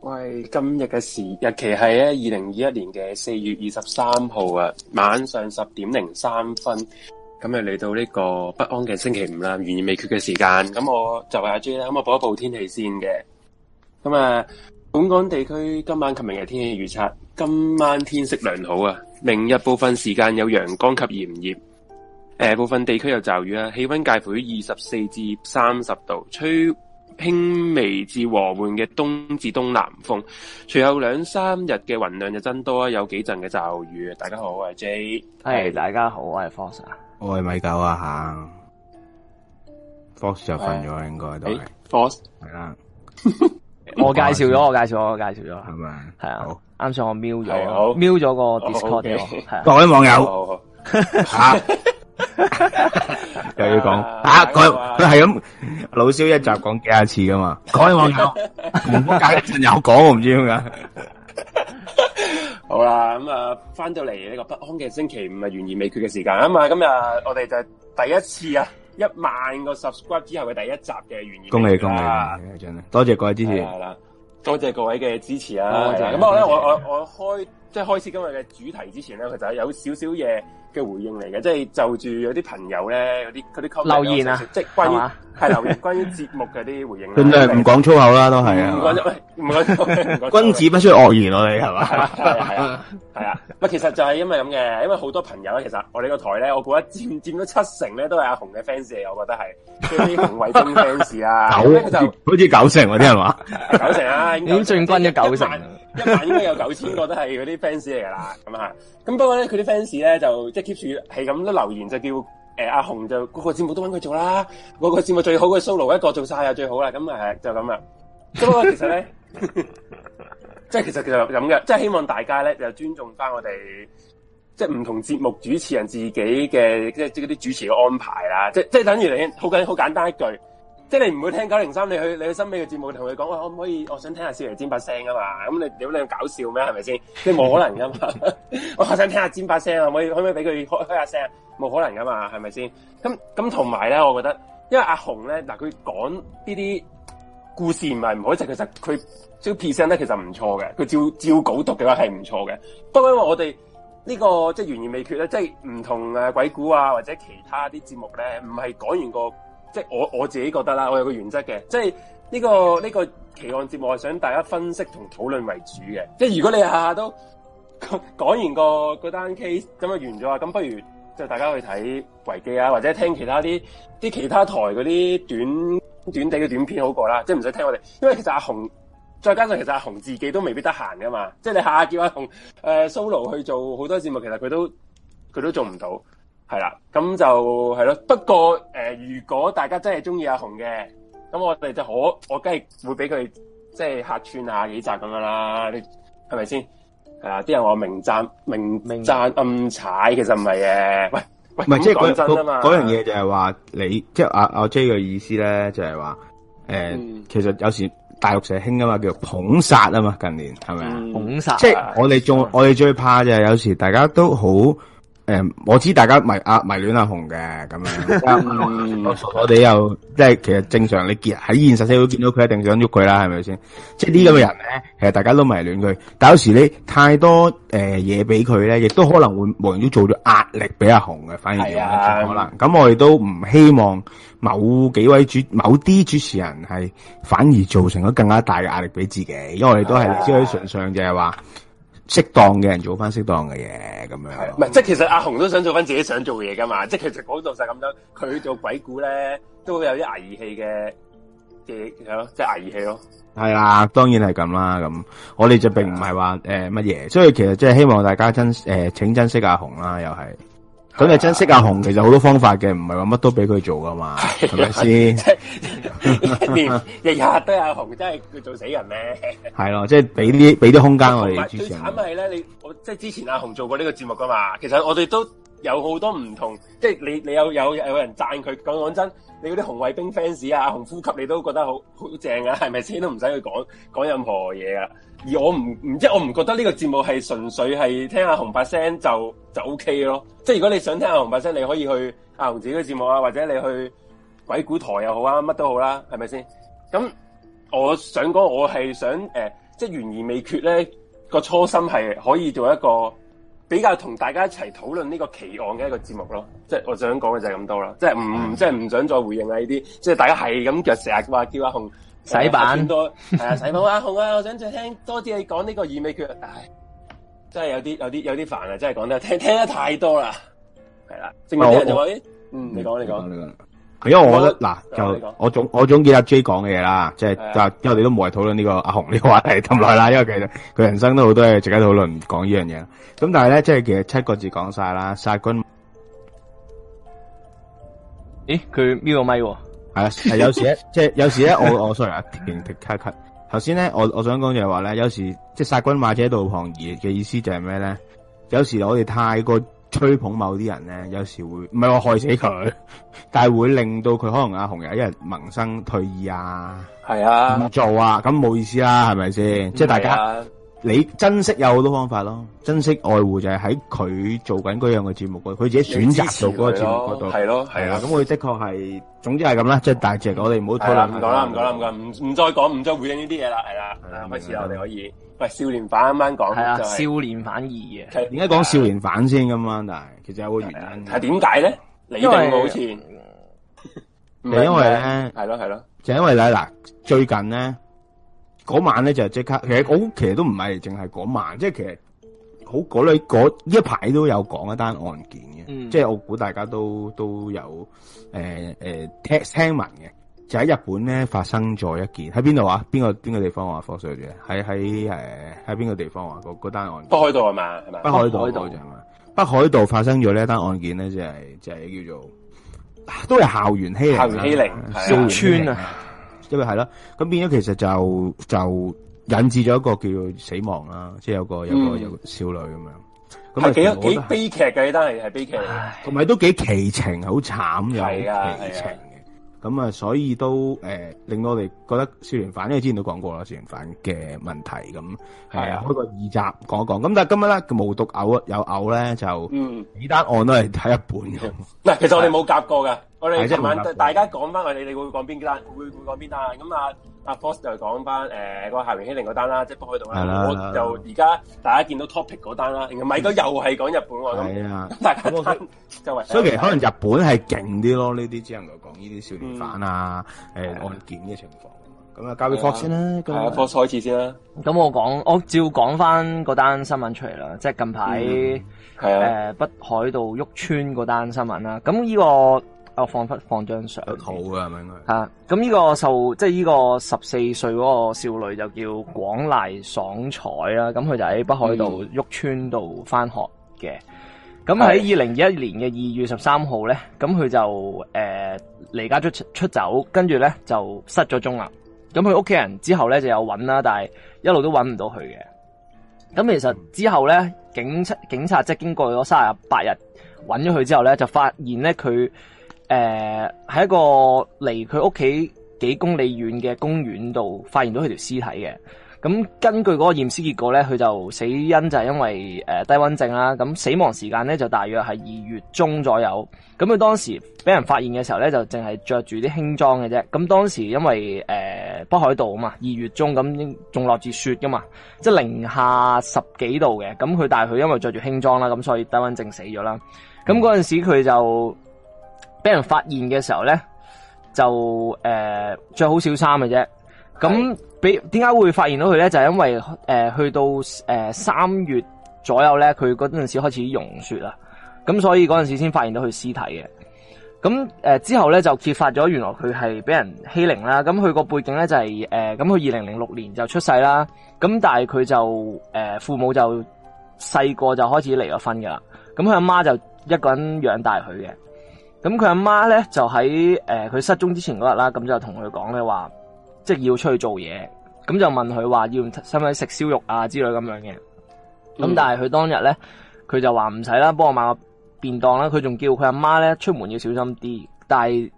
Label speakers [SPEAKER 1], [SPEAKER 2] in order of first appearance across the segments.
[SPEAKER 1] 喂，今日嘅時日期係咧，二零二一年嘅四月二十三號啊，晚上十點零三分，咁啊嚟到呢個不安嘅星期五啦，懸疑未決嘅時間。咁我就係阿 J 啦，咁我報一報天氣先嘅。咁啊，本港地區今晚及明日天氣預測：今晚天色良好啊，明日部分時間有陽光及炎熱。誒、呃，部分地區有驟雨啦，氣溫介乎於二十四至三十度，吹輕微至和緩嘅東至東南風，隨後兩三日嘅雲量就增多，有幾陣嘅驟雨。大家好，我係 J，係大家好，我係 Fox，s
[SPEAKER 2] 我係米九啊
[SPEAKER 3] 吓，Fox 就瞓咗，hey. 應該都
[SPEAKER 1] Fox 係啦，
[SPEAKER 3] 我介紹咗，我介紹咗，我介紹咗，係 咪？係啊，啱上我瞄咗，瞄咗個 Discord，我、okay 啊、各位網友，吓、oh, oh, oh. 啊。
[SPEAKER 2] 又要講啊！佢佢係咁老少一集講幾啊次噶嘛？講 網 又
[SPEAKER 1] 講，唔好解釋又
[SPEAKER 2] 講，我唔知點解。
[SPEAKER 1] 好啦，咁、嗯、啊，翻到嚟呢個不安嘅星期五係懸疑未決嘅時間啊嘛，今日我哋就第一次啊，一萬個 subscribe 之後嘅第一集嘅懸疑。
[SPEAKER 2] 恭喜恭喜！係多謝各位支持，
[SPEAKER 1] 多謝各位嘅支持啊咁啊咧，我我我開即係開始今日嘅主題之前咧，佢就是、有少少嘢。嘅回應嚟嘅，即係就住有啲朋友咧，嗰啲嗰啲留言啊，即係關於。係留意關於節目嘅啲回應，都咪唔
[SPEAKER 2] 講粗口啦，都係啊！唔講，
[SPEAKER 1] 唔
[SPEAKER 2] 講不關， 君子不需惡言，我哋係嘛？係 啊，係啊。
[SPEAKER 1] 唔係，其實就係因為咁嘅，因為好多朋友咧，其實我哋個台咧，我估咧，佔佔咗七成咧，都係阿紅嘅 fans 嚟，我覺得係，即係啲紅衛軍 fans 啊。
[SPEAKER 2] 九好似九成喎，
[SPEAKER 3] 啲人話九成啊，點進軍一九成？九成就
[SPEAKER 1] 是，一萬 應該有九千個都係嗰啲 fans 嚟噶啦，咁啊，咁不過咧，佢啲 fans 咧就即係 keep 住係咁留言，就叫。誒、啊，阿紅就個個節目都搵佢做啦，個個節目最好嘅 solo 一個做曬就最好啦，咁啊係就咁啦。咁 其實咧呢，即 係其實就咁嘅，即係希望大家咧就尊重翻我哋，即係唔同節目主持人自己嘅，即係即係啲主持嘅安排啦。即即係等於你，好簡好簡單一句。即係你唔會聽九零三，你去你去森美嘅節目同佢講，我可唔可以？我想聽下少爺尖把聲、啊、笑嚟，尖把聲啊嘛！咁你屌你咁搞笑咩？係咪先？即係冇可能噶嘛！我想聽下尖把聲可唔可以？可唔可以俾佢開開下聲，冇可能噶嘛，係咪先？咁咁同埋咧，我覺得，因為阿紅咧嗱，佢講呢啲故事唔係唔好，其實佢 show piece 聲咧，其實唔錯嘅。佢照照稿讀嘅話係唔錯嘅。不過因為我哋呢、這個即係懸疑未決啦，即係唔同誒鬼故啊或者其他啲節目咧，唔係講完個。即係我我自己覺得啦，我有個原則嘅，即係呢個呢個奇案節目係想大家分析同討論為主嘅。即係如果你下下都講完個個單 case 咁就完咗啊，咁不如就大家去睇維基啊，或者聽其他啲啲其他台嗰啲短短地嘅短片好過啦。即係唔使聽我哋，因為其實阿紅再加上其實阿紅自己都未必得閒㗎嘛。即係你下下叫阿紅、呃、solo 去做好多節目，其實佢都佢都做唔到。係啦，咁就係咯。不過誒、呃，如果大家真係中意阿紅嘅，咁我哋就可，我梗係會俾佢即係客串下幾集咁噶啦。你係咪先？係啊，啲人話我明讚明讚暗踩其，其實唔係嘅。喂喂，唔係即係講真啊嘛。嗰樣嘢
[SPEAKER 2] 就係話你，即係阿阿 J 嘅意思咧，就係話誒，其實有時大陸社興啊嘛，叫捧殺啊嘛。近年係咪捧殺，即係、嗯就是、我哋最、嗯、我哋最怕就係有時大家都好。誒、嗯，我知道大家迷阿迷戀阿紅嘅咁樣，
[SPEAKER 4] 啊、嗯、 我我哋
[SPEAKER 2] 又即係其實正常，你見喺現實社會見到佢一定想喐佢啦，係咪先？即係啲咁嘅人咧，其實大家都迷戀佢，但有時你太多誒嘢俾佢咧，亦都可能會無形中做咗壓力俾阿紅嘅，反而、啊、可能。咁、嗯、我哋都唔希望某幾位主某啲主持人係反而造成咗更加大嘅壓力俾自己，因為我哋都係即可以崇尚就係話。適當嘅人做翻適當嘅嘢，咁樣唔
[SPEAKER 1] 係即係其實阿紅都想做翻自己想做嘅嘢噶嘛。即係其實講到就係咁樣，佢做鬼故咧都會有啲危戲嘅嘅係咯，即係
[SPEAKER 2] 危戲咯。係啊，當然係咁啦。咁我哋就並唔係話誒乜嘢，所以其實即係希望大家珍誒、呃、請珍惜阿紅啦。又係咁，你珍惜阿紅其實好多方法嘅，唔係話乜都俾佢做噶嘛，係咪先？是 日 日都
[SPEAKER 1] 阿雄真係叫做死人咧，
[SPEAKER 2] 係 咯， 即係俾啲俾啲空間我哋主持最
[SPEAKER 1] 慘係咧，你我即係之前阿雄做過呢個節目噶嘛，其實我哋都有好多唔同，即係你你有有有人讚佢，講講真，你嗰啲紅衛兵 fans 啊，阿雄呼吸你都覺得好好正啊，係咪先？都唔使去講講任何嘢啊。而我唔唔即係我唔覺得呢個節目係純粹係聽阿雄把聲就就 OK 咯，即係如果你想聽阿雄把聲，你可以去阿雄自己嘅節目啊，或者你去。鬼故台又好啊，乜都好啦、啊，係咪先？咁我想講，我係想誒，即係懸而未決咧個初心係可以做一個比較同大家一齊討論呢個奇案嘅一個節目咯。即係我想講嘅就係咁多啦，即係唔、嗯、即係唔想再回應啊呢啲，即係大家係咁腳成日話叫阿控，洗版，係、呃、 啊洗版阿紅啊，我想再聽多啲你講呢個懸而未決，唉，真係有啲有啲有啲煩啊，真係講得聽聽得太多啦，係啦、啊，正話啲人就話咦，嗯，你講
[SPEAKER 2] 你講。你因為我覺得嗱，就我總我總結阿 J 講嘅嘢啦，即、就、係、是，對啊，對啊因為我哋都冇係討論呢個阿雄呢個話題咁耐啦，因為其實佢人生都好多嘢值得討論，講呢樣嘢。咁但係咧，即係其實七個字講晒啦，殺君。
[SPEAKER 3] 咦、欸？佢瞄個咪喎。
[SPEAKER 2] 係、啊、係、啊，有時即係有時咧，我 sorry, 我 sorry 啊，停停卡卡。頭先咧，我剛剛呢我想講就係話咧，有時即係殺君馬者道旁而嘅意思就係咩咧？有時我哋太過。吹捧某啲人咧，有時會唔係我害死佢，但係會令到佢可能啊紅有一日萌生退意啊，係啊，唔做啊，咁冇意思啦，啊，係咪先？即係大家。你珍惜有好多方法咯，珍惜愛護就係喺佢做緊嗰樣嘅節目嗰，佢自己選擇做嗰個節目嗰度，係咯，係啊，咁佢的確係，總之係咁啦，即係大隻，我哋唔好討論，唔講啦，唔講啦，唔
[SPEAKER 1] 講，唔唔再講唔再回應呢啲嘢啦，係啦，開始我哋可以，喂少年犯啱啱講，
[SPEAKER 2] 少年犯二啊，點解講少年犯先咁啊？但係其實有個原因，係點
[SPEAKER 1] 解咧？你哋好似唔
[SPEAKER 2] 係因為咧，係咯係
[SPEAKER 1] 咯，
[SPEAKER 2] 就係因為咧嗱最近咧。嗰晚咧就即刻，其實我其實都唔係淨係嗰晚，即係其實好嗰類嗰呢一排都有講一單案件嘅，嗯、即係我估大家都都有誒誒、呃呃、聽聽聞嘅，就喺日本咧發生咗一件喺邊度啊？邊個邊個地方話、啊、Fox Sir 喺喺誒喺邊個地方話嗰單單案
[SPEAKER 1] 北海道啊嘛，係嘛？北海道
[SPEAKER 2] 就係嘛？北海道發生咗呢一單案件咧，就係、是、就係、是、叫做都係校園欺校園欺凌，旭川啊！因為係啦，咁變咗其實就就引致咗一個叫做死亡啦，即、就、係、是、有個、嗯、有，個，有個少女咁樣，咁啊幾幾幾悲劇
[SPEAKER 1] 嘅呢單係係悲劇，
[SPEAKER 2] 同埋都幾奇情，好慘、啊、奇情嘅，咁啊，啊所以都誒、呃、令我哋覺得少年犯，因為之前都講過啦，少年犯嘅問題，咁係啊開、呃那個二集講一講，咁但係今日咧佢無獨偶啊，有偶咧就
[SPEAKER 1] 呢單、嗯、案都係
[SPEAKER 2] 睇一半嘅，嗱其實我哋冇夾
[SPEAKER 1] 過噶。 我哋琴晚大家講翻，我哋你會講邊單？會會講邊單？咁啊，阿 Fox、啊啊、就講返誒個校園欺凌嗰單啦，即係北海道啦。我就而家大家見到 topic 嗰單啦，米哥又係講日本但係啊，咁大家周所以其實可能
[SPEAKER 2] 日本係勁啲
[SPEAKER 3] 囉，呢啲只能夠講呢啲少年犯啊、誒案件嘅情況。咁、那個、啊，交俾 Fox 先啦。係啊，Fox 開始先啦。咁我講，我照講返嗰單新聞出嚟啦，即係近排北海道旭川嗰單新聞啦。咁呢個。我、啊、放忽放張相，好肚㗎，係咪應該咁呢、啊、個受即係呢個十四歲嗰個少女就叫廣瀨爽彩啦。咁佢就喺北海道旭川度返學嘅。咁喺二零二一年嘅二月十三號咧，咁佢就誒、呃、離家出出走，跟住咧就失咗蹤啦。咁佢屋企人之後咧就有揾啦，但係一路都揾唔到佢嘅。咁其實之後咧，警察警察即係經過咗三十八日揾咗佢之後咧，就發現咧佢。誒、呃，喺一個離佢屋企幾公里遠嘅公園度發現到佢條屍體嘅。咁根據嗰個驗屍結果咧，佢就死因就係因為誒、呃、低温症啦。咁死亡時間咧就大約係二月中左右。咁佢當時俾人發現嘅時候咧，就淨係着住啲輕裝嘅啫。咁當時因為誒、呃、北海道啊嘛，二月中咁仲落住雪噶嘛，即係零下十幾度嘅。咁佢但係佢因為着住輕裝啦，咁所以低温症死咗啦。咁嗰陣時佢就。嗯俾人發現嘅時候咧，就誒着好少衫嘅啫。咁俾點解會發現到佢咧？就係，因為誒、呃、去到誒、呃、三月左右咧，佢嗰陣時開始溶雪啦，咁所以嗰陣時先發現到佢屍體嘅。咁誒、呃、之後咧就揭發咗，原來佢係俾人欺凌啦。咁佢個背景咧就係誒咁佢二零零六年就出世啦，咁但係佢就誒、呃、父母就細個就開始離咗婚噶啦，咁佢阿媽就一個人養大佢嘅。咁佢阿媽咧就喺誒佢失蹤之前嗰日啦，咁就同佢講咧話，即係要出去做嘢，咁就問佢話要使唔使食燒肉啊之類咁樣嘅。
[SPEAKER 5] 咁、嗯、但係
[SPEAKER 3] 佢當日咧，佢就話唔使啦，幫我買個便當啦。佢仲叫佢阿媽咧出門要小心啲。但係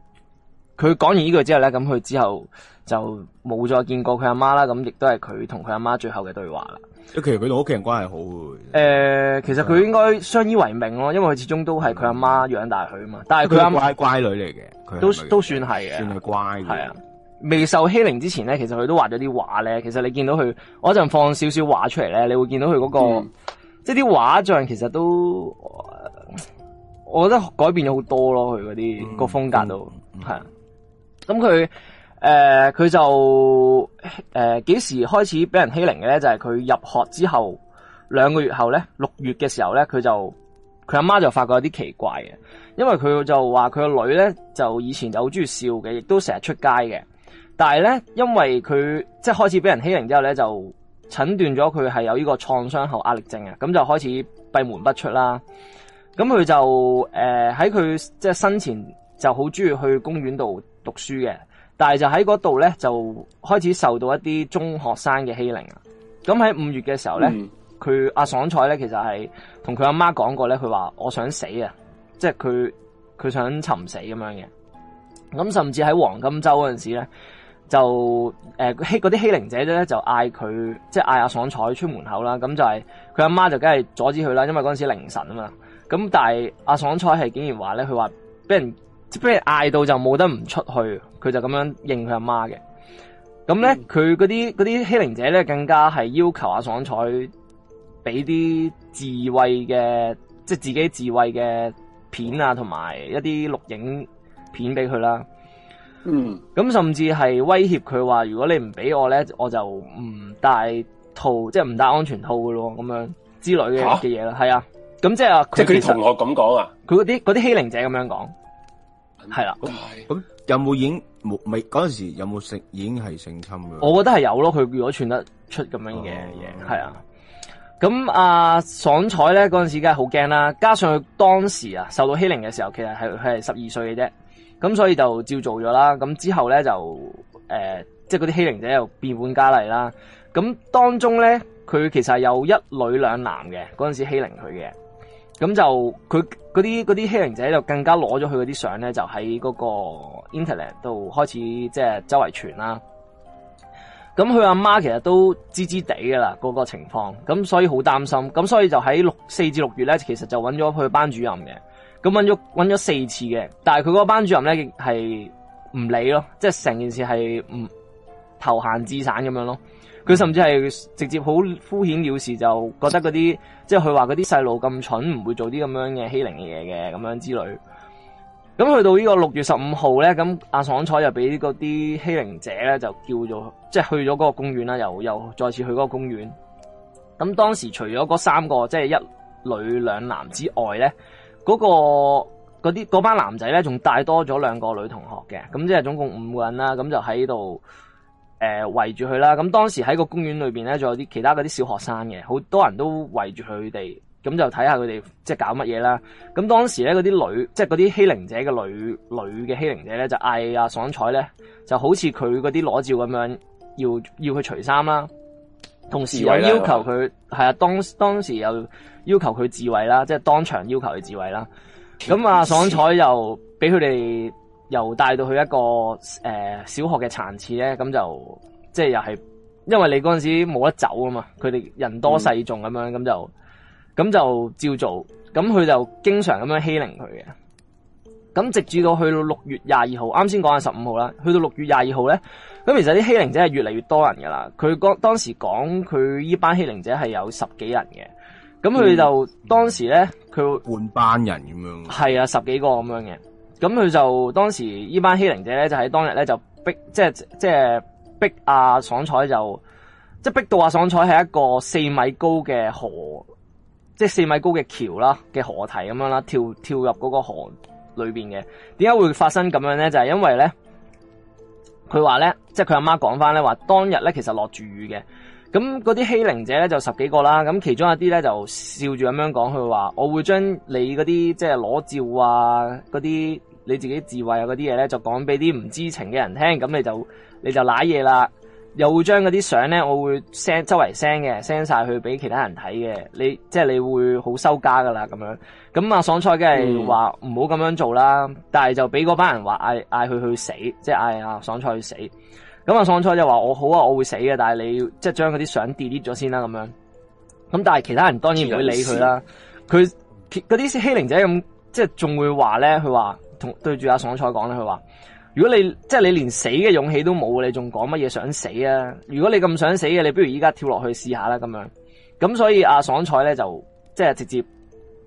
[SPEAKER 3] 佢講完呢句之後咧，咁佢之後就冇再見過佢阿媽啦。咁亦都係佢同佢阿媽最後嘅對話啦。即其實佢同屋企人
[SPEAKER 2] 關
[SPEAKER 3] 係好誒、呃,其實佢應該相依為命咯、嗯，因為佢始終都係佢阿媽養大佢啊嘛。嗯、但係佢阿媽乖女嚟嘅，都都算係嘅。算係乖嘅。係啊，未受欺凌之前咧，其實佢都畫咗啲畫咧。其實你見到佢，我一陣放少少畫出嚟咧，你會見到佢嗰、嗰個，嗯、即係啲畫像，其實都，我覺得改變咗好多咯。佢嗰啲個風格都，係、嗯嗯、啊。咁佢。誒，佢就誒幾時開始俾人欺凌嘅咧？就係佢入學之後兩個月後咧，六月嘅時候咧，佢就佢阿媽就發覺有啲奇怪嘅，因為佢就話佢個女咧就以前就好中意笑嘅，亦都成日出街嘅，但係咧因為佢即係開始俾人欺凌之後咧，就診斷咗佢係有呢個創傷後壓力症啊，咁就開始閉門不出啦。咁佢就誒喺佢即係生前就好中意去公園度讀書嘅。但係就喺嗰度咧，就開始受到一啲中學生嘅欺凌啊！咁喺五月嘅時候咧，佢、嗯、阿、啊、爽彩咧其實係同佢阿媽講過咧，佢話我想死啊！即係佢佢想尋死咁樣嘅。咁甚至喺黃金週嗰陣時咧，就欺嗰啲欺凌者咧就嗌佢，即係嗌阿爽彩出門口啦。咁就係佢阿媽就梗係阻止佢啦，因為嗰陣時凌晨啊嘛。咁但係阿、啊、爽彩係竟然話咧，佢話俾人。即係嗌到就冇得唔出去，佢就咁樣應佢阿媽嘅。咁咧，佢嗰啲嗰啲欺凌者咧，更加係要求阿爽彩俾啲自慰嘅，即係自己自慰嘅片啊，同埋一啲錄影片俾佢啦。嗯，咁甚至係威脅佢話，如果你唔俾我咧，我就唔戴套，即係唔戴安全套嘅咯，咁樣之類嘅嘅嘢啦。係啊，咁、啊、即係佢啲同學咁講啊，佢嗰啲啲欺凌者咁樣講。
[SPEAKER 2] 係啦、啊，咁有冇影冇咪，嗰陣時有冇性已經係性侵嘅？
[SPEAKER 3] 我覺得係有咯，佢如果傳得出咁樣嘅嘢，係、哦、啊。咁阿、啊、爽彩咧嗰陣時梗係好驚啦，加上佢當時啊受到欺凌嘅時候，其實係係十二歲嘅啫，咁所以就照做咗啦。咁之後咧就誒，即係嗰啲欺凌者又變本加厲啦。咁當中咧，佢其實係有一女兩男嘅嗰陣時欺凌佢嘅。咁就佢嗰啲嗰啲欺凌者就更加攞咗佢嗰啲相咧，就喺嗰個 internet 度開始即係周圍傳啦。咁佢阿媽其實都知知地噶啦嗰個情況，咁所以好擔心，咁所以就喺六四至六月咧，其實就揾咗佢班主任嘅，咁揾咗揾咗四次嘅，但係佢嗰個班主任咧亦係唔理咯，即係成件事係唔投閒自散咁樣咯。佢甚至係直接好敷衍了事，就覺得嗰啲即係佢話嗰啲細路咁蠢，唔會做啲咁樣嘅欺凌嘅嘢嘅咁樣之類。咁去到呢個六月十五號呢，咁阿爽彩又俾嗰啲欺凌者呢，就叫咗，即係去咗嗰個公園啦，又又再次去嗰個公園。咁當時除咗嗰三個即係、就是、一女兩男之外呢，嗰、那個嗰啲嗰班男仔呢，仲帶多咗兩個女同學嘅，咁即係總共五個人啦，咁就喺度。誒，圍住佢啦。咁當時喺個公園裏邊咧，仲有啲其他嗰啲小學生嘅，好多人都圍住佢哋，咁就睇下佢哋即係搞乜嘢啦。咁當時咧，嗰啲女，即係嗰啲欺凌者嘅女，女嘅欺凌者咧就嗌阿爽彩咧，就好似佢嗰啲裸照咁樣要，要要佢除衫啦。同時又要求佢，係啊當當時又要求佢自慰啦，即係當場要求佢自慰啦。咁阿爽彩又俾佢哋。又帶到去一個誒、呃、小學嘅殘廁咧，咁就即係又係，因為你嗰陣時冇得走啊嘛，佢哋人多勢眾咁樣，咁、嗯、就咁就照做，咁佢就經常咁樣欺凌佢嘅。咁直至到去到六月廿二號，啱先講下十五號啦，去到六月廿二號咧，咁其實啲欺凌者係越嚟越多人㗎啦。佢講當時講佢依班欺凌者係有十幾人嘅，咁佢就、嗯、當時咧佢換班人咁樣、啊，係啊十幾個咁樣嘅。咁佢就當時呢班欺凌者咧，就喺當日咧就逼，即係即係逼阿爽彩就，即係逼到阿爽彩係一個四米高嘅河，即係四米高嘅橋啦嘅河堤咁樣啦，跳跳入嗰個河裏面嘅。點解會發生咁樣咧？就係因為咧，佢話咧，即係佢阿媽講翻咧，話當日咧其實落住雨嘅。咁嗰啲欺凌者咧就十幾個啦，咁其中一啲咧就笑住咁樣講佢話：我會將你嗰啲即係裸照啊，嗰啲。你自己智慧啊嗰啲嘢咧，就講俾啲唔知情嘅人聽，咁你就你就瀨嘢啦，又會將嗰啲相咧，我會 send 周圍 send 嘅，send 晒去俾其他人睇嘅，你即係、就是、你會好收家噶啦咁樣。咁啊，爽菜梗係話唔好咁樣做啦，嗯、但係就俾嗰班人話嗌嗌佢去死，即係嗌阿爽菜去死。咁啊，爽菜就話我好啊，我會死嘅，但係你即係將嗰啲相 delete 咗先啦咁樣。咁但係其他人當然唔會理佢啦，佢嗰啲欺凌者咁，即係仲會話咧，佢話。同對住阿爽彩講咧，佢話：如果你即係你連死嘅勇氣都冇，你仲講乜嘢想死啊？如果你咁想死嘅，你不如依家跳落去試下啦。咁樣咁，咁所以阿爽彩咧就即係直接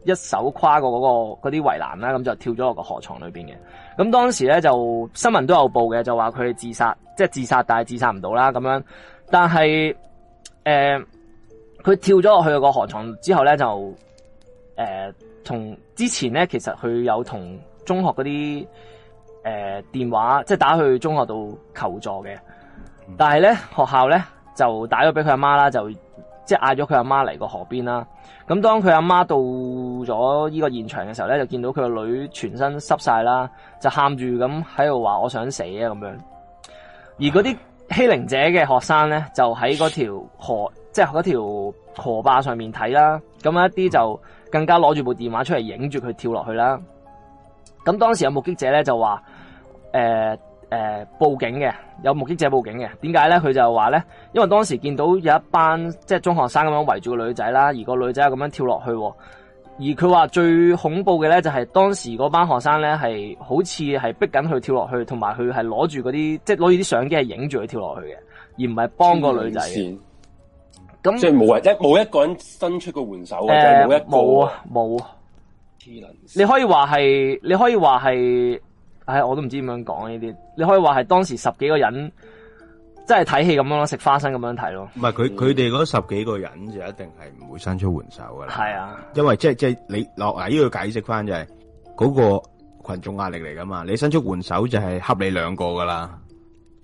[SPEAKER 3] 一手跨過嗰、嗰個嗰啲圍欄啦，咁就跳咗落個河床裏邊嘅。咁當時咧就新聞都有報嘅，就話佢哋自殺，即係自殺，但係自殺唔到啦。咁樣，但係誒，佢、呃、跳咗落去個河床之後咧，就誒同、呃、之前咧，其實佢有同，中學嗰啲，誒、呃、電話即係打去中學度求助嘅，但係咧學校咧就打咗俾佢阿媽啦，就即係嗌咗佢阿媽嚟個河邊啦。咁當佢阿媽，媽到咗呢個現場嘅時候咧，就見到佢個女全身濕晒啦，就喊住咁喺度話我想死啊咁樣。而嗰啲欺凌者嘅學生咧，就喺嗰條河， 即係嗰條河壩上面睇啦。咁一啲就更加攞住部電話出嚟影住佢跳落去啦。咁當時有目擊者咧就話，誒、呃、誒、呃、報警嘅，有目擊者報警嘅。點解咧？佢就話咧，因為當時見到有一班即係中學生咁樣圍住個女仔啦，而個女仔咁樣跳落去。而佢話最恐怖嘅咧，就係、是、當時嗰班學生咧係好似係逼緊佢跳落去，同埋佢係攞住嗰啲即係攞住啲相機係影住佢跳落去嘅，而唔係幫個女仔。咁
[SPEAKER 1] 即係冇人，即係冇一個人伸出、呃就是、個援手嘅，冇一冇
[SPEAKER 3] 啊冇啊。沒你可以話係，你可以話係，唉、哎，我都唔知點樣講呢啲。你可以話係當時十幾個人，即係睇戲咁樣，食花生咁樣睇咯。唔係佢佢
[SPEAKER 2] 哋嗰十幾個人就一定係唔會伸出援手噶
[SPEAKER 3] 啦。係啊，因
[SPEAKER 2] 為即係即係你落嚟呢個解釋翻就係、是、嗰、那個群眾壓力嚟噶嘛。你伸出援手就係恰你兩個噶啦，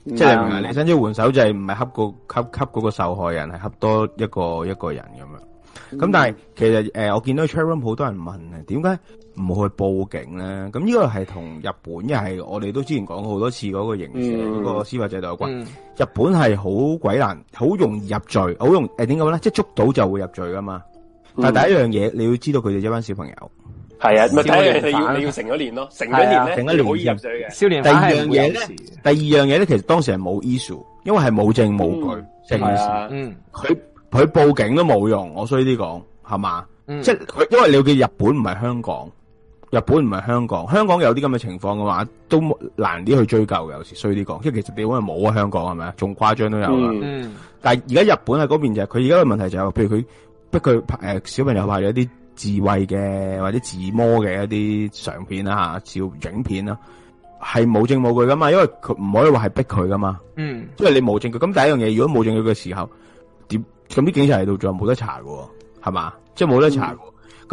[SPEAKER 2] 即係你你伸出援手就係唔係恰個恰恰嗰個受害人，係恰多一個一個人咁樣。咁、嗯嗯、但係其實誒、呃，我見到 Telegram 好多人問啊，點解唔去報警咧？咁呢個係同日本因為係我哋都之前講過好多次嗰個刑事嗰、嗯那個司法制度有關。嗯、日本係好鬼難，好容易入罪，好容誒點講咧？即係捉到就會入罪噶嘛、嗯。但係第一樣嘢，你要知道佢哋一班小朋友係啊，少年犯你，你要成咗年咯，成
[SPEAKER 1] 咗年呢、啊、成年好易入罪嘅。少年犯第二樣嘢咧，
[SPEAKER 2] 第二樣嘢咧，其實當時係冇 issue，因為係冇證冇據，即係嗯佢。佢報警都冇用，我衰啲講，係嘛、嗯？即係因為你嘅日本唔係香港，日本唔係香港，香港有啲咁嘅情況嘅話，都難啲去追究嘅。有時衰啲講，即係其實日本冇啊，香港係咪啊？仲誇張都有啦、嗯嗯。但係而家日本喺嗰邊就係佢而家嘅問題就係、是，譬如佢逼佢、呃、小朋友拍咗啲自慰嘅或者自摸嘅一啲相片啊，照影片呀，係冇證冇據噶嘛，因為佢唔可以話係逼佢噶嘛。嗯，即係你冇證據。咁第一樣嘢，如果冇證據嘅時候。咁啲警察嚟到仲有冇得查嘅？係嘛，即係冇得查嘅。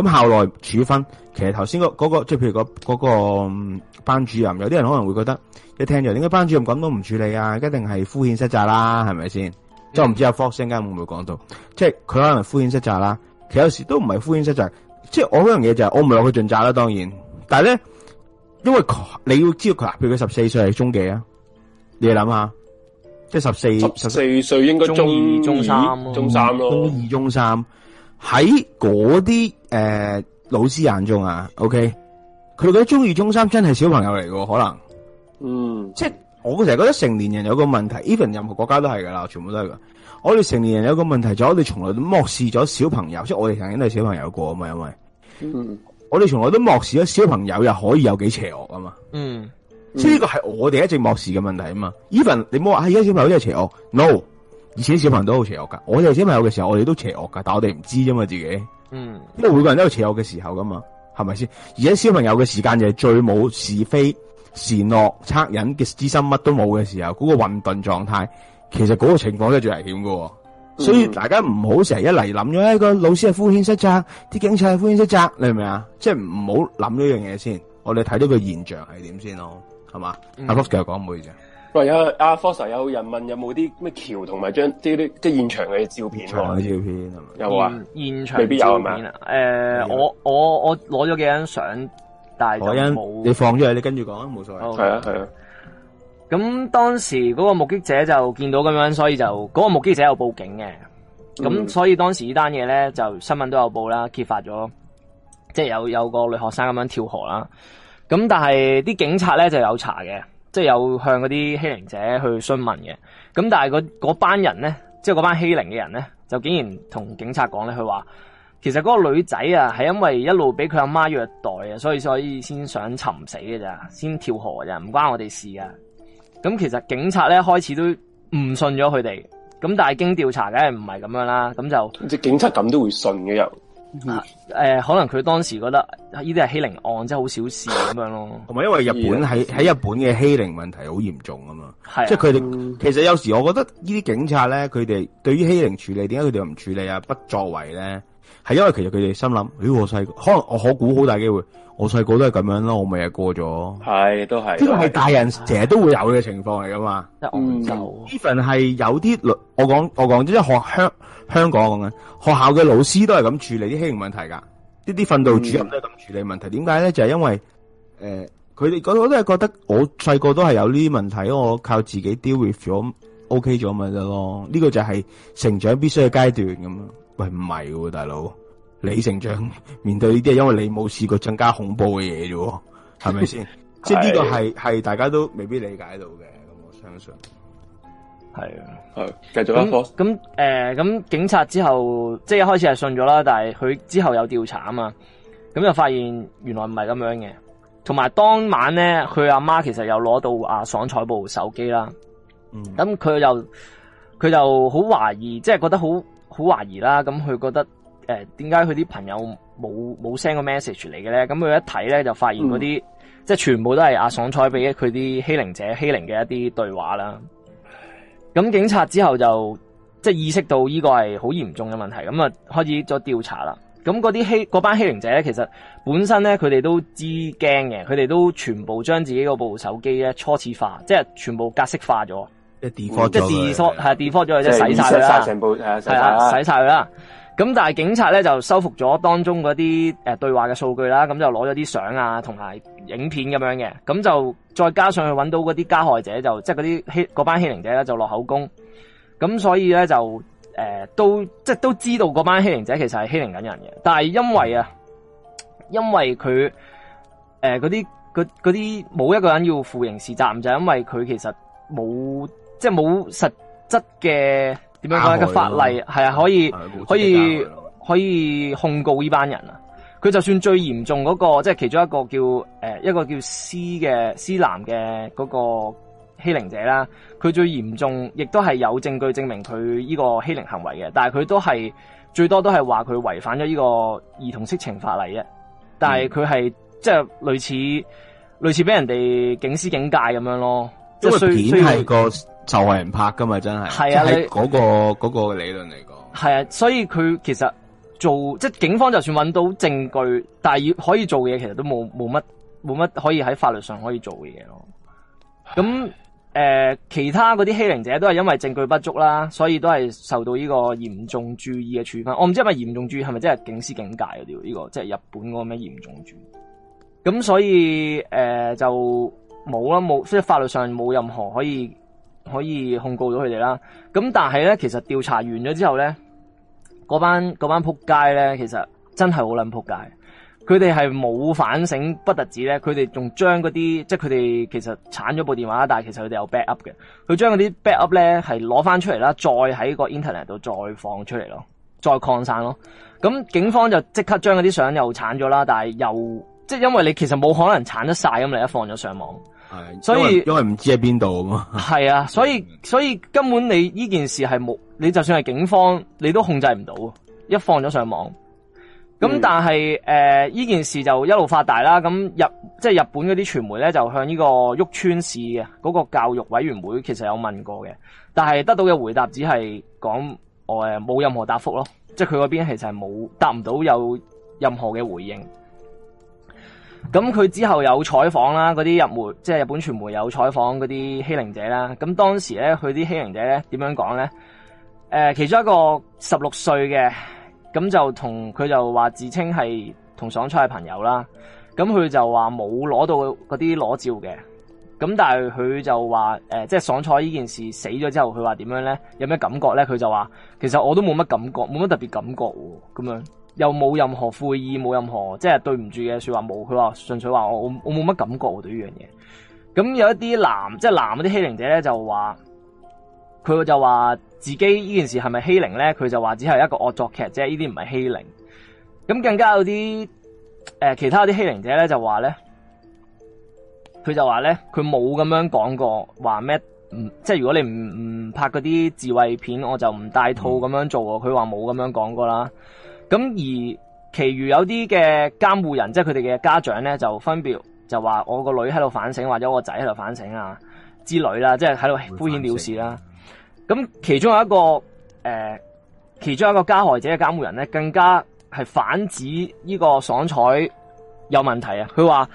[SPEAKER 2] 咁校內處分，其實頭先嗰嗰個，即、那、係、個、譬如嗰、那、嗰、個那個班主任，有啲人可能會覺得，你聽住點解班主任咁都唔處理啊？一定係敷衍失責啦，係咪先？即我唔知阿 Fox 陣間會唔會講到，嗯、即係佢可能敷衍失責啦。其實有時都唔係敷衍失責，即係我嗰樣嘢就係、是、我唔係落去盡責啦。當然，但係咧，因為你要知道佢，譬如佢十四歲係中幾啊，你諗下。即 14, 十四、十四歲應該中二、中三，中三咯，中二、中三喺嗰啲誒老師眼中啊，OK，佢哋覺得中二、中三真係小朋友嚟嘅可能，嗯即，即係我成日覺得成年人有個問題，even 任何國家都係噶啦，全部都係噶，我哋成年人有個問題就係、我哋從來都漠視咗小朋友，即係我哋曾經都係小朋友過啊嘛，因為，嗯，我哋從來都漠視咗小朋友又可以有幾邪惡啊嘛，嗯，嗯。呢個係我哋一直漠視嘅問題啊嘛，even 你唔好話，唉，而家小朋友真係邪惡，no，以前小朋友都好邪惡噶。我哋小朋友嘅時候，我哋都邪惡噶，但係我哋唔知啫嘛，自己，
[SPEAKER 4] 嗯，
[SPEAKER 2] 因為每個人都有邪惡嘅時候噶嘛，係咪先？而家小朋友嘅時間就係最冇是非、善惡、惻隱嘅之心乜都冇嘅時候，嗰、那個混沌狀態，其實嗰個情況都係最危險嘅。嗯、所以大家唔好成日一嚟諗咗，哎，嗰個老師係敷衍失責，啲警察係敷衍失責，你明唔明啊？即係唔好諗呢樣嘢先。我哋睇到個現象係點先咯。係嘛？阿 Fox 繼續講冇嘢啫。
[SPEAKER 1] 喂、啊，阿 Fox 有人問有冇啲咩橋同埋張啲
[SPEAKER 3] 即係現場嘅照片？現場
[SPEAKER 2] 嘅照片係有啊，
[SPEAKER 3] 現場照片未必有誒、呃，我我我攞咗幾張相，但係就冇。你放
[SPEAKER 2] 咗嚟，你跟住講、okay, 啊，冇所謂。係啊係啊。
[SPEAKER 3] 咁當時嗰個目擊者就見到咁樣，所以就嗰個目擊者有報警嘅。咁、嗯、所以當時這件事呢單嘢咧就新聞都有報啦，揭發咗，即、就、係、是、有有個女學生咁樣跳河啦。咁但係啲警察咧就有查嘅，即係有向嗰啲欺凌者去訊問嘅。咁但係嗰班人咧，即係嗰班欺凌嘅人咧，就竟然同警察講咧，佢話其實嗰個女仔啊係因為一路俾佢阿媽虐待啊，所以所以先想尋死嘅咋，先跳河咋，唔關我哋事噶。咁其實警察咧開始都唔信咗佢哋，咁但係經調查梗係唔係咁樣啦，咁就即
[SPEAKER 1] 警察咁都會信嘅又。
[SPEAKER 3] 啊！誒、呃，可能佢當時覺得呢啲係欺凌案，即係好小事咁樣咯。同 埋因為日本喺喺日
[SPEAKER 2] 本嘅欺凌問題好嚴重啊嘛，啊即係佢哋其實有時我覺得呢啲警察咧，佢哋對於欺凌處理，點解佢哋又唔處理啊？不作為咧。係因為其實佢哋心諗，咦，我細個可能我可估好大機會，我細個都係咁樣咯，我咪日過咗。
[SPEAKER 1] 係，都係呢個係
[SPEAKER 2] 大人成日都會有嘅情況嚟噶嘛。嗯、即係我唔有。even 係有啲，我講我講即係學香香港講緊學校嘅老師都係咁處理啲欺凌問題噶，呢啲訓導主任都係咁處理問題。點解咧？就係、是、因為誒，佢哋嗰度都係覺得我細個都係有呢啲問題，我靠自己 deal with 咗，OK 咗咪得咯。呢、這個就係成長必須嘅階段咁啊。喂，唔係喎，大佬，你成長面對呢啲係因為你冇試過更加恐怖嘅嘢啫，係咪先？ 即係呢個係係大
[SPEAKER 3] 家都未必理解到
[SPEAKER 2] 嘅，咁我相信。
[SPEAKER 3] 係啊，係繼續咁誒，咁、呃、警察之後即係一開始係信咗啦，但係佢之後有調查啊嘛，咁就發現原來唔係咁樣嘅，同埋當晚咧，佢阿媽其實又攞到阿爽彩部手機啦，嗯，咁佢又佢就好懷疑，即係覺得好。好懷疑啦，咁佢覺得誒，點解佢啲朋友冇冇 send 個 message 嚟嘅咧？咁佢一睇咧就發現嗰啲、嗯、即係全部都係阿爽彩俾佢啲欺凌者欺凌嘅一啲對話啦。咁警察之後就即係意識到呢個係好嚴重嘅問題，咁啊開始咗調查啦。咁嗰啲欺嗰班欺凌者咧，其實本身咧佢哋都知驚嘅，佢哋都全部將自己嗰部手機咧初始化，即係全部格式化咗。
[SPEAKER 2] 即、就、係、是、default，
[SPEAKER 3] 即係 default default 咗，即係洗晒佢係啦，洗晒佢啦。咁但係警察咧就收復咗當中嗰啲誒對話嘅數據啦，咁就攞咗啲相啊同埋影片咁樣嘅，咁就再加上去揾到嗰啲加害者，就即係嗰啲欺嗰班欺凌者咧就落口供，咁所以咧就誒、呃、都即係都知道嗰班欺凌者其實係欺凌緊人嘅，但係因為啊、嗯、因為佢誒嗰啲嗰嗰啲冇一個人要負刑事責任，就係、是、因為佢其實冇。即係冇實質嘅點樣講啊，法例係啊、嗯嗯、可以、嗯、可以、嗯、可以控告呢班人啊。佢就算最嚴重嗰、那個即係其中一個叫誒、呃、一個叫 C 嘅 C 男嘅嗰個欺凌者啦，佢最嚴重亦都係有證據證明佢呢個欺凌行為嘅，但係佢都係最多都係話佢違反咗呢個兒童色情法例啫，但係佢係即係類似類似俾人哋警司警誡咁樣咯，即係需需個。
[SPEAKER 2] 就係唔拍噶嘛，真係係啊！嗰、那個嗰、那
[SPEAKER 3] 個理論嚟講，係啊，所以佢其實做即係警方，就算揾到證據，但係要可以做嘢，其實都冇冇乜冇乜可以喺法律上可以做嘅嘢咯。咁誒、呃，其他嗰啲欺凌者都係因為證據不足啦，所以都係受到呢個嚴重注意嘅處分。我、哦、唔知係咪嚴重注意，係咪即係警司警戒嗰、啊、啲？呢、這個即係、就是、日本嗰個咩嚴重注意？咁所以誒、呃、就冇啦，冇即係法律上冇任何可以。可以控告到佢哋啦。咁但係咧，其實調查完咗之後咧，嗰班嗰班撲街咧，其實真係好撚撲街。佢哋係冇反省，不特止咧，佢哋仲將嗰啲即係佢哋其實鏟咗部電話，但係其實佢哋有 backup 嘅。佢將嗰啲 backup 咧係攞翻出嚟啦，再喺個 internet 度再放出嚟咯，再擴散咯。咁警方就即刻將嗰啲相又鏟咗啦，但係又即係因為你其實冇可能鏟得晒咁，你一放咗上網。所以因
[SPEAKER 2] 為唔知喺邊度啊嘛，
[SPEAKER 3] 係啊，所以所以根本你呢件事係冇，你就算係警方，你都控制唔到，一放咗上網。咁但係誒呢件事就一路發大啦。咁日即係日本嗰啲傳媒咧，就向呢個旭川市嘅嗰個教育委員會，其實有問過嘅，但係得到嘅回答只係講我誒冇任何答復咯，即係佢嗰邊其實係冇答唔到有任何嘅回應。咁佢之後有採訪啦，嗰啲日媒即係日本傳媒有採訪嗰啲欺凌者啦。咁當時咧，佢啲欺凌者咧點樣講咧？呃，其中一個十六歲嘅，咁就同佢就話自稱係同爽彩嘅朋友啦。咁佢就話冇攞到嗰啲裸照嘅。咁但係佢就話即係爽彩呢件事死咗之後，佢話點樣咧？有咩感覺咧？佢就話其實我都冇乜感覺，冇乜特別感覺喎，啊。咁樣。又冇任何悔意，冇任何即係對唔住嘅說話，冇。佢話純粹話，我我我冇乜感覺，我對呢樣嘢。咁有一啲男即係男嗰啲欺凌者咧，就話佢就話自己呢件事係咪欺凌咧？佢就話只係一個惡作劇啫，呢啲唔係欺凌。咁更加有啲誒、呃、其他啲欺凌者咧，就話咧佢就話咧佢冇咁樣講過，話咩唔即係如果你唔唔拍嗰啲自慰片，我就唔戴套咁樣做。佢話冇咁樣講過啦。咁而，其餘有啲嘅監護人，即係佢哋嘅家長咧，就分別就話：我個女喺度反省，或者我個仔喺度反省啊之類啦，即係喺度敷衍了事啦。咁其中有一個誒、呃，其中一個加害者嘅監護人咧，更加係反指呢個爽彩有問題啊！佢話：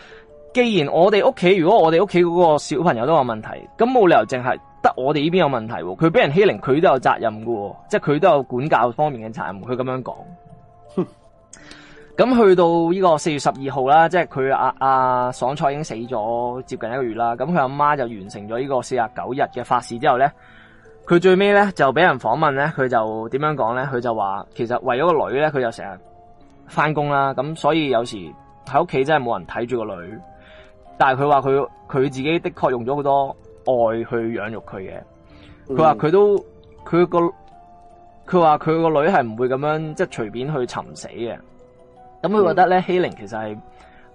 [SPEAKER 3] 既然我哋屋企，如果我哋屋企嗰個小朋友都有問題，咁冇理由淨係得我哋呢邊有問題喎。佢俾人欺凌，佢都有責任喎。即係佢都有管教方面嘅責任。佢咁樣講。咁去到呢個四月十二號啦，即係佢阿阿爽彩已經死咗接近一個月啦。咁佢阿媽就完成咗呢個四十九日嘅法事之後咧，佢最尾咧就俾人訪問咧，佢就點樣講咧？佢就話其實為咗個女咧，佢就成日翻工啦。咁所以有時喺屋企真係冇人睇住個女，但係佢話佢佢自己的確用咗好多愛去養育佢嘅。佢話佢都佢個佢話佢個女係唔會咁樣即係隨便去尋死嘅。咁佢覺得咧、嗯、欺凌其實係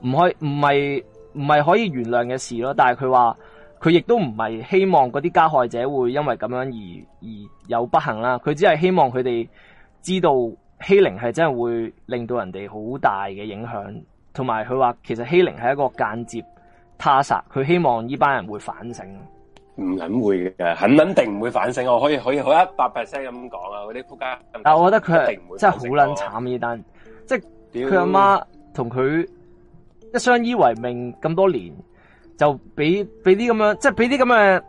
[SPEAKER 3] 唔可以唔係唔係可以原諒嘅事咯，但係佢話佢亦都唔係希望嗰啲加害者會因為咁樣而而有不幸啦，佢只係希望佢哋知道欺凌係真係會令到人哋好大嘅影響，同埋佢話其實欺凌係一個間接他殺，佢希望呢班人會反省。唔
[SPEAKER 1] 肯會嘅，肯肯定唔會反省，我可以可以好一百 percent 咁講啊！嗰啲仆街，
[SPEAKER 3] 但我覺得佢係真係好撚慘呢單。佢阿媽同佢一相依為命咁多年，就俾俾啲咁樣，即係俾啲咁嘅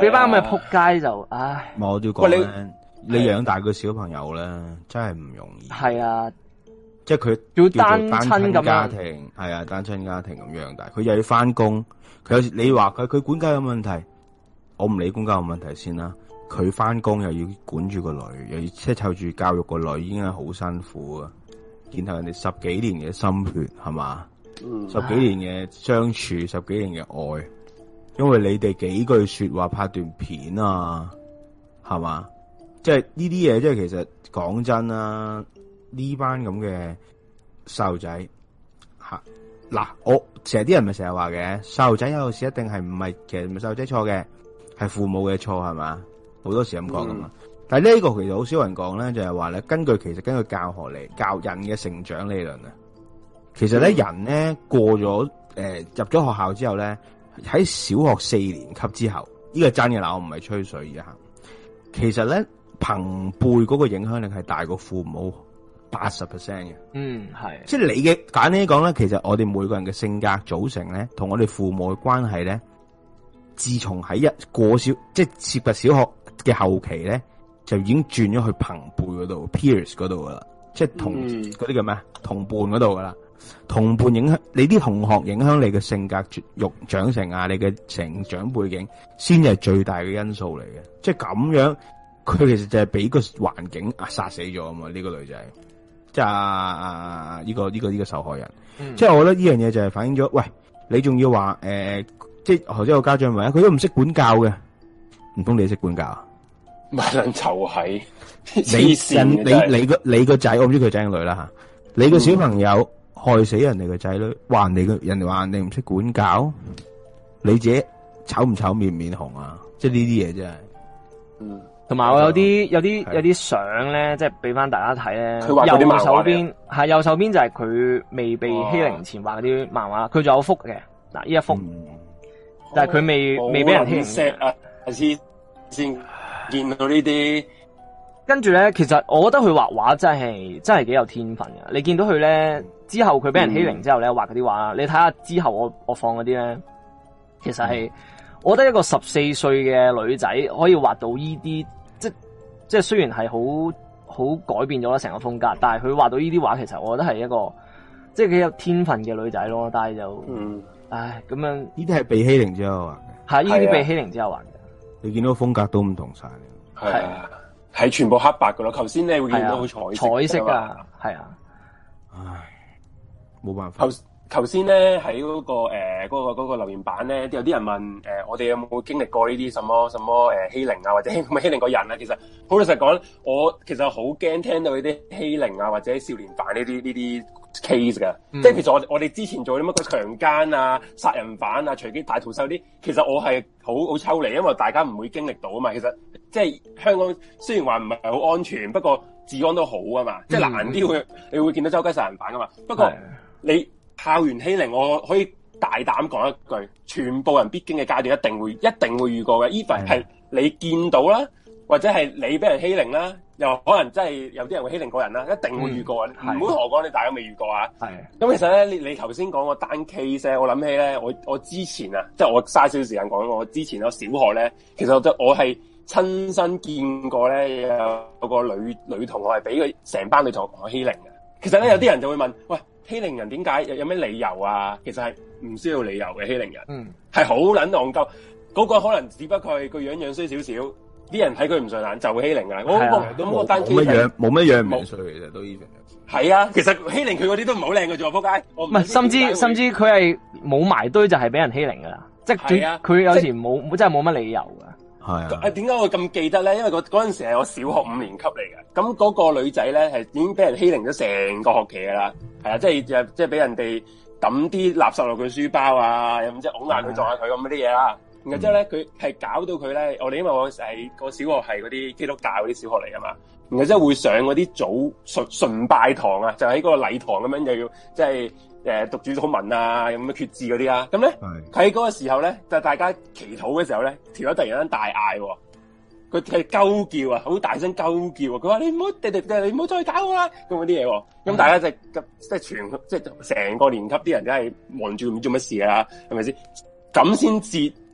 [SPEAKER 3] 俾返咁嘅仆街就唉。
[SPEAKER 2] 我都要講你養大個小朋友咧，真係唔容易。係啊，即係佢要單親家庭，係啊，單親家庭咁樣，但係佢又要翻工，佢有你話佢佢管教有問題，我唔理管教有問題先啦。佢翻工又要管住個女，又要車湊住教育個女，已經係好辛苦啊。然後人哋十幾年嘅心血係嘛，是吧 mm-hmm. 十幾年嘅相處，十幾年嘅愛，因為你哋幾句說話拍段片啊，係嘛，即係呢啲嘢，即係其實講真啦，呢班咁嘅細路仔，吓嗱，我成日啲人咪成日話嘅，細路仔有時一定係唔係，其實唔係細路仔錯嘅，係父母嘅錯，係嘛，好多時咁講噶嘛。但係呢個其實好少人講咧，就係話咧，根據其實根據教學嚟教人嘅成長理論啊，
[SPEAKER 5] 其實咧，人
[SPEAKER 2] 咧過咗誒、呃、入咗學校之後咧，喺小學四年級之後，呢、這個真嘅嗱，我唔係吹水嘅。吓。其實咧，朋輩嗰個影響力係大過父母八十 percent 嘅。嗯，
[SPEAKER 3] 係。即係你嘅
[SPEAKER 2] 簡單講咧，其實我哋每個人嘅性格組成咧，同我哋父母嘅關係咧，自從喺一過小即係涉及小學嘅後期咧。就已經轉咗去朋輩嗰度，peers 嗰度噶啦，即係同嗰啲叫咩？同伴嗰度噶啦，同伴影響你啲同學影響你嘅性格、育、長成啊，你嘅成長背景先係最大嘅因素嚟嘅。即係咁樣，佢其實就係俾個環境壓殺、啊、死咗啊嘛！呢、這個女仔，即係啊啊呢、這個呢、這個呢、這個受害人，嗯、即係我覺得呢樣嘢就係反映咗，喂，你仲要話誒、呃，即係頭先個家長咪啊？佢都唔識管教嘅，唔通你識管教？
[SPEAKER 1] 咪諗就係、啊，你你你
[SPEAKER 2] 個你個仔，我唔知佢仔女啦吓，你個小朋友害死人哋個仔女，話人哋個人哋話你唔識管教，你自己醜唔醜面面紅啊？即係呢啲嘢真係，嗯，
[SPEAKER 3] 同埋我有啲有啲有啲相咧，即係俾翻大家睇咧，右手邊係右手邊就係佢未被欺凌前畫嗰啲漫畫，佢仲有幅嘅，嗱呢一幅，嗯、但係佢未未俾人欺凌、
[SPEAKER 1] 啊。先先。見到呢啲，
[SPEAKER 3] 跟住咧，其實我覺得佢畫畫真係真係幾有天分嘅。你見到佢咧之後，佢俾人欺凌之後咧，畫嗰啲畫，你睇下之後我我放嗰啲咧，其實係、嗯、我覺得一個十四歲嘅女仔可以畫到呢啲，即即雖然係好好改變咗成個風格，但係佢畫到呢啲畫，其實我覺得係一個即幾、就是、有天分嘅女仔咯。但係就、嗯，唉，咁樣
[SPEAKER 2] 呢啲係被欺凌之後畫係，呢啲、啊、被欺凌之後畫你見到風格都唔同晒，係啊，
[SPEAKER 3] 係、啊、全部黑白噶咯。頭先你會見到佢彩彩色噶，係啊，唉，
[SPEAKER 2] 冇辦法。
[SPEAKER 1] 頭先咧喺嗰個誒嗰、呃那個嗰、那個那個留言板咧，有啲人問誒、呃，我哋有冇經歷過呢啲什麼什麼誒、呃、欺凌啊，或者欺欺凌個人啊？其實好老實講，我其實好驚聽到呢啲欺凌啊，或者少年犯呢啲呢啲。case 噶、嗯，即係其實我我哋之前做啲乜嘅強姦啊、殺人犯啊、隨機大屠殺啲，其實我係好好抽離，因為大家唔會經歷到啊嘛。其實即係香港雖然話唔係好安全，不過治安都好啊嘛。嗯、即係難啲會、嗯、你會見到周街殺人犯啊嘛。不過你校園欺凌，我可以大膽講一句，全部人必經嘅階段，一定會一定會遇過嘅。even 係你見到啦，是或者係你俾人欺凌啦。又可能真係有啲人會欺凌過人啦，一定會遇過，唔好同我講你大家未遇過啊？係。咁其實咧，你你頭先講個單 case，我諗起咧，我呢我，我之前啊，即係我嘥少少時間講我之前我小學咧，其實我係親身見過咧，有個女女同學係俾佢成班女同學我欺凌嘅。其實咧，有啲人就會問：喂，欺凌人點解？有咩理由啊？其實係唔需要理由嘅欺凌人，係好撚戇鳩。嗰、嗰個可能只不過係個樣樣衰少少。啲人睇佢唔順眼就會欺凌嘅啦，我冇冇乜樣，冇乜樣唔衰嘅啫，其實都已經。係啊，其實欺凌佢嗰啲都唔好靚嘅啫，仆街。唔係，甚至
[SPEAKER 3] 甚至佢係冇埋堆就係俾人欺凌嘅啦，即係佢有時冇、啊、真係冇乜理由嘅。
[SPEAKER 1] 係啊，點、啊、解我咁記得咧？因為嗰嗰陣時係我小學五年級嚟嘅，咁、那、嗰個女仔咧係已經俾人欺凌咗成個學期嘅啦，係啊，即係即係俾人哋抌啲垃圾落佢書包啊，又唔知㧬下佢撞下佢咁啲嘢啦。然後之後咧，佢、嗯、係搞到佢咧。我哋因為我係個小學係嗰啲基督教嗰啲小學嚟啊嘛。然後之後會上嗰啲早崇崇拜堂啊，就喺、是、嗰個禮堂咁樣就要，又要即係誒讀主禱文啊，咁樣決志嗰啲啊。咁咧喺嗰個時候咧，就大家祈禱嘅時候咧，條友突然之間大嗌、啊，佢佢鳩叫啊，好大聲鳩叫啊。佢話你唔好，你唔好再搞我啦。咁嗰啲嘢。咁大家就即、是、係全即係成個年級啲人都係望住唔知做乜事啊？係咪先？咁先至。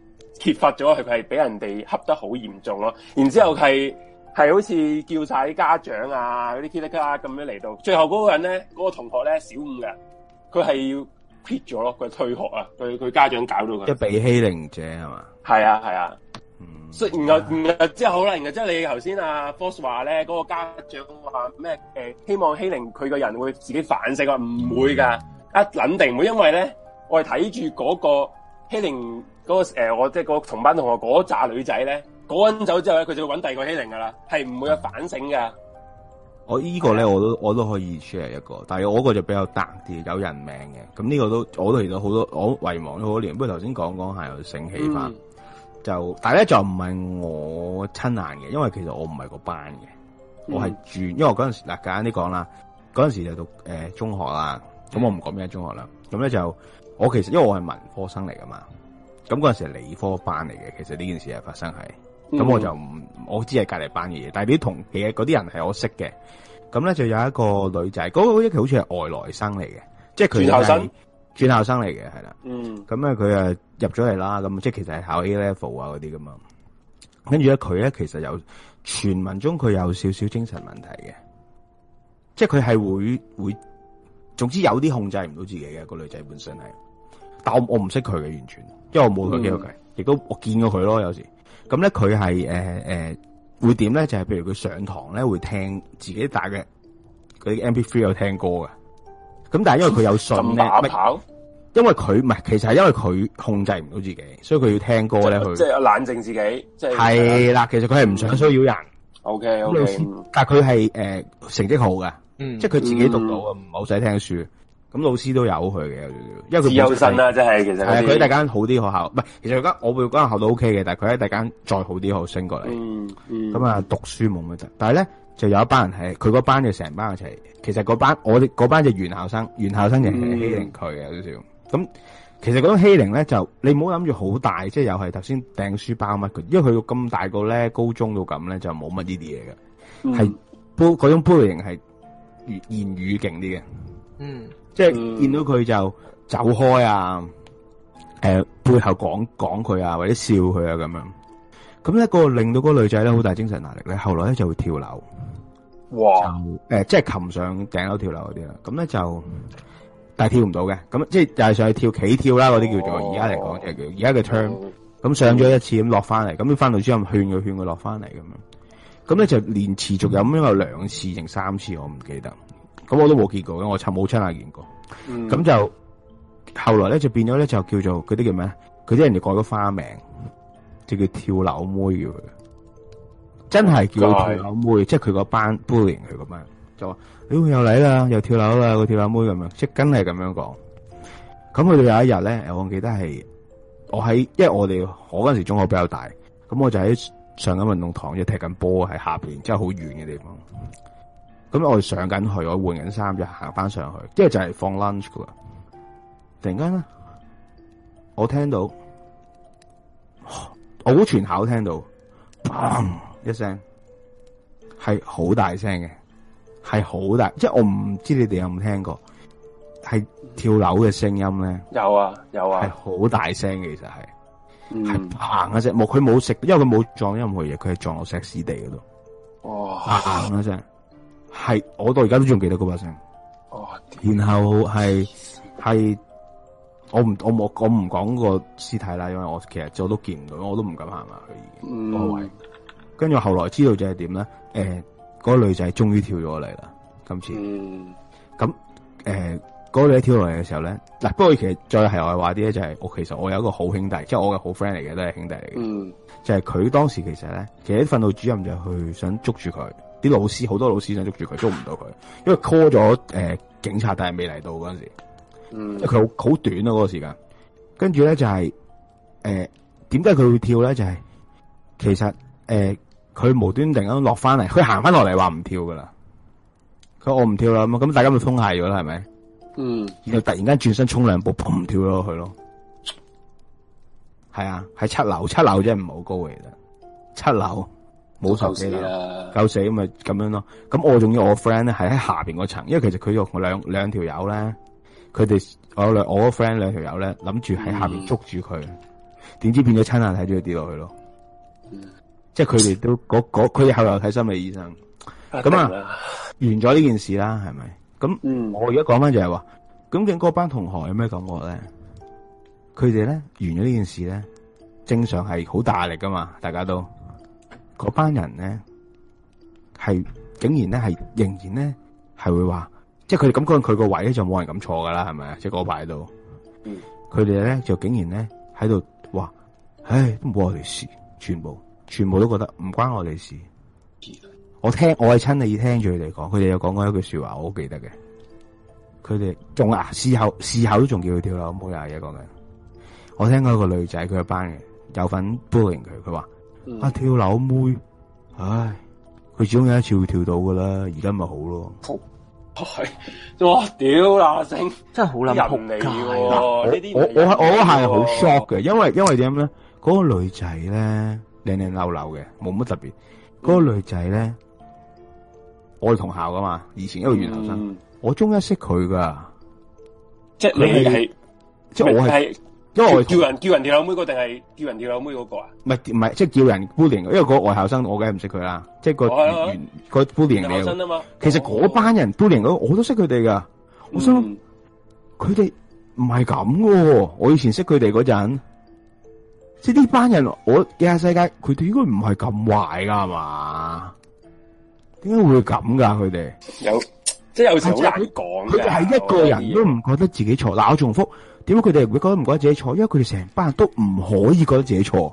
[SPEAKER 1] 揭發咗佢係俾人哋恰得好嚴重囉。然之後係係、嗯、好似叫曬啲家長啊嗰啲 kitik 啦咁樣嚟到，最後嗰個人呢，嗰、嗰個同學呢，小五嘅，佢係要 quit 咗囉。佢退學啊，佢佢家長搞到佢。一被
[SPEAKER 2] 欺凌者係咪？係啊
[SPEAKER 1] 係啊，嗯。所以然後然後即係、哎、好啦，即係你頭先啊 Fox 話呢嗰、嗰個家長話咩？希望欺凌佢個人會自己反省啊？唔、嗯、會㗎，一肯定唔會，因為呢，我係睇住嗰個欺凌。嗰、那個、呃、
[SPEAKER 2] 我即係嗰個同班同學嗰紮女仔咧，嗰揾走之後咧，佢就揾第二個欺凌噶啦，係唔會有反省噶、嗯。我依個咧，我都我都可以 share 一個，但係我嗰個就比較特啲，有人命嘅。咁呢個都我都遇到好多，我遺忘咗好多年。不過頭先講講下又醒起翻、嗯，就但係咧就唔係我親眼嘅，因為其實我唔係個班嘅，我係住、嗯。因為嗰陣時嗱，簡單啲講啦，嗰陣時就讀誒、呃、中學啦。咁我唔講咩中學啦。咁咧就、嗯、我其實因為我係文科生嚟噶嘛。咁嗰陣時係理科班嚟嘅，其實呢件事係發生係，
[SPEAKER 5] 咁、嗯、我就
[SPEAKER 2] 唔，我知係隔籬班嘅嘢，但係啲同期嘅嗰啲人係我識嘅。咁咧就有一個女仔，嗰、那個好似好似係外來生嚟嘅，即係佢轉校生，轉校生嚟嘅係啦。咁啊佢啊入咗嚟啦，咁、嗯、即係其實係考 A level 啊嗰啲㗎嘛。跟住咧佢咧其實有傳聞中佢有少少精神問題嘅，即係佢係會會，總之有啲控制唔到自己嘅、那個女仔本身係，但我唔識佢嘅完全。因為我冇佢幾多偈，亦、嗯、都我見過佢咯。有時咁咧，佢係誒會點咧？就係、是、譬如佢上堂咧，會聽自己帶嘅嗰啲 MP3 有聽歌嘅。咁但係因為佢有信咧，因為佢唔係，其實係因為佢控制唔到自己，所以佢要聽歌咧。佢即係
[SPEAKER 1] 冷靜自己，即係係
[SPEAKER 2] 啦。其實佢係唔想騷擾人。
[SPEAKER 1] O K O K，
[SPEAKER 2] 但佢係、呃、成績好嘅、嗯，即係佢自己讀到啊，唔好使聽書。咁老師都有佢嘅，因為佢優秀生啦、啊，真係其實佢喺第間好啲學校，唔係其實嗰間我會嗰間學校都 OK 嘅，但係佢喺第間再好啲學校升過嚟。
[SPEAKER 4] 咁、嗯、啊，嗯、
[SPEAKER 2] 讀書冇乜得，但係咧就有一班人係佢嗰班就成班一齊，其實嗰班我哋嗰班就原校生，原校生就係欺凌佢嘅，有少少。咁、嗯、其實嗰種欺凌咧就你唔好諗住好大，即係又係頭先掟書包乜佢，因為佢咁大個咧，高中到咁咧就冇乜呢啲嘢嘅，係嗰嗰種 bullying 係言語勁啲嘅。嗯。即係見到佢就走開啊！誒、呃，背後講講佢啊，或者笑佢啊，咁樣咁咧，個令到嗰個女仔咧好大精神壓力咧，後來咧就會跳樓，哇！誒、呃，即係擒上頂樓跳樓嗰啲啦，咁咧就但係跳唔到嘅，咁即係但係上去跳企跳啦，嗰啲叫做而家嚟講，即叫而家嘅 term，哦。咁上咗一次咁落翻嚟，咁你翻到之後勸佢勸佢落翻嚟咁樣，咁咧就連持續咁樣有兩次定三次，我唔記得。咁我都冇見過嘅，我親冇親眼見過。咁、嗯、就後來咧就變咗咧就叫做嗰啲叫咩？嗰啲人哋改咗花名，就叫跳樓妹嘅。真係叫跳樓妹，即係佢個班，bullying 佢個班，佢咁樣就話：屌、哎、又嚟啦，又跳樓啦，個跳樓妹咁樣，即、就、係、是、真係咁樣講。咁佢哋有一日咧，我記得係我喺，因為我哋我嗰陣時中學比較大，咁我就喺上緊運動堂，就踢緊波喺下面，即係好遠嘅地方。咁我哋上緊去，我換緊衫，就行翻上去，即係就係放 lunch 噶。突然間呢，我聽到，我好全口聽到，砰一聲，係好大聲嘅，係好大。即係我唔知你哋有冇聽過，係跳樓嘅聲音咧。有
[SPEAKER 1] 啊，有啊，係
[SPEAKER 2] 好大聲嘅，其實係，
[SPEAKER 1] 係砰一
[SPEAKER 2] 聲，冇佢冇食，因為佢冇撞任何嘢，佢係撞落石屎地嗰度。哦，
[SPEAKER 1] 砰、
[SPEAKER 2] 啊、一聲。係，我到而家都仲記得嗰把聲。哦、oh，然後係係，我唔我冇我唔講個屍體啦，因為我其實我都見唔到，我都唔敢行埋去已
[SPEAKER 4] 經，嗯、mm. oh，
[SPEAKER 2] 跟住後來知道就係點咧？誒、呃、嗰、那個女仔終於跳咗嚟啦。今次，咁、mm. 誒、嗰、呃那個、女仔跳落嚟嘅時候咧，嗱，不過其實再係我話啲咧，就係我其實我有一個好兄弟，即、就、係、是、我嘅好 friend 嚟嘅都係兄弟嚟嘅。嗯、mm.，就係佢當時其實咧，其實訓導主任就去想捉住佢。啲老師好多老師想捉住佢，捉唔到佢，因為 call 咗誒警察，但係未嚟到嗰陣時、嗯，因為佢好好短咯、啊、嗰、那個時間。跟住咧就係、是、誒，點解佢會跳咧？就係、是、其實誒，佢、呃、無端突然間落翻嚟，佢行翻落嚟話唔跳噶啦。佢話我唔跳啦，咁咁大家咪通鞋咗啦，係咪？嗯。然後突然間轉身衝兩步，嘭唔跳咗落去咯。係啊，係七樓，七樓真係唔好高嚟嘅，七樓。冇手機咯，夠死咪咁、就是、樣咯。咁我仲要我 friend 咧，係喺下邊個層，因為其實佢有兩兩條友咧，佢哋我兩我個 friend 兩條友咧，諗住喺下邊捉住佢，點知變咗親眼睇住佢跌落去咯。即係佢哋都佢哋佢後嚟睇心理醫生，咁啊，嗯、完咗呢件事啦，係咪？咁、嗯，我而家講翻就係話，究竟嗰班同學有咩感覺咧？佢哋咧完咗呢件事咧，正常係好大力噶嘛，大家都。嗰班人咧，係竟然咧，係仍然咧，係會話，即係佢哋咁講，佢個位就冇人咁坐噶啦，係咪啊？即係嗰排喺度，佢哋咧就竟然咧喺度，哇，唉，都冇我哋事，全部全部都覺得唔關我哋事。我聽，我係親你聽住佢哋講，佢哋有講過一句說話，我好記得嘅。佢哋仲啊事後事後都仲叫佢跳樓，冇人嘢講嘅。我聽過一個女仔，佢個班嘅有份 bullying 佢，佢話。嗯、啊，跳樓妹，唉，佢始終有一次會跳到噶啦，而家咪好
[SPEAKER 1] 咯。係我屌啦，真真係好難扑你嘅。我
[SPEAKER 2] 是我我係好 short 嘅，因為因為點咧？嗰、那個女仔咧，靚靚溜溜嘅，冇乜特別。嗰、嗯那個女仔咧，我係同校噶嘛，以前一個預科生，我中一識佢噶，即係你係，即係我係。因為我叫人叫
[SPEAKER 1] 人條阿妹嗰，定係叫人
[SPEAKER 2] 條阿妹嗰個啊？唔係唔係，即係叫人，那個就是人 bullying，因為那個外校，就是那個 oh, oh, 生我梗係唔識佢啦，即係個員嗰 bullying 嚟。外校真啊嘛，其實嗰班人 bullying 我都識佢哋噶。我想佢哋唔係咁噶，我以前識佢哋嗰陣，即係呢班人，我世界世界，佢哋應該唔係咁壞噶嘛？點解會咁噶？佢哋有
[SPEAKER 1] 即係有時我有啲講，佢哋係一個人
[SPEAKER 2] 都唔覺得自己錯。嗱，重複。點解佢哋會覺得唔覺得自己錯？因為佢哋成班人都唔可以覺得自己錯。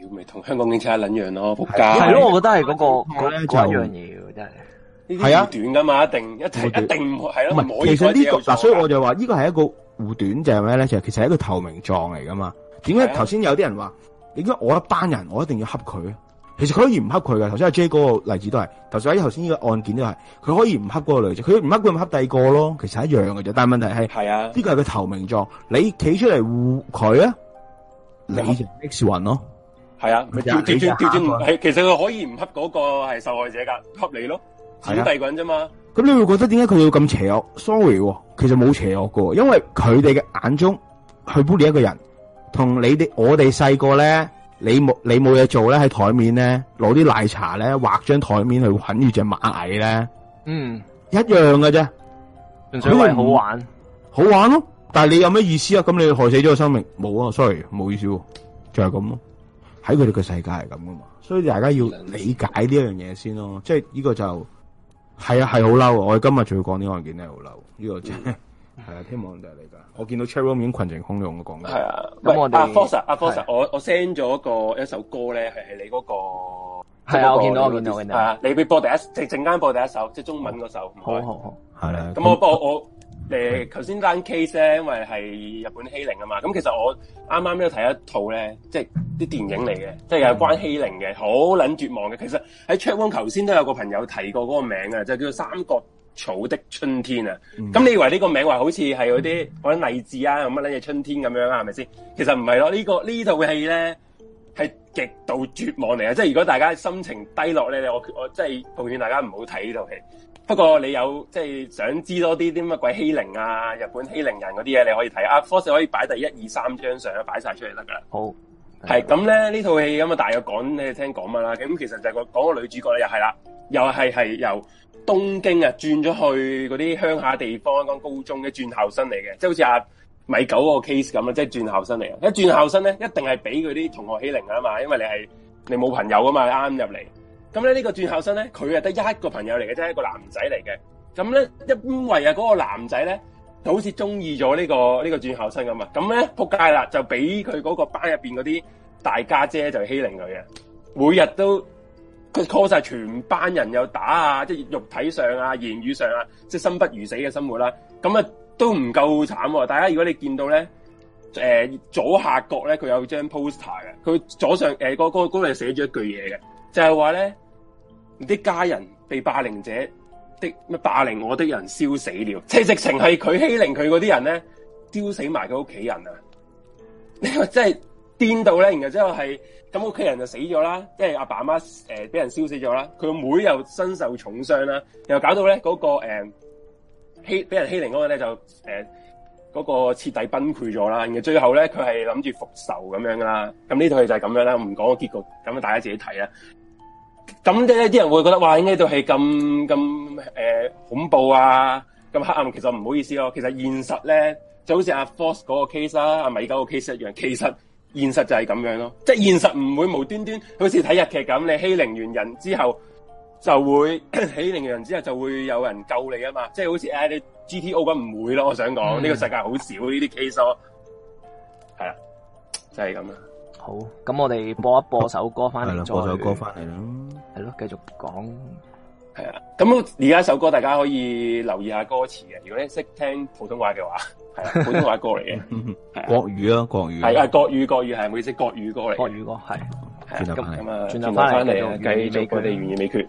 [SPEAKER 1] 要咪同香港警察一樣咯，仆街。係咯，我覺
[SPEAKER 2] 得係嗰個嗰樣嘢真係。係啊，
[SPEAKER 1] 短噶嘛，一定一齊定係咯，唔其實呢個嗱、啊，所以我
[SPEAKER 2] 就話呢個係一個護短就，就係咩咧？就係其實係一個透明狀嚟噶嘛。點解頭先有啲人話？點解我一班人，我一定要恰佢？其實佢可以唔恰佢嘅，頭先阿 J 哥個例子都係，頭先喺頭先呢個案件都係，佢可以唔恰嗰個女仔，佢唔恰佢咪恰第二個咯，其實一樣嘅啫。但係問題係，呢個係個投名狀，你企出嚟護佢啊，你 X 云咯，係啊，佢調轉調轉其實佢可以唔恰嗰個係受害者噶，恰你
[SPEAKER 1] 咯，只係、啊、第二個人啫嘛。
[SPEAKER 2] 咁你會覺得點解佢要咁邪惡？Sorry，其實冇邪惡噶，因為佢哋嘅眼中，去 bully 你一個人，同你哋我哋細個咧。你冇你冇嘢做咧，喺台面咧攞啲奶茶咧畫張台面去搵住隻螞蟻咧，嗯，一樣嘅啫，咁咪好玩，好玩咯，哦。但係你有咩意思啊？咁你害死咗個生命，冇啊，sorry，冇意思，啊，就係咁咯。喺佢哋嘅世界係咁噶嘛，所以大家要理解呢一樣嘢先咯。即係呢個就係啊，係好嬲。我哋今日仲要講呢個案件咧，好嬲呢個真、嗯。係啊，希望就係你噶。我見到 Chatroom 已經群情洶湧、啊啊啊啊，我講緊。係啊，咁我哋阿 Fox 阿
[SPEAKER 1] Fox 我我 send 咗個一首歌咧，係係你嗰、那個。
[SPEAKER 2] 係啊，那個、我見到，我見到，見、uh, 到。
[SPEAKER 1] 係啊，你俾播第一，陣間播第一首，即係中文嗰首好。好，好，好，係啦、啊。咁、啊嗯、我播我誒，頭先單 case 咧，因為係日本欺凌啊嘛。咁其實我啱啱都睇一套咧，即係啲電影嚟嘅，即、就、係、是、有係關欺凌嘅，好撚絕望嘅。其實喺 Chatroom 頭先都有個朋友提過嗰個名啊，就叫做《三國》。草的春天啊！咁、mm-hmm. 你以為呢個名話好似係嗰啲嗰啲勵志啊，咁乜撚嘢春天咁樣啊？係咪先？其實唔係咯，這個這個、呢個呢套戲咧係極度絕望嚟啊！即係如果大家心情低落咧，我我即係奉勸大家唔好睇呢套戲。不過你有即係想知多啲啲乜鬼欺凌啊、日本欺凌人嗰啲嘢，你可以睇啊。Fox、啊、可以擺第一、二、三張相擺晒出嚟得噶啦。好，係咁咧，嗯、呢套戲咁啊、嗯、大約講你聽講乜啦？咁其實就係講講個女主角咧，又係啦，又係係由，東京啊，轉咗去嗰啲鄉下地方一高中嘅轉校生嚟嘅，即好似阿米九個 case 咁即係轉校生嚟嘅。一轉校生咧，一定係俾佢啲同學欺凌啊嘛，因為你係你冇朋友啊嘛，啱入嚟。咁咧呢、這個轉校生咧，佢係得一個朋友嚟嘅，即係一個男仔嚟嘅。咁咧，因為啊嗰個男仔咧，就好似中意咗呢個呢、這個轉校生咁啊。咁咧，撲街啦，就俾佢嗰個班入面嗰啲大家姐就欺凌佢嘅每日都。佢 call 晒全班人又打啊，即係肉體上啊、言語上啊，即係生不如死嘅生活啦、啊。咁啊都唔夠慘、啊，大家如果你見到咧，誒、呃、左下角咧佢有一張 poster 嘅，佢左上誒嗰嗰嗰度寫咗一句嘢嘅，就係話咧啲家人被霸凌者的咩霸凌我的人燒死了，即係直情係佢欺凌佢嗰啲人咧，燒死埋佢屋企人啊！ 真係。癲到咧，然後之後係咁屋企人就死咗啦，即係阿爸阿媽誒俾人燒死咗啦，佢個妹又身受重傷啦，又搞到咧嗰、嗰個誒欺俾人欺凌嗰個咧就誒嗰、呃嗰個徹底崩潰咗啦，然後最後咧佢係諗住復仇咁樣啦，咁呢套戲就係咁樣啦，唔講個結局，咁啊大家自己睇啦。咁呢啲人會覺得哇呢套戲咁咁誒恐怖啊，咁黑暗，其實唔好意思咯、啊，其實現實咧就好似阿 Fox 嗰個 case 啊，阿米狗個 case 一樣，其現實就係咁樣咯，即、就、係、是、現實唔會無端端好似睇日劇咁，你欺凌完人之後就會 欺凌完人之後就會有人救你啊嘛，即、就、係、是、好似誒、哎、你 G T O 咁唔會咯，我想講呢、嗯，這個世界好
[SPEAKER 3] 少呢啲 case 咯，係啊，就係咁啦。好，咁我哋播一播首歌翻嚟，播首歌翻嚟咯，係咯，繼續講。
[SPEAKER 1] 係啊，咁而家首歌大家可以留意下歌詞嘅，如果你識聽普通話嘅話。 普通話歌嚟
[SPEAKER 2] 嘅，國語啊，國語係啊，啊，
[SPEAKER 1] 國語，國語係唔、啊、好意思，國語歌嚟，國語歌係，轉頭翻嚟，轉頭翻嚟，繼續佢哋懸疑未決。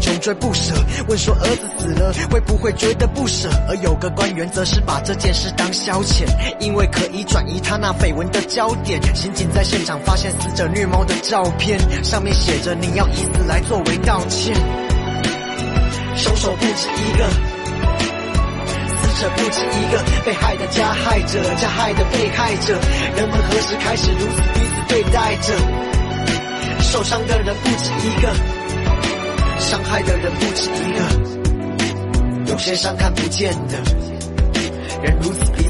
[SPEAKER 5] 窮追不捨，問說兒子死了會不會覺得不捨？而有個官員則是把這件事當消遣，因為可以轉移他那緋聞的焦點。刑警在現場發現死者虐貓的照片，上面寫着你要以死來作為道歉。兇手不止一個，死者不止一個，被害的加害者，加害的被害者，人們何時開始如此彼此對待着？受傷的人不止一個。傷害的人不止一個，有些傷看不見的，人如此疲憊。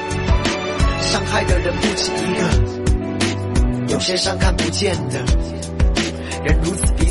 [SPEAKER 5] 傷害的人不止一個，有些傷看不見的，人如此。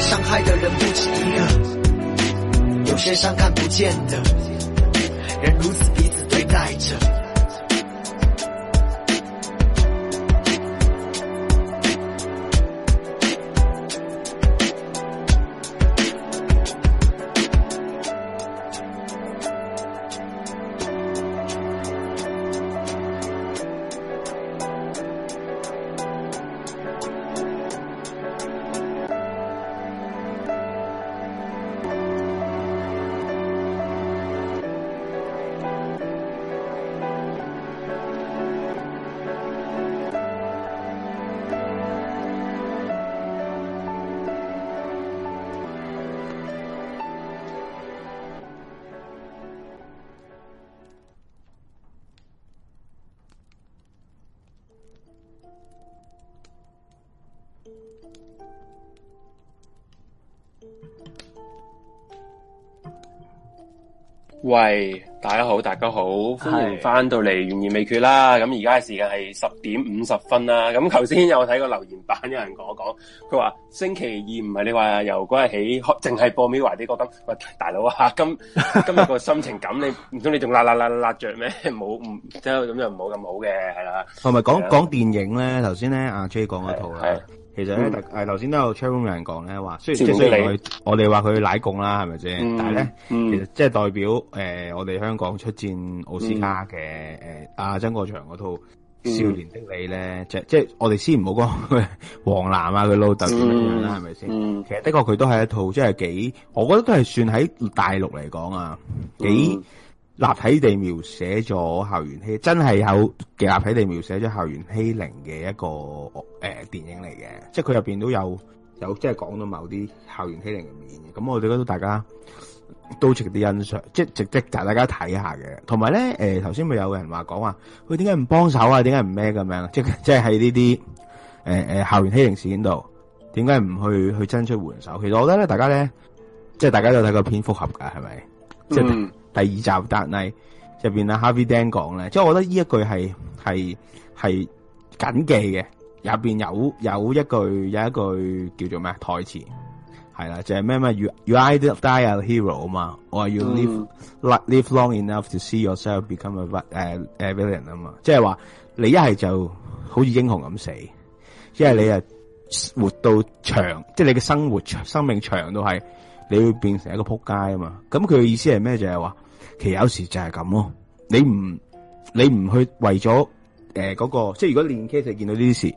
[SPEAKER 5] 傷害的人不止一個，有些傷看不見的，人如此彼此對待着。
[SPEAKER 1] 喂，大家好，大家好，歡迎翻到嚟懸疑未決啦。咁而家嘅時間係十點五十分啦。咁頭先有睇過留言板，有人講講，佢話星期二唔係你話由嗰日起，淨係播美《秒壞》啲歌咁，喂，大佬啊，今今日個心情咁， 你唔通你仲辣辣辣着咩？冇唔即係咁就唔好咁好嘅係啦。同埋講講
[SPEAKER 2] 電影咧？頭先咧，阿 J 講嗰套啦。其實咧，誒頭先都有 chatroom 有人講咧，話雖，雖然即雖然我哋話佢奶共啦，係咪先？但係咧、嗯，其實即係代表誒、呃、我哋香港出戰奧斯卡嘅誒阿曾國祥嗰套《少年的你》咧、嗯，即即我哋先唔好講黃藍啊佢老豆咁樣啦，係咪先？其實的確佢都係一套即係、就是、幾，我覺得都係算喺大陸嚟講啊幾。嗯立體地描寫咗校園欺真係有嘅立體地描寫咗校園欺凌嘅一個誒、呃、電影嚟嘅，即係佢入邊都有有即係講到某啲校園欺凌嘅面。咁我哋覺得大家都值得欣賞，即係值得大家睇下嘅。同埋咧，誒頭先咪有人話講話，佢點解唔幫手啊？點解唔咩咁樣？即係即係喺呢啲誒誒校園欺凌事件度，點解唔去去爭取援手？其實我覺得咧，大家咧即係大家都睇過蝙蝠俠噶，係咪？嗯第二集達係入邊啊 Harvey Dent 講咧，即係我覺得呢一句係係係謹記嘅。入邊有有一句有一句叫做咩台詞，係啦就係咩咩，You you either die a hero 啊嘛，或 you live、嗯、live long enough to see yourself become a 誒誒 villain 啊嘛。即係話你一係就好似英雄咁死，一係你啊活到長，即係你嘅生活生命長到係你會變成一個撲街啊嘛。咁佢嘅意思係咩？就係話。其實有時就係咁咯，你唔你唔去為咗誒嗰個，即係如果練 case 見到呢啲事，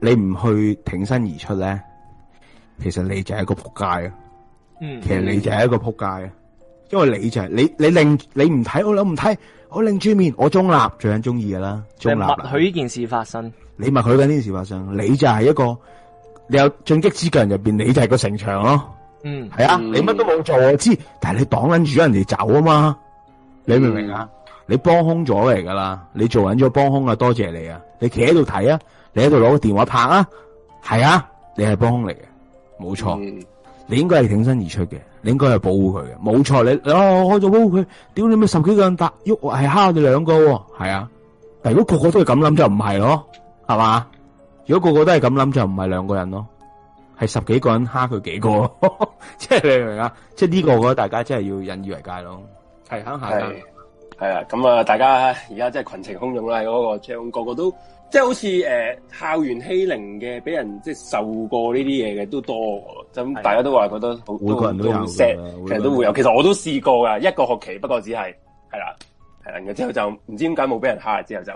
[SPEAKER 2] 你唔去挺身而出咧，其實你就係一個仆街啊！嗯，
[SPEAKER 3] 其實你
[SPEAKER 2] 就係一個仆街啊、嗯，因為你就係、是、你你令你唔睇我，我唔睇我擰住面，我中立，我中立最緊中意噶啦，中立。係默許
[SPEAKER 3] 呢件事發生。
[SPEAKER 2] 你默許緊呢件事發生，你就係一個你有進擊之巨人入邊，你就係個城牆咯、啊。嗯，係啊，你乜都冇做，我知，但係你擋緊住人哋走啊嘛，你明唔明啊、嗯？你幫兇咗嚟噶啦，你做緊咗幫兇啊，多謝，謝你啊，你企喺度睇啊，你喺度攞個電話拍啊，係啊，你係幫兇嚟嘅，冇錯、嗯，你應該係挺身而出嘅，你應該係保護佢嘅，冇錯，你哦，我就保護佢，屌你咪十幾個人打，喐係蝦你兩個喎、啊，係啊，但如果個個都係咁諗就唔係咯，係嘛？如果個個都係咁諗就唔係兩個人咯。係十幾個人蝦佢幾個，即 係你明唔明啊？即係呢個，我覺得大家真係要引以為戒咯。係肯下噶，係啊，咁啊，
[SPEAKER 1] 大家而家真係群情洶湧啦。嗰、那個唱個個都，即、就、係、是、好似誒、呃、校園欺凌嘅，俾人即係、就是、受過呢啲嘢嘅都多。咁大家都話覺得好，每個人都有,都人都有,有其實都會有。其實我都試過噶，一個學期，不過只係係啦。之後就唔知點解冇俾人嚇，之後就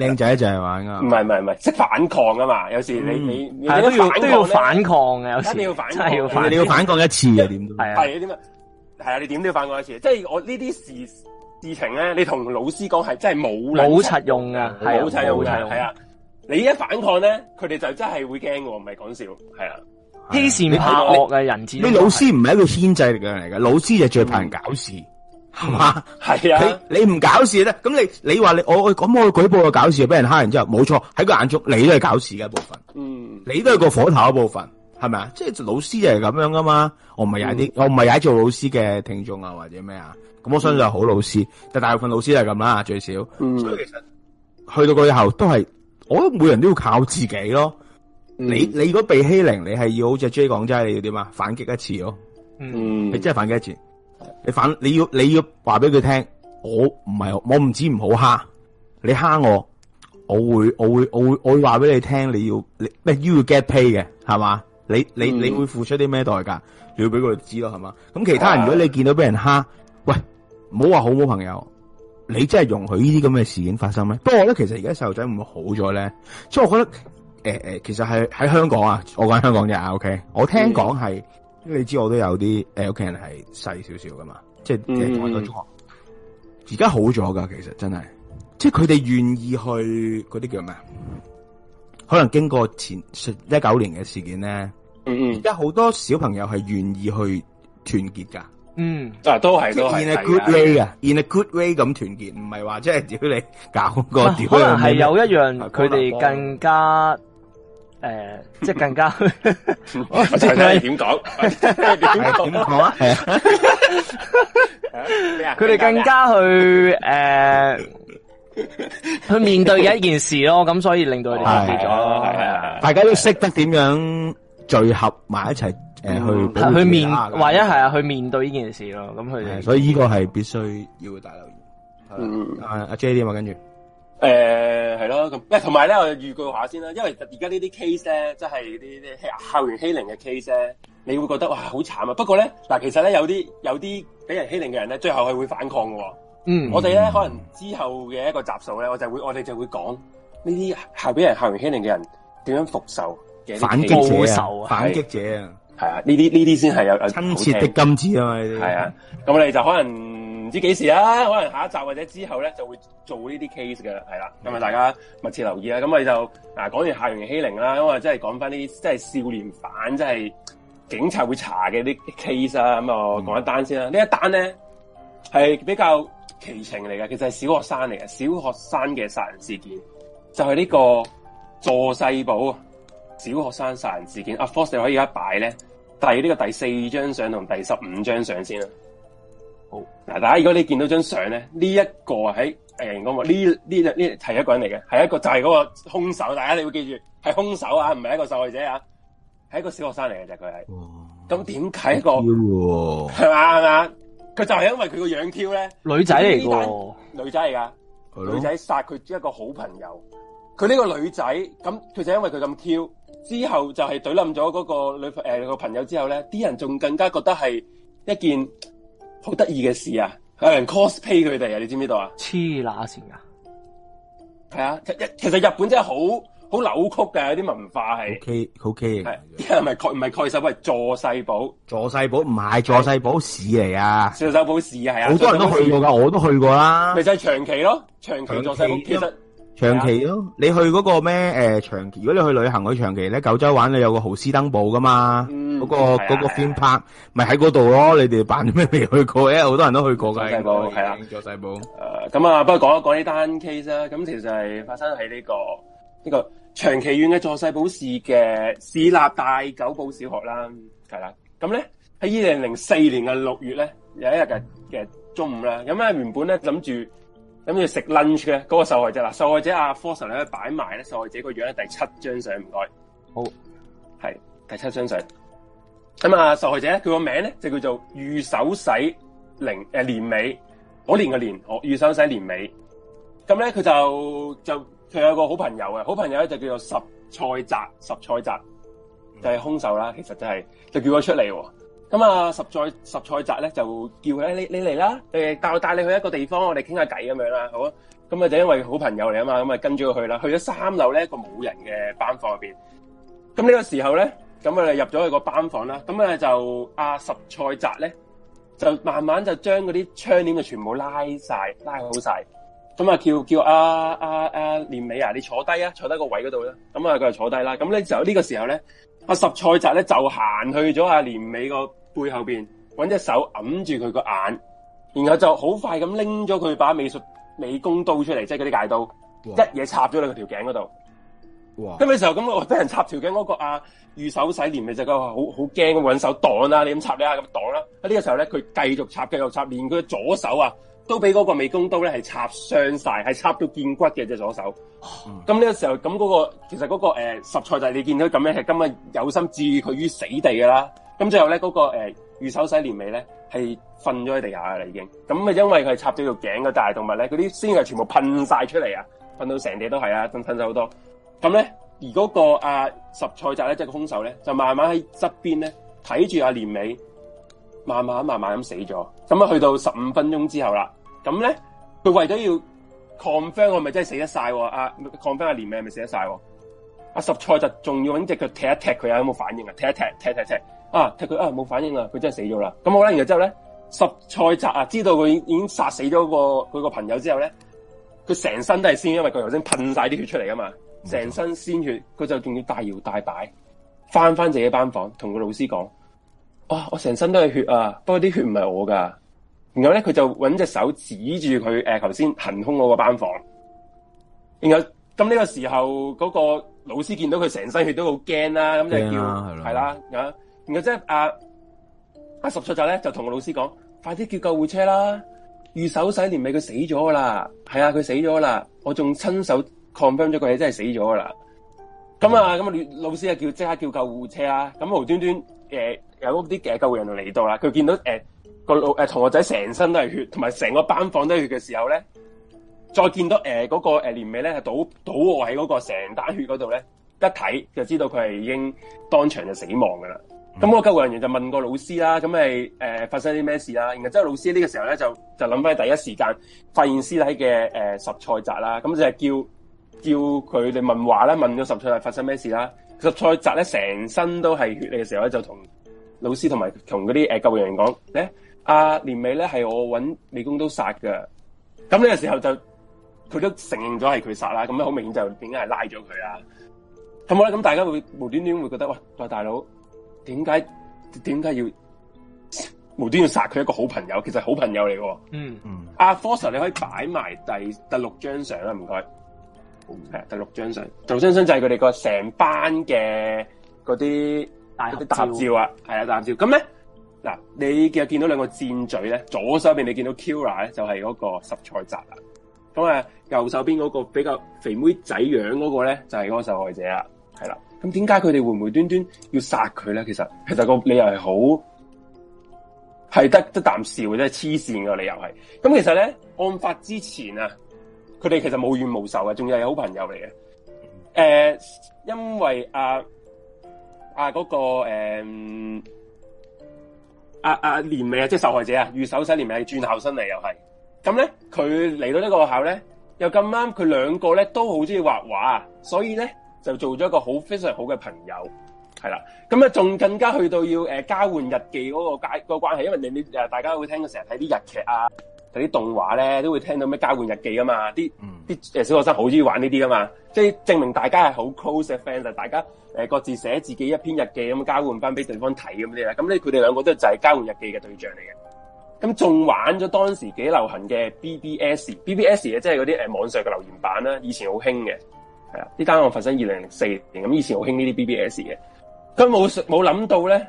[SPEAKER 2] 靚仔就係玩啊！唔係唔係
[SPEAKER 1] 唔係，識、就是、反抗啊嘛！有時你、嗯、你你都要反抗嘅，有時你要反抗要反抗，你要反抗一次啊點？係啊！係啊！點係你點都要反抗一次。即係我呢啲事事情咧，你同老師講係真係冇冇柒用嘅，冇柒用嘅。係啊！你一反抗咧，佢哋就真係會驚喎，唔係講笑。係啊！欺善怕惡嘅人、就是、你老
[SPEAKER 2] 師唔係一個牽制力嘅嚟嘅，老師就最怕人搞事。係嘛？係啊！你你唔搞事咧，咁你你話你我咁我，我舉報個搞事，俾人蝦完之後，冇錯喺個眼中，你都係搞事嘅一部分。嗯，你都係個火頭一部分，係咪啊？即係老師就係咁樣噶嘛。我唔係有啲、嗯，我唔係踩做老師嘅聽眾啊，或者咩啊？咁我相信係好老師，但、嗯、大部分老師係咁啦，最少、嗯。所以其實去到佢以後都係，我覺得每人都要靠自己咯。嗯、你你如果被欺凌，你係要好似 J 講，真係，你要點啊？反擊一次咯。嗯。你真係反擊一次。你反你要你要話俾佢聽，我唔係我唔止唔好蝦你蝦我，我會我會我會我會話俾你聽，你要你咩？你要 get pay 嘅係嘛？你你你會付出啲咩代價？你要俾佢知咯係嘛？咁其他人如果你見到俾人蝦，喂，唔好話好冇朋友，你真係容許呢啲咁嘅事件發生咩？不過我覺得其實而家細路仔會唔會好咗咧？即係我覺得誒誒、呃呃，其實係喺香港啊，我講香港啫，OK，我聽講係。因為你知我都有啲誒屋企人係細少少噶嘛，即係同一個中學。而、嗯、家好咗噶，其實真係，即係佢哋願意去嗰啲叫咩啊？可能經過前一九年嘅事件咧，嗯嗯，而家好多小朋友係願意去團結噶。嗯，都係都係。in a good way 嘅，in a good way 咁團結，唔係話即係屌你搞個，可能係有一樣佢哋更加。
[SPEAKER 3] 誒，即係更加點講？點講？係嘛？係啊！
[SPEAKER 1] 佢哋更
[SPEAKER 3] 加去誒，去面對嘅一件事咯，咁所以令到佢哋團結咗。係啊，大
[SPEAKER 2] 家都識得點樣聚合埋一齊誒，去去面，或者
[SPEAKER 3] 係啊，去面對呢件事咯。咁佢，所以呢
[SPEAKER 2] 個係必須
[SPEAKER 3] 要大留言。嗯，
[SPEAKER 2] 阿阿 J D 嘛，跟住。
[SPEAKER 1] 誒、呃，
[SPEAKER 3] 係咯咁，同埋咧，我預告一下先啦，因為而
[SPEAKER 1] 家呢啲 case 咧，即係呢啲校園欺凌嘅 case 咧，你會覺得哇，好慘啊！不過咧，嗱，其實咧，有啲有啲俾人欺凌嘅人咧，最後係會反抗㗎。嗯，我呢，
[SPEAKER 4] 我哋咧
[SPEAKER 1] 可能之後嘅一個集數咧，我就會我哋就會講呢啲校俾人校園欺凌嘅人點樣復仇、反擊者、反擊者啊，係啊，呢啲呢啲先係有親切的
[SPEAKER 2] 金子啊，係啊，
[SPEAKER 1] 咁我哋就可能。唔知幾時啊？可能下一集或者之後咧，就會做呢啲 case 嘅，係啦。咁啊，大家密切留意我啊。咁我哋就講講完校園欺凌啦，咁啊，真係講翻啲即係少年犯，即、就、係、是、警察會查嘅啲 case 啊。咁啊，講、mm-hmm. 一單先啦。呢一單咧，係比較奇情嚟嘅，其實係小學生嚟嘅，小學生嘅殺人事件就係呢個佐世保，小學生殺人事件。阿、就、Fox、是 mm-hmm. 啊、你可以而家擺咧，第呢、這個第四張相同第十五張相先啦。好嗱，大家如果你見到張相咧，呢、這、一個喺誒、呃那個呢呢呢係一個人嚟嘅，係一個就係、是、嗰個凶手。大家你會記住，係凶手啊，唔係一個受害者啊，係一個小學生嚟嘅、嗯哦、就佢係。咁點解？個係嘛係嘛？佢就係因為佢個樣 Q 咧，女仔嚟嘅，女仔嚟噶、
[SPEAKER 2] 哦，女仔
[SPEAKER 1] 殺佢一個好朋友。佢呢個女仔咁，就係因為佢咁 Q 之後就係懟冧咗嗰個女誒個、呃、朋友之後咧，啲人仲更加覺得係一件好得意嘅事啊！有人 cosplay 佢哋啊，你知唔知道啊？黐乸線啊，係啊！其實日本真係好好扭曲嘅，有啲文化係。O K，好 K 嘅，因為唔係蓋唔係蓋世保，係佐世保。佐世保唔
[SPEAKER 2] 係佐世保，市嚟啊！佐
[SPEAKER 1] 世保市係啊！好多、啊啊啊、人都去過
[SPEAKER 2] 噶，我都去過啦、啊。咪就係、
[SPEAKER 1] 是、長期咯，長期佐世保，其實。
[SPEAKER 2] 長崎咯，你去嗰個咩？誒長崎，如果你去旅行嗰長長崎咧，九州玩你有個豪斯登堡噶嘛？嗰、嗯那個嗰、那個 Theme Park 咪喺嗰度咯？你哋扮咩未去過？誒好多人都去過㗎。係啦、那個，英英
[SPEAKER 1] 佐世保。誒咁啊，不過講一講呢單 case 啦。咁其實係發生喺呢、這個呢、這個長崎縣嘅佐世保市嘅市立大久保小學啦，係啦。咁咧喺二零零四年嘅六月咧，有一日嘅嘅中午啦，咁咧原本咧諗住。咁要食 lunch 嘅嗰個受害者啦，受害者阿 Fox 咧擺埋咧，受害者個樣咧第七張相，唔該，好，係第七張相。咁啊，受害者咧，佢個名咧就叫做御手洗零、呃，年尾，嗰年嘅年，御、嗯、手、哦、洗年尾。咁咧佢就就佢有個好朋友嘅，好朋友咧就叫做十菜澤，十菜澤、嗯、就係、是、兇手啦，其實就係、是、就叫佢出嚟喎。咁啊，十菜十菜澤咧就叫咧你你嚟啦，誒帶帶你去一個地方，我哋傾下偈咁樣啦，好啊？咁啊就因為好朋友嚟啊嘛，咁啊跟住佢去啦，去咗三樓咧一個冇人嘅班房入邊。咁呢個時候咧，咁佢哋入咗去個班房啦。咁啊就阿十菜澤咧就慢慢就將嗰啲窗簾就全部拉晒拉好晒。咁啊叫叫阿阿阿蓮美啊，你坐低啊，坐低個位嗰度啦。咁啊佢就坐低啦。咁咧就呢個時候咧，阿、啊、十菜澤咧就行去咗阿蓮美個。背後邊揾隻手揞住佢個眼，然後就好快咁拎咗佢把美術美工刀出嚟，即係嗰啲戒刀，一嘢插咗落佢條頸嗰度。哇！
[SPEAKER 4] 咁、
[SPEAKER 1] 那、嘅、個、時候咁，我俾人插條頸嗰個啊，御手洗憐美就是、個好好驚咁揾手擋啦、啊。你咁插你啊，咁擋啦。喺呢個時候咧，佢繼續插繼續插，連佢嘅左手啊，都俾嗰個美工刀咧係插傷晒，係插到見骨嘅隻左手。咁、嗯、呢、那個時候咁嗰、那個，其實嗰、那個誒，實在就係你見到咁樣，係今日有心置佢於死地噶啦。咁最後咧，嗰、嗰個誒御手、呃、洗連尾咧係瞓咗喺地下嘅啦，已經咁啊，因為佢插咗條頸嘅大動脈咧，嗰啲鮮液全部噴晒出嚟啊，噴到成地都係啊，都噴晒好多。咁咧，而嗰個啊十菜澤咧，即係個兇手咧，就慢慢喺側邊咧睇住阿連尾，慢慢慢慢咁死咗。咁啊，去到十五分鐘之後啦，咁咧佢為咗要 confirm 我咪真係死得晒啊？confirm 阿連尾係咪死得晒？阿、啊、十菜澤仲要揾隻腳踢一踢佢啊，有冇反應啊？踢一踢，踢踢踢。啊！踢佢啊！冇反應啦，佢真係死咗啦！咁好啦，然後之後咧，十賽澤啊，知道佢已經經殺死咗個佢個朋友之後咧，佢成身都係鮮，因為佢頭先噴晒啲血出嚟啊嘛，成身鮮血，佢就仲要大搖大擺翻翻自己班房，同個老師講：，啊，我成身都係血啊！不過啲血唔係我噶。然後咧，佢就搵隻手指住佢誒頭先行兇嗰個班房。然後咁呢、嗯這個時候，嗰、那個老師見到佢成身血都好驚、啊啊、啦，咁就叫係啦。然後即係阿、啊啊、十歲仔咧，就同個老師講：，快啲叫救護車預守啦！遇手洗年尾，佢、啊、死咗啦。係、嗯、啊，佢死咗啦。我仲親手 confirm 咗佢真係死咗噶啦。咁啊，咁啊，老師啊，叫即刻叫救護車啦、啊。咁無端端誒、呃，有啲嘅救護人員嚟到啦。佢見到誒、呃、個老誒、呃、同學仔成身都係血，同埋成個班房都係血嘅時候咧，再見到誒嗰、呃那個誒、呃、年尾咧，係倒倒喺嗰個成堆血嗰度咧，一睇就知道佢係已經當場就死亡噶啦。咁、嗯、個救護人員就問過老師啦，咁係誒發生啲咩事啦？然後之後老師呢個時候咧就就諗翻第一時間發現屍體嘅誒十菜澤啦，咁就係叫叫佢哋問話啦，問咗十菜澤發生咩事啦？十菜澤咧成身都係血你嘅時候咧，就同老師同埋同嗰啲誒救護人員講咧，阿、啊、憐美咧係我揾美工刀殺嘅，咁呢個時候就佢都承認咗係佢殺啦，咁樣好明顯就變咗係拉咗佢啦。咁好啦，咁大家會無端端會覺得喂，喂、呃、大佬。點解點解要無端要殺佢一個好朋友？其實是好朋友嚟
[SPEAKER 4] 嘅
[SPEAKER 1] 啊。嗯嗯。阿 Fox，你可以擺埋第第六張相啦，唔該。係啊，第六張相。第六張相就係佢哋個成班嘅嗰啲大合照啊。係啊，大合照。咁咧，嗱，你又見到兩個箭嘴咧？左手邊你見到 Kira 咧，就係、是、嗰個十菜者啊。咁啊，右手邊嗰個比較肥妹仔樣嗰個咧，就係嗰個受害者啊。係啦。咁點解佢哋會唔會端端要殺佢咧？其實其實個理由係好係得得啖笑，或者黐線嘅理由係。咁其實咧，案發之前啊，佢哋其實無怨無仇啊，仲有好朋友嚟嘅。誒、呃，因為啊，嗰、啊那個誒阿憐美啊，即、啊、係、啊就是、受害者啊，御手洗憐美轉校生嚟又係。咁咧，佢嚟到個校呢個學校咧，又咁啱佢兩個咧都好中意畫畫啊，所以咧。就做咗一個好非常好嘅朋友，係啦，咁啊仲更加去到要、呃、交換日記嗰、嗰個嗰個關係，因為你你大家會聽佢成日睇啲日劇啊，睇啲動畫咧都會聽到咩交換日記啊嘛，啲啲小學生好中意玩呢啲噶嘛，即係證明大家係好 close 嘅 friend，大家誒、呃、各自寫自己一篇日記咁交換翻俾對方睇咁啲啦，咁咧佢哋兩個都就係交換日記嘅對象嚟嘅，咁仲玩咗當時幾流行嘅 BBS，BBS 即係嗰啲誒、呃、網上嘅留言板啦，以前好興嘅。係啊，呢單案發生二零零四年，咁以前好興呢啲 BBS 嘅，佢冇冇諗到咧，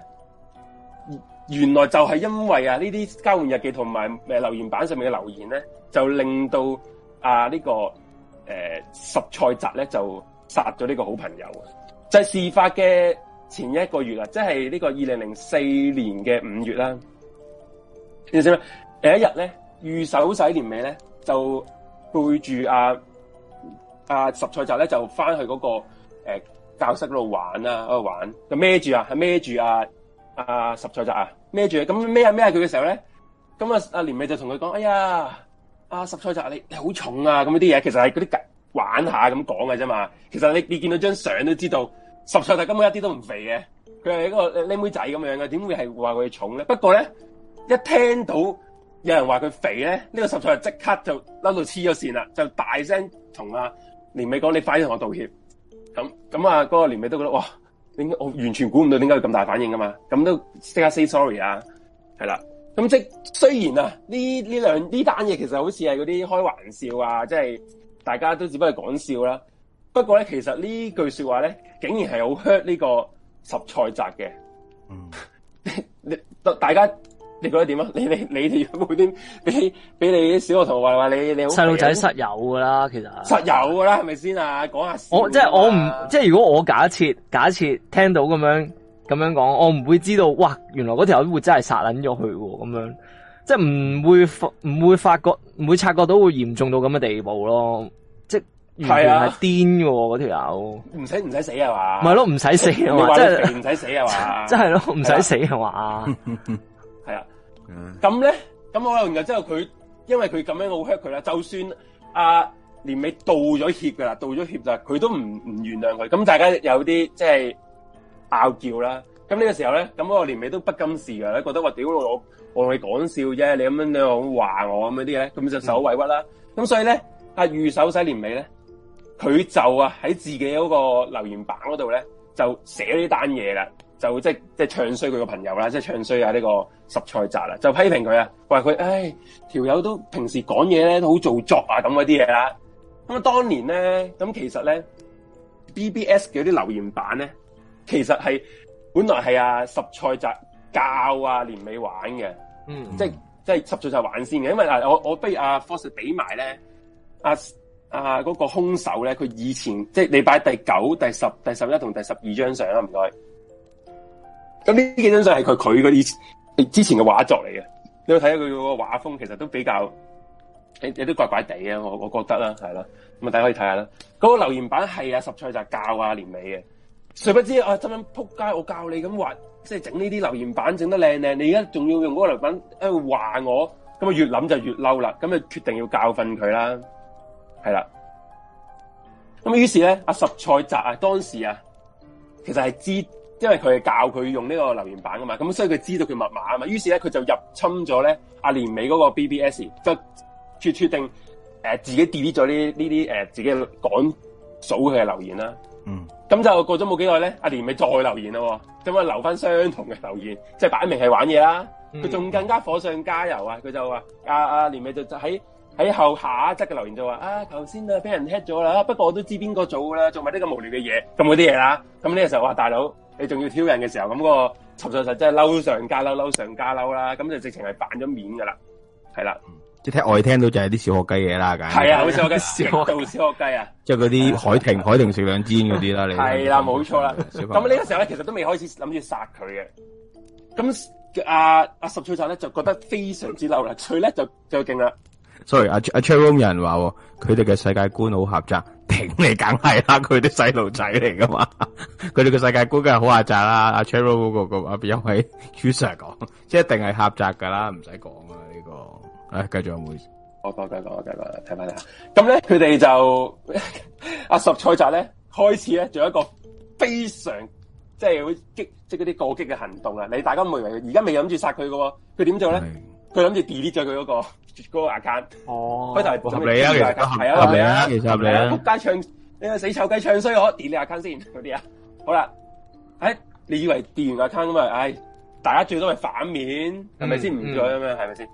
[SPEAKER 1] 原來就係因為啊呢啲交換日記同埋誒留言板上面嘅留言咧，就令到啊、這個呃、呢個誒十菜集咧就殺咗呢個好朋友。就係、事發嘅前一個月啦，啊，即係呢個二零零四年嘅五月啦，啊，你知唔知第一日咧，御手洗年尾咧，就背住啊阿、啊、十菜摘咧就翻去嗰、那個誒、欸、教室嗰度玩啊。嗰度玩就孭住啊，係孭住啊。阿、啊、十菜摘啊，孭住咁孭啊孭佢嘅時候咧，咁啊阿連尾就同佢講，哎呀、啊、阿、啊啊啊啊啊啊、十菜摘你你好重啊，咁啲嘢其實係嗰啲玩下咁講嘅啫嘛，其實你你見到張相都知道十菜摘根本一啲都唔肥嘅，佢係一個靚、那個、妹仔咁樣嘅，點會係話佢重咧？不過咧一聽到有人話佢肥咧，呢、這個十菜摘即刻就嬲到黐咗線啦，就大聲同啊。年尾講，你快啲同我道歉，咁咁啊，嗰個年尾都覺得哇，點我完全估唔到點解佢咁大反應噶嘛，咁都即刻 say sorry 啊，係啦，咁即雖然啊，呢呢兩呢單嘢其實好似係嗰啲開玩笑啊，即係大家都只不過講笑啦，不過咧其實呢句說話咧，竟然係好 hurt 呢個十菜集嘅，嗯， 你大家。你覺得點啊？你你你哋有冇啲俾俾你啲小學同學話
[SPEAKER 3] 你你細路仔室友噶啦，其實室友
[SPEAKER 1] 噶啦，係咪先啊？講下我即係我唔
[SPEAKER 3] 即係如果我假設假設聽到咁樣咁樣講，我唔會知道哇，原來嗰條友會真係殺捻咗佢噶咁樣，即係唔會唔會發覺唔會察覺到會嚴重到咁嘅地步原、啊你你就是、 咯，即係完全係癲嗰條友，唔使唔使死係
[SPEAKER 1] 嘛？咪咯，唔使死啊嘛，即係唔使死係嘛？真係咯，唔使死係嘛？係啦，咁 咧，咁我完咗之後，佢因為佢咁樣，好 hurt 佢啦。就算阿蓮美道咗歉噶啦，道咗歉啦，佢都唔唔原諒佢。咁大家有啲即係拗撬啦。咁呢個時候咧，咁嗰個蓮美都不甘示弱咧，覺得話屌我我同你講笑啫，你咁樣你又話我咁嗰啲嘢，咁就受委屈啦。咁 所以咧，阿御手洗蓮美咧，佢就啊喺自己嗰個留言板嗰度咧，就寫呢單嘢啦。就即即唱衰佢個朋友啦，即唱衰啊呢個十菜集啦，就批評佢啊，話佢唉條友都平時講嘢咧都好做作啊，咁嗰啲嘢啦。咁啊，當年咧咁其實咧 BBS 嗰啲留言板咧，其實係本來係啊十菜集教啊年尾玩嘅，嗯、mm-hmm.，即即十菜集玩先嘅，因為我我啊我我俾阿 Fox 俾埋咧阿嗰個兇手咧，佢以前即嚟拜第九、第十、第十、第十一同第十二張相啦、啊，唔該。咁呢幾張相係佢佢嗰啲之前嘅畫作嚟嘅，你要睇下佢嗰個畫風，其實都比較有啲怪怪地啊！我我覺得啦，係啦，咁啊，大家可以睇下啦。嗰、嗰個留言版係啊，十菜雜教啊，年尾嘅，誰不知啊，咁樣扑街，我教你咁畫，即係整呢啲留言版整得靚靚，你而家仲要用嗰個留言版喺度話我，咁啊越諗就越嬲啦，咁啊決定要教訓佢啦，係啦。咁於于是咧，阿、啊、十菜雜啊，當時啊，其實係、啊、知。因為佢係教佢用呢個留言板噶嘛，咁所以佢知道佢密碼啊嘛，於是咧佢就入侵咗咧阿連美嗰個 BBS，就決決定誒、呃、自己 delete 咗呢呢啲誒自己趕數佢嘅留言啦。嗯，咁就過咗冇幾耐咧，阿連美再留言啦，咁啊留翻相同嘅留言，即係擺明係玩嘢啦。佢、嗯、仲更加火上加油啊！佢就話阿阿連美就就喺。喺後下一則嘅留言就話：啊，頭先啊俾人 hit 咗啦，不過我都知邊個做噶啦，做埋呢咁無聊嘅嘢，咁嗰啲嘢啦。咁呢個時候話大佬，你仲要挑釁嘅時候，咁、嗰個十翠珊真係嬲上加嬲，嬲上加嬲啦。咁就直情係扮咗面噶啦，
[SPEAKER 2] 係啦，即係我聽到就係啲小學雞嘢啦，梗係啊，好似我嘅小
[SPEAKER 1] 杜小學雞啊，
[SPEAKER 2] 即係嗰啲海婷海婷食兩煎嗰啲啦，你係啦，
[SPEAKER 1] 冇錯啦。咁呢個時候咧，其實都未開始諗住殺佢嘅。咁阿阿十翠珊咧就覺得非常之嬲啦，翠咧就就勁啦。
[SPEAKER 2] Sorry，阿阿 Cheryl 人話佢哋嘅世界觀好狹窄，平嚟梗係啦，佢啲細路仔嚟噶嘛，佢哋嘅世界觀梗係好狹窄啦。阿 Cheryl 嗰個啊，因為位 Ju Sir 講，即係一定係狹窄噶啦，唔使講啦。呢個。誒，繼續有我講，我講，我講，
[SPEAKER 1] 睇埋嚟啊！咁咧，佢哋就阿十菜雜咧開始咧做一個非常即係會激即係嗰啲過激嘅行動啊！你大家唔會以為而家未諗住殺佢噶？佢點做咧？佢諗住 delete 咗佢嗰個嗰個 account 哦，開頭係補你啊，其實係啊，係啊，其實係啊，撲街唱你個死臭雞唱衰我，delete account 先嗰啲啊， 好啦，哎，你以為 delete account 啊嘛，哎，大家最多係反面，係咪先唔再咁樣，係咪先？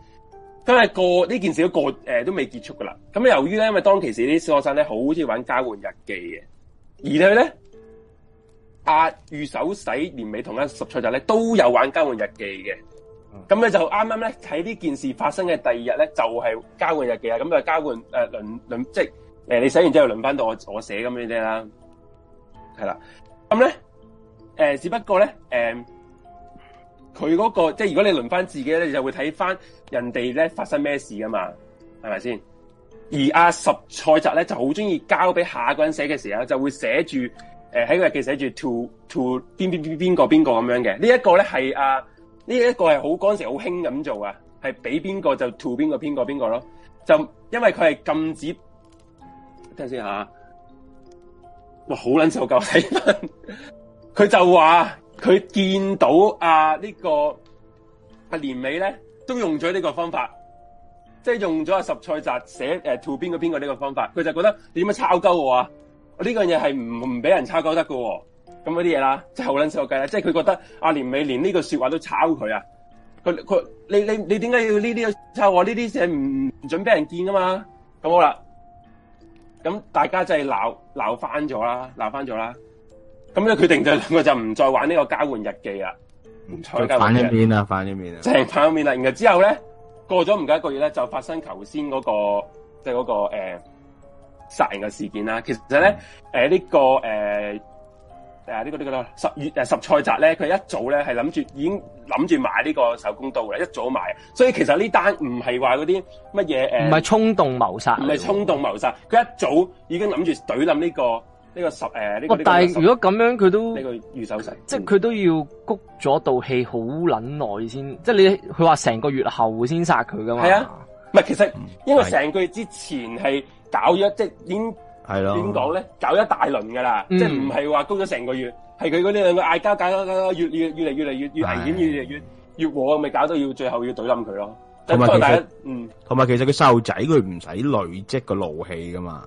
[SPEAKER 1] 今啊、嗯、過呢件事都過誒、呃，都未結束噶啦。咁由於咧，因為當其時啲小學生咧好中意玩交換日記嘅，而佢咧阿御手洗年尾同一十歲仔咧都有玩交換日記嘅。咁、嗯、咧就啱啱咧喺呢件事發生嘅第二日咧，就係、是、交換日記啊！咁啊交換誒、呃、輪輪即係誒、呃、你寫完之後輪翻到我我寫咁樣啫啦，係啦。咁咧誒只不過咧誒佢嗰個即係如果你輪翻自己咧、啊，你就會睇翻人哋咧發生咩事噶嘛，係咪先？而阿十蔡澤咧就好中意交俾下一個人寫嘅時候，就會寫住誒喺個日記寫住 to to 邊邊邊邊個邊個咁樣嘅。呢一個咧係啊呢一個係好時好興咁做啊，係俾邊個就 to 邊個，邊個邊個咯。就因為佢係禁止，先聽先吓，哇好捻受夠死佢就話佢見到啊，呢個、啊年尾呢個阿連美咧，都用咗呢個方法，即係用咗阿十菜雜寫誒，to 邊個邊個呢個方法，佢就覺得你點樣抄鳩我啊？呢個嘢係唔唔俾人抄鳩得噶喎！咁嗰啲嘢啦，就好撚笑計啦。即係佢覺得阿廉、啊、美連呢個說話都抄佢呀，佢佢你你你點解要呢啲抄我呢啲嘢？唔唔準俾人見㗎嘛？咁好啦，咁大家就係鬧鬧翻咗啦，鬧翻咗啦。咁咧，決定就兩個就唔再玩呢個交換日記啦。唔再交換日記
[SPEAKER 2] 啦。反咗面啦，反咗
[SPEAKER 1] 面啦。就係、是、反咗面啦。然後，之後呢，過咗唔夠一個月呢，就發生頭先嗰個即係嗰個誒、呃、殺人嘅事件啦。其實呢，呢、嗯呃呢個、呃啊！這個這個呃、呢個呢個十月啊十菜集咧，佢一早咧係諗住已經諗住買呢個手工刀嘅，一早買。所以其實呢單唔係話嗰啲乜嘢誒？唔係
[SPEAKER 3] 衝動謀殺，唔係衝
[SPEAKER 1] 動謀殺。佢、啊、一早已經諗住懟冧呢個呢、這個十誒呢個。但係如果
[SPEAKER 3] 咁樣，佢都呢、這個預手制，即係佢都要谷咗道氣好撚耐先，即係你佢話成個月後先殺佢㗎嘛？係啊，唔係其實
[SPEAKER 1] 因為成個月之前係搞咗即係已經？係咯，點講咧？搞一大輪噶啦，即係唔係話供咗成個月，係佢嗰啲兩個嗌交，搞搞搞搞，越越越嚟越嚟越越危險，越嚟越越和咪搞到要最後
[SPEAKER 3] 要懟冧佢咯。即係第一，嗯。
[SPEAKER 2] 同埋其實個細路仔，佢唔使累積個怒氣噶嘛，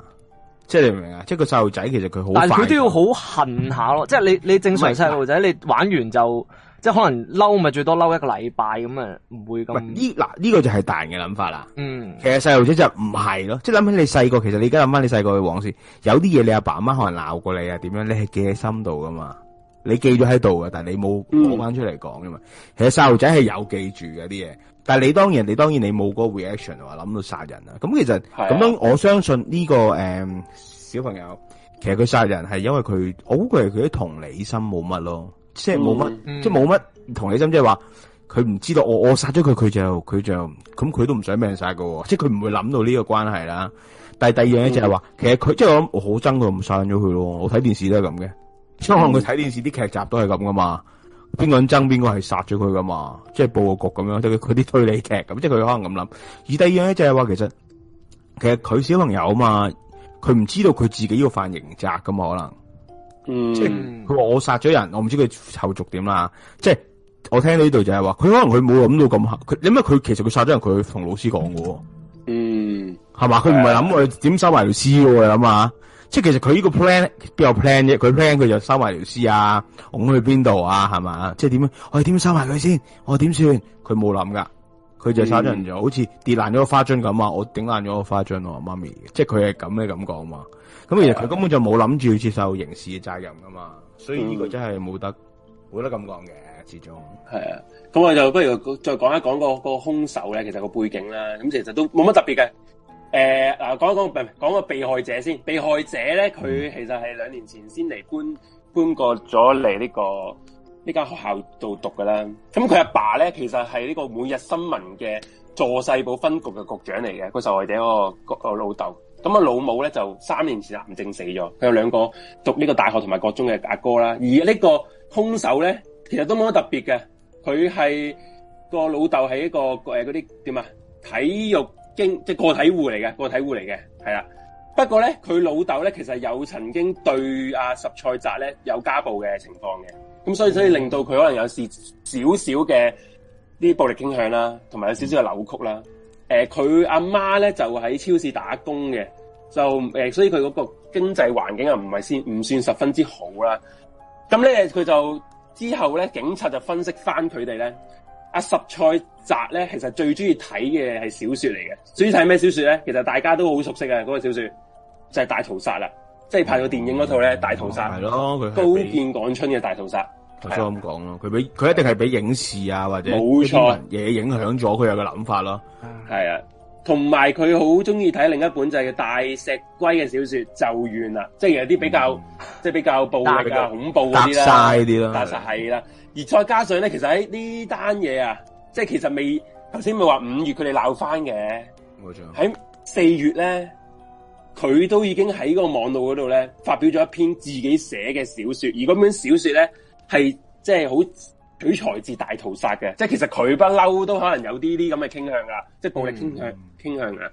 [SPEAKER 2] 即係你明唔明啊？即係個細路仔，其實佢好，但係佢都要
[SPEAKER 3] 好恨下咯。即係你你正常細路仔，你玩完就。即係可能嬲咪最多嬲一個禮拜咁啊，唔會咁。呢嗱呢個
[SPEAKER 2] 就係大人嘅諗法啦。嗯，其實細路仔就唔係咯，即係諗起你細個，其實你而家諗翻你細個嘅往事，有啲嘢你阿爸阿媽可能鬧過你啊，點樣你係記喺心度噶嘛？你記咗喺度噶，但係你冇講翻出嚟講噶嘛、嗯？其實細路仔係有記住嘅啲嘢，但係你,你當然你當然你冇嗰個 reaction 話諗到殺人啦。咁其實咁、啊、樣，我相信呢、這個誒、嗯嗯、小朋友，其實佢殺人係因為佢，我估佢係佢啲同理心冇乜咯。即係冇乜，即係冇乜同理心，即係話佢唔知道我我殺咗佢，佢就佢就咁，佢都唔想命晒噶，即係佢唔會諗到呢個關係啦。但係第二樣咧就係話、嗯，其實佢即係我諗，我好憎佢，唔殺咗佢咯。我睇電視都係咁嘅，即係可能佢睇電視啲劇集都係咁噶嘛。邊個人憎邊個係殺咗佢噶嘛？即係佈個局咁樣，即係佢啲推理劇咁，即係佢可能咁諗。而第二樣咧就係話，其實其實佢小朋友啊嘛，佢唔知道佢自己要犯刑責噶嘛，可能。即係佢話我殺咗人，我唔知佢後續點啦。即係我聽到呢度就係話，佢可能佢冇諗到咁吓。佢點解佢其實佢殺咗人，佢同老師講嘅。
[SPEAKER 4] 嗯，係嘛？佢唔係諗我
[SPEAKER 2] 點收埋條屍嘅，你諗下。即係其實佢呢個 plan 邊有 plan 啫？佢 plan 佢就收埋條屍啊，㧬去邊度啊？係嘛？即係點樣？我點收埋佢先？我點算？佢冇諗噶。佢就殺咗人就、嗯、好似跌爛咗個花樽咁啊！我頂爛咗個花樽咯，媽咪，即係佢係咁嘅感覺啊嘛。咁其實佢根本就冇諗住接受刑事嘅責任噶嘛。所以呢個真係冇得冇得咁講嘅，始終。係啊，
[SPEAKER 1] 咁我就不如再講一講個個兇手咧。其實個背景啦，咁其實都冇乜特別嘅。誒、呃，嗱，講一講唔係講個被害者先。被害者咧，佢其實係兩年前先嚟搬搬過咗嚟呢個。呢間學校度讀噶啦，咁佢阿爸咧，其實係呢、這個每日新聞嘅佐世保分局嘅局長嚟嘅，佢就我哋一個、那個那個爸爸那個老豆。咁啊，老母咧就三年前癌症死咗。佢有兩個讀呢個大學同埋國中嘅阿哥啦。而個空呢個兇手咧，其實都冇乜特別嘅。佢係、那個老豆係一個誒嗰啲點啊，體育經即係個體戶嚟嘅，個體戶嚟嘅係啦。不過咧，佢老豆咧其實有曾經對阿、啊、十菜澤咧有家暴嘅情況嘅。咁所以所以令到佢可能有少少嘅啲暴力傾向啦，同埋有少少嘅扭曲啦。誒、嗯，佢阿媽咧就喺超市打工嘅，就誒、呃，所以佢嗰個經濟環境啊唔係先唔算十分之好啦。咁咧，佢就之後咧，警察就分析翻佢哋咧。阿辻菜摘咧，其實最中意睇嘅係小說嚟嘅，中意睇咩小說咧？其實大家都好熟悉嘅嗰、那個小說就係、是、大逃殺啦，即係拍咗電影嗰套咧，嗯《大逃殺，係咯，高見廣春嘅《大逃殺。
[SPEAKER 2] 頭先咁講咯，佢俾佢一定係俾影視啊，啊或者新聞嘢，影響咗佢有個諗法咯。
[SPEAKER 1] 係啊，同埋佢好中意睇另一本就係大石龜嘅小說《咒怨》啊。即係有啲比較即係、嗯就是、比較暴力、比較恐怖嗰啲啦。搭晒啲咯，係啦、啊啊啊啊。而再加上咧，其實喺呢單嘢啊，即係其實未頭先咪話五月佢哋鬧翻嘅，冇
[SPEAKER 2] 錯，喺
[SPEAKER 1] 四月咧，佢都已經喺個網路嗰度咧發表咗一篇自己寫嘅小說，而嗰本小說咧。係即係好舉才智大屠殺嘅，即係其實佢不嬲都可能有啲啲咁嘅傾向噶、嗯，即係暴力傾向傾向啊！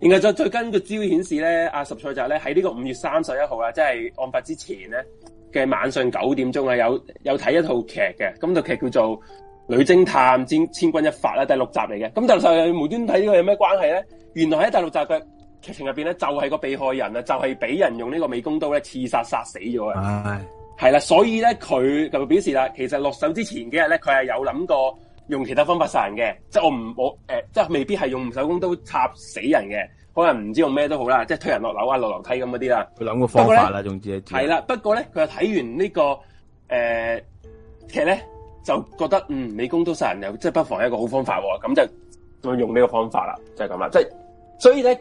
[SPEAKER 1] 然後再再根據資料顯示咧，阿十歲仔咧喺呢個五月三十一號啊，即係案發之前咧嘅晚上九點鐘啊，有有睇一套劇嘅，咁套劇叫做《女偵探千千鈞一髮》啦，第六集嚟嘅。咁就六集無端睇呢個有咩關係咧？原來喺第六集嘅劇情入面咧，就係、是、個被害人啊，就係、是、俾人用呢個美工刀咧刺殺殺死咗啊！哎係啦，所以咧佢就表示啦，其實落手之前幾日咧，佢係有諗過用其他方法殺人嘅，即係我唔我誒、呃，即係未必係用手工刀插死人嘅，可能唔知用咩都好啦，即係推人落樓啊，落樓梯咁嗰啲啦。佢諗個方法啦，
[SPEAKER 2] 總之係
[SPEAKER 1] 啦，不過咧佢就睇完呢、這個誒、呃，其實咧就覺得嗯，美工刀殺人又即係不妨係一個好方法，咁就就用呢個方法啦，就係咁啦，即、就、係、是、所以咧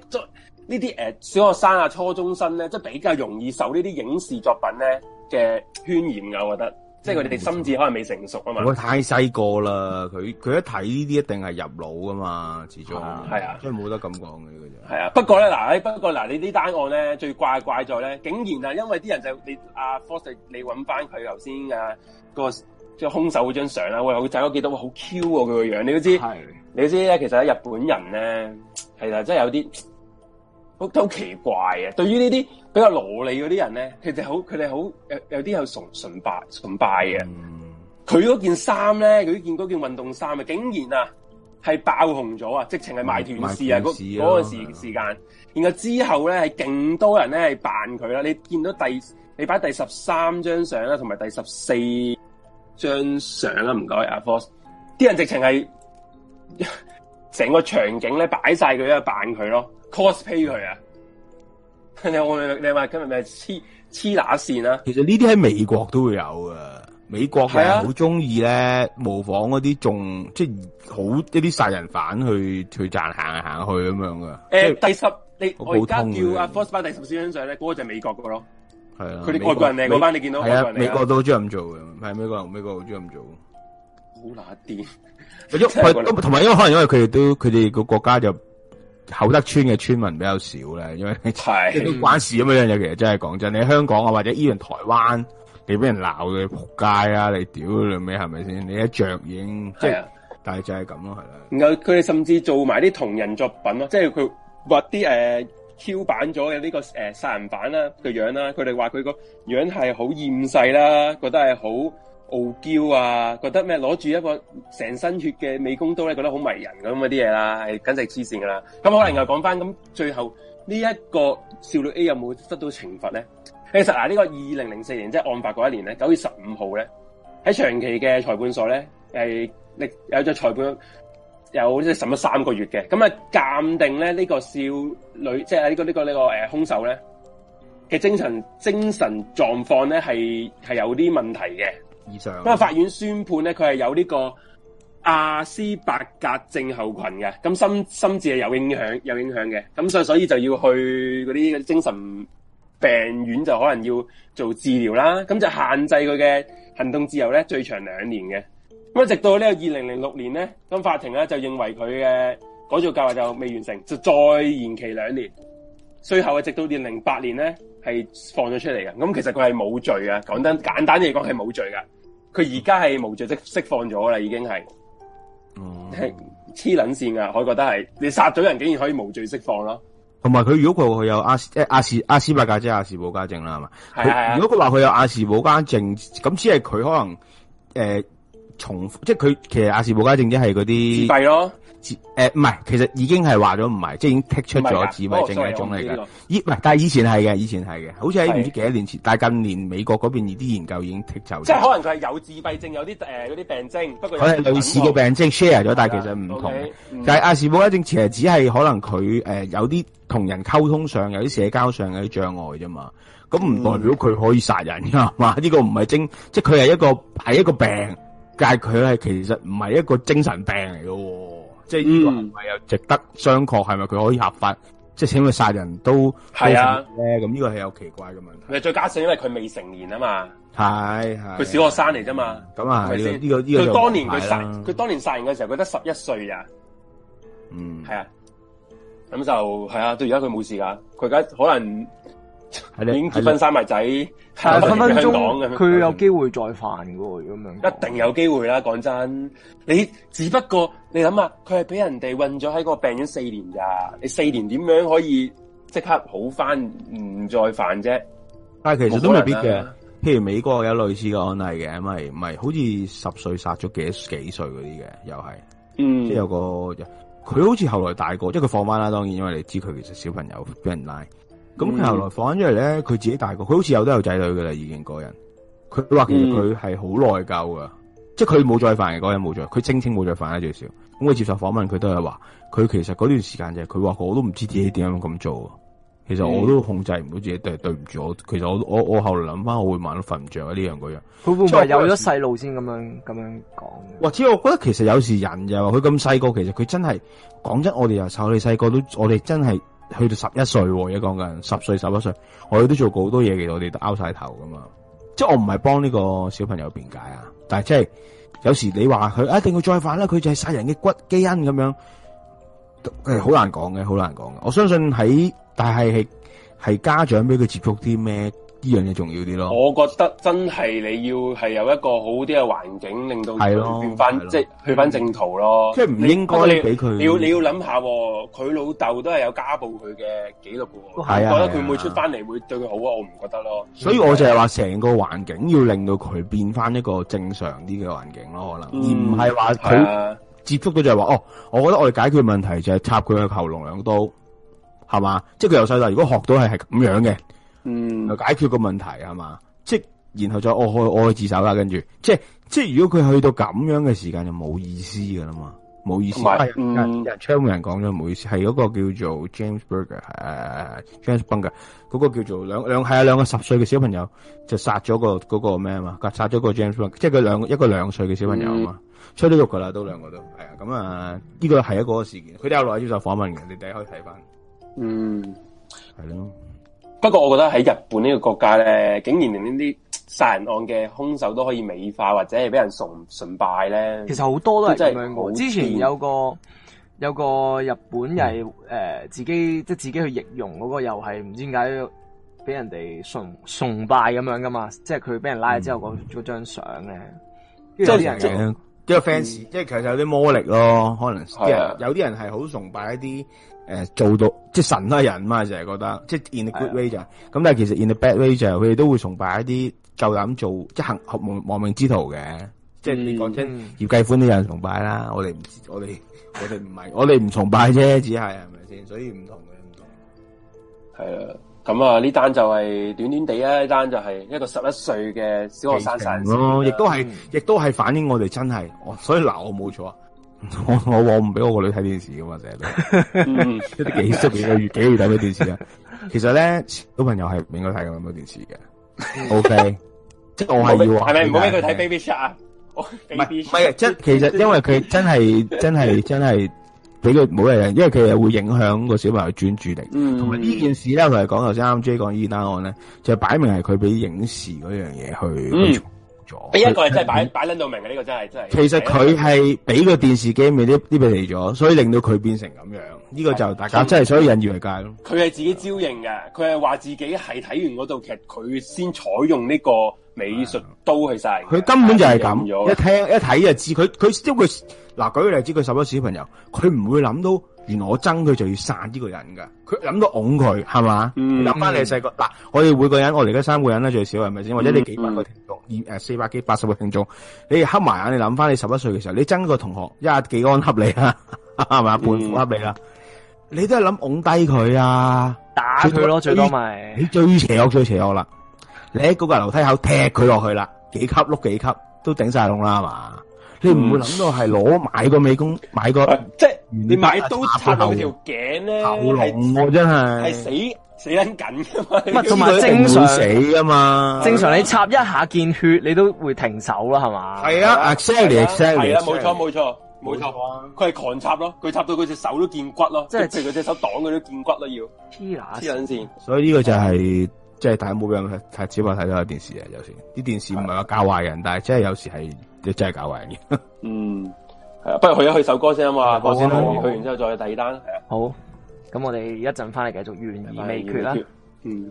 [SPEAKER 1] 呢啲誒小學生啊、初中生咧，即係比較容易受呢啲影視作品咧嘅渲染㗎。我覺得、嗯、即係佢哋哋心智可能未成熟啊嘛。佢太
[SPEAKER 2] 細個啦，佢佢一睇呢啲一定係入腦㗎嘛，始終係啊,啊，所以冇得咁講嘅呢個就係啊。不過咧，嗱誒，不過嗱，你這
[SPEAKER 1] 呢單案咧最怪怪在咧，竟然、就是、啊，因為啲人就你阿 Fox 你揾翻佢頭先啊個即係兇手嗰張相啦，喂、哎，佢仔咗幾多，哇！好 Q 喎佢個樣，你都知，你都知咧。其實咧，日本人咧係啊，即係有啲。都好奇怪啊！對於呢啲比較羅莉嗰啲人咧，其實好，佢哋好有有啲有崇崇拜崇拜嘅。佢、嗯、嗰件衫咧，佢件嗰件運動衫啊，竟然啊係爆紅咗啊！直情係賣斷市啊！嗰、那個陣時時間，然後之後咧係勁多人咧係扮佢啦。你見到第你擺第十三張相啦，同埋第十四張相啦，唔該阿 Fox，啲人直情係成個場景咧擺晒佢喺度扮佢咯。cosplay 佢啊！你我你話今日咪黐
[SPEAKER 2] 黐乸線啊？其實呢啲喺美國都會有嘅，美國係好中意咧模仿嗰啲仲即係好一啲殺人犯去去賺行一行去咁、欸、樣噶。誒，第十你
[SPEAKER 1] 國家叫啊，First 班第十少少上咧，
[SPEAKER 2] 嗰個就係美國個咯。係啊，佢啲外國人嚟嗰班，你見到係啊，美國都好中意咁做嘅，係美國人，美國好中意咁做。好乸啲，同埋因為可能因為佢哋都佢哋個國家就。厚德村嘅村民比較少呢，因為即係關事咁樣嘢，其實真係講真，你喺香港啊或者依樣台灣，你俾人鬧佢仆街啊，你屌佢老尾係咪先？你一著影，即係，但係就係咁咯，係啦。然
[SPEAKER 1] 後佢哋甚至做埋啲同人作品咯，即係佢畫啲誒 Q 版咗嘅呢個誒、呃、殺人版啦嘅樣啦，佢哋話佢個樣係好厭世啦，覺得係好。傲嬌啊，覺得咩攞住一個成身血嘅美工刀咧，覺得好迷人咁嗰啲嘢啦，係簡直黐線噶啦。咁可能又講翻咁最後呢一、呢個少女 A 有冇得到懲罰咧？其實嗱，呢、啊呢個二零零四年即係、就是、案發嗰一年咧，九月十五號咧，喺長崎嘅裁判所咧，係有咗裁判有、就是、審咗三個月嘅，咁啊鑑定咧呢、呢個少女即係呢個呢、呢個呢、呢個、呃、兇手咧嘅精神精神狀況咧係係有啲問題嘅。咁啊！法院宣判咧，佢係有呢個阿斯伯格症候群嘅，咁心，心智係有影響，有影響嘅，咁所以所以就要去嗰啲精神病院，就可能要做治療啦，咁就限制佢嘅行動自由咧，最長兩年嘅。咁啊，直到個2006呢個二零零六年咧，咁法庭咧就認為佢嘅改造計劃就未完成，就再延期兩年。最後啊，直到二零零八年咧。係放咗出嚟嘅，咁其實佢係冇罪㗎。講得簡單啲嚟講係冇罪㗎。佢而家係無罪釋釋放咗啦，已經係。哦、嗯，黐捻線㗎。我覺得係你殺咗人竟然可以無罪釋放咯。
[SPEAKER 2] 同埋佢如果佢有阿即阿士阿斯伯格即係阿士保加症啦，係嘛？係如果佢話佢有阿士保加症，咁只係佢可能誒、呃、重即係佢其實阿士保加症即係嗰啲。自閉咯。誒唔係，其實已經係話咗唔係，即係已經剔出咗自閉症嘅一種嚟嘅。以唔係，但係以前係嘅，以前係嘅，好似喺唔知幾多年前，但係近年美國嗰邊啲研究已經剔走。即係可能
[SPEAKER 1] 佢係有自閉症，有啲誒啲病徵，不過佢係類似嘅病徵 share 咗，但係其實唔同。Okay, 但係阿
[SPEAKER 2] 士保一症其實只係可能佢誒、呃、有啲同人溝通上有啲社交上有啲障礙啫嘛，咁唔代表佢可以殺人㗎嘛？呢、嗯這個唔係精，即係佢係一個係一個病，但係佢係其實唔係一個精神病嚟嘅。嗯、即係呢個唔係有值得商榷，係咪佢可以合法即係請佢殺人都？都係啊，咧咁呢個係有奇怪嘅問
[SPEAKER 1] 題。再加上因為佢未成年啊嘛，
[SPEAKER 2] 係佢、啊啊、小學
[SPEAKER 1] 生嚟啫嘛，咁啊呢、啊這個呢、這個佢、這個、當年佢殺佢當年殺人嘅時候，佢得十一歲啊，嗯，係啊，咁就係啊，到而家佢冇事噶，佢而家可能。係已經結婚生埋仔，分分鐘講嘅佢
[SPEAKER 3] 有機會再犯噶咁、嗯、樣，一
[SPEAKER 1] 定有機會啦。講真，你只不過你諗下，佢係俾人哋困咗喺個病咗四年咋？你四年點樣可以即刻好翻唔再犯啫？
[SPEAKER 2] 但係其實都未必嘅。譬、啊、如美國有類似嘅案例嘅，唔係唔係好似十歲殺咗幾幾歲嗰啲嘅，又係、嗯，即係有個佢好似後來大個，即係佢放翻啦。當然，因為你知佢其實小朋友俾人拉。咁佢後來翻出嚟咧，佢、嗯、自己大個，佢好似有都有仔女噶啦，已經個人。佢話其實佢係好內疚噶、嗯，即係佢冇再犯，個人冇再，佢清清冇再犯啦最少。咁佢接受訪問，佢都係話，佢其實嗰段時間就係，佢話我都唔知自己點樣咁做。其實我都控制唔到自己，但對唔住我，其實我我我後來諗翻，我會晚都瞓唔着呢樣嗰樣。
[SPEAKER 3] 佢會唔係有咗細路先咁樣咁樣講？
[SPEAKER 2] 或者，我覺得其實有時，實有時人就話佢咁細個，其實佢真係講真，我哋又我哋細個都，我哋真係。去到十一歲喎，而家講緊十歲十一歲，我哋都做過好多嘢嘅，我哋都拗晒頭噶嘛。即係我唔係幫呢個小朋友辯解啊，但係即係有時你話佢一定要再犯啦，佢就係殺人嘅骨基因咁樣，誒好難講嘅，好難講嘅。我相信喺，但係係家長俾佢接觸啲咩？呢樣嘢重要啲咯，我
[SPEAKER 1] 覺得真係你要係有一個好啲嘅環境，令到佢咯變翻即係去翻正途咯。即係唔應該你俾佢，你要你要諗下，佢老豆都係有家暴佢嘅記錄嘅，係、哦、啊，我覺得佢會出翻嚟會對佢好啊，我唔覺得咯。所以我就係話，
[SPEAKER 2] 成個環境要令到佢變翻一個正常啲嘅環境咯，可能、嗯、而唔係話佢接觸到就係話哦，我覺得我哋解決問題就係插佢嘅喉嚨兩刀，係嘛？即係佢由細到大，如果學到係係咁樣嘅。嗯，解決個問題係嘛，即然後再我去我去自首啦，跟住，即係即係如果佢去到咁樣嘅時間就冇意思噶啦嘛，冇意思。係有、哎嗯嗯、人 t e l e a 講咗冇意思，係嗰個叫做 James Berger，James Berger 嗰個叫做兩兩係啊兩個十歲嘅小朋友就殺咗、嗰個嗰、嗰個咩啊嘛，殺咗個 James Berger，即係佢兩一個兩歲嘅小朋友啊嘛、嗯，出咗獄噶啦，都兩個都係啊，咁啊呢個係一個事件，佢哋有落去接受訪問嘅，你哋可以睇翻。嗯，係咯。
[SPEAKER 1] 不過我覺得喺日本呢個國家咧，竟然連呢啲殺人案嘅兇手都可
[SPEAKER 3] 以美化，或者係俾人崇崇拜咧。其實好多都係咁樣的。我之前有個有個日本人，誒、嗯呃、自己即係自己去逆容嗰個又係唔知點解俾人哋崇崇拜咁樣噶嘛，即係佢俾人拉之後，嗰、嗯、張張相咧，即係
[SPEAKER 2] 啲人即係 fans，即係其實有啲魔力咯。可能是是有啲人係好崇拜一啲。誒、呃，做到即神都、啊、人嘛，就係覺得即 in the good way 就，咁但係其實 in the bad way 就是，佢哋都會崇拜一啲夠膽做即行合亡命之徒嘅，即你講清葉繼歡都有人崇拜啦，我哋唔我哋我哋唔係，我哋唔崇拜啫， 只係係咪先？所以唔同
[SPEAKER 1] 嘅唔同，係啊，咁啊呢單就係短短地啊，呢單就係一個十一歲嘅小學生散咯，亦都
[SPEAKER 2] 係、嗯、亦都係反映我哋真係，所以嗱我冇錯。我我我唔俾我個女睇電視噶嘛，成日都一 幾個月幾個月睇咩電視啊？其實咧小朋友係唔應該睇咁多電視嘅。 o Okay , K， 即係我係要係咪唔好俾佢睇 Baby Shark 啊？
[SPEAKER 1] 唔 係，即係
[SPEAKER 2] 其實因為佢真係 真係真係俾佢冇人，因為佢係會影響個小朋友專注力。嗯，同埋呢件事咧，佢係講頭先啱 J 講呢單案咧，就擺明係佢俾影視嗰樣嘢去。嗯俾一個係真係擺擺
[SPEAKER 1] 撚到明嘅呢個真係真係。其實佢係
[SPEAKER 2] 俾個電視機咪啲啲味嚟咗，所以令到佢變成咁樣。
[SPEAKER 1] 呢、呢個就大家真係、嗯、所以引以為戒咯。佢係自己招認嘅，佢係話自己係睇完嗰套劇，佢先採用呢個美術刀去晒。佢根本就係咁、啊，一
[SPEAKER 2] 聽一睇就知。佢佢即係嗱，舉個例子，佢收咗小朋友，佢唔會諗到。而我憎佢就要殺呢個人噶，佢諗到擁佢係嘛？諗翻、嗯、你細個嗱，我哋每個人，我哋而家三個人呢，最少係咪先？或者你幾百個聽眾、嗯，四百幾八十個聽眾，你哋黑埋眼，你諗翻你十一歲嘅時候，你憎個同學，一幾安恰你啊，係嘛？半虎恰你啦、嗯，你都係諗擁低佢啊，打佢咯，最多咪你最邪惡最邪惡啦，你喺嗰個樓梯口踢佢落去啦，幾級碌幾級都頂晒窿啦嘛～你唔會諗到係攞買個美工，買個、啊、即係
[SPEAKER 3] 你、啊、買刀插到條頸咧，係死死緊緊啊！同埋正常死噶嘛？正常你插一下見血，你都會停手啦，係嘛？係啊 exactly，exactly 冇錯冇
[SPEAKER 1] 錯冇錯，佢係、啊、狂插咯，佢插到佢隻手都見骨咯，即係直頭佢隻手擋佢都見骨啦，要黐乸黐線。
[SPEAKER 3] 所以
[SPEAKER 2] 呢個就係即係大家冇俾人睇，只不過睇到係電視啊，有時啲電視唔係話教壞人，但係即係有時係。你真係搞壞人嘅。嗯，係啊，不如去一去
[SPEAKER 3] 首歌先啊嘛，我、啊、先去、啊，去完之後再去第二單，好，咁我哋一陣翻嚟繼續懸疑未決啦，嗯。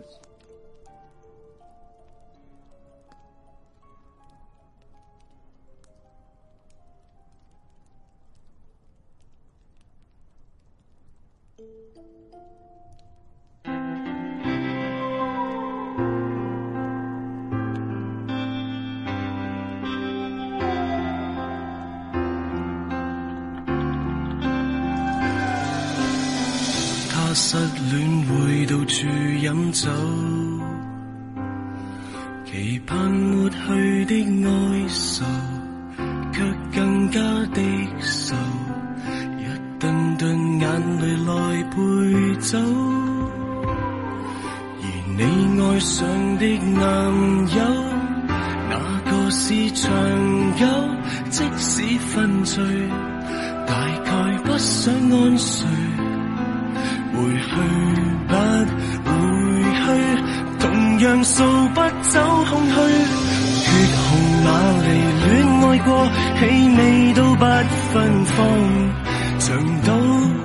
[SPEAKER 4] 失戀會到處飲酒，期盼抹去的哀愁，卻更加的愁。一頓頓眼淚來背走，而你愛上的男友，哪個是長久？即使昏醉，大概不想安睡。回去不回去，同樣掃不走空虛。血紅瑪莉戀愛過，氣味都不芬芳。長島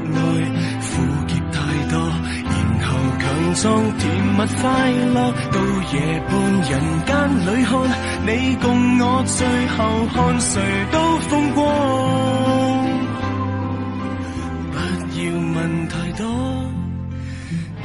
[SPEAKER 4] 內苦澀太多，然後強壯甜蜜快樂到夜半人間裏看，你共我最後看誰都風光。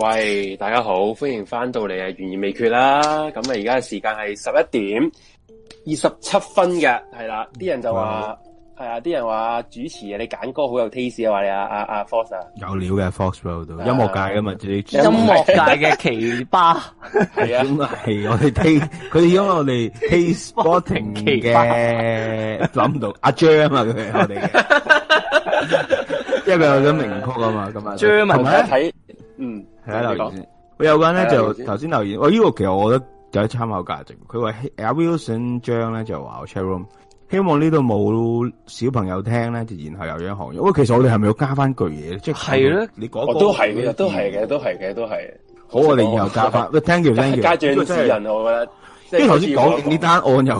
[SPEAKER 1] 喂，大家好，歡迎翻到嚟啊！懸疑未決啦，咁啊，而家嘅時間係十一點二十七分嘅，係啦，啲人就話係啊，啲人話主持啊，你揀歌好有 taste 啊，話你啊阿 Fox
[SPEAKER 2] 有料嘅 Fox 喺度，音樂界噶嘛，音樂界
[SPEAKER 3] 嘅奇葩係啊，係我哋
[SPEAKER 2] t，佢哋因為我哋 tasting 嘅諗到阿 J 啊嘛，佢哋我哋，因為佢有咗名曲啊嘛，咁啊，J 文睇，嗯。
[SPEAKER 1] 係啊，
[SPEAKER 2] 留言先，我有個人咧就頭先留言，我呢、哦，這個其實我覺得有參考價值。佢話 Wilson 張咧就話 chat room 希望呢度冇小朋友聽咧，就然後有一行嘢。喂，其實我哋係咪要加翻句嘢即係係咧，就是、你講我都係嘅，都係嘅，都係嘅，都係。好，我哋然後加翻。喂 ，thank you，thank you。家長指引，我覺
[SPEAKER 1] 得。即係頭先
[SPEAKER 2] 講完呢單
[SPEAKER 1] 案又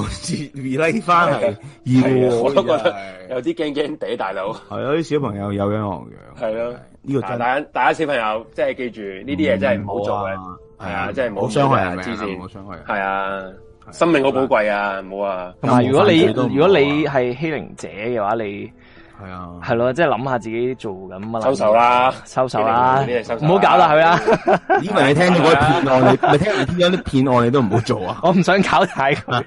[SPEAKER 1] relate 翻嚟，而、啊啊、我都覺得有啲驚驚地，大佬
[SPEAKER 2] 係咯啲小朋友有樣學樣，
[SPEAKER 1] 係咯呢個，大家大家小朋友即係記住呢啲嘢真係唔好做，係、嗯、啊，嗯、真係唔好傷害人哋、啊，唔好、啊、傷害人、啊，係啊，啊，生命好寶貴啊，啊但好，好啊。同埋如果你如果你
[SPEAKER 3] 係欺凌者嘅話，你。係啊，係咯、啊，即係諗下自己做緊乜，收手啦，收手啦，唔好搞啦，係咪啊？ 以為你聽咗啲片案， 你聽完咗啲片
[SPEAKER 2] 案， 你都唔好做啊？我唔想搞大佢。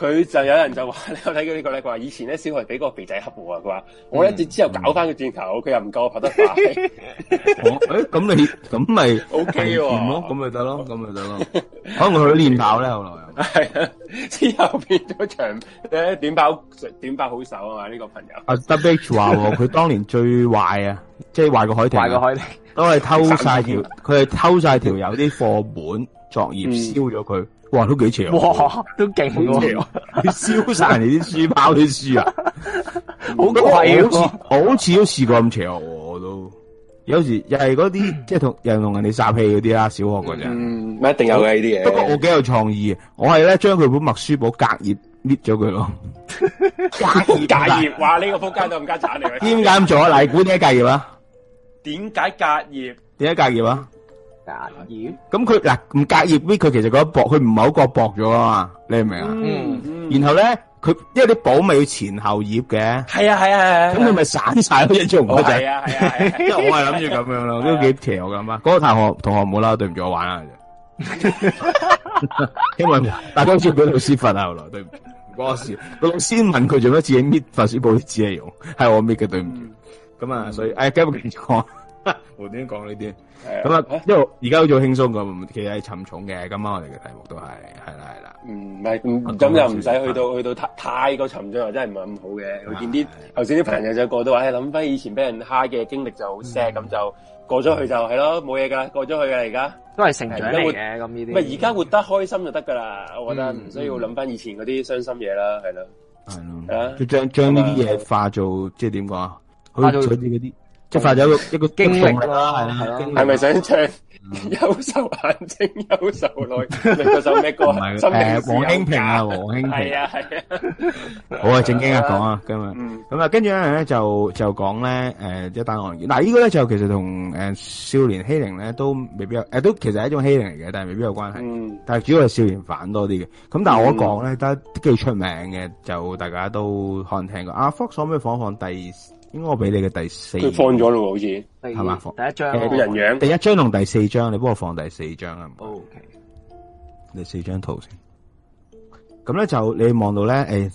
[SPEAKER 1] 佢就有人就話，你睇過呢個咧，佢話以前咧，小學俾個肥仔恰我啊。佢話我一隻、嗯、之後搞翻佢轉頭，佢、嗯、又唔夠我跑得
[SPEAKER 2] 快。咁、 哦欸、你咁咪 OK 喎、哦？咁咪得咯，咁咪得咯。 可能佢去練跑咧 後來。係
[SPEAKER 1] 之後變來咗 後來 都長咧短跑，短 跑好手啊
[SPEAKER 2] 嘛！呢 個朋友。阿、uh, W 話佢當年最壞啊， 即係壞個海豚。壞個海豚。都係偷晒條，佢係偷晒條有啲課本作業燒咗佢。 嗯哇，都幾邪啊！都勁喎、哦！燒晒人哋啲書包啲書啊！ 嗯哦、我好我好似都試過咁邪我都。有時又係嗰啲即係同人同人哋撒氣嗰啲啦，小學嗰陣。唔、嗯嗯、一定有嘅呢啲嘢。不過我幾有創意，我係咧將佢本默書簿隔頁搣咗佢咯。 隔頁
[SPEAKER 1] 葉 隔頁，話呢、這個仆街都咁奸殘嚟嘅。點解咁做啊？嚟
[SPEAKER 2] 管點解隔頁啊？
[SPEAKER 1] 點解隔頁？
[SPEAKER 2] 點解隔頁啊？夾頁咁佢嗱唔隔頁呢？佢其實嗰簿，佢唔係好覺薄咗啊嘛？你明唔明啊？嗯嗯。然後咧，佢因為啲簿咪要前後頁嘅。係
[SPEAKER 1] 啊係啊係啊。咁佢咪散晒嗰隻做唔到仔。係啊係啊係啊。因
[SPEAKER 2] 為我係諗住咁樣咯，都幾條噶嘛。嗰個同學同學唔好啦，對唔住我玩啊。因為大家要俾老師罰啊，來對唔，唔關我事。個老師問佢做乜自己搣罰書簿啲紙嚟用，係我搣嘅，對唔住。咁啊，所以哎，今日唔講。胡天講呢啲，
[SPEAKER 4] 咁啊、嗯，因
[SPEAKER 2] 為而家好似輕鬆咁，其實係沉重嘅。今晚我哋嘅題目都係，係啦，係啦。
[SPEAKER 1] 唔係，咁又唔使去到去到太太過沉重，又真係唔係咁好嘅。我見啲頭先啲朋友就過到話，諗翻以前俾人蝦嘅經歷就好 sad 咁就過咗去就係咯，冇嘢噶啦，過咗去噶啦，而家都係成長嚟嘅咁呢啲。而家活，活得開心就得噶啦，我覺得唔需要諗翻以前嗰啲傷心嘢啦，係咯，係將將呢啲嘢
[SPEAKER 2] 化做即係點講啊？化啲。化即係發咗一個一個精靈啦，係啦，係咪想
[SPEAKER 1] 唱《憂愁眼睛》《憂愁淚》？嗰首咩歌？誒，黃興平啊，
[SPEAKER 2] 黃興平。係啊，
[SPEAKER 1] 係啊。好啊，正經啊，講啊，
[SPEAKER 2] 咁啊，咁啊，跟住咧就就講咧，誒，一單案件。嗱，呢個咧就其實同誒少年欺凌咧都未必有，誒都其實係一種欺凌嚟嘅，但係未必有關係。嗯。但係主要係少年犯多啲嘅。咁但係我講咧，都最出名嘅就大家都可能聽過。阿 Fox 可唔可以放一放第？應該我俾你嘅第四，佢放咗
[SPEAKER 1] 咯，好似係嘛？第一張、欸、人樣第
[SPEAKER 2] 一張同第四張，你幫我放第四張啊？O K，第四張圖先。咁咧就你望到咧，誒、呃，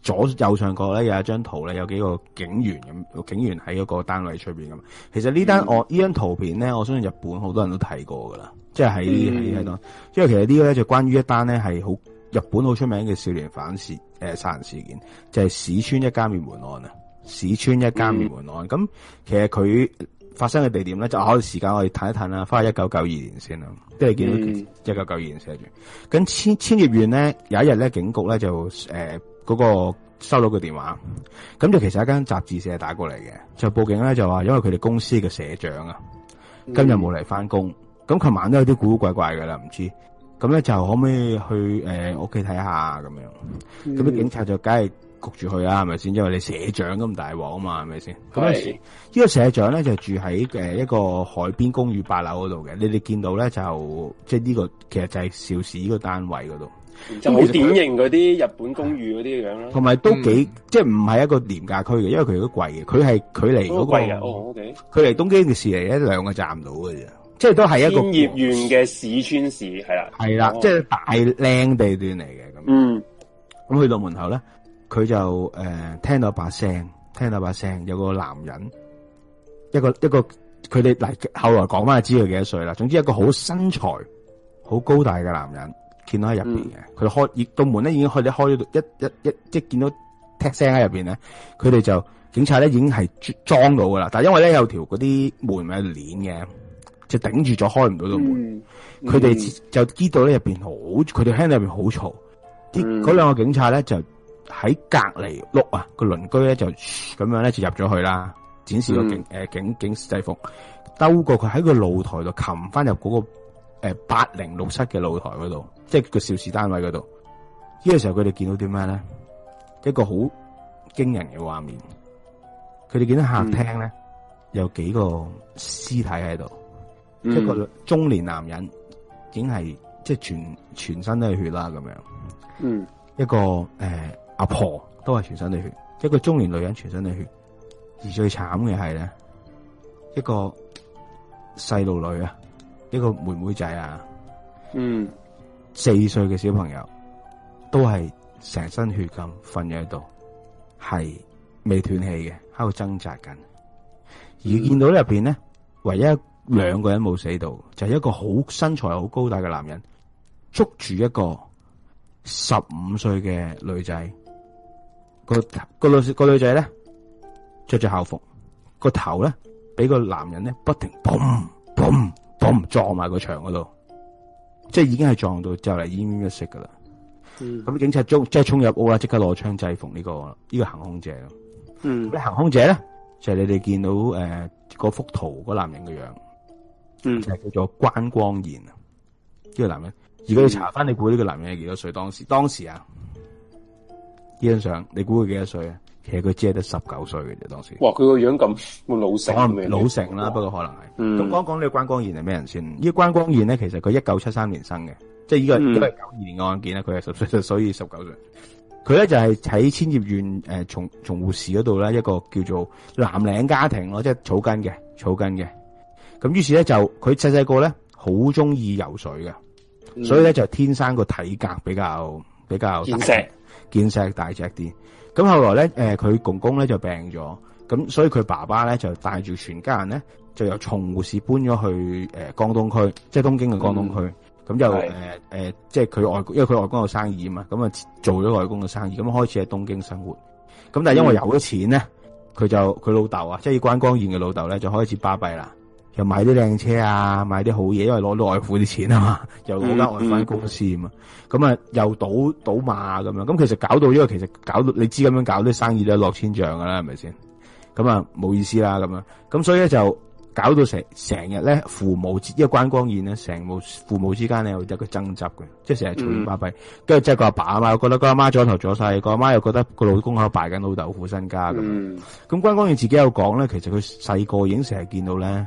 [SPEAKER 2] 左右上角咧有一張圖咧，有幾個警員咁，警員喺嗰個單位出邊嘛。其實呢單、嗯、我呢張圖片咧，我相信日本好多人都睇過噶啦，即係喺喺喺度。因、嗯、為其實這個呢個咧就關於一單咧係好日本好出名嘅少年犯事誒、呃、殺人事件，就係、是、市川一家滅門案啊。市川一家滅門案咁，嗯、其實佢發生嘅地點咧，就可以、啊、時間我哋睇一睇啦，翻去一九九二年先啦，即係見到一九九二年寫住，咁、嗯、千千葉縣咧有一日咧警局咧就誒嗰、呃那個收到個電話，咁就其實一間雜誌社打過嚟嘅，就報警咧就話因為佢哋公司嘅社長啊，今日冇嚟翻工，咁、嗯、琴晚都有啲古古怪怪㗎啦，唔知，咁咧就可唔可以去誒我屋企睇下咁樣，咁、嗯、啲警察就梗係。焗住佢啊，係咪先？因為你社長咁大王啊嘛，係咪先？咁呢個社長咧就住喺一個海邊公寓八樓嗰度嘅。你哋見到咧就即係、這、呢個，其實就係少市呢個單位嗰度，就冇好典型
[SPEAKER 1] 嗰啲日本公寓嗰啲樣咯。同、嗯、埋都幾、嗯、
[SPEAKER 2] 即係唔係一個廉價區嘅，因為佢都貴嘅。佢係距離嗰、那、佢、個哦
[SPEAKER 1] okay、
[SPEAKER 2] 東京市嚟一兩個站到嘅啫，即係都係一個。工葉縣
[SPEAKER 1] 嘅市村市係啦，係啦，即係
[SPEAKER 2] 大靚地段嚟嘅咁。嗯，咁、就是嗯、去到門口咧。佢就誒聽到把聲，聽到把聲，有一個男人，一個一個佢哋嚟後來講翻就知佢幾多歲啦。總之一個好身材、好高大嘅男人，見到喺入邊嘅佢開，到門咧已經開咗開咗，一一一即見到踢聲喺入邊咧，佢哋就警察咧已經係裝到噶啦。但係因為咧有條嗰啲門咪係鏈嘅，就頂住咗開唔到個門。
[SPEAKER 4] 佢、嗯、哋
[SPEAKER 2] 就知道咧入邊好，佢哋聽到入邊好嘈。啲嗰兩個警察咧就。喺隔籬碌啊，個鄰居咧就咁樣咧就入咗去啦，展示個、嗯呃、警、誒警、警制服，兜過佢喺個露台度，擒翻入嗰個誒八零六七嘅露台嗰度，即係個肇事單位嗰度。呢，呢個時候佢哋見到啲咩咧？一個好驚人嘅畫面，佢哋見到客廳咧，嗯、有幾個屍體喺度，嗯，一個中年男人已經係即係全全身都係血啦咁樣，嗯，一個誒。呃阿婆，婆都係全身嘅血，一個中年女人全身嘅血，而最慘嘅係咧，一個細路女啊，一個妹妹仔啊，嗯，四歲嘅小朋友都係成身血咁瞓咗喺度，係未斷氣嘅，喺、嗯、度掙扎緊。而見到入邊咧，唯一兩個人冇死到、嗯，就係、是、一個好身材好高大嘅男人捉住一個十五歲嘅女仔。那個女個女仔咧着住校服，個頭咧俾個男人咧不停 boom boom boom 撞埋個牆嗰度，即係已經係撞到就嚟奄奄一息噶啦。咁警察即係衝入屋啦，即刻攞槍制服呢個呢個行凶者。嗯，這個這個，行凶者咧就係、是，你哋見到誒嗰幅圖嗰男人嘅樣，嗯，就係、是、叫做關光彥啊。呢，這個男人，如果你查翻，嗯，你估呢個男人係幾多歲？當時當時啊？依張相，你估佢幾多歲啊？其實佢只係得十九歲嘅啫，當時。哇！佢個樣咁老，老成。老成啦，哦、不過可能係。咁講講呢個關光賢係咩人先？呢、這個關光賢咧，其實佢一九七三年生嘅，即係依個一個九二年嘅案件咧，佢係十歲，所以十九歲。佢咧就係、是、喺千葉縣松松戶市嗰度咧一個叫做藍領家庭咯，即係草根嘅草根嘅。咁於是咧就佢細細個咧好中意游水嘅、嗯，所以咧就是、天生個體格比較比較見識大隻啲，咁後來咧，誒、呃、佢公公咧就病咗，咁所以佢爸爸咧就帶住全家人咧，就由松戶市搬咗去誒、呃、江東區，即係東京嘅江東區，咁就誒誒，即係佢外公，因為佢外公有生意啊嘛，咁啊做咗外公嘅生意，咁開始喺東京生活，咁但係因為有咗錢咧，佢、嗯、就佢老豆啊，即係關光彥嘅老豆咧，就開始巴閉啦。又買啲靚車啊，買啲好嘢，因為攞到外父啲錢啊嘛，mm-hmm. 又嗰間外貿公司啊嘛，咁、mm-hmm. 啊又賭賭馬咁樣，咁其實搞到呢、呢個其實搞到你知咁樣搞啲生意都一落千丈噶啦，係咪先？咁啊冇意思啦咁樣，咁所以咧就搞到成成日咧父母一關光燕咧，成冇父母之間咧有得個爭執嘅，即係成日嘈便巴閉。跟、mm-hmm. 住即係個阿爸啊嘛，覺得個阿媽，媽左頭左勢，個阿媽又覺得個老公喺度敗緊老豆副身家咁。咁、mm-hmm. 關光燕自己有講咧，其實佢細個已經成日見到咧。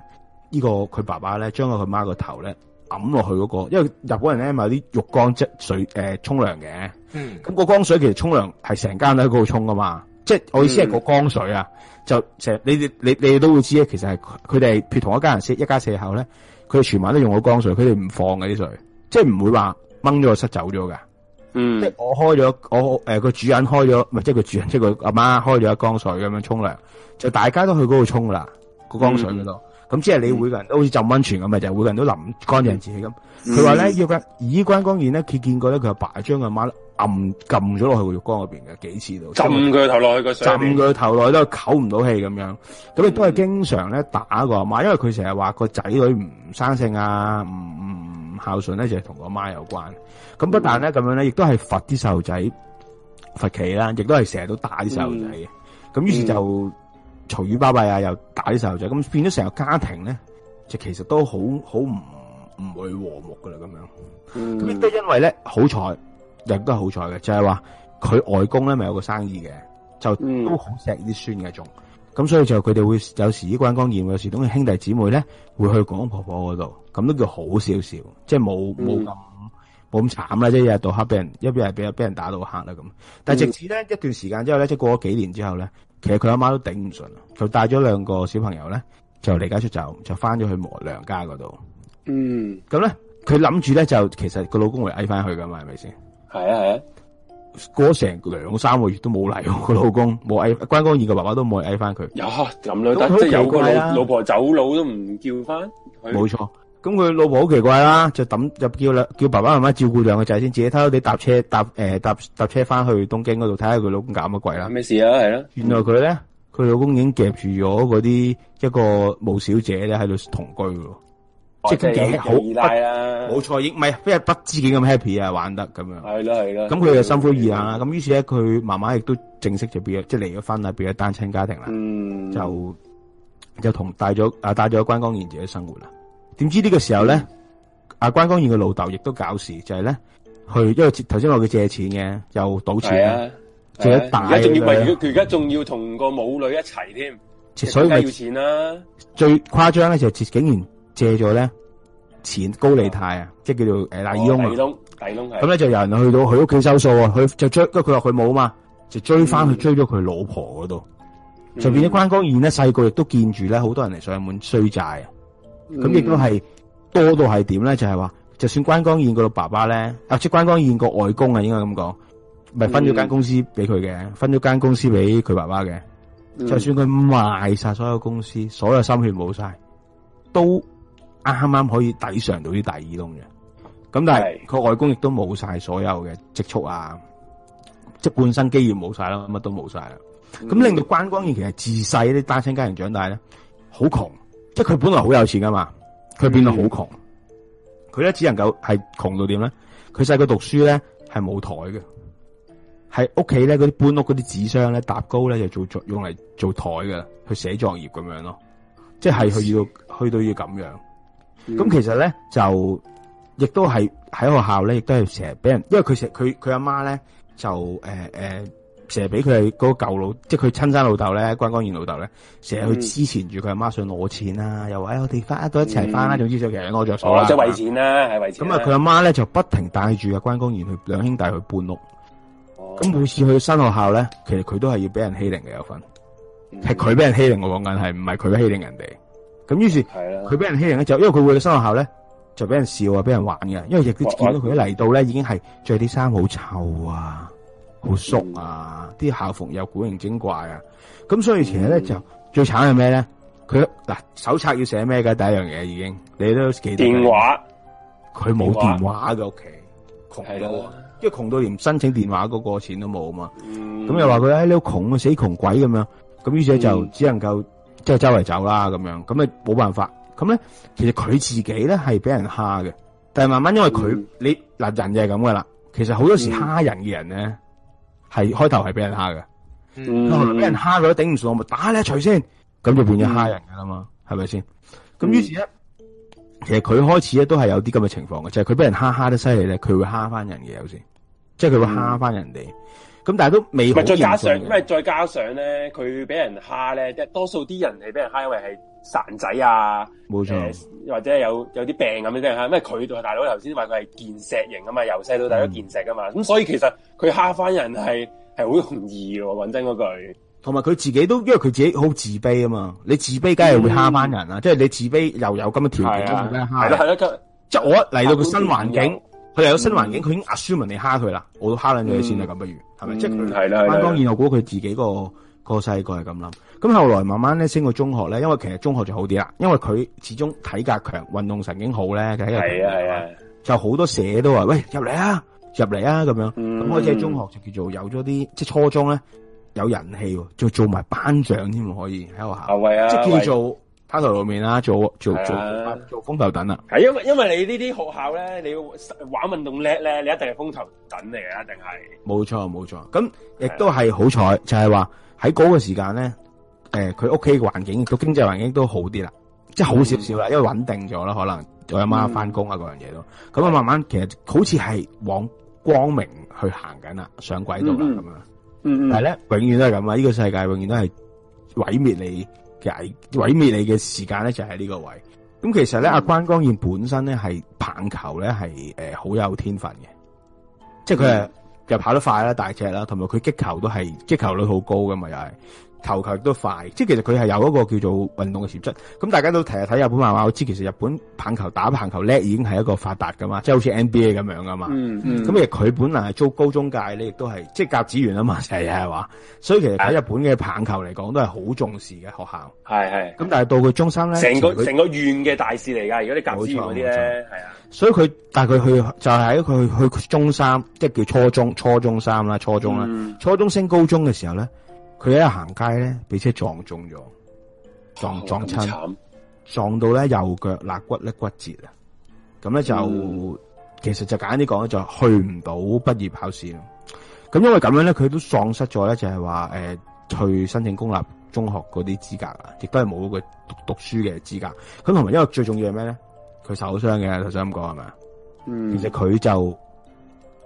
[SPEAKER 2] 呢、這個佢爸爸咧，將個佢媽個頭咧揞落去嗰、那個，因為日本人咧咪有啲浴缸即水誒沖涼嘅，咁、呃嗯嗯那個缸水其實沖涼係成間都喺嗰度沖噶嘛，即係我意思係、嗯那個缸水啊，就成你哋你你哋都會知，其實係佢哋譬如同一家人一家四口咧，佢哋全晚都用個、嗯呃、不他他媽媽缸水，佢哋唔放嘅啲水，即係唔會話掹咗個塞走咗嘅，即係我開咗我誒個主人開咗，即係佢主人即係佢阿媽開咗一缸水咁樣沖涼，就大家都去嗰度沖㗎啦，嗯那個缸水嗰度。咁即係你每個人都好似浸温泉咁啊，就、嗯、每個人都淋乾淨自己咁。佢話咧，腰骨、以骨、肝然咧，佢見過咧，佢阿爸將佢阿媽按撳咗落去個浴缸嗰邊嘅幾次到。浸佢頭落去個，浸佢頭落去都唞唔到氣咁樣，咁亦都係經常咧打個阿媽，因為佢成日話個仔女唔生性啊，唔唔孝順咧，就係同個媽有關。咁不但咧咁、嗯、樣咧，亦都係罰啲細路仔罰企啦，亦都係成日都打啲細路仔嘅。咁、嗯、於是就。嗯嘈語巴閉啊，又打啲細路仔，咁變咗成個家庭咧，就其實都好好唔唔會和睦噶啦，咁樣。咁亦都因為咧，好彩亦都係好彩嘅，就係話佢外公咧咪有個生意嘅，就都好錫啲孫嘅仲，咁所以就佢哋會有時啲關光言，有時,有時等於兄弟姊妹咧會去講婆婆嗰度，咁都叫好少少，即係冇冇咁冇咁慘啦，即係日日到黑俾人，一邊係俾人俾人打到黑啦咁。但係直至咧一段時間之後咧，即係過咗幾年之後咧。其實佢阿媽都頂唔順，就帶咗兩個小朋友咧，就離家出走，就翻咗去磨娘家嗰度。嗯，咁咧佢諗住咧就其實個老公會嗌翻佢噶嘛，係咪先？係啊係啊，過成兩三個月都冇嚟，個老公，冇嗌。關光義個爸爸都冇嗌翻佢。有
[SPEAKER 1] 咁樣，即係有個老老婆走佬都唔叫翻。冇錯。
[SPEAKER 2] 咁佢老婆好奇怪啦，就抌入叫啦，叫爸爸媽媽照顧兩個仔，先自己偷偷地搭車搭誒搭搭車翻去東京嗰度睇下佢老公搞乜鬼啦。咩事啦，
[SPEAKER 1] 啊，係咯。原來
[SPEAKER 2] 佢咧，佢老公已經夾住咗嗰啲，一個舞小姐咧喺度同居嘅，
[SPEAKER 1] 啊，即係幾好。二奶啊，
[SPEAKER 2] 冇錯，亦唔係非係不知幾咁 happy 啊，玩得咁樣。係咯係咯。咁佢就心灰意冷啦。咁於是咧，佢媽媽亦都正式就變咗，即係離咗婚喇，變咗單親家庭啦，嗯。就就同帶咗啊帶咗關光賢自己生活啦。點知呢個時候咧，阿關光彥嘅老豆亦都搞事，就係咧去，因為頭先話佢借錢嘅，又賭錢，借、啊、一大，而家仲要，佢而
[SPEAKER 1] 家仲要同個母女一齊添，所以咪要錢啦。
[SPEAKER 2] 最誇張咧就係竟然借咗咧錢高利貸啊，即係叫做誒大耳窿啊，
[SPEAKER 4] 咁、哦、咧、哦、就
[SPEAKER 2] 有人去到佢屋企收數啊，佢就追，跟住佢話佢冇啊嘛，就追翻去追咗佢老婆嗰度，
[SPEAKER 4] 就變咗
[SPEAKER 2] 關光彥咧細個亦都見住咧好多人嚟上門追債啊。咁亦都係多到係點咧？就係、是、話，就算關光彦個爸爸咧，啊即係、就是、關光彥個外公啊，應該咁講，咪分咗間公司俾佢嘅，分咗間公司俾佢爸爸嘅、
[SPEAKER 4] 嗯。就算
[SPEAKER 2] 佢賣晒所有公司，所有心血冇晒，都啱啱可以抵償到啲大耳窿嘅。咁但係佢外公亦都冇晒所有嘅積蓄啊，嗯、即係半生積蓄冇晒啦，乜都冇晒啦。咁令到關光彥其實自細啲單親家庭長大咧，好窮。即係佢本來好有錢噶嘛，佢變到好窮，佢、嗯、咧只能夠係窮到點咧？佢細個讀書咧係冇台嘅，喺屋企咧嗰啲搬屋嗰啲紙箱咧搭高咧就做作用嚟做台噶，去寫作業咁樣咯。即係佢要去到要咁樣。咁、嗯、其實咧就亦都係喺學校咧亦都係成日俾人，因為佢成日佢佢阿媽咧就誒誒。呃呃成日俾佢係嗰個舊老，即係佢親生老豆咧，關光彥老豆咧，成日去支持住佢阿媽想攞錢啊，又話、嗯、我哋翻一度一齊翻、嗯，總之就其實攞咗數啦。或、哦、者、就是、為錢
[SPEAKER 1] 啦，係為錢。咁
[SPEAKER 2] 啊，佢阿媽咧就不停帶住阿關光彥去兩兄弟去搬屋。咁、哦、每次去新學校咧，其實佢都係要俾人欺凌嘅有份係佢俾人欺凌我講緊係，唔係佢欺凌人哋。咁於是，佢俾人欺凌咧就因為佢會去新學校咧，就俾人笑啊，俾人玩嘅。因為亦佢見到佢嚟到咧，已經係着啲衫好臭啊。好熟啊！啲、嗯、校服又古靈精怪啊！咁所以其實咧、嗯、就最慘係咩咧？佢嗱手冊要寫咩嘅第一樣嘢，已經你都記得電話，佢冇電話嘅屋企窮到，因為窮到連申請電話嗰個錢都冇啊嘛。咁、嗯、又話佢咧，你好窮啊，死窮鬼咁樣。咁於是就只能夠即係周圍走啦咁樣。咁咪冇辦法。咁咧其實佢自己咧係俾人蝦嘅，但係慢慢因為佢、嗯、你嗱人就係咁噶啦。其實好多時蝦人嘅人咧。係開頭係俾人蝦嘅，可能俾人蝦佢都頂唔順，我咪打你一錘先，咁就變咗蝦人噶啦嘛，係咪先？咁於是咧、嗯，其實佢開始咧都係有啲咁嘅情況嘅，就係佢俾人蝦蝦得犀利咧，佢會蝦翻人嘅有時，即係佢會蝦翻人哋。咁、嗯、但係都未，再加上，因為
[SPEAKER 1] 再加上咧，佢俾人蝦咧，即係多數啲人係俾人蝦，因為係。散仔啊，冇錯、呃，或者有有啲病咁嘅啫，因為佢度大佬，頭先話佢係健碩型啊嘛，由細到大都健碩啊嘛。咁、嗯、所以其實佢蝦翻人係係好容易喎。講真嗰句，
[SPEAKER 2] 同埋佢自己都因為佢自己好自卑啊嘛。你自卑梗係會蝦翻人啦、啊、嗯、即係你自卑又有咁嘅條件，點解蝦？即係、啊、我嚟到佢新環境，佢又有新環境，佢已經 assume 你蝦佢啦，我都蝦咗你先啦，咁不如係咪？即、嗯、係、啊、我估佢自己個細個係咁諗。咁後來慢慢咧升到中學咧，因為其實中學就好啲啦，因為佢始終體格強，運動神經好咧。係啊係啊，就好多社都話，喂入嚟啊，入嚟啊！咁樣咁、嗯、開始中學就叫做有咗啲即係初中咧有人氣，就做埋班長添，可以喺學校。
[SPEAKER 1] 係啊，啊，即係叫做
[SPEAKER 2] 拋頭露面啦，做做做做，做，、啊、做風頭等啦。係
[SPEAKER 1] 因為因為你呢啲學
[SPEAKER 2] 校咧，你要玩運動叻咧，你一定係風頭等嚟嘅，一定係冇錯冇錯。咁亦都係好彩，就係話喺嗰個時間咧。誒、呃，佢屋企環境個經濟環境都好啲啦，即係好少少啦、嗯，因為穩定咗啦，可能我阿媽翻工啊嗰樣嘢都，咁啊慢慢、嗯、其實好似係往光明去行緊啦，上軌道啦咁啊，但係咧永遠都係咁啊，呢、這個世界永遠都係毀滅你嘅，毀滅你嘅時間咧就喺、是、呢個位。咁其實咧、嗯、阿關光彥本身咧係棒球咧係誒好有天分嘅，即係佢係又跑得快啦，大隻啦，同埋佢擊球都係擊球率好高噶嘛，又、就、係、是。球球都快，即係其實佢係有一個叫做運動嘅潛質。咁大家都成日睇日本漫畫，我知其實日本棒球打棒球叻已經係一個發達噶嘛，即係好似 NBA 咁樣噶嘛。咁亦佢本來係做高中界咧，亦都係即係甲子園啊嘛，係係話。所以其實喺日本嘅棒球嚟講，都係好重視嘅學校。
[SPEAKER 1] 係係。咁
[SPEAKER 2] 但係到佢中三咧，成個成個
[SPEAKER 1] 縣嘅大事嚟噶。如果你甲子園嗰啲咧，係啊。
[SPEAKER 2] 所以佢但係佢去就係喺佢去中三，即係叫初中、初中三啦，初中啦、嗯，初中升高中嘅時候咧。佢喺行街咧，俾車撞中咗，撞撞親，撞到咧右腳肋骨咧骨折啊！咁咧就、嗯、其實就簡單啲講咧，就去唔到畢業考試啦。咁因為咁樣咧，佢都喪失咗咧，就係話誒去申請公立中學嗰啲資格啊，亦都係冇個讀讀書嘅資格。咁同埋因為最重要係咩咧？佢受傷嘅，就想咁
[SPEAKER 4] 講係咪？其實佢
[SPEAKER 2] 就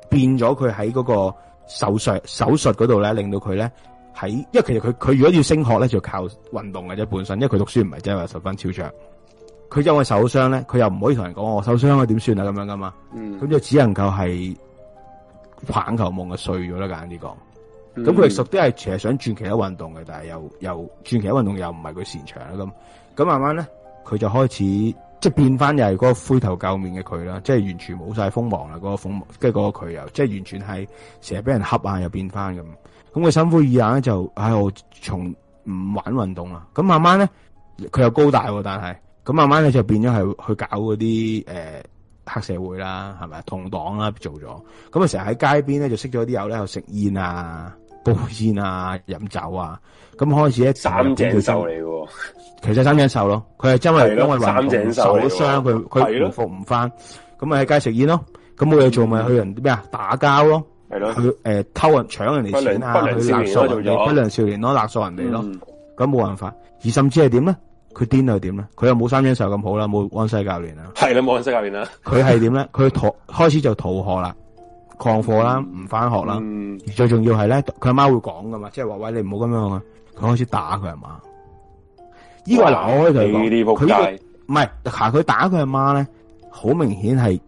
[SPEAKER 2] 變咗，佢喺嗰個手術手術嗰度咧，令到佢咧。喺，因為其實佢佢如果要升學咧，就靠運動嘅啫本身，因為佢讀書唔係真係話十分超長，佢因為受傷咧，佢又唔可以同人講我受傷，我點算啊咁樣噶嘛。咁、嗯、就只能夠係棒球夢嘅碎咗啦，簡單啲講。
[SPEAKER 4] 咁佢實
[SPEAKER 2] 啲係成日想轉其他運動嘅，但係又又轉其他運動又唔係佢擅長啦咁。咁、嗯、慢慢咧，佢就開始即係變翻又係嗰個灰頭舊面嘅佢啦，即係完全冇晒鋒芒啦。嗰、嗰個鋒，跟住嗰個佢又、嗰個、即係完全係成日俾人恰啊，又變翻咁。咁佢心灰意冷咧，就喺度從唔玩運動啦。咁慢慢咧，佢又高大，但係咁慢慢咧就變咗係去搞嗰啲誒黑社會啦，係咪同黨啦做咗。咁啊成日喺街邊咧就識咗啲友咧，又食煙啊、煲煙啊、飲酒啊。咁開始咧三井壽嚟嘅，其實三井壽咯。佢係真係因為運動三井受傷，佢佢恢復唔翻，咁咪喺街食煙咯。咁冇嘢做咪去人啲咩啊？打交咯。係咯，佢、呃、誒偷人搶人哋錢啊，去勒索人哋不良少年咯，勒索人哋咯，咁冇、嗯、辦法。而甚至係點咧？佢癲係點咧？佢又冇三井壽咁好啦，冇安西教練啊，
[SPEAKER 1] 係啦，冇安西教練啦。佢係
[SPEAKER 2] 點咧？佢逃開始就逃學啦，曠課啦，唔翻學啦。嗯、最重要係咧，佢阿媽會講噶嘛，即係話喂，你唔好咁樣啊。佢開始打佢阿媽？呢個係嗱，我可佢、這個、呢個唔係，佢打佢阿媽咧，好明顯係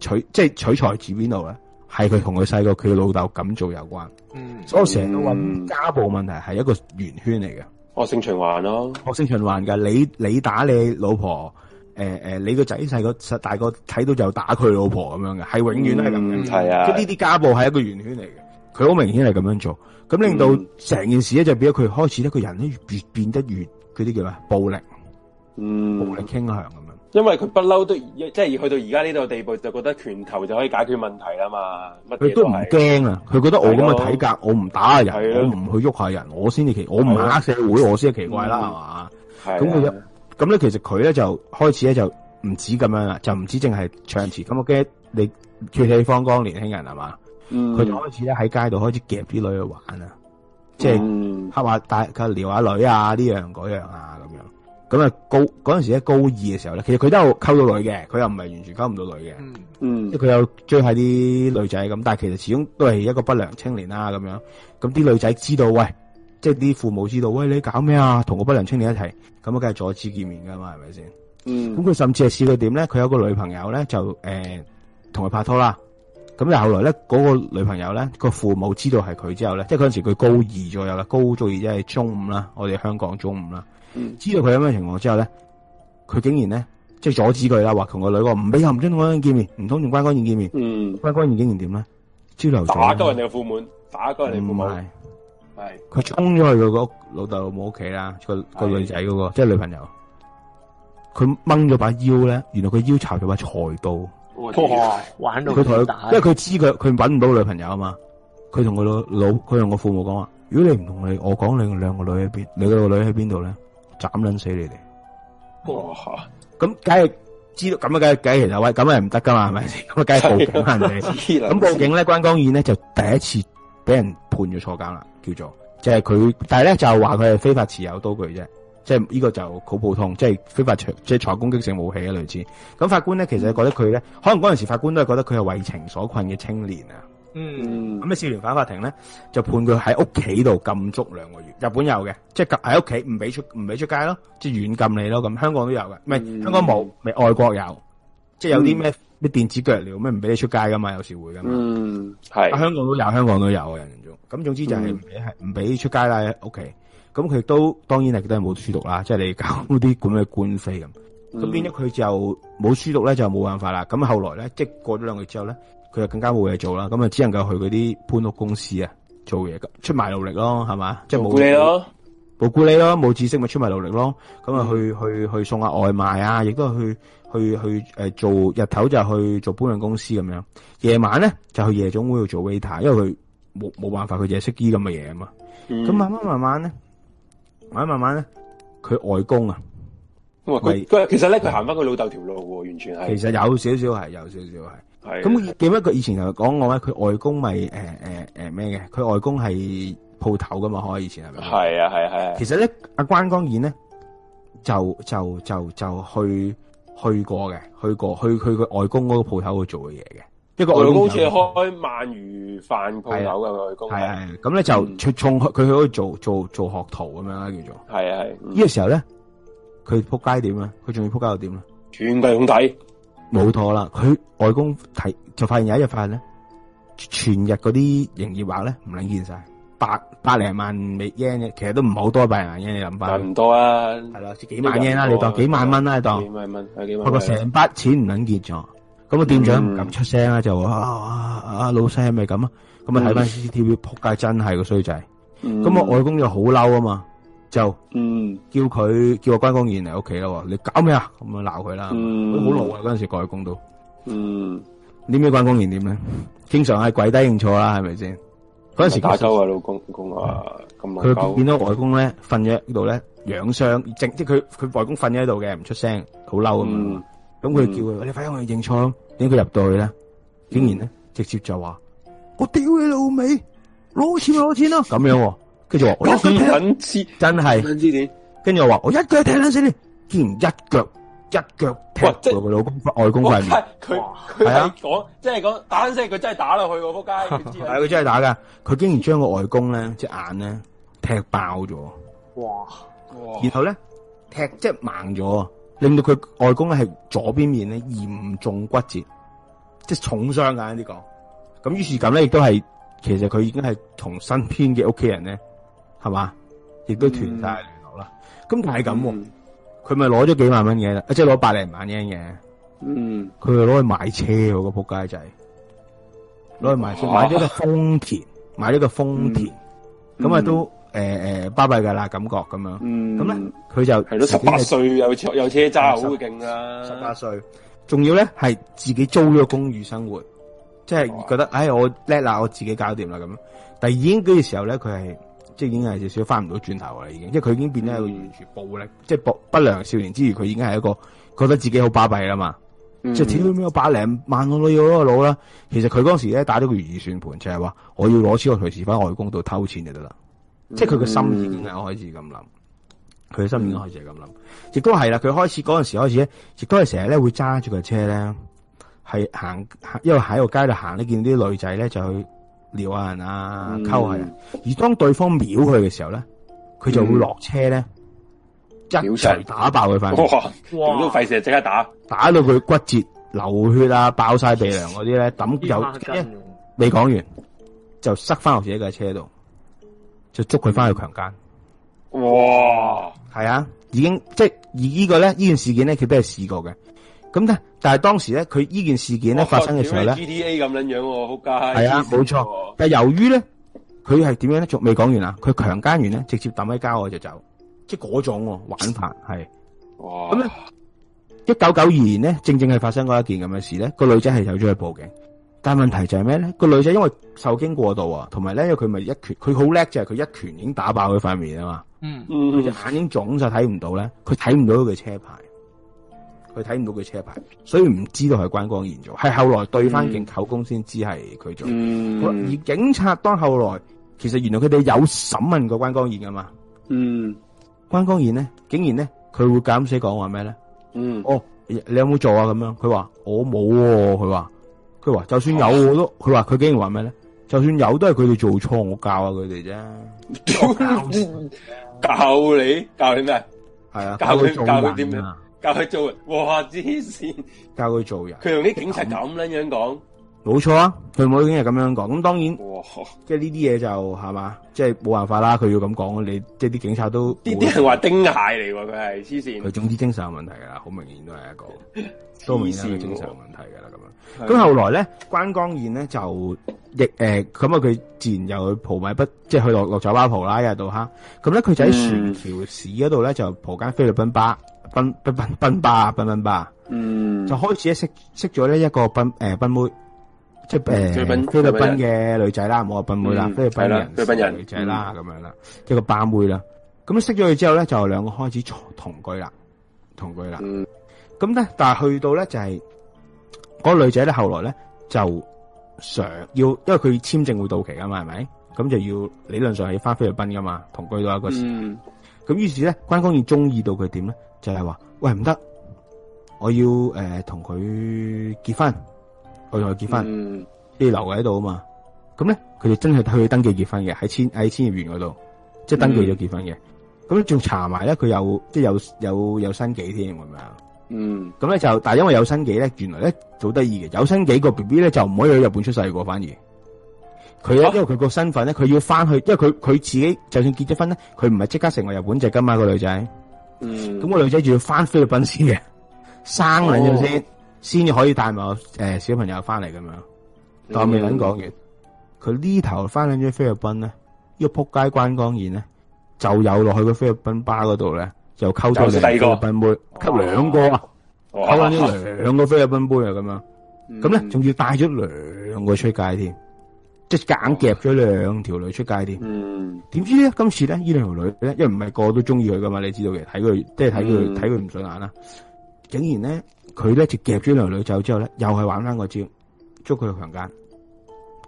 [SPEAKER 2] 取即係取財自邊度咧？係佢同佢細個佢老豆咁做有關，嗯，所以我成日都話，家暴問題係一個圓圈嚟嘅，
[SPEAKER 1] 惡性循環咯，
[SPEAKER 2] 啊，惡性循環㗎。你你打你老婆，誒、呃、誒、呃，你個仔細個大個睇到就打佢老婆咁樣嘅，係永遠都係咁樣，係、嗯、啊，即係呢啲家暴係一個圓圈嚟嘅，佢好明顯係咁樣做，咁令到成件事咧就變咗佢開始咧，佢人咧越變得越嗰啲叫咩暴力，嗯、暴力傾向咁樣。
[SPEAKER 1] 因為佢不嬲都即係去到而家呢度地步，就覺得拳頭就可以解決問題啦嘛。乜嘢都佢都唔驚啊！佢覺得我咁嘅體格，
[SPEAKER 2] 我唔打人，我人，我唔去喐下人，我先至奇。我唔係黑社會，我先奇怪啦，係嘛？咁佢咁咧，其實佢咧就開始咧就唔止咁樣啦，就唔止淨係唱詞。咁我記得你血氣方剛年輕人係嘛？
[SPEAKER 4] 佢、嗯、就開
[SPEAKER 2] 始咧喺街度開始夾啲女去玩、嗯、聊聊女啊，即係黑下大佢撩下女啊，呢樣嗰樣啊咁樣。咁啊，高嗰陣時喺高二嘅時候咧，其實佢都有溝到女嘅，佢又唔係完全溝唔到女嘅，嗯，即係佢有追下啲女仔咁，但係其實始終都係一個不良青年啦，咁樣，咁啲女仔知道，喂，即係啲父母知道，喂，你搞咩啊？同個不良青年一齊，咁啊，梗係阻止見面噶嘛，係咪先？嗯，咁佢甚至係試過點咧？佢有個女朋友咧，就誒同佢拍拖啦，咁後來咧嗰、那個女朋友咧個父母知道係佢之後咧，即係嗰陣時佢高二左右啦、嗯，高中已即係中五啦，我哋香港中五啦。嗯、知道佢有咩情況之後咧，佢竟然咧，即係阻止佢啦，話同個女個唔俾含春嗰陣見面，唔通用關關燕見面？嗯，關關燕竟然點咧？朝頭早打開人哋個
[SPEAKER 1] 父母？打開人哋父母係，
[SPEAKER 2] 係佢衝咗去佢個老豆老母屋企啦，那個個女仔嗰個即係女朋友，佢掹咗把腰咧，原來佢腰插咗把菜刀，
[SPEAKER 3] 玩到佢同佢，
[SPEAKER 2] 因為佢知佢佢搵唔到女朋友啊嘛，佢同佢老老佢同個父母講話：，如果你唔同你我講，你兩個女喺邊？你個女喺邊度咧？斬捻死你哋哇
[SPEAKER 1] 咁
[SPEAKER 2] 梗係知道咁啊，梗梗其實喂咁係唔得噶嘛，係咪先咁啊？梗係報警啦，咁報警咧，關光彥呢，就第一次俾人判咗坐監啦，叫做即係佢，但係咧就話佢係非法持有刀具啫，即係呢個就好普通，即係非法即係有攻擊性武器啊，類似咁。法官咧其實覺得佢咧可能嗰陣時法官都係覺得佢係為情所困嘅青年啊。嗯，咁咩少年犯法庭咧，就判佢喺屋企度禁足兩個月。日本有嘅，即係喺屋企唔俾出唔俾出街咯，即係軟禁你咯。咁香港都有嘅，唔係香港冇，咪外國有，即係有啲咩啲電子腳鐐，咩唔俾你出街噶嘛，有時會噶嘛。嗯，係。香港都有，香港都有啊，人種。咁總之就係唔俾係唔俾出街啦，喺屋企。咁佢亦都當然係佢都係冇書讀啦，即係你搞嗰啲管咩官非咁。咁變咗佢就冇書讀咧，就冇辦法啦。咁後來咧，即係過咗兩個月之後咧。佢就更加冇嘢做啦，咁啊只能夠去嗰啲搬屋公司啊做嘢，出賣勞力咯，係嘛？即係冇顧你咯，冇顧你咯，冇知識咪出賣勞力咯，咁啊去、嗯、去去、去送下外賣啊，亦都去去去誒、呃、做日頭就去做搬運公司咁樣，夜晚咧就去夜總會度做 waiter，因為佢冇冇辦法，佢只係識啲咁嘅嘢啊嘛。
[SPEAKER 1] 咁、嗯、慢慢
[SPEAKER 2] 慢慢咧，慢慢呢慢慢咧，佢外公啊，佢、嗯、
[SPEAKER 1] 佢其實咧佢行翻佢老豆條路嘅，完全係。其實有少少係，有少少係。咁
[SPEAKER 2] 記得佢以前又講我咧，佢外公咪誒誒誒咩嘅？佢、呃呃、外公係鋪頭噶嘛？開以前係咪？係啊係
[SPEAKER 1] 啊係啊！其實
[SPEAKER 2] 咧，阿關光彥咧就就就就去去過嘅，去過去過去佢外公嗰個鋪頭去做嘅嘢嘅。一個外公，外公好似
[SPEAKER 1] 開鰻魚飯鋪頭嘅外
[SPEAKER 2] 公。係係，咁咧就從佢佢去度做做做，做學徒咁樣啦，叫做。係啊係，呢、嗯這個時候咧，佢仆街點啊？佢仲要仆街又點啊？
[SPEAKER 1] 全計兄弟。
[SPEAKER 2] 冇妥啦，佢外公睇就發現有一日發現咧，全日嗰啲營業額咧唔撚見晒，百百零萬美 yen 嘅，其實都唔好多百萬 yen，你諗返。但係唔
[SPEAKER 1] 多啊，係咯，幾萬 yen 啦，你當幾
[SPEAKER 2] 萬蚊啦，當。幾萬蚊，佢幾萬。
[SPEAKER 1] 不過成
[SPEAKER 2] 筆錢唔撚見咗，咁個店長唔敢出聲啊，就話啊啊啊老細係咪咁啊？咁啊睇翻 CCTV，扑街真係個衰仔，咁我外公就好嬲啊嘛。就叫嗯叫佢叫阿關光彥嚟屋企喎，你搞咩、嗯嗯嗯、啊？咁樣鬧佢啦，好嬲啊！嗰陣時佢去公都、嗯嗯，嗯，你咩關光彥點咧？經常係跪低認錯啦，係咪先？嗰陣時亞洲啊，老公公啊，咁佢見到外公咧瞓喺度咧，養傷即係佢佢外公瞓喺度嘅，唔出聲，好嬲咁啊，咁佢叫佢你快啲去認錯咯，點解佢入到去咧，竟然咧直接就話、嗯、我屌你老味，攞錢咪攞錢咯，咁樣、啊。跟住我一腳踢甩，真係跟住我話我，我一腳踢甩先，竟然一腳一腳踢佢，佢，老公、啊、 外公塊面，
[SPEAKER 1] 佢。係佢。即係講打甩先，佢真係打落去個仆街，係佢
[SPEAKER 2] 真係打噶，佢竟然將個外公咧隻眼咧踢爆咗，
[SPEAKER 1] 哇哇！然
[SPEAKER 2] 後咧踢即係盲咗，令到佢外公咧係左邊面咧嚴重骨折，即、就、係、是、重傷噶呢個。咁於是咁咧亦都係，其實佢已經係同身邊嘅屋企人咧。係嘛，亦都斷曬聯絡啦。咁但係咁，佢咪攞咗幾萬蚊嘢啦，即係攞百零萬嘅嘢。嗯，佢就攞去買車喎，個仆街仔攞去買車，買咗、啊、個豐田，買咗個豐田咁啊，嗯、就都誒誒巴閉㗎啦，感覺咁樣。嗯，咁咧佢就係咯，十八
[SPEAKER 5] 歲有
[SPEAKER 1] 車有車揸好勁㗎！十八歲
[SPEAKER 2] 仲要呢，係自己租咗公寓生活，即、就、係、是、覺得唉、哎，我叻啦，我自己搞掂啦咁。但係演嗰時候咧，佢係。即係已經係少少翻唔到轉頭喇。已經，即係佢已經變咗一個完全暴力，即、嗯、係、就是、不良少年之餘，佢已經係一個覺得自己好巴閉喇嘛，嗯、即係少少咩百零萬我都要攞個女腦啦。其實佢嗰時呢，打咗個如意算盤，就係、是、話我要攞錢，我隨時返外公度偷錢就得啦。
[SPEAKER 5] 嗯、即係佢個心意已經
[SPEAKER 2] 係開始咁諗，佢個心意已經開始係咁諗，亦都係啦。佢開始嗰時開始呢，亦都係成日呢會揸住架車呢，係行，因為喺個街度行咧，見啲女仔呢，就去。撩下人啊，溝下人、啊嗯，而當對方秒佢嘅時候咧，佢就會落車咧、嗯、一齊打爆佢塊面，哇！
[SPEAKER 1] 見到塊石即刻打，
[SPEAKER 2] 打到佢骨折、流血啊、爆晒鼻梁嗰啲咧，抌有，一未講完就塞翻落自己嘅車度，就捉佢翻去強奸。哇！係、嗯、啊，已經即係而個呢、呢個咧呢件事件咧，佢都係試過嘅。咁咧，但係當時咧，佢依件事件咧發生嘅時候咧
[SPEAKER 1] ，GTA 咁撚樣喎，好街。係啊，冇錯。但
[SPEAKER 2] 係由於咧，佢係點樣咧？仲未講完啊！佢強奸完咧，直接抌喺郊外就走，即係嗰種玩法係。哇！咁咧，一九九二年咧，正正係發生過一件咁嘅事咧。個女仔係有咗去報警，但係問題就係咩咧？個女仔因為受驚過度啊，同埋咧，因為佢咪一拳，佢好叻就啫，佢一拳已經打爆佢塊面啊嘛。
[SPEAKER 4] 嗯嗯。佢隻眼
[SPEAKER 2] 睛腫就睇唔到咧，佢睇唔到佢嘅車牌。佢睇唔到佢車牌，所以唔知道係關光彥做。係後來對翻警口供先知係佢做。嗯。而警察當後來，其實原來佢哋有審問過關光彥㗎嘛。嗯，關光彥呢，竟然呢，佢會咁寫講話咩咧？嗯，哦，你有冇做啊？咁樣，佢話我冇喎，啊。佢話，佢話就算有我都，佢話佢竟然話咩咧？就算有都係佢哋做錯，我教下佢哋啫。教你教你咩？係啊，教佢教佢啲咩？教佢做人，哇！黐
[SPEAKER 1] 線，教佢做人，佢
[SPEAKER 2] 用啲警察咁撚樣講，冇錯啊，佢冇啲嘢咁樣講。咁當然，哇！即係呢啲嘢就係嘛，即係冇辦法啦。佢要咁講，你即係啲警察都啲啲人
[SPEAKER 1] 話丁蟹嚟喎，佢係黐線。佢
[SPEAKER 2] 總之精神有問題㗎啦，好明顯都係一個、啊，都明顯係精神有問題㗎啦咁樣。咁後來咧，關光燕咧就亦誒，咁啊佢自然又去蒲買筆，即係去落落酒吧蒲啦，一日到黑，咁咧佢就喺船橋市嗰度咧就蒲間菲律賓巴。賓賓賓賓巴，賓賓巴，嗯，就開始咧識識咗呢一個賓誒、呃、賓妹，即係誒菲律賓嘅女仔啦，我話賓妹啦，菲律賓人嘅女仔啦，咁、嗯、樣啦，一個巴妹啦，咁、嗯、啊識咗佢之後咧，就兩個開始同居啦，同居啦，咁、嗯、咧，但係去到咧就係、是、嗰、那個女仔咧，後來咧就想要，因為佢簽證會到期㗎嘛，係咪？咁就要理論上係要返菲律賓㗎嘛，同居到一個時。嗯咁於是咧，關光彥中意到佢點咧？就係、是、話，喂，唔得，我要誒同佢結婚，我同佢結婚，即、嗯、留喺度啊嘛。咁咧，佢哋真係去登記結婚嘅，喺千喺千葉縣嗰度，即、就、係、是、登記咗結婚嘅。咁咧仲查埋咧，佢有即係有有有新幾添咁樣。嗯，咁咧、就是嗯、就，但係因為有新幾咧，原來咧好得意嘅，有新幾個 B B 咧就唔可以去日本出世個，反而。佢咧，因為佢個身份咧，佢要翻去，因為佢佢自己就算結咗婚咧，佢唔係即刻成為日本籍噶嘛，個女仔。嗯。咁個女仔仲要翻菲律賓先嘅，生兩樣先，先、哦、可以帶埋誒小朋友翻嚟咁樣。但未諗講完，佢、嗯、呢、嗯、頭翻兩咗菲律賓咧，呢、這個扑街關光彥，咧，就有落去菲賓個菲律賓巴嗰度咧，就溝咗兩個菲律賓杯，溝兩個啊，溝咗兩個菲律賓杯啊咁樣，咁咧仲要帶咗兩個出街添。即係硬夾咗兩條女出街添，點、嗯、知咧？今次咧，呢兩條女咧，因為唔係個個都中意佢噶嘛？你知道嘅，睇佢即係睇佢睇佢唔順眼啦。竟然咧，佢咧就夾咗兩條女走之後咧，又係玩翻個招，捉佢去強姦，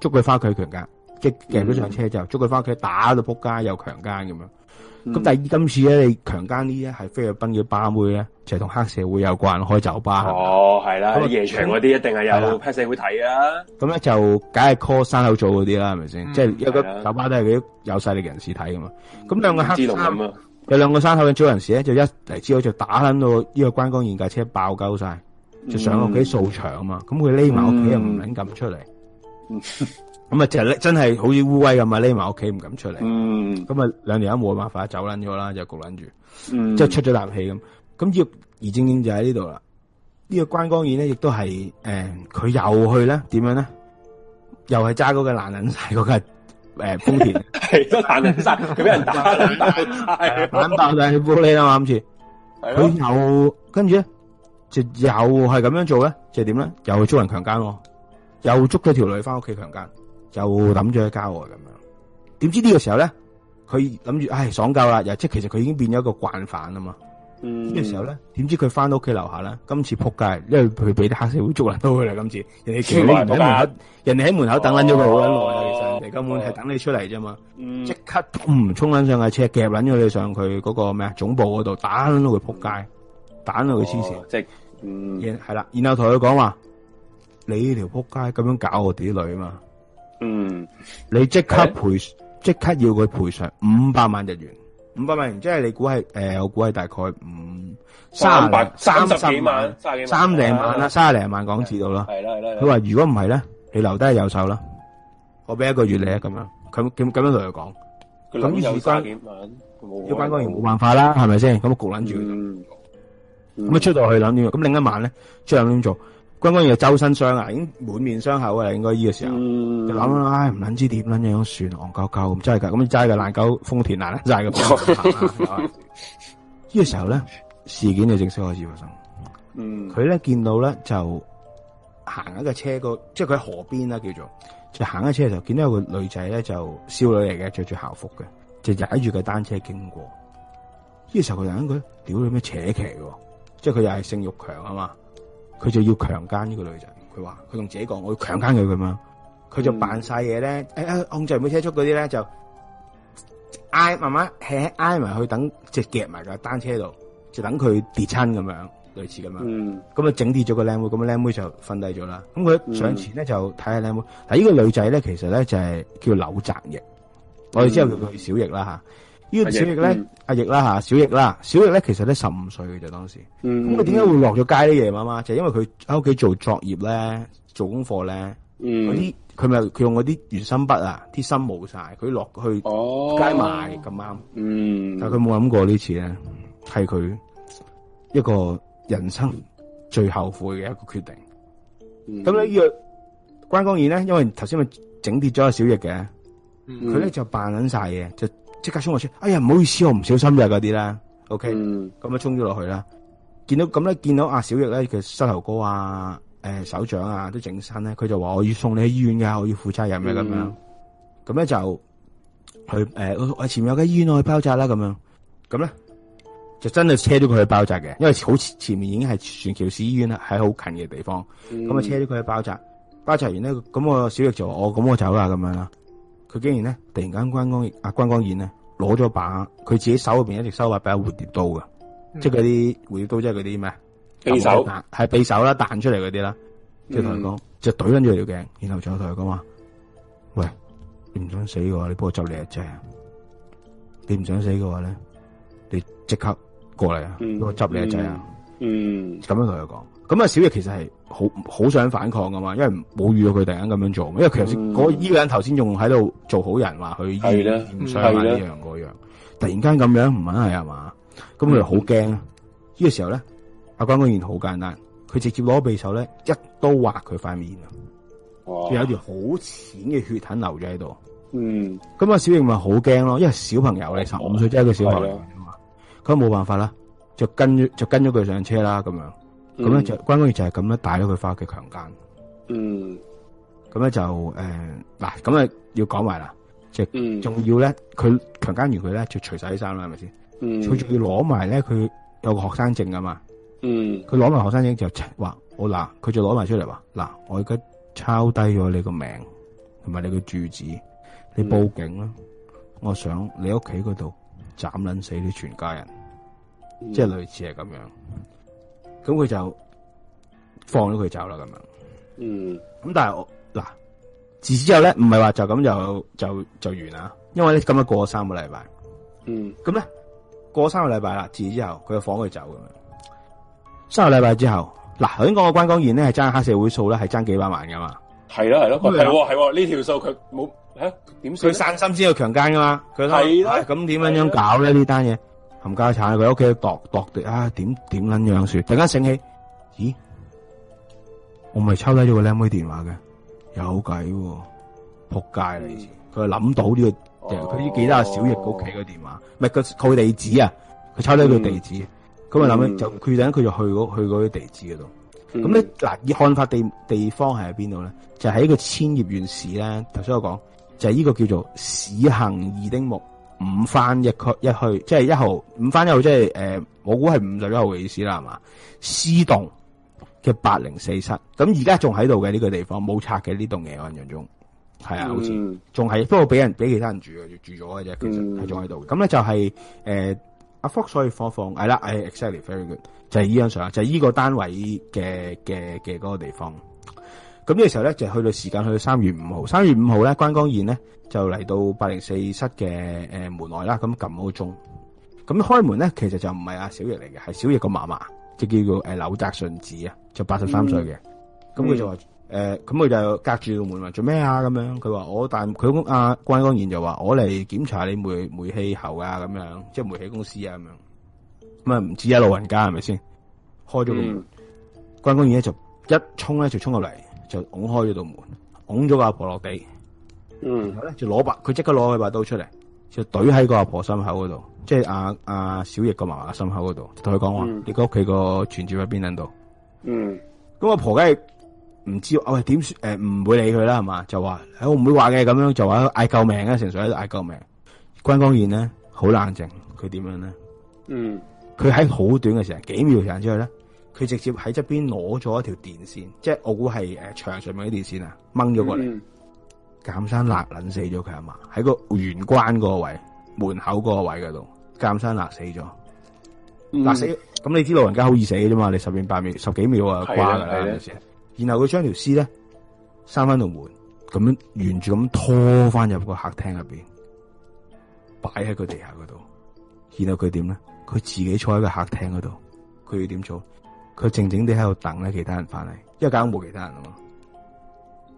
[SPEAKER 2] 捉佢翻屋企強姦，即係夾咗上車之後，捉佢翻屋企打到仆街，又強姦咁樣。咁、嗯、但係今次咧，你強姦呢啲係菲律賓嘅巴妹咧，就係同黑社會有關，開酒吧。哦，係
[SPEAKER 1] 啦、哦，夜場嗰啲一定係有黑社會睇啊。
[SPEAKER 2] 咁咧、嗯、就梗係 call 山口組嗰啲啦，係咪先？即係有個酒吧都係嗰啲有勢力人士睇㗎嘛。咁、嗯、兩個黑有、嗯、兩個山口嘅組人士咧、嗯，就一嚟之後就打響到呢個關公現界車爆鳩曬，
[SPEAKER 5] 就上屋企
[SPEAKER 2] 掃場啊嘛。咁佢匿埋屋企又唔肯咁出嚟。嗯嗯 咁啊，就真係好似烏龜咁啊，匿埋屋企唔敢出嚟。咁、嗯、啊，兩年間冇辦法，走撚咗啦，嗯、就焗撚住。即係出咗啖氣咁。咁要而正就喺呢度啦。呢、這個關光彥咧，亦都係誒，佢又去咧，點樣咧？又係揸嗰個男人，晒嗰個誒豐田。係，都爛
[SPEAKER 4] 捻晒，佢俾人打爛
[SPEAKER 2] 爆玻璃啊嘛，咁 似人帶。佢 人帶、 嗯、 又跟住咧，就又係咁樣做咧，就點、是、咧？又去捉人強姦，又捉咗條女翻屋企強姦。就諗咗去交啊咁樣，點知呢個時候咧，佢諗住唉爽夠啦，又即係其實佢已經變咗一個慣犯啊嘛。
[SPEAKER 4] 呢、嗯、個時候咧，
[SPEAKER 2] 點知佢翻到屋企樓下咧，今次扑街，因為佢俾啲黑社會捉捻到佢啦。今次人哋企喺門口，哦、人哋喺門口等捻咗佢好耐，其實人哋根本係等你出嚟啫嘛。即、哦、刻嗯衝捻上架車，夾捻咗你上佢嗰個咩啊總部嗰度，打捻到佢扑街，打捻到佢黐線，即係係啦。然後同佢講話，你呢條扑街咁樣搞我哋啲女啊嘛。嗯，你即刻賠，即刻要佢賠償五百萬日元，五百萬元即係你估係，誒、呃，我估係大概五百三十幾萬，
[SPEAKER 1] 三零萬啦，卅
[SPEAKER 2] 零萬港紙度啦。係啦，係啦。佢話如果唔係咧，你留低係右手啦，我俾一個月你啊，咁樣，佢咁咁樣同佢講。咁呢次卅零呢班官員冇辦法啦，係咪先？咁啊焗捻住。嗯。咁啊出到去諗點樣，咁另一晚咧，出去諗點做？君君又周身傷啊，已經滿面傷口啊，應該呢個時候就諗諗，唉，唔捻知點捻樣算，戇鳩鳩咁，真係噶，咁你齋個爛狗豐田啊，齋個，呢 個時候咧，事件就正式開始發生。佢咧 見到咧就行喺個車個，即係佢喺河邊啦，叫做就行喺車嘅時候見到有一個女仔咧，就少女嚟嘅，着住校服嘅，就踩住個單車經過。呢、這個時候佢就喺度，屌你咩扯旗嘅，即係佢又係性慾強啊嘛。 佢就要強姦呢個女仔，佢話佢同自己講，我要強姦佢咁樣。佢就扮晒嘢咧，誒、哎、控制唔到車速嗰啲咧就挨慢慢 hea 挨埋去，等即係夾埋架單車度，就等佢跌親咁樣，類似咁、嗯、樣。咁、嗯嗯、啊，整跌咗個靚妹，咁啊，靚妹就瞓低咗啦。咁佢上前咧就睇下靚妹。但呢個女仔咧，其實咧就係叫柳澤翼，我哋之後叫佢小翼啦吓。呢、這個小易咧，阿易啦，小易啦，小易咧其實咧十五歲嘅就當時，咁佢點解會落咗街啲嘢媽媽，就係、是、因為佢喺屋企做作業咧，做功課咧，啲佢咪佢用嗰啲鉛芯筆啊，啲心冇曬，佢落去街買咁啱。但佢冇諗過次呢次咧，係、嗯、佢一個人生最後悔嘅一個決定。咁、嗯、咧，若、嗯這個、關光義咧，因為頭先咪整跌咗阿小易嘅，
[SPEAKER 4] 佢咧就
[SPEAKER 2] 扮緊曬嘅，就。就即刻衝落車！哎呀，唔好意思，我唔小心嘅嗰啲咧。OK，咁、嗯、樣衝咗落去啦。見到咁咧，見到阿小玉咧，佢膝頭哥啊、誒、呃、手掌啊都整親咧，佢就話我要送你去醫院嘅、啊，我要負責任嘅、啊、咁、嗯、樣。咁咧就去誒，我、呃、前面有間醫院，我去包紮啦。咁樣，咁咧就真係車咗佢去包紮嘅，因為好前面已經係船橋市醫院啦，喺好近嘅地方。咁、嗯、啊，車咗佢去包紮，包紮完咧，咁我小玉就話我咁我走啦，咁樣啦。佢竟然咧，突然間關光阿關光彥咧，攞咗把佢自己手入邊一直收埋，畀個蝴蝶刀嘅、嗯，即係嗰啲蝴蝶刀，即係嗰啲咩？匕首係匕首啦，彈出嚟嗰啲啦，
[SPEAKER 4] 即係同佢
[SPEAKER 2] 講，就懟緊住條頸，嗯、然後仲有同佢講話，喂，你唔想死嘅話，你幫我執你一隻啊！你唔想死嘅話咧，你即刻過嚟啊！幫我執你一隻啊！咁樣同佢講。咁啊！小月其實係好好想反抗噶嘛，因為冇遇到佢突然間咁樣做，因為頭先嗰呢個人頭先仲喺度做好人話佢係啦，唔想買呢樣嗰樣，突然間咁樣唔係啊嘛，咁佢好驚。呢、嗯呢個時候咧，阿關光彥好簡單，佢直接攞匕首咧一刀劃佢塊面啊！哦，有條好淺嘅血痕流咗喺度。嗯，咁啊，小月咪好驚咯，因為小朋友咧，十五歲即係個小朋友啊嘛，佢、嗯、冇辦法啦，就跟咗就跟咗佢上車啦咁樣。咁、嗯、咧，就關公員就係咁樣帶咗佢翻屋企強姦，嗯，咁咧就誒嗱，咁啊要講埋啦，即係仲要咧，佢強姦完佢咧就除晒啲衫啦，係咪先？嗯，佢仲要攞埋咧，佢有個學生證噶嘛，嗯，佢攞埋學生證就話好嗱，佢就攞埋出嚟話嗱，我而家抄低咗你個名同埋你個住址，你報警啦，嗯，我想你屋企嗰度斬捻死你全家人，嗯、即係類似係咁樣。咁佢就放咗佢走啦，咁樣。嗯。咁但係我嗱，自此之後咧，唔係話就咁就就就完啦，因為咧今日過三個禮拜。嗯。咁咧，過三個禮拜啦，自此之後佢就放佢走咁樣。三個禮拜之後，嗱，頭先講嘅關光賢咧係爭黑社會數咧係爭幾百萬噶嘛。係咯係咯，係係、啊，啊啊啊啊啊條數啊、呢條數佢冇吓點佢散心先去強姦噶嘛，佢係啦。咁點樣樣搞咧呢單嘢？冚家鏟，佢屋企度度踱地啊！點點樣算？突然間醒起，咦？我咪抄低咗個靚妹電話嘅，有計喎仆街啦！佢諗到呢個，佢依記得阿小易屋企個電話，唔係、啊嗯這個佢、哦、地址啊！佢抄低個地址，咁啊諗起，就決定佢就去嗰、那個、去啲地址嗰度。咁咧嗱，以看法地地方係喺邊度咧？就喺、是、個千葉縣市咧。頭先我講就係、是、呢個叫做市川二丁目。五番一區一去即係一號五番一號即是，即係誒，我估係五十一號嘅意思啦，係嘛？C 棟嘅八零四室，咁而家仲喺度嘅呢個地方冇拆嘅呢棟嘢，我印象中係啊，好似仲係不過俾人俾其他人住嘅，住住咗嘅啫，其實係仲喺度。咁、嗯、咧就係、是、誒，阿、呃、Fox 所以放放係啦，誒、yeah, exactly very good 就係呢張相，就係、是、呢個單位嘅嘅嘅嗰個地方。咁呢個時候咧就去到時間，去到三月五號。三月五號咧，關江燕呢，就嚟到八零四室嘅誒門外啦。咁撳好鐘，鐘，咁開門咧其實就唔係阿小葉嚟嘅，係小葉個嫲嫲，即叫做誒柳澤順子啊，就八十三歲嘅。咁佢就話誒，咁佢就隔住個門話做咩啊？咁樣佢話我但佢阿關江燕就話我嚟檢查你煤煤氣喉啊，咁樣即係煤氣公司啊，咁樣咁啊唔知啊老人家係咪先？開咗個門、嗯，關江燕咧就一衝咧就衝落嚟。就拱開咗道門，拱咗個阿婆落地，嗯，然後咧就攞把，佢即刻攞佢把刀出嚟，就懟喺個阿婆，婆心口嗰度，即係阿阿小易個媽媽心口嗰度，同佢講話：你個屋企個存折喺邊度？嗯，咁個、嗯嗯、婆梗唔知，喂點算？誒，唔、呃、會理佢啦，係嘛？就話、哎，我唔會話嘅，咁樣就話嗌救命啊，成日喺度嗌救命。關光燕咧，好冷靜，佢點樣咧？嗯，佢喺好短嘅時間，幾秒時間之後咧。佢直接喺側邊攞咗一條電線，即係我估係誒牆上面啲電線啊，掹咗過嚟。鑒生辣捻死咗佢阿嘛？喺個玄關嗰個位門口嗰個位嗰度，鑒生辣死咗，辣、嗯、死。咁你知老人家好易死啫嘛？你十秒八秒十幾秒啊，掛啦係先？然後佢將條屍咧，閂翻度門，咁樣沿住咁拖翻入個客廳入邊，擺喺個地下嗰度。然後佢點咧？佢自己坐喺個客廳嗰度，佢要點做？佢靜靜地喺度等咧，其他人翻嚟。因為間屋冇其他人啊嘛。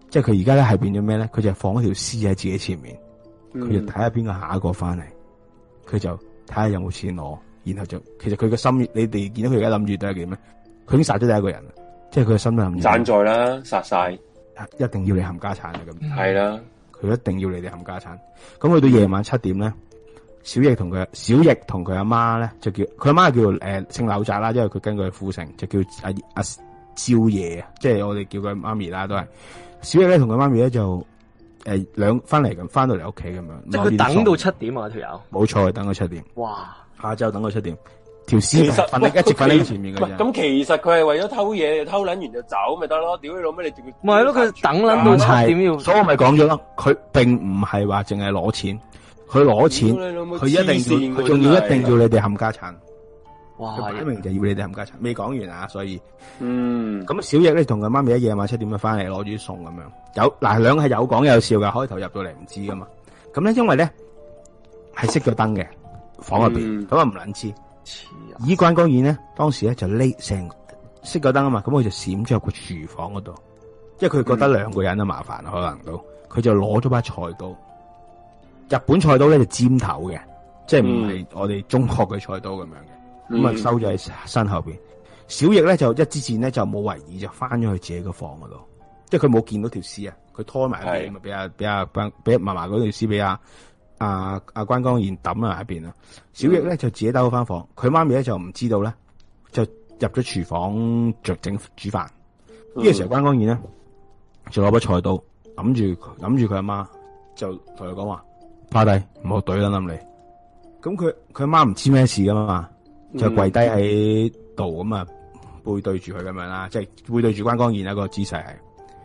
[SPEAKER 2] 即係佢而家咧係變咗咩咧？佢就放一條屍喺自己前面，佢就睇下邊個下一個翻嚟，佢就睇下有冇錢攞，然後就其實佢嘅心，你哋見到佢而家諗住都係點咧？佢已經殺咗第一個人啦，即係佢嘅心都諗。斬
[SPEAKER 1] 在啦，殺晒，一定要你冚家產啊！咁係啦，
[SPEAKER 2] 佢一定要你哋冚家產。咁去到夜晚七點咧。嗯小翼同佢，小翼同佢阿媽咧就叫佢阿媽叫誒、呃、姓柳澤啦，因為佢跟佢父姓就叫阿阿趙爺啊，啊即係我哋叫佢媽咪啦都係。小翼咧同佢媽咪咧就誒兩翻嚟咁，翻到嚟屋企咁樣。即係佢等到
[SPEAKER 3] 七點啊，條、這、友、個。
[SPEAKER 2] 冇錯，等到七點。哇！下晝等到七點，條屍瞓喺一直瞓喺前面嘅人。咁
[SPEAKER 1] 其，其實佢係為咗偷嘢，偷捻完就走咪得咯？屌你老
[SPEAKER 3] 咩？你咩？唔係咯？佢等捻
[SPEAKER 2] 到七點，所以我咪講咗咯，佢 並唔係話淨係攞錢。佢攞錢，佢、啊、一定要，佢仲要一定要你哋冚家產。哇，擺明就要你哋冚家產，未講完啊，所以嗯，咁小億咧同佢媽咪一夜晚七點就翻嚟，攞住啲餸咁樣。有嗱，兩、啊、個係有講有笑噶，可以投入到嚟唔知噶嘛。咁咧因為咧係熄咗燈嘅房入邊，咁啊唔撚知。耳關光然咧，當時咧就匿成熄咗燈啊嘛，咁佢就閃咗入個廚房嗰度，即係佢覺得兩個人都麻煩，可能都佢、嗯、就攞咗把菜刀。日本菜刀咧就尖頭嘅，即係唔係我哋中國嘅菜刀咁樣嘅，
[SPEAKER 5] 咁、嗯、啊收咗
[SPEAKER 2] 喺身後邊、嗯。小易咧就一支箭咧就冇懷疑，就翻咗去自己個房嗰度，即係佢冇見到條屍啊，佢拖埋嚟咪俾阿俾阿俾嫲嫲嗰條屍俾阿阿阿關光彥抌喺埋一邊啦。小易咧就自己兜翻房，佢媽咪咧就唔知道咧，就入咗廚房着整煮飯。呢、嗯這個時候關光彥咧就攞把菜刀諗住諗住佢阿媽就同佢講話。趴低，唔好懟啦！諗你，咁佢佢阿媽唔知咩事噶嘛，
[SPEAKER 4] 就跪低
[SPEAKER 2] 喺度咁啊，背對住佢咁樣啦，即係背對住關光彥。一、呢個姿勢係，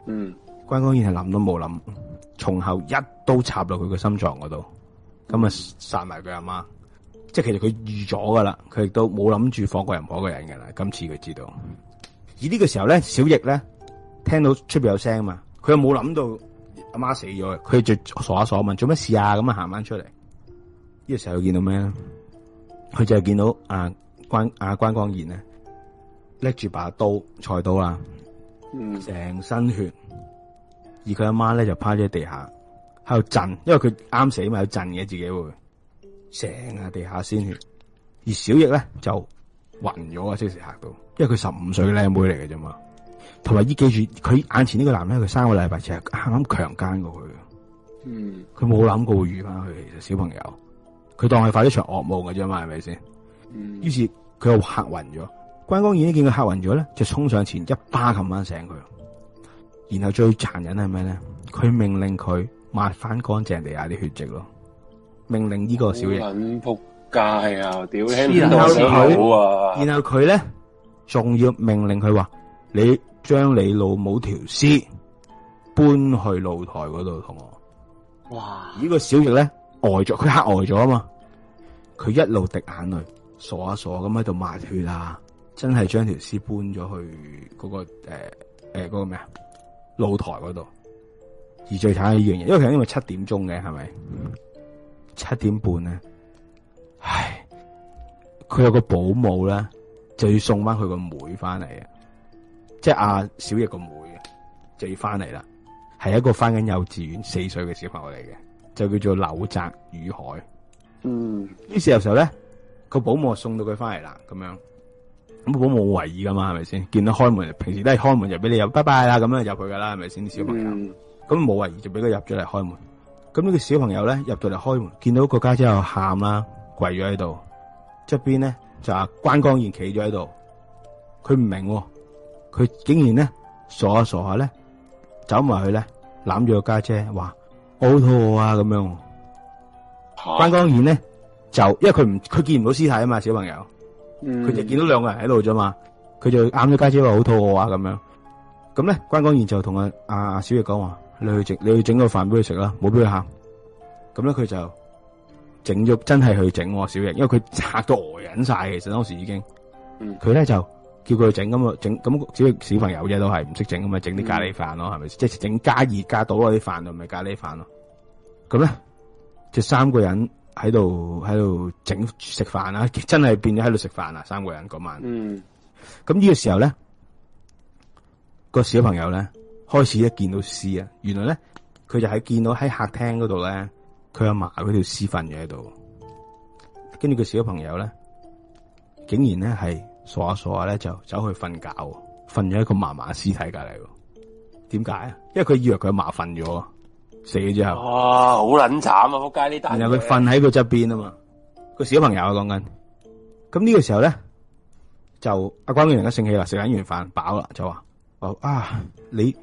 [SPEAKER 2] 嗯，關光彥係諗都冇諗，從後一刀插落佢個心臟嗰度，咁啊殺埋佢阿媽，即係其實佢預咗噶啦，佢亦都冇諗住放過任何一個人噶啦，今次佢知道。而、嗯、呢個時候咧，小易咧聽到出邊有聲嘛，佢又冇諗到。阿媽，媽死咗，佢就傻，一傻一下傻問做乜事啊？咁啊行翻出嚟，呢、這個時候見到咩咧？佢就見到阿、啊、關啊關光彥咧拎住把刀菜刀啦，啊，成、嗯、身血，而佢阿媽咧就趴咗喺地下喺度震，因為佢啱死嘛，有震嘅自己會成啊地下鮮血，而小億咧就暈咗啊！即時嚇到，因為佢十五歲嘅靚妹嚟嘅啫嘛。同埋依，記住，佢眼前呢個男呢，佢三個禮拜前係啱啱強姦過佢，佢冇諗過會遇翻佢小朋友，佢當係發生一場噩夢咋啫嘛，係咪先？於是、嗯、佢又嚇暈咗，關光已呢見佢嚇暈咗咧，就衝上前一巴冚翻醒佢，然後最殘忍係咩咧？佢命令佢抹翻乾淨地下啲血跡咯，命令呢個小嘢。
[SPEAKER 1] 撚仆街啊！屌你啊！
[SPEAKER 2] 然後佢咧，仲要命令佢話你。將你老母條屍搬去露台嗰度，同我。哇！呢個小玉咧呆咗，佢嚇呆咗啊嘛！佢一路滴眼淚，傻啊傻咁喺度抹血啦、啊、真係將條屍搬咗去嗰、嗰個誒誒嗰個咩啊露台嗰度。而最慘係一樣嘢，因為佢因為七點鐘嘅係咪？七點半咧，唉，佢有個保姆咧，就要送翻佢個妹翻嚟啊！即係阿小葉個妹，妹，就要翻嚟啦。係一個翻緊幼稚園四歲嘅小朋友嚟嘅，就叫做柳澤雨海。
[SPEAKER 4] 嗯，
[SPEAKER 2] 於是有時候咧，個保姆送到佢翻嚟啦，咁樣，咁個保姆冇為意噶嘛，係咪先？見到開門，平時都係開門就俾你入，拜拜啦，咁樣入去噶啦，係咪先啲小朋友？咁冇為意就俾佢入咗嚟開門。咁呢個小朋友咧入到嚟開門，見到個家姐，姐又喊啦，跪咗喺度，側邊咧就阿關光彥企咗喺度，佢唔明、哦。佢竟然咧傻下傻下咧，走埋去咧攬住個家姐，話好肚餓啊咁樣。啊、關光賢咧就，因為佢唔佢見唔到屍體啊嘛，小朋友，
[SPEAKER 4] 佢、嗯、就
[SPEAKER 2] 見到兩個人喺度啫嘛，佢就攬咗家姐話好肚餓啊咁樣。咁咧關光賢就同阿阿小月講話，你去整你去整個飯俾佢食啦，冇俾佢喊。咁咧佢就整咗真係去整小月，因為佢嚇到呆忍晒，其實當時已經嚇嚇，佢、嗯、咧就。叫佢整咁啊，整咁只要小朋友啫都係唔識整咁咪整啲咖喱飯咯，係、嗯、咪？即係整加熱加倒嗰啲飯，咪咖喱飯咯。咁咧，就三個人喺度喺度整食飯啦，真係變咗喺度食飯啊！三個人嗰晚。嗯。咁呢個時候咧，個小朋友咧開始一見到屍啊，原來咧佢就係見到喺客廳嗰度咧，佢阿媽嗰條屍瞓咗喺度，跟住個小朋友咧，竟然咧係。傻下傻下咧，就走去瞓覺，瞓咗一個麻麻嘅屍體隔籬。點解啊？因為佢以為佢麻瞓咗，死咗之後。哇，
[SPEAKER 1] 好撚慘啊！仆街呢單。然後佢瞓喺
[SPEAKER 2] 佢側邊啊嘛，個小朋友啊講緊。咁呢個時候咧，就阿關女人家醒起啦，食緊完飯飽啦，就話：哦啊，你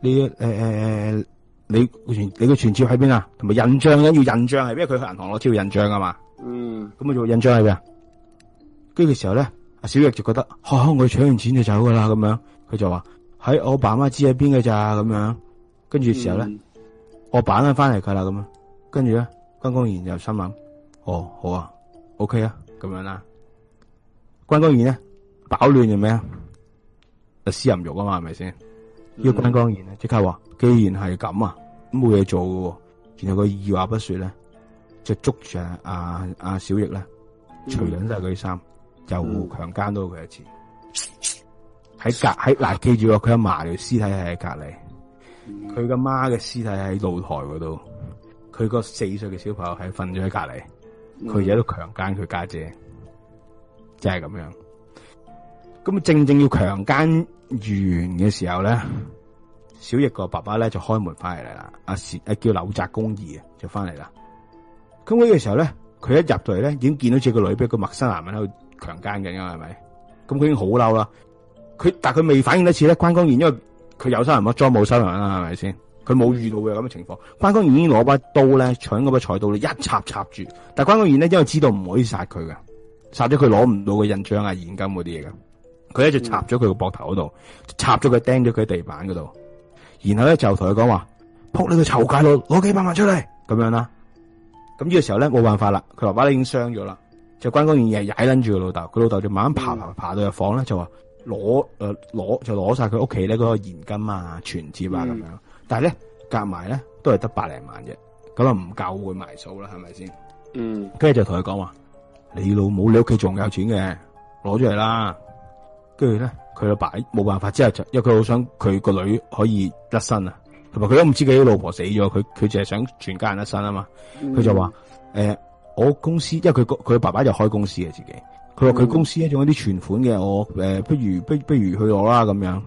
[SPEAKER 2] 你誒誒誒，你、呃、你個存摺喺邊啊？同埋印章，緊要印章係咩？佢去銀行攞條印章啊嘛。嗯。咁佢做印章喺邊啊？跟住時候咧。小易就覺得、哦，我搶完錢就走噶啦，咁樣佢就話喺我爸媽知喺邊嘅咋，咁樣跟住時候咧，嗯、我爸翻翻嚟佢啦，咁樣跟住咧，關光賢就心諗，哦好啊，OK 啊，咁樣啦，關光賢咧飽暖就咩啊？思淫慾啊嘛，係咪先？呢、嗯、個關光賢咧即刻話，嗯、既然係咁啊，冇嘢做嘅，然後佢二話不說咧，就捉住阿阿小易咧，除緊晒佢啲衫。嗯就強奸到佢一次喺隔喺嗱，記住佢阿嫲條屍體係喺隔離，佢個媽嘅屍體喺露台嗰度，佢個四歲嘅小朋友喺瞓咗喺隔離，佢而家都強奸佢家姐，姐，真係咁樣。咁正正要強奸完嘅時候咧，小玉個爸爸咧就開門翻嚟嚟啦。阿、啊、叫柳澤公義啊，就翻嚟啦。咁呢個時候咧，佢一入到嚟咧，已經見到住個女俾個陌生男人喺度。強姦嘅，係咪？咁佢已經好嬲啦。佢但係佢未反應一次咧。關公賢因為佢有收入乜裝冇收入啦，係咪先？佢冇遇到嘅咁嘅情況。關公賢已經攞把刀咧，搶嗰把菜刀咧，一插插住。但係關公賢呢，因為知道唔可以殺佢嘅，殺咗佢攞唔到嘅印章啊、現金嗰啲嘢噶。佢一直插咗佢個膊頭嗰度，插咗佢釘咗佢喺地板嗰度。然後咧就同佢講話：，扑、嗯、你個臭戒佬，攞幾百萬出嚟咁樣啦。咁呢個時候咧冇辦法啦，佢爸爸已經傷咗啦。就關嗰件嘢踩捻住個老豆，佢老豆就慢慢爬，爬爬爬到入房咧、嗯，就話攞誒攞就攞晒佢屋企咧嗰個現金啊、存折啊咁樣，但係咧夾埋咧都係得百零萬啫，咁啊唔夠會埋數啦，係咪先？嗯，是是嗯跟住就同佢講話：你老母你屋企仲有錢嘅，攞出嚟啦！跟住咧佢阿爸冇辦法，之後就因為佢好想佢個女可以甩身啊，同埋佢都唔知佢老婆死咗，佢佢淨係想全家人甩身啊嘛，佢、嗯、就話誒。欸我公司，因為佢佢爸爸就開公司嘅自己，佢話佢公司咧仲有啲存款嘅，我誒，不、呃、如不不如去攞啦咁樣。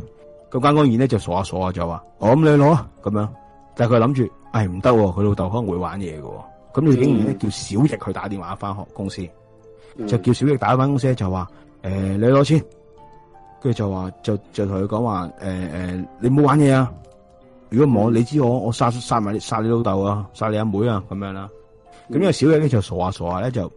[SPEAKER 2] 咁間公司咧就傻下傻下就話、嗯，我咁你攞啊咁樣。但係佢諗住，唉、哎，唔得，佢老豆可能會玩嘢嘅。咁你竟然咧叫小翼去打電話翻學公司、嗯，
[SPEAKER 4] 就叫
[SPEAKER 2] 小翼打翻公司就話，誒、呃、你攞錢，跟住就話就就同佢講話，誒、呃、誒、呃、你冇玩嘢啊！如果唔係你知我，我殺殺埋殺，殺你老豆啊，殺你阿妹啊咁樣啦。咁因為小玉呢就傻下傻下咧，就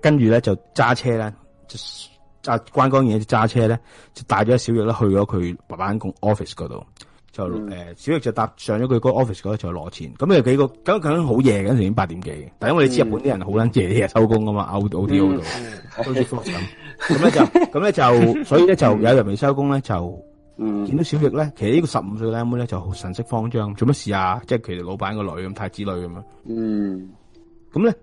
[SPEAKER 2] 跟住咧就揸車咧，揸關關嘢揸車咧，就帶咗小玉咧去咗佢辦公 office 嗰度，就、嗯呃、小玉就搭上咗佢個 office 嗰度就攞錢。咁、那個幾、那個咁咁好夜，嘅、那個，陣已經八點幾。但因為你知日本啲人好撚夜啲收工噶嘛，out o u o o 度，f o c e 咁。咁咧、嗯、 就咁咧就，所以咧就有人未收工咧就。嗯，見到小玉咧，其實呢個十五歲靚妹咧就好神色慌張，做乜事啊？即係其實老闆個女咁，太子女咁樣。嗯，咁咧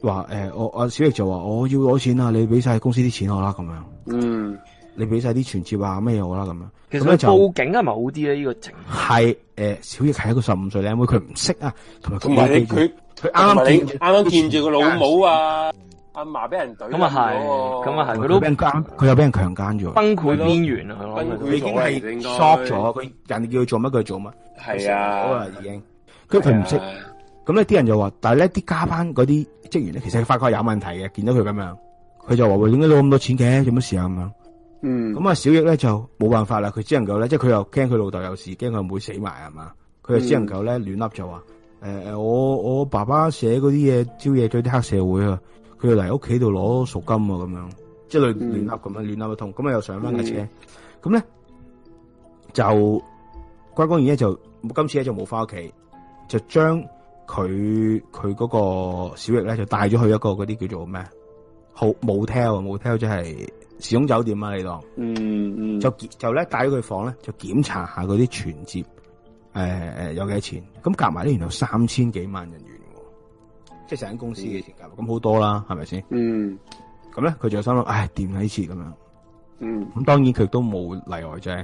[SPEAKER 2] 話誒，我阿小玉就話我要攞錢啊，你俾晒公司啲錢我啦，咁樣。嗯，你俾晒啲存折啊，咩嘢我啦，咁樣。其實就報
[SPEAKER 3] 警係咪好啲咧？呢、這個情
[SPEAKER 2] 係誒、呃，小玉係一個十五歲靚妹，佢唔識啊，同埋同埋佢佢啱啱啱
[SPEAKER 3] 啱見住個老
[SPEAKER 1] 母啊。阿嫲俾人懟，咁啊係，咁啊係，佢都俾人
[SPEAKER 2] 奸，佢又俾人強奸咗，崩潰邊緣佢已經係 shock 咗，佢人哋叫佢做乜佢做乜，係啊，已經，佢佢唔識，咁呢啲人就話，但係呢啲加班嗰啲職員咧，其實佢發覺有問題嘅，見到佢咁樣，佢就話喂，點解攞咁多錢嘅，有乜事啊咁樣，
[SPEAKER 4] 嗯，
[SPEAKER 2] 咁啊小億咧就冇辦法啦，佢只能夠咧，即係佢又驚佢老豆有事，驚佢阿妹死埋係嘛，佢又只能夠咧亂笠就話，誒誒、嗯呃、我我爸爸寫嗰啲嘢招惹咗啲黑社會啊。佢又嚟屋企度攞贖金啊，咁樣即係亂聯鬧咁樣，聯鬧咪痛，咁啊又上翻架車，咁、嗯、咧就關公然咧就今次咧就冇翻屋企，就將佢佢個小玉咧就帶咗去一個啲叫做咩好 hotel 啊 hotel 即係時鐘酒店啊，你當嗯嗯就就咧帶咗佢房咧就檢查下啲存折誒誒有幾多錢，咁夾埋咧原來然三千幾萬人。即係成間公司嘅情感，咁好多啦，係咪先？嗯。咁咧，佢仲有心諗，唉，掂下次咁樣。嗯。咁當然佢都冇例外啫，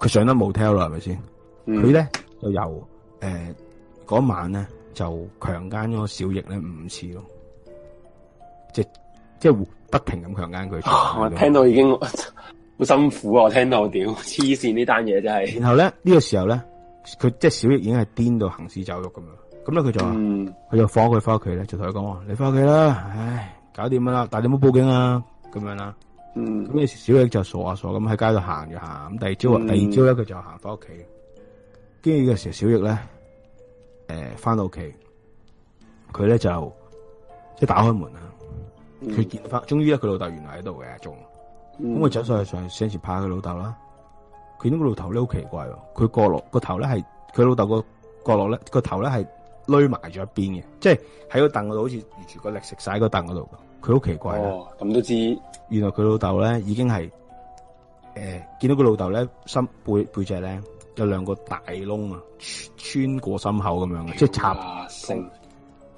[SPEAKER 2] 佢、就是、上得 hotel 啦，係咪先？佢、嗯、咧就由誒嗰、呃、晚咧就強姦咗小翼咧五次咯，即即係不停咁強姦佢，哦。我聽到已經
[SPEAKER 1] 好辛苦啊！我聽到屌黐線呢單嘢真係。然後
[SPEAKER 2] 咧呢，呢個時候咧，佢即係小翼已經係癲到行屍走肉咁樣。咁咧佢就，佢、嗯、就放佢翻屋企咧，就同佢講話，你翻屋企啦，唉，搞掂啦，但係你冇報警啊，咁樣啦。咁、嗯、嘅時，小益就傻阿傻咁喺街度行住行。咁第二朝、嗯、第二朝咧佢就行翻屋企。跟住嘅時，小益咧，誒，翻到屋企，佢咧就即係打開門啊，佢、嗯、見翻，終於咧佢老豆原來喺度嘅，仲。咁佢走上去上先前拍佢老豆啦，佢呢個頭咧好奇怪喎，佢角落個頭咧係，佢老豆個角落咧個頭咧係。攰埋咗一邊嘅，即係喺個凳嗰度，好似住全個力食晒喺個凳嗰度。佢好奇怪啦，咁、哦、都知。原來佢老豆咧已經係誒，見、呃、到佢老豆咧心背背脊咧有兩個大窿啊，穿過心口咁樣、啊，即係插，啊、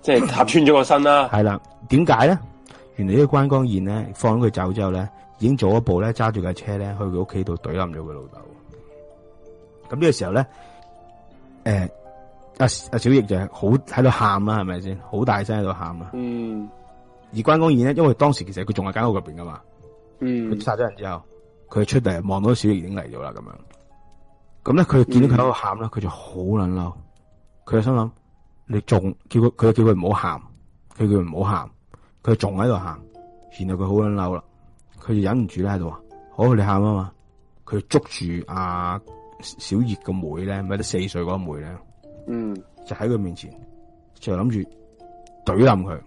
[SPEAKER 2] 即係插穿咗個身啦、啊。係 啦，點解咧？原來呢個關光彥咧放咗佢走之後咧，已經早一步咧揸住架車咧去佢屋企度懟冧咗佢老豆。咁呢個時候咧，誒、呃。阿阿小葉就係好喺度喊啦，係咪先？好大聲喺度喊啊！嗯。而關公然咧，因為當時其實佢仲係間屋入邊噶嘛，嗯。佢殺咗人之後，佢出嚟望到小葉已經嚟咗啦，咁樣。咁咧，佢見到佢喺度喊啦，佢就好撚嬲。佢、嗯、就心諗你仲叫佢，佢叫佢唔好喊，佢叫佢唔好喊，佢仲喺度喊，然後佢好撚嬲啦。佢就忍唔住咧喺度話：好你喊啊嘛！佢捉住阿、啊、小葉個妹咧，咪得四歲嗰個妹咧。嗯，就喺佢面前，就諗住懟冧佢，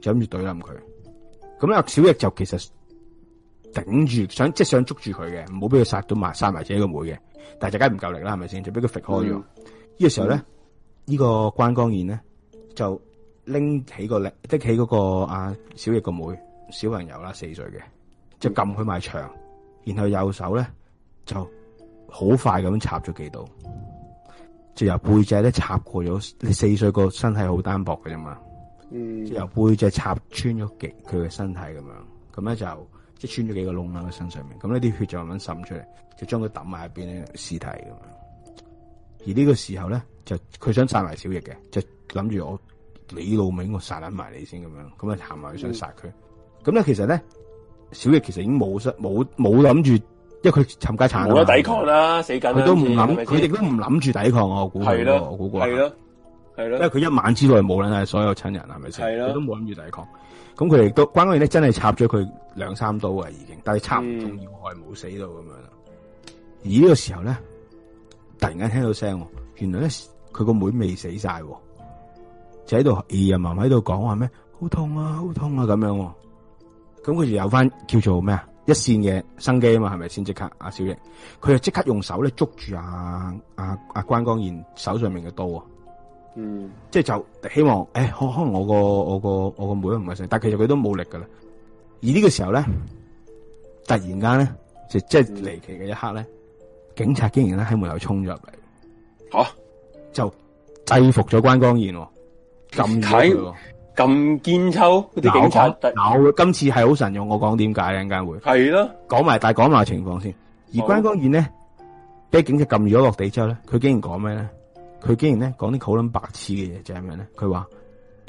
[SPEAKER 2] 就諗住懟冧佢。咁、嗯、咧，小翼就其實頂住，想即係想捉住佢嘅，唔好俾佢殺到埋殺埋自己個妹嘅。但係就梗係唔夠力啦，係咪先？就俾佢甩開咗。呢、嗯這個時候咧，呢、嗯這個關光彥咧就拎起、那個拎起嗰個阿小翼個妹，妹小朋友啦，四歲嘅，就撳佢埋牆，然後右手咧就好快咁插咗幾刀。就由背脊咧插過咗，你四歲個身體好單薄嘅啫嘛。嗯，
[SPEAKER 4] 就由
[SPEAKER 2] 背脊插穿咗幾佢嘅身體咁樣，咁咧就即係穿咗幾個窿喺佢身上面。咁呢啲血就咁滲出嚟，就將佢抌埋入邊嘅屍體咁樣。而呢個時候咧，就佢想殺埋小翼嘅，就諗住我你老味我殺捻埋你先咁樣。咁啊行埋去想殺佢。咁、嗯、咧其實咧，小翼其實已經冇失冇冇諗住。因為佢參加產，佢都唔諗，佢哋都唔諗住抵抗。我估係咯，我估估係咯，係咯。因為佢一晚之內，是無論係所有親人，係咪先？佢都冇諗住抵抗。咁佢亦都關陣嗰咧，真係插咗佢兩三刀呀，已經。但係插唔中要害，冇、嗯、死到咁樣。而呢個時候咧，突然間聽到聲，原來咧佢個妹未死晒，就喺度爺爺嫲嫲喺度講話咩？好、哎、痛啊，好痛啊！咁樣，咁佢就有翻叫做咩啊？一線嘅生機啊嘛，係咪先即刻？阿小瑩，佢就即刻用手咧捉住阿阿阿關光彥手上面嘅刀啊！嗯，即係就希望，誒、欸，可可能我個我個我個妹唔係成，但其實佢都冇力噶啦。而呢個時候咧，突然間咧，就是、即即係離奇嘅一刻咧，警察竟然咧喺門口衝入嚟，吓、啊、就制服咗關光彥喎。咁睇。
[SPEAKER 1] 咁堅秋，嗰啲警察有，
[SPEAKER 2] 今次係好神勇我講點解？陣間會係咯？講埋，但係講埋情況先。而關光遠呢啲、哦、警察撳住咗落地之後咧，佢竟然講咩咧？佢竟然咧講啲好撚白痴嘅嘢，就係咩咧？佢話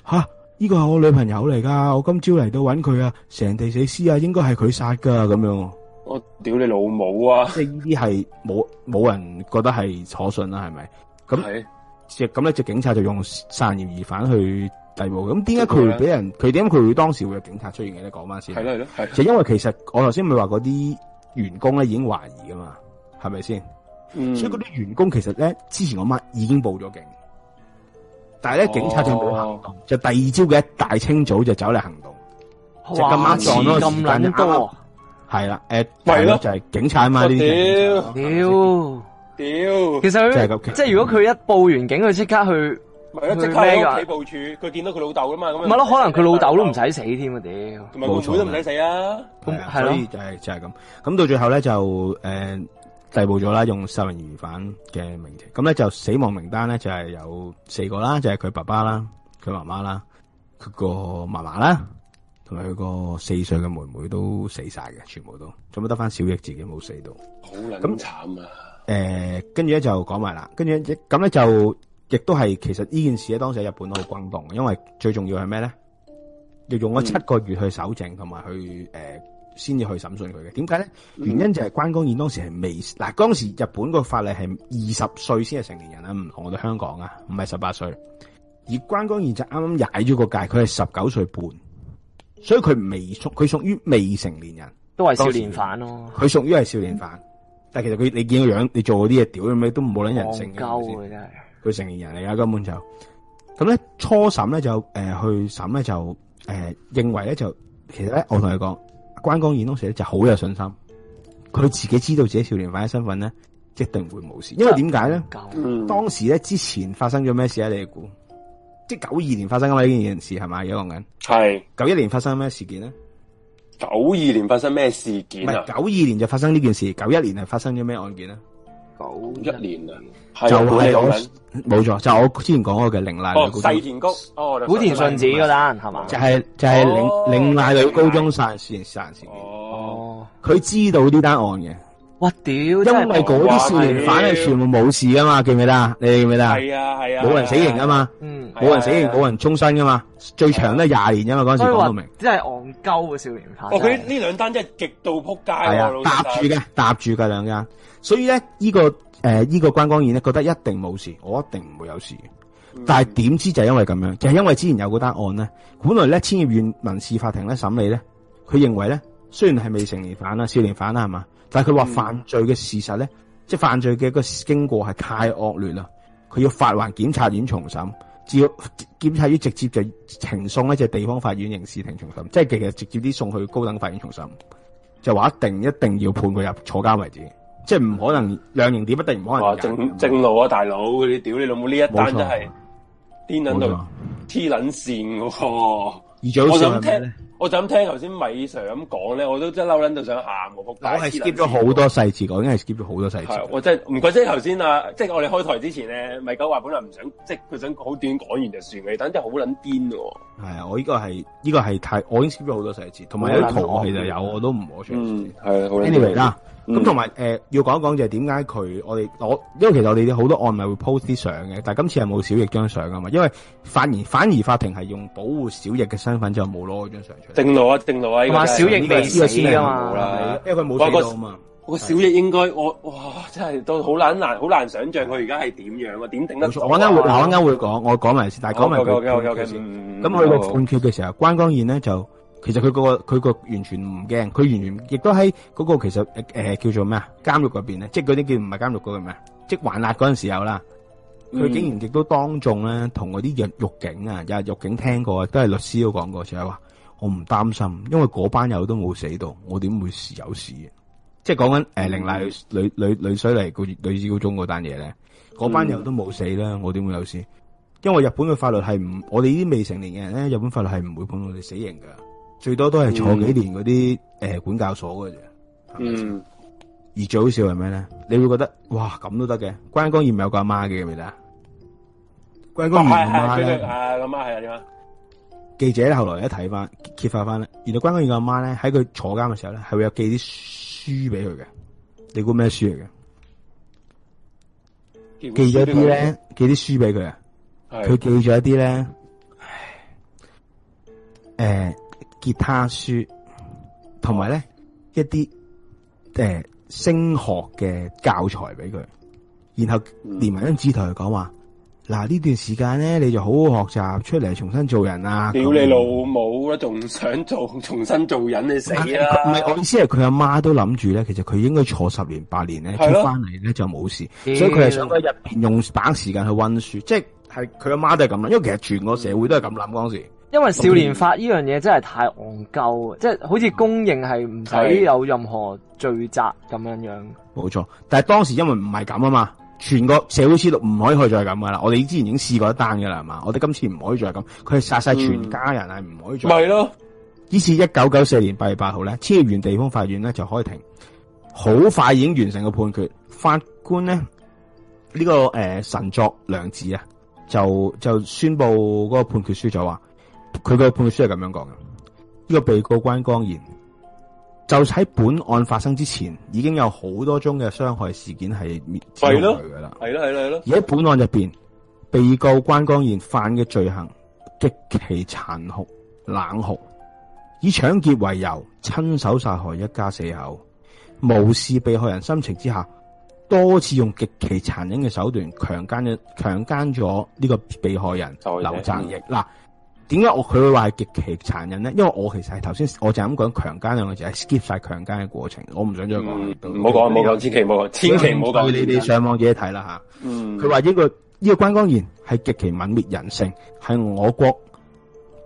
[SPEAKER 2] 吓，呢個係我女朋友嚟噶，我今朝嚟到揾佢啊，成地死屍啊，應該係佢殺噶咁樣。我屌你老母啊！即係呢啲係冇冇人覺得係可信啦，係咪？咁即咁咧，只警察就用散嫌疑犯去。逮捕咁，點解佢會俾人？佢點解佢會當時會有警察出現嘅咧？講翻先，係咯係咯，就因為其實我頭先咪話嗰啲員工咧已經懷疑噶嘛，係咪先？所以嗰啲員工其實咧之前我媽已經報咗警，但係咧警察就冇行動、哦，就第二朝嘅一大清早就走嚟行動。
[SPEAKER 3] 就咁遲咁難多，
[SPEAKER 2] 係啦，誒、呃，咪咯，就係、是、警察嘛
[SPEAKER 3] 呢啲屌屌，其實即係、就是、如果佢一報完警，佢即刻去。咪即刻起屋企部
[SPEAKER 1] 署，佢見到佢老豆噶嘛？咁咪咯，可能佢老豆
[SPEAKER 3] 都唔使死添啊！屌，冇錯，妹妹都唔使死啊！所以就係、嗯、就係咁。咁到最後咧，
[SPEAKER 2] 就、呃、誒逮捕咗啦，用殺人疑犯嘅名詞。咁咧就死亡名單咧就係有四個啦，就係、是、佢爸爸啦、佢媽媽啦、佢個嫲嫲啦，同埋佢個四歲嘅妹妹都死晒嘅，全部都，做乜得翻小益自己冇死到，
[SPEAKER 1] 好撚慘啊！
[SPEAKER 2] 誒，跟住咧就講埋啦，跟住咁咧就。亦都係，其實呢件事咧，當時喺日本好轟動嘅，因為最重要係咩咧？要用咗七個月去搜證，同、嗯、埋去誒，先、呃、至去審訊佢嘅。點解咧？原因就係關光彥當時係未嗱，當時日本個法例係二十歲先係成年人啊，唔同我哋香港啊，唔係十八歲。而關光彥就啱啱踩咗個界，佢係十九歲半，所以佢未屬，佢屬於未成年
[SPEAKER 3] 人，都係少年犯咯。佢、哦、
[SPEAKER 2] 屬於係少年犯、嗯，但係其實佢你見個樣，你做嗰啲嘢屌咁樣，都冇諗人性嘅，真係。佢成年人嚟㗎，根本就咁咧。初審咧就誒、呃、去審咧就誒、呃、認為咧就其實咧，我同你講，關光彥當時咧就好有信心，佢自己知道自己少年犯嘅身份咧，一定會冇事。因為點解咧？嗯、當時咧之前發生咗咩事啊？你估即係九二年發生咗呢件事係嘛？而家講緊係九一年發生咩事件咧？
[SPEAKER 1] 九二年發生咩事件、啊？唔係
[SPEAKER 2] 九二年就發生呢件事。九一年係發生咗咩案件咧？
[SPEAKER 1] 九一年啊，就
[SPEAKER 2] 係冇錯，就是、我之前講過嘅凌麗女細田谷哦，
[SPEAKER 3] 古田順子嗰單係嘛、哦？就係、是、就係
[SPEAKER 2] 凌凌麗女高中殺人殺事哦，佢、哦哦、知道呢單案嘅。哇！屌，因為嗰啲少年犯係全部冇事啊嘛，記唔記得啊？你記唔記得是啊？係啊，係啊，
[SPEAKER 1] 冇人死刑啊嘛，嗯、
[SPEAKER 2] 啊，冇、啊、人死刑，冇、啊、人終身噶嘛、啊啊，最長都係廿年啫嘛。嗰、嗯、陣時講到明真
[SPEAKER 1] 係戇鳩嘅少年犯。哦，佢呢兩單真係極度撲街啊！搭住嘅，
[SPEAKER 2] 搭住嘅兩單，所以咧呢、那個誒呢、喔啊這個關、呃這個、光義咧覺得一定冇事，我一定唔會有事、嗯。但係點知就係因為咁樣，就係因為之前有嗰單案咧，本來咧，千葉縣民事法庭咧審理咧，佢認為咧，雖然係未成年犯啦，少年犯啦，係嘛？但係佢話犯罪嘅事實咧、嗯，即係犯罪嘅個經過係太惡劣啦，佢要發還檢察院重審，只要檢察院直接就呈送一隻地方法院刑事庭重審，即係其實直接啲送去高等法院重審，就話一定一定要判佢入坐監為止，即係唔可能量刑點，一定唔可能。可能人人
[SPEAKER 1] 正正路啊大佬，你屌你老母呢一單真係癲捻到黐捻線嘅，而最好笑係咩呢？我想聽。我就咁聽頭先米 Sir 咁講咧，我都真嬲撚到想喊喎！我係 skip 咗好
[SPEAKER 2] 多細節，我已經係 skip 咗好多細節。即
[SPEAKER 1] 真係唔怪啫，頭先啊，即係我哋開台之前咧，米九話本來唔想，即係佢想好短講完就算嘅，但真係好撚癲喎！
[SPEAKER 2] 係啊，我呢個係呢、呢個係太，我已經 skip 咗好多細節，有有同埋有啲圖我其實有，我都唔攞出 anyway 啦、嗯，咁同埋誒要講一講就係點解佢我哋我因為其實我哋好多案咪會 post 啲相嘅，但係今次係冇小翼張相啊嘛，因為反而反而法庭係用保護小翼嘅身份就冇攞嗰張相出。
[SPEAKER 1] 定落啊！定落啊！話小易未死啊嘛，因為佢冇死到嘛。個小易應該我哇，真係都好難難，好難想象佢而家係點樣啊？點頂得？我啱會，我
[SPEAKER 2] 啱會講，我講埋先，但係講埋佢。
[SPEAKER 1] 咁去到
[SPEAKER 2] 判決嘅時候，關光燕咧就，其實佢個佢個完全唔驚，佢完全亦都喺嗰個其實誒誒叫做咩啊？監獄嗰邊啊，即係嗰啲叫唔係監獄嗰個咩啊？即係還押嗰陣時候啦，
[SPEAKER 5] 佢竟然
[SPEAKER 2] 亦都當眾咧同嗰啲獄獄警啊，又係獄警聽過，都係律師都講過，就係話。我唔擔心，因為嗰班友都冇死到，我點會有事？即係講緊誒，綾瀨女女女水嚟個女子高中嗰單嘢咧，嗰班友都冇死啦，我點會有事？因為日本嘅法律係唔，我哋呢啲未成年嘅人咧，日本法律係唔會判到你死刑嘅，最多都係坐幾年嗰啲、嗯、管教所嘅啫。嗯。而最好笑係咩咧？你會覺得哇咁都得嘅？關光彥唔係有個阿媽嘅未啊？關光彥阿媽係啊點啊？啊啊記者咧後來一睇，翻揭發翻咧，原來關光彥個阿媽咧喺佢坐監嘅時候咧，係會有寄啲書俾佢嘅。你估咩書嚟嘅？寄咗啲咧，寄啲書俾佢啊！佢寄咗一啲咧，誒，吉、呃、他書，同埋咧一啲誒、呃、升學嘅教材俾佢，然後連埋張紙同佢講話。嗯嗱，呢段時間咧，你就好好學習出嚟重新做人啊！屌你老
[SPEAKER 1] 母啊，仲、嗯、想做重新做人你死啦！唔係，
[SPEAKER 2] 我意思係佢阿媽都諗住咧，其實佢應該坐十年八年咧，出翻嚟咧就冇事，所以佢係想喺入邊用把時間去溫書，即係佢阿媽都係咁諗，因為其實全個社會都係咁諗嗰陣時。因為少年
[SPEAKER 3] 法呢樣嘢真係太戇鳩、嗯，即係好似公認係唔使有任何罪責咁樣樣。
[SPEAKER 2] 冇、嗯、錯，但係當時因為唔係咁啊嘛。全個社會思路唔可以再咁噶啦，我哋之前已經試過一單噶啦，係嘛？我哋今次唔可以再咁，佢殺晒全家人係唔、
[SPEAKER 3] 嗯、可以再。咪咯，
[SPEAKER 2] 於是一九九四年八月八號咧，千葉縣地方法院咧就開庭，好快已經完成個判決，法官咧呢、這個誒、呃、神作良子啊，就就宣布嗰個判決書就話，佢個判決書係咁樣講嘅，呢、這個被告關光賢。就喺本案發生之前，已經有好多宗嘅傷害事件係揭露佢噶啦。係咯，係
[SPEAKER 4] 啦，係咯。而
[SPEAKER 2] 喺本案入邊，被告關光彥犯嘅罪行極其殘酷冷酷，以搶劫為由親手殺害一家四口，無視被害人心情之下，多次用極其殘忍嘅手段強姦咗強姦咗呢個被害人劉振毅嗱。點解佢會話係極其殘忍咧？因為我其實係頭先，我就咁講強姦兩個字，skip 晒強姦嘅過程，我唔想再講。唔好講，唔好千祈唔好講，千祈唔好講。你你上網嘢睇啦吓。嗯。佢話呢個呢、這個關光彥係極其泯滅人性，係我國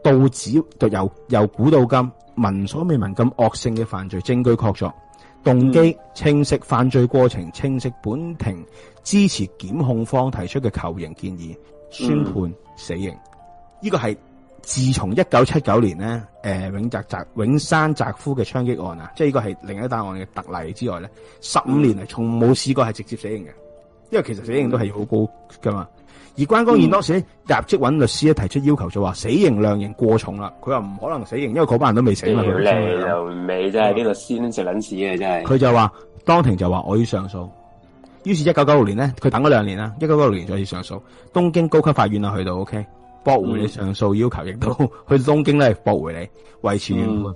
[SPEAKER 2] 道指，就由由古到今聞所未聞咁惡性嘅犯罪證據確鑿，動機、嗯、清晰，犯罪過程清晰，本庭支持檢控方提出嘅求刑建議，宣判死刑。呢、嗯這個係。自從一九七九年咧，誒、呃、永澤永山澤夫嘅槍擊案啊，即係呢個係另一單案嘅特例之外咧，十五年嚟從冇試過係直接死刑嘅，因為其實死刑都係好高㗎嘛。而關光彥、嗯、當時立即揾律師咧提出要求就話：死刑量刑過重啦，佢話唔可能死刑，因為嗰班人都未死嘛。佢就話：未真係呢個師食撚屎嘅真係。佢就話當庭就話我要上訴，於是1996年咧，佢等咗兩年啦，1996年再要上訴，東京高級法院啊去到 OK。駁回你上訴要求，亦都去東京咧駁回你維持原判，嗯。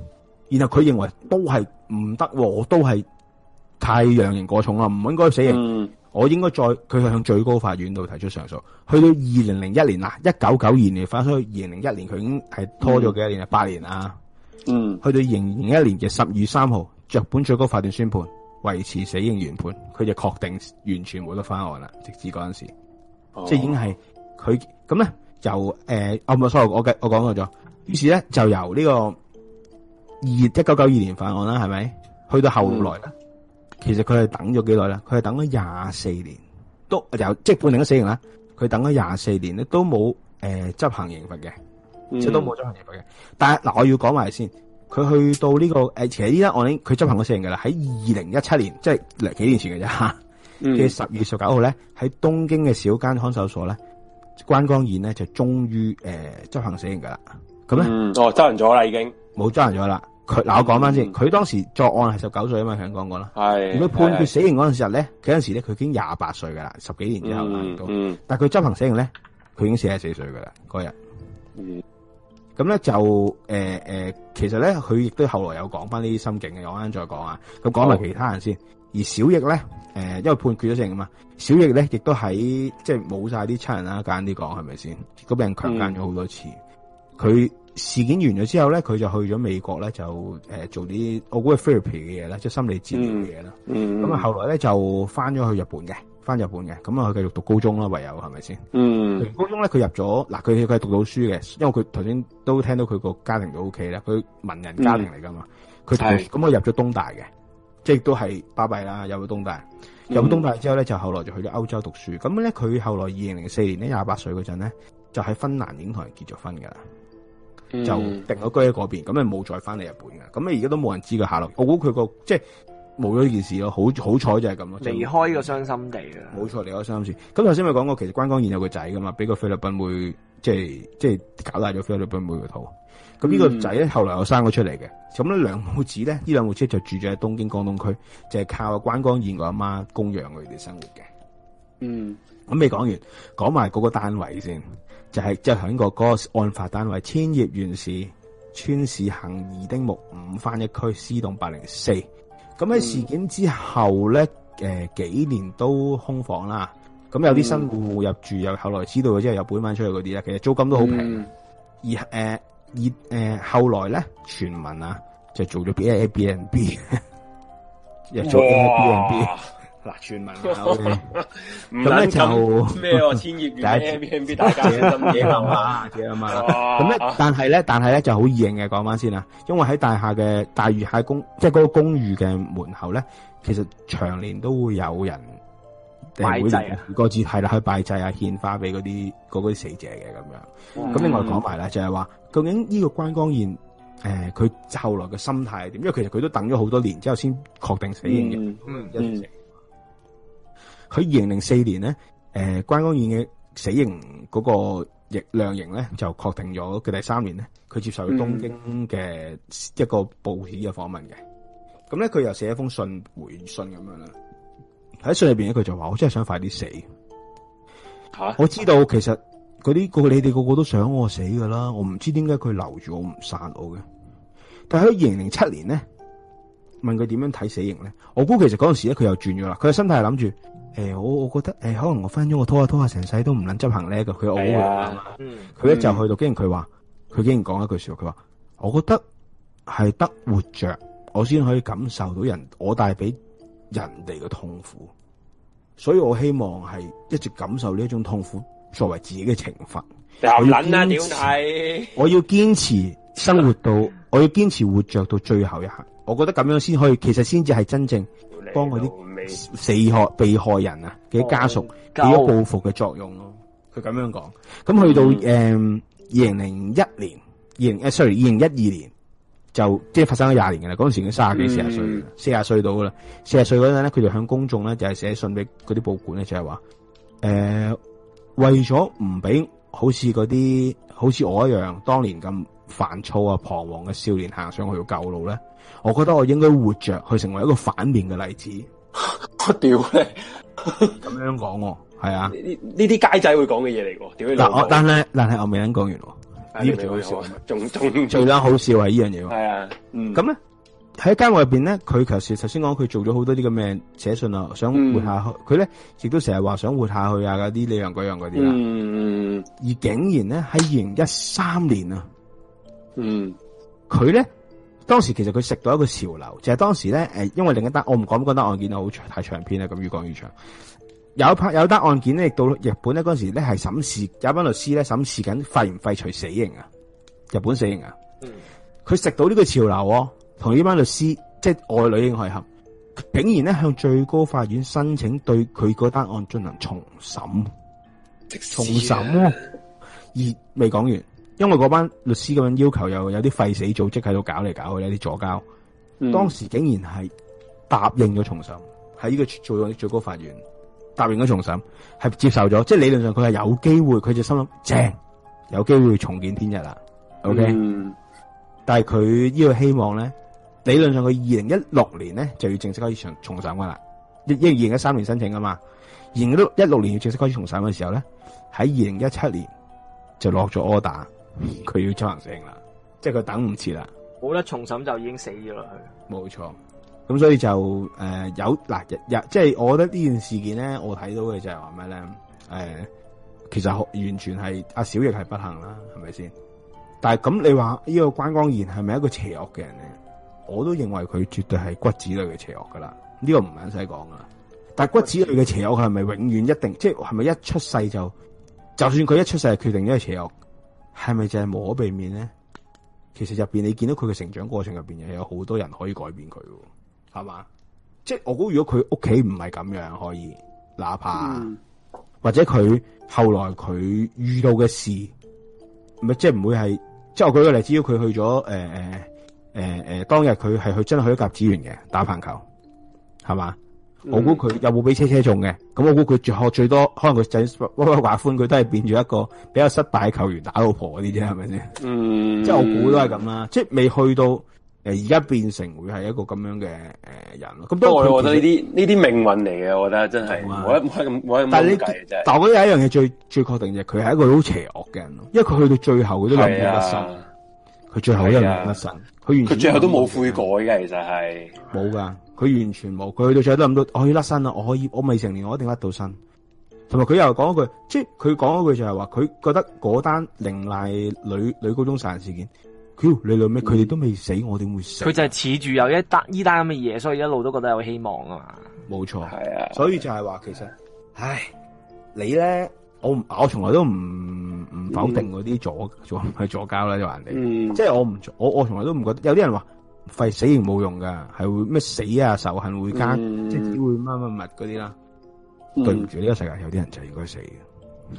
[SPEAKER 2] 然後佢認為都係唔得，我都係太量刑過重啦，唔應該死刑，嗯。我應該再佢向最高法院度提出上訴。去到二零零一年啦，一九九二年返出去二零零一年，佢已經係拖咗幾多年啊，八年啦。嗯，去到二零零一年嘅十二月三號，日本最高法院宣判維持死刑原判，佢就確定完全冇得翻案啦。直至嗰陣時，哦、即係已經係佢咁咧。就誒，啊唔係，sorry，我嘅我講錯咗。於是咧，就由呢個二一九九二年犯案啦，係咪？去到後來咧、嗯，其實佢係等咗幾耐咧？佢係等咗廿四年，都有即判定咗死刑啦。佢等咗廿四年咧，都冇誒、呃、執行刑罰嘅、嗯，
[SPEAKER 4] 即都冇執行刑罰
[SPEAKER 2] 嘅。但係嗱，我要講埋先，佢去到呢、這個誒、呃，其實依家我應佢執行咗死刑嘅啦。喺二零一七年，即係零幾年前嘅啫嚇嘅十二月十九號咧，喺東京嘅小間看守所咧。關光彥咧就終於誒執行死刑噶啦，咁咧、嗯、
[SPEAKER 1] 哦，執行咗啦已經，
[SPEAKER 2] 冇執行咗啦。佢嗱我講翻先，佢、嗯、當時作案係十九歲啊嘛，佢講過啦。
[SPEAKER 1] 係。如果判決死
[SPEAKER 2] 刑嗰陣時咧，嗰陣時咧佢已經廿八歲噶啦，十幾年之後、嗯。但係佢執行死刑咧，佢已經四十四歲噶啦嗰日。嗯。咁咧就誒誒、呃呃，其實咧佢亦都後來有講翻呢啲心境嘅，我啱啱再講啊。咁講埋其他人先。而小翼咧，誒、呃，因為判決咗成啊嘛，小翼咧亦都喺即係冇晒啲親人啦，揀啲講係咪先？佢俾人強姦咗好多次，佢、嗯、事件完咗之後咧，佢就去咗美國咧，就、呃、做啲我估係 therapy 嘅嘢啦，即係心理治療嘅嘢啦。咁、嗯、啊，嗯、後來咧就翻咗去日本嘅，翻日本嘅，咁啊，佢繼續讀高中啦，唯有係咪先？嗯。讀高中咧，佢入咗嗱，佢佢係讀到書嘅，因為佢頭先都聽到佢個家庭都 OK 啦，佢文人家庭嚟噶嘛，佢咁佢入咗東大嘅。即係都係巴閉啦，有咗東大，有咗東大之後咧，就後來就去咗歐洲讀書。咁、嗯、咧，佢後來二零零四年咧，廿八歲嗰陣咧，就喺芬蘭已經同人結咗婚噶啦，
[SPEAKER 4] 就
[SPEAKER 2] 定咗居喺嗰邊，咁咧冇再翻嚟日本噶。咁咧而家都冇人知佢下落。我估佢個即係冇咗呢件事咯。好，好彩就係咁咯。離
[SPEAKER 3] 開個傷心地啦，
[SPEAKER 2] 冇錯離開傷心事。咁頭先咪講過，其實關光彥有個仔噶嘛，俾個菲律賓妹即係即係搞大咗菲律賓妹嘅肚。咁呢個仔咧，後來我生咗出嚟嘅。咁咧兩母子咧，呢兩母子就住咗喺東京江東區，就係、是、靠關光彥個阿媽供養佢哋生活嘅。嗯，咁未講完，講埋嗰個單位先，就係即係響個個案發單位千葉縣市川市行二丁目五番一區 C 棟八零四。咁喺事件之後咧、嗯呃，幾年都空房啦。咁有啲新戶入住，又後來知道咗之後又搬翻出去嗰啲啦，其實租金都好平。而、呃而、呃、後來咧，傳聞啊，就做咗 B A B N B，又做 B N B。嗱傳聞啊，咁、okay、咧就咩喎？千葉縣 B N B 大家心嘅咁咧，但係咧，但係咧就好易型嘅。講翻先啊，因為喺大廈嘅大魚蟹公，即係嗰個公寓嘅門口咧，其實長年都會有人。
[SPEAKER 5] 拜祭啊，個
[SPEAKER 2] 字係啦，去拜祭啊，獻花俾嗰啲嗰啲死者嘅咁樣。咁另外講埋啦，就係、是、話，究竟呢個關光彥，誒、呃，佢後來嘅心態係點？因為其實佢都等咗好多年之後先確定死刑嘅。咁、嗯嗯、一四佢二零零四年咧，誒、呃，關光彥嘅死刑嗰個逆量刑咧，就確定咗佢第三年咧，佢接受咗東京嘅一個報喜嘅訪問嘅。咁、嗯、咧，佢又寫一封信回信咁樣啦。喺信入邊一句就話：我真係想快啲死啊。
[SPEAKER 1] 我知道其
[SPEAKER 2] 實嗰啲、這個你哋個個都想我死噶啦。我唔知點解佢留住我唔殺我嘅。但喺二零零七年咧，問佢點樣睇死刑咧？我估其實嗰陣時咧，佢又轉咗啦。佢嘅心態係諗住：誒，我我覺得誒、欸，可能我分咗，我拖下拖下，成世都唔捻執行呢個。佢好佢一就去到，竟然佢、嗯、話，佢竟然講一句說話，佢話：我覺得係得活着，我先可以感受到人我帶俾。人哋嘅痛苦，所以我希望係一直感受呢一種痛苦作為自己嘅懲罰。捻啦，我要堅持生活到， 我要堅持活着到最後一刻。我覺得咁樣先可以，其實先至係真正幫嗰啲死害被害人啊嘅家屬起咗報復嘅作用咯。佢咁樣講，咁去到誒二零零一年，二零 sorry，二零一二年。就即係發生咗廿年嘅啦，嗰陣時已經卅幾、四十歲，四十歲到噶啦。四十歲嗰陣咧，佢就向公眾咧就係寫信俾嗰啲報館咧，就係、是、話，誒、就是呃，為咗唔俾好似嗰啲好似我一樣當年咁煩躁啊彷徨嘅少年行上去條舊路咧，我覺得我應該活着去成為一個反面嘅例子。我屌你，咁樣講喎，係啊？呢 啲街仔會講嘅嘢嚟噶喎。嗱我但係但係我未能講完。呢好笑，仲咗。最 好笑係 呢樣嘢。係啊，咁咧喺間屋入邊咧，佢其實頭先講佢做咗好多啲咁嘅寫信啊，想活下去。佢咧亦都成日話想活下去啊，嗰啲呢樣嗰樣嗰啲啦。嗯，而竟然咧喺二零一三年啊，嗯，佢咧當時其實佢食到一個潮流，就係、是、當時咧，誒，因為另一單我唔講嗰單案件好太係長篇啊，咁越講越長。有拍有單案件咧，亦到日本咧嗰陣時咧係審視有班律師咧審視緊廢唔廢除死刑啊？日本死刑啊？嗯。佢食到呢個潮流，同呢班律師即係外女應內合，竟然咧向最高法院申請對佢嗰單案進行重審。重審。而未講完，因為嗰班律師咁樣要求，又有啲廢死組織喺度搞嚟搞去呢啲左膠。當時竟然係答應咗重審，喺呢個最最高法院。答應咗重審，係接受咗，即係理論上佢係有機會，佢就心諗正，有機會重建天日啦。嗯、o、okay? K，但係佢呢個希望咧，理論上佢二零一六年咧就要正式開始重重審噶啦，因二零一三年申請噶嘛，二零一六年要正式開始重審嘅時候咧，喺二零一七年就落咗 order，佢要出行死刑啦，即係佢等唔切啦。
[SPEAKER 3] 我覺得重審就已經死咗啦，佢冇錯。
[SPEAKER 2] 咁所以就誒、呃、有嗱日日即係我覺得呢件事件咧，我睇到嘅就係話咩咧？誒、呃，其實完全係阿小月係不幸啦，係咪先？但係咁你話呢個關光彥係咪一個邪惡嘅人咧？我都認為佢絕對係骨子裡嘅邪惡噶啦，呢、這個唔使講噶。但係骨子裡嘅邪惡係咪永遠一定即係係咪一出世就就算佢一出世係決定咗個邪惡，係咪就係無可避免咧？其實入邊你見到佢嘅成長過程入邊，又有好多人可以改變佢。係嘛？即係我估，如果佢屋企唔係咁樣，可以，哪怕或者佢後來佢遇到嘅事，唔係即係唔會係，即係我舉個例子，如果佢去咗誒誒誒誒，當日佢係去真係去咗甲子園嘅打棒球，係嘛？嗯、我估佢有冇俾車車中嘅？咁我估佢最學最多，可能佢仔，歪歪話歡，佢都係變咗一個比較失敗嘅球員打老婆嗰啲啫，係咪先？嗯即，即係我估都係咁啦，即係未去到。誒，而家變成會係一個咁樣嘅誒人咯。咁不過我我覺得呢啲呢啲
[SPEAKER 1] 命運嚟嘅，我覺得真係、啊、但，但，但我
[SPEAKER 2] 覺得有一樣嘢最最確定嘅，佢係一個好邪惡嘅人，因為佢去到最後佢都諗到甩身，佢、啊最，啊、最後都諗到甩身，佢完全最後都冇
[SPEAKER 1] 悔改嘅，其實係
[SPEAKER 2] 冇噶，佢完全冇。佢去到最後都諗到，我可以甩身啊，我可以我未成年，我一定甩到身。同埋佢又講一句，即係佢講一句就係話，佢覺得嗰單綾瀨女女高中殺人事件。你諗咩？佢哋都未死，我點會死？佢
[SPEAKER 3] 就係恃住有一單呢單咁嘅嘢，所以一路都覺得有希望啊嘛。冇
[SPEAKER 2] 錯，係啊。
[SPEAKER 3] 所以就係話，其實、啊，
[SPEAKER 2] 唉，你咧，我我從來都唔唔否定嗰啲左、嗯、左去左膠啦，就係人哋。即係我唔，我我從來都唔覺得。有啲人話，廢死亦冇用噶，係會咩死啊？仇恨會加、嗯，即係只會乜乜物嗰啲啦。
[SPEAKER 5] 對唔住呢個世
[SPEAKER 2] 界，有啲人就係應該死嘅。嗯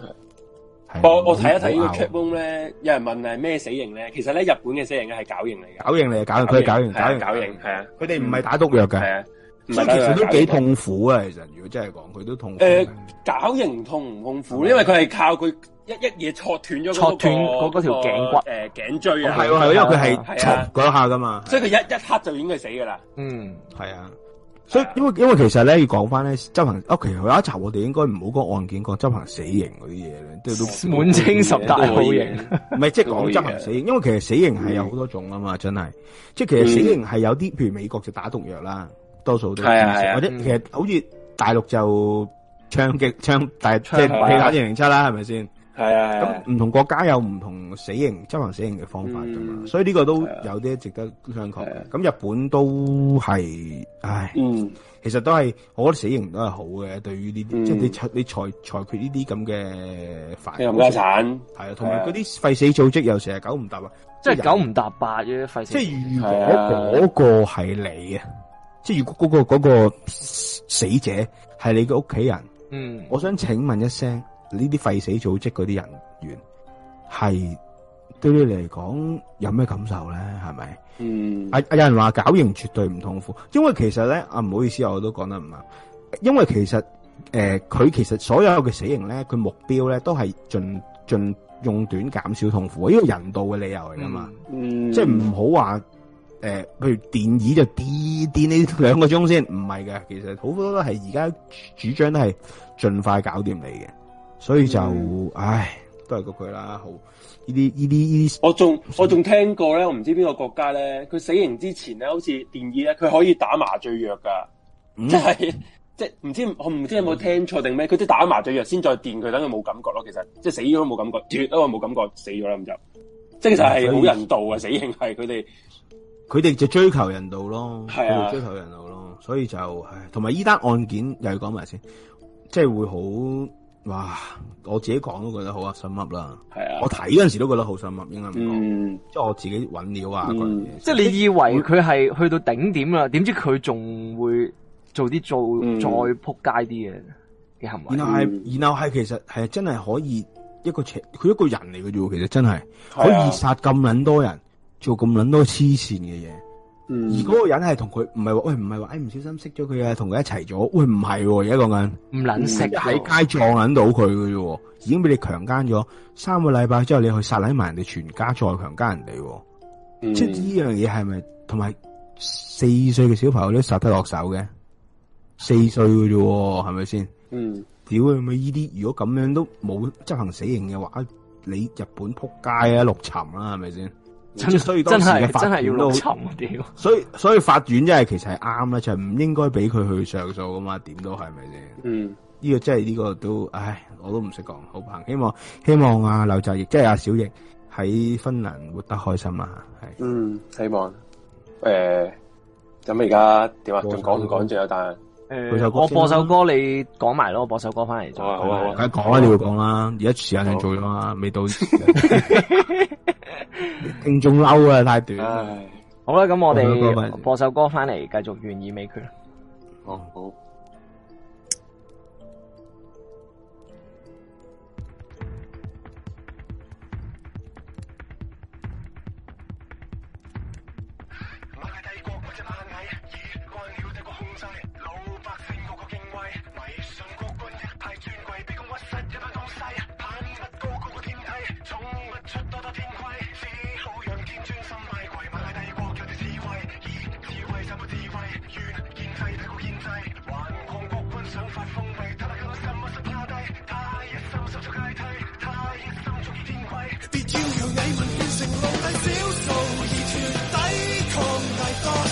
[SPEAKER 2] 我我睇一睇呢個 chatroom
[SPEAKER 1] 咧，有人問係咩死刑咧？其實咧，日本嘅死刑係絞刑嚟嘅，
[SPEAKER 2] 絞刑嚟嘅絞，佢絞完絞完絞
[SPEAKER 1] 刑，係啊，佢哋唔係打毒藥嘅、嗯，
[SPEAKER 2] 所以其實都幾痛苦啊！其實如果真係講，佢都痛。誒，
[SPEAKER 1] 絞刑痛唔痛苦？因為佢係靠佢一一嘢挫斷咗，挫斷嗰嗰條頸骨誒，頸椎啊，係係，因為佢係挫嗰
[SPEAKER 2] 下噶嘛、啊，所以佢一一刻就已經係死噶啦。嗯，係啊。所以，因為因為其實咧要講翻咧執行，哦，其實有一集我哋應該唔好講案件，講執行死刑嗰啲嘢咧，都滿清十大酷刑，唔係即係講執行死刑，因為其實死刑係有好多種啊嘛，真係，即係其實死刑係有啲，譬如，嗯，美國就打毒藥啦，多數都係、嗯，或者其實好似大陸就槍擊、槍大即係氣炸定刑七啦，係咪先？就是嗯係啊，咁唔、啊、同國家有唔同死刑執行死刑嘅方法噶嘛、嗯，所以呢個都有啲值得商榷。咁、啊、日本都係、啊，唉、嗯，其實都係，我覺得死刑都係好嘅，對於呢啲，即、嗯、係、就是、你裁你裁裁決呢啲咁嘅犯，冧家鏟
[SPEAKER 3] 係啊，同埋嗰啲廢死
[SPEAKER 2] 組織又成日九唔搭八、啊，
[SPEAKER 3] 即係九唔搭八嘅廢死。即、就、係、是、如果嗰
[SPEAKER 2] 個係你啊，即、就、係、是、如果嗰、那個嗰、那個死者係你嘅屋企人，嗯，我想請問一聲。呢啲廢死組織嗰啲人員係對你嚟講有咩感受咧？係咪？嗯。啊啊有人話絞刑絕對唔痛苦，因為其實咧，啊唔好意思，我都講得唔啱。因為其實誒，佢、呃、其實所有嘅死刑咧，佢目標咧都係盡盡用短減少痛苦，呢個人道嘅理由嚟㗎嘛。嗯。嗯即係唔好話誒，譬如電椅就啲電呢兩個鐘先，唔係嘅。其實好多都係而家主張都係盡快搞掂你嘅。所以就、嗯、唉，都係過佢啦。好呢啲呢啲呢啲，我仲
[SPEAKER 1] 我仲聽過咧。我唔知邊個國家咧，佢死刑之前咧，好似電椅咧，佢可以打麻醉藥噶,即係即係唔知我唔知有冇聽錯定咩？佢、嗯、即打麻醉藥先再電佢，等佢冇感覺咯。其實即係死咗都冇感覺，絕都冇感覺死咗啦咁就，
[SPEAKER 2] 即係就係好人
[SPEAKER 1] 道啊！死刑係佢哋，
[SPEAKER 2] 佢哋就追求人道咯。係、啊、追求人道咯。所以就同埋呢單案件又要講埋先，即係會好。哇！我自己講都覺得好啊，想噏啦。係啊，我睇嗰陣時都覺得好想噏，應該唔講。即、嗯、係我自己揾料啊，即係、嗯嗯、你
[SPEAKER 3] 以為佢係去到頂點啦，點、嗯、知佢仲會做啲做、嗯、再撲街啲嘅嘅行為。然後係、嗯，然後係，其實係真係可以一個
[SPEAKER 2] 邪，佢一個人嚟嘅啫喎。其實真係、嗯、可以殺咁撚多人，啊、做咁撚多黐線嘅嘢。嗯、而嗰個人係同佢唔係話，喂唔係話，哎唔小心識咗佢啊，同佢一齊咗，喂唔係而家講緊唔撚識，而喺街撞撚到佢嘅啫，已經俾你強姦咗三個禮拜之後，你去殺埋埋人哋全家，再強姦人哋、嗯，即係呢樣嘢係咪同埋四歲嘅小朋友都殺得落手嘅？四歲嘅啫，係咪先？嗯，屌係咪呢啲，如果咁樣都冇執行死刑嘅話，你日本撲街啊，六沉啦，係咪先？真，所以當時嘅法都沉啲囉！所以所以法院真係其實係啱啦，就唔應該俾佢去上訴噶嘛，點都係咪先？嗯，呢個真係呢個都，唉，我都唔識講，好平。希望希望啊劉澤義即係阿小瑩喺芬蘭活得開心啊！係，嗯，希望
[SPEAKER 3] 誒，咁而家點啊？仲講唔講住後但佢、呃、首歌，我播首歌你講埋咯，我播首歌翻嚟就，梗係講啦，你
[SPEAKER 2] 會講啦，而家時間仲早咗啦，未到，
[SPEAKER 3] 聽
[SPEAKER 2] 眾嬲啊，太
[SPEAKER 3] 短，好啦，咁我哋播首歌翻嚟繼續懸疑未決。啦，好。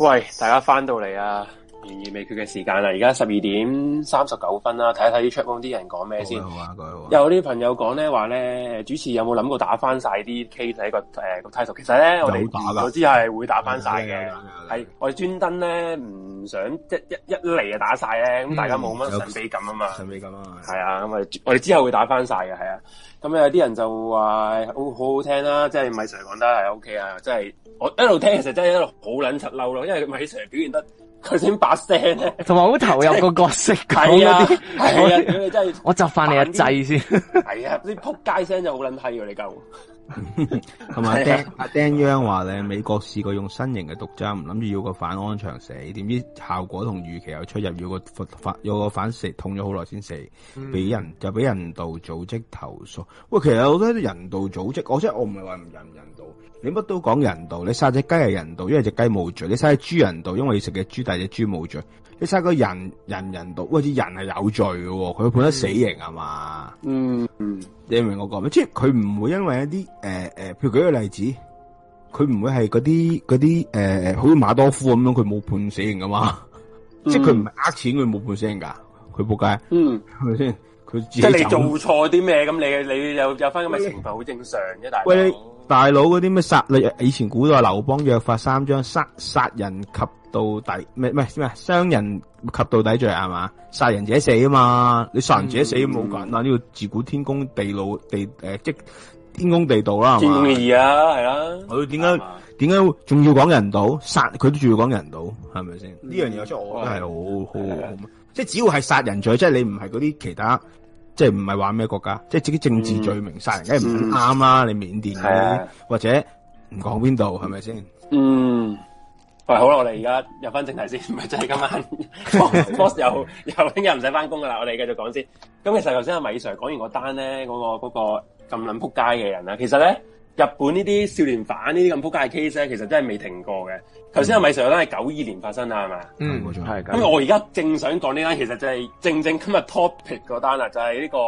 [SPEAKER 1] 喂，大家返到嚟啊！未決嘅時間啦，而家十二點三十九分啦、啊，睇一睇啲 chatroom 啲人講咩先。好好好好，有啲朋友講咧話咧，主持有冇諗過打翻晒啲 case 個誒個、呃、title？其實咧，我哋預咗知係會打翻晒嘅。係我哋專登咧，唔想即一一嚟就打晒咧。咁大家冇乜神秘感啊嘛，神秘感啊嘛。係啊，咁啊，我哋之後會打翻晒嘅。係啊，咁有啲人就話好好好聽啦，即係米 Sir 講得係 OK 啊，即係我一路聽其實真係一路好撚出嬲咯，因為米 Sir 表現得。佢先把聲咧，
[SPEAKER 3] 同埋好投入個角色好、 啊啊啊、一啲，係啊， 啊，啊，你真係我執翻你一劑先，
[SPEAKER 1] 係啊，你仆街聲就好撚睇你教
[SPEAKER 2] 同 埋阿丁 阿丁央話咧， 美國試過用新型嘅毒針，諗住要個反安詳死，點知效果同預期有出入，要個反反要個反食痛咗好耐先死，俾人就俾人道組織投訴。喂，其實好多啲人道組織，我即係我唔係話唔人人道，你乜都講人道，你殺隻雞係人道，因為隻雞冇罪；你殺隻豬人道，因為你食嘅豬大隻豬冇罪。你睇個人，人人道，或者人係有罪嘅，佢判得死刑吖嘛？嗯嗯，你明我講咩？即係佢唔會因為一啲誒誒，譬如舉個例子，佢唔會係嗰啲嗰啲誒，好似馬多夫咁樣，佢冇判死刑㗎嘛？嗯、即係佢唔係呃錢，佢冇判死刑㗎，佢仆街。嗯，係咪先？佢即係你做
[SPEAKER 1] 錯啲咩咁？你你有有翻咁嘅懲罰，好正常啫，大佬。
[SPEAKER 2] 大佬嗰啲咩殺？你以前古代劉邦約法三章，殺殺人及到底，唔係咩？傷人及到底罪係嘛？殺人者死啊嘛？你殺人者死咁冇簡單，呢、嗯嗯這個自古天公地老地誒、呃，即天公地道啦，係嘛？天意啊，係啦、啊。佢點解點解仲要講人道？殺佢都仲要講人道，係咪先？呢樣嘢即我覺得係、嗯好，啊、好好好，啊、即只要係殺人罪，即你唔係嗰啲其他。即係唔係話咩國家？即係自己政治罪名殺人，梗係唔啱啦！你緬甸嘅，或者唔講邊度，係咪先？嗯，
[SPEAKER 1] 喂，好啦，我哋而家入翻正題先。唔係即係今晚，Boss 又又聽日唔使翻工噶啦，我哋繼續講先。咁其實頭先阿米 Sir 講完個單咧，嗰個嗰個咁撚撲街嘅人啦，其實咧。日本呢啲少年犯呢啲咁撲街嘅 case 咧，其實真係未停過嘅。頭先阿米成嗰單係九二年發生啦，係嘛？嗯，係。咁我而家正想講呢單，其實就係正正今日 topic 嗰單啊，就係、是、呢個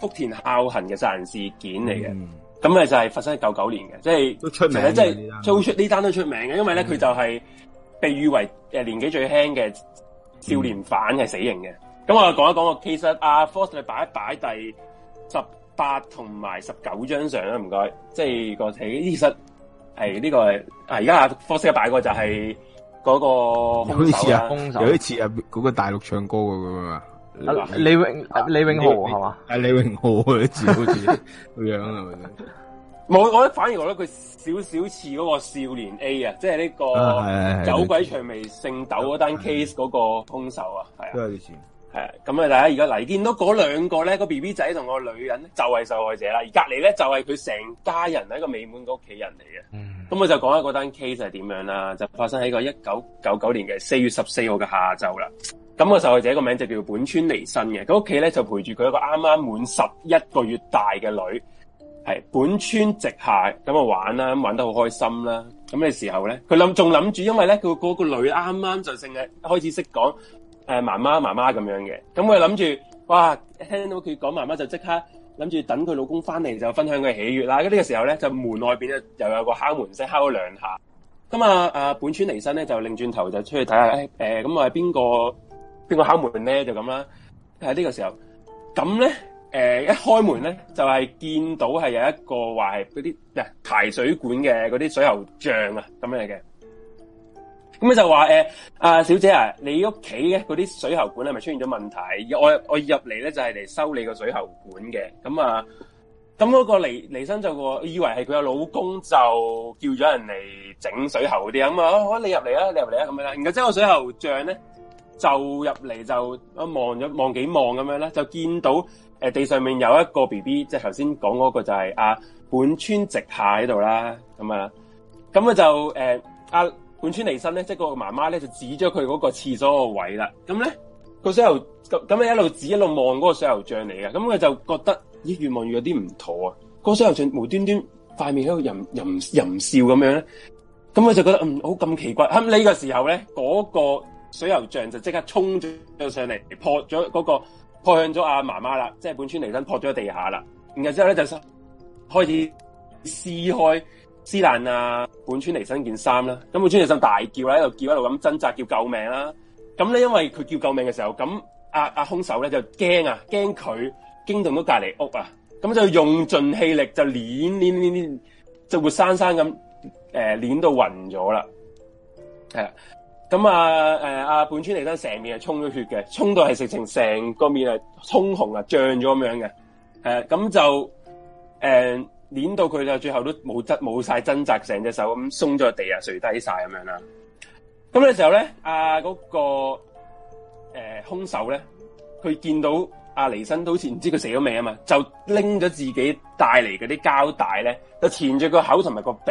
[SPEAKER 1] 福田孝行嘅殺人事件嚟嘅。咁、嗯、咧就係發生喺九九年嘅，即係都出名。即係做出呢單都出名嘅，因為咧佢、嗯、就係被譽為年紀最輕嘅少年犯嘅死刑嘅。咁、嗯嗯、我講講一講，個 case 啦。阿、啊、Fox 擺一擺第十八同埋十九張相啦，唔該，即係個睇，其實係呢個啊，而家啊 Fox 擺個就係
[SPEAKER 3] 嗰個，凶手，好似啊，有啲似
[SPEAKER 2] 啊，嗰個大陸唱歌個噶嘛，李
[SPEAKER 3] 永李永浩係嘛，啊
[SPEAKER 2] 李，李，李，李永浩好似好似咁樣啊，
[SPEAKER 1] 冇， 我都反而覺得佢少少似嗰個少年 A 啊，即係呢個酒鬼薔薇聖斗嗰單 case 嗰個凶手啊，係啊。咁、嗯、啊！大家而家嚟見到嗰兩個咧，個 B B 仔同個女人呢就係、是、受害者啦，而隔離咧就係佢成家人，喺一個美滿嘅屋企人嚟嘅。咁、嗯嗯、我就講下嗰單 case 係點樣啦，就發生喺個一九九九年嘅四月十四號嘅下晝啦。咁、那個受害者個名就叫本村彌生嘅，咁屋企咧就陪住佢一個啱啱滿十一個月大嘅女，係本村夕夏咁去玩啦，玩得好開心啦。咁嘅時候咧，佢諗仲諗住，因為咧佢個個女啱啱就成誒開始識講。誒，媽媽媽媽咁樣嘅，咁佢諗住，哇，聽到佢講媽媽就即刻諗住等佢老公翻嚟，就分享佢喜悅啦。咁呢個時候咧，就門外邊咧又有個敲門聲，敲咗兩下。咁啊，阿本村起身咧就擰轉頭就出去睇下，誒，咁我係邊個邊個敲門咧？就咁啦。喺呢個時候，咁咧，誒、呃，一開門咧就係、是、見到係有一個話係嗰啲，排水管嘅嗰啲水喉匠啊，咁樣嘅。咁佢就話誒，阿、欸、小姐啊，你屋企咧嗰啲水喉管係咪出現咗問題？我我入嚟咧就係嚟修你個水喉管嘅。咁啊，咁嗰個離離身就個以為係佢有老公就叫咗人嚟整水喉啲啊嘛。好，你入嚟啊，你入嚟啊？咁樣啦。然後之後水喉匠咧，就入嚟就望咗望幾望咁樣咧，就見到誒，地上面有一個 BB，即係頭先講嗰個就係啊本村夕夏喺度啦。咁啊，咁、欸、啊就誒本村離身咧，即係個媽媽咧就指咗佢嗰個廁所個位啦。咁咧個水喉咁咁樣一路指一路望嗰個水喉像嚟嘅。咁佢就覺得咦，越望越有啲唔妥啊！個水喉像無端端塊面喺度淫淫淫笑咁樣咧。咁佢就覺得嗯，好咁奇怪。咁呢個時候咧，嗰個水喉像就即刻衝咗上嚟，撲咗嗰個撲向咗阿媽媽啦，即係本村離身撲咗地下啦。然後之後咧就開始撕開。撕爛啊！本村尼生件衫啦，咁本村尼生大叫啦，喺度叫，喺度咁掙扎叫救命啦。咁咧，因為佢叫救命嘅時候，咁阿阿兇手咧就驚啊，驚佢驚動到隔離屋啊，咁就用盡氣力就攣攣攣攣，就活生生咁誒攣到暈咗啦。係啊，咁啊誒阿本村尼生面沖沖成面係沖咗血嘅，沖到係直情成個面係通紅啊，漲咗咁樣嘅誒，咁、嗯、就誒。嗯捻到佢就最後都冇掙冇曬掙扎，成隻手咁鬆咗地啊，垂低曬咁樣啦。咁嘅時候咧，啊嗰個誒兇手咧，佢見到阿、啊、黎生都好似唔知佢死咗未啊嘛，就拎咗自己帶嚟嗰啲膠帶咧，就纏住個口同埋個鼻。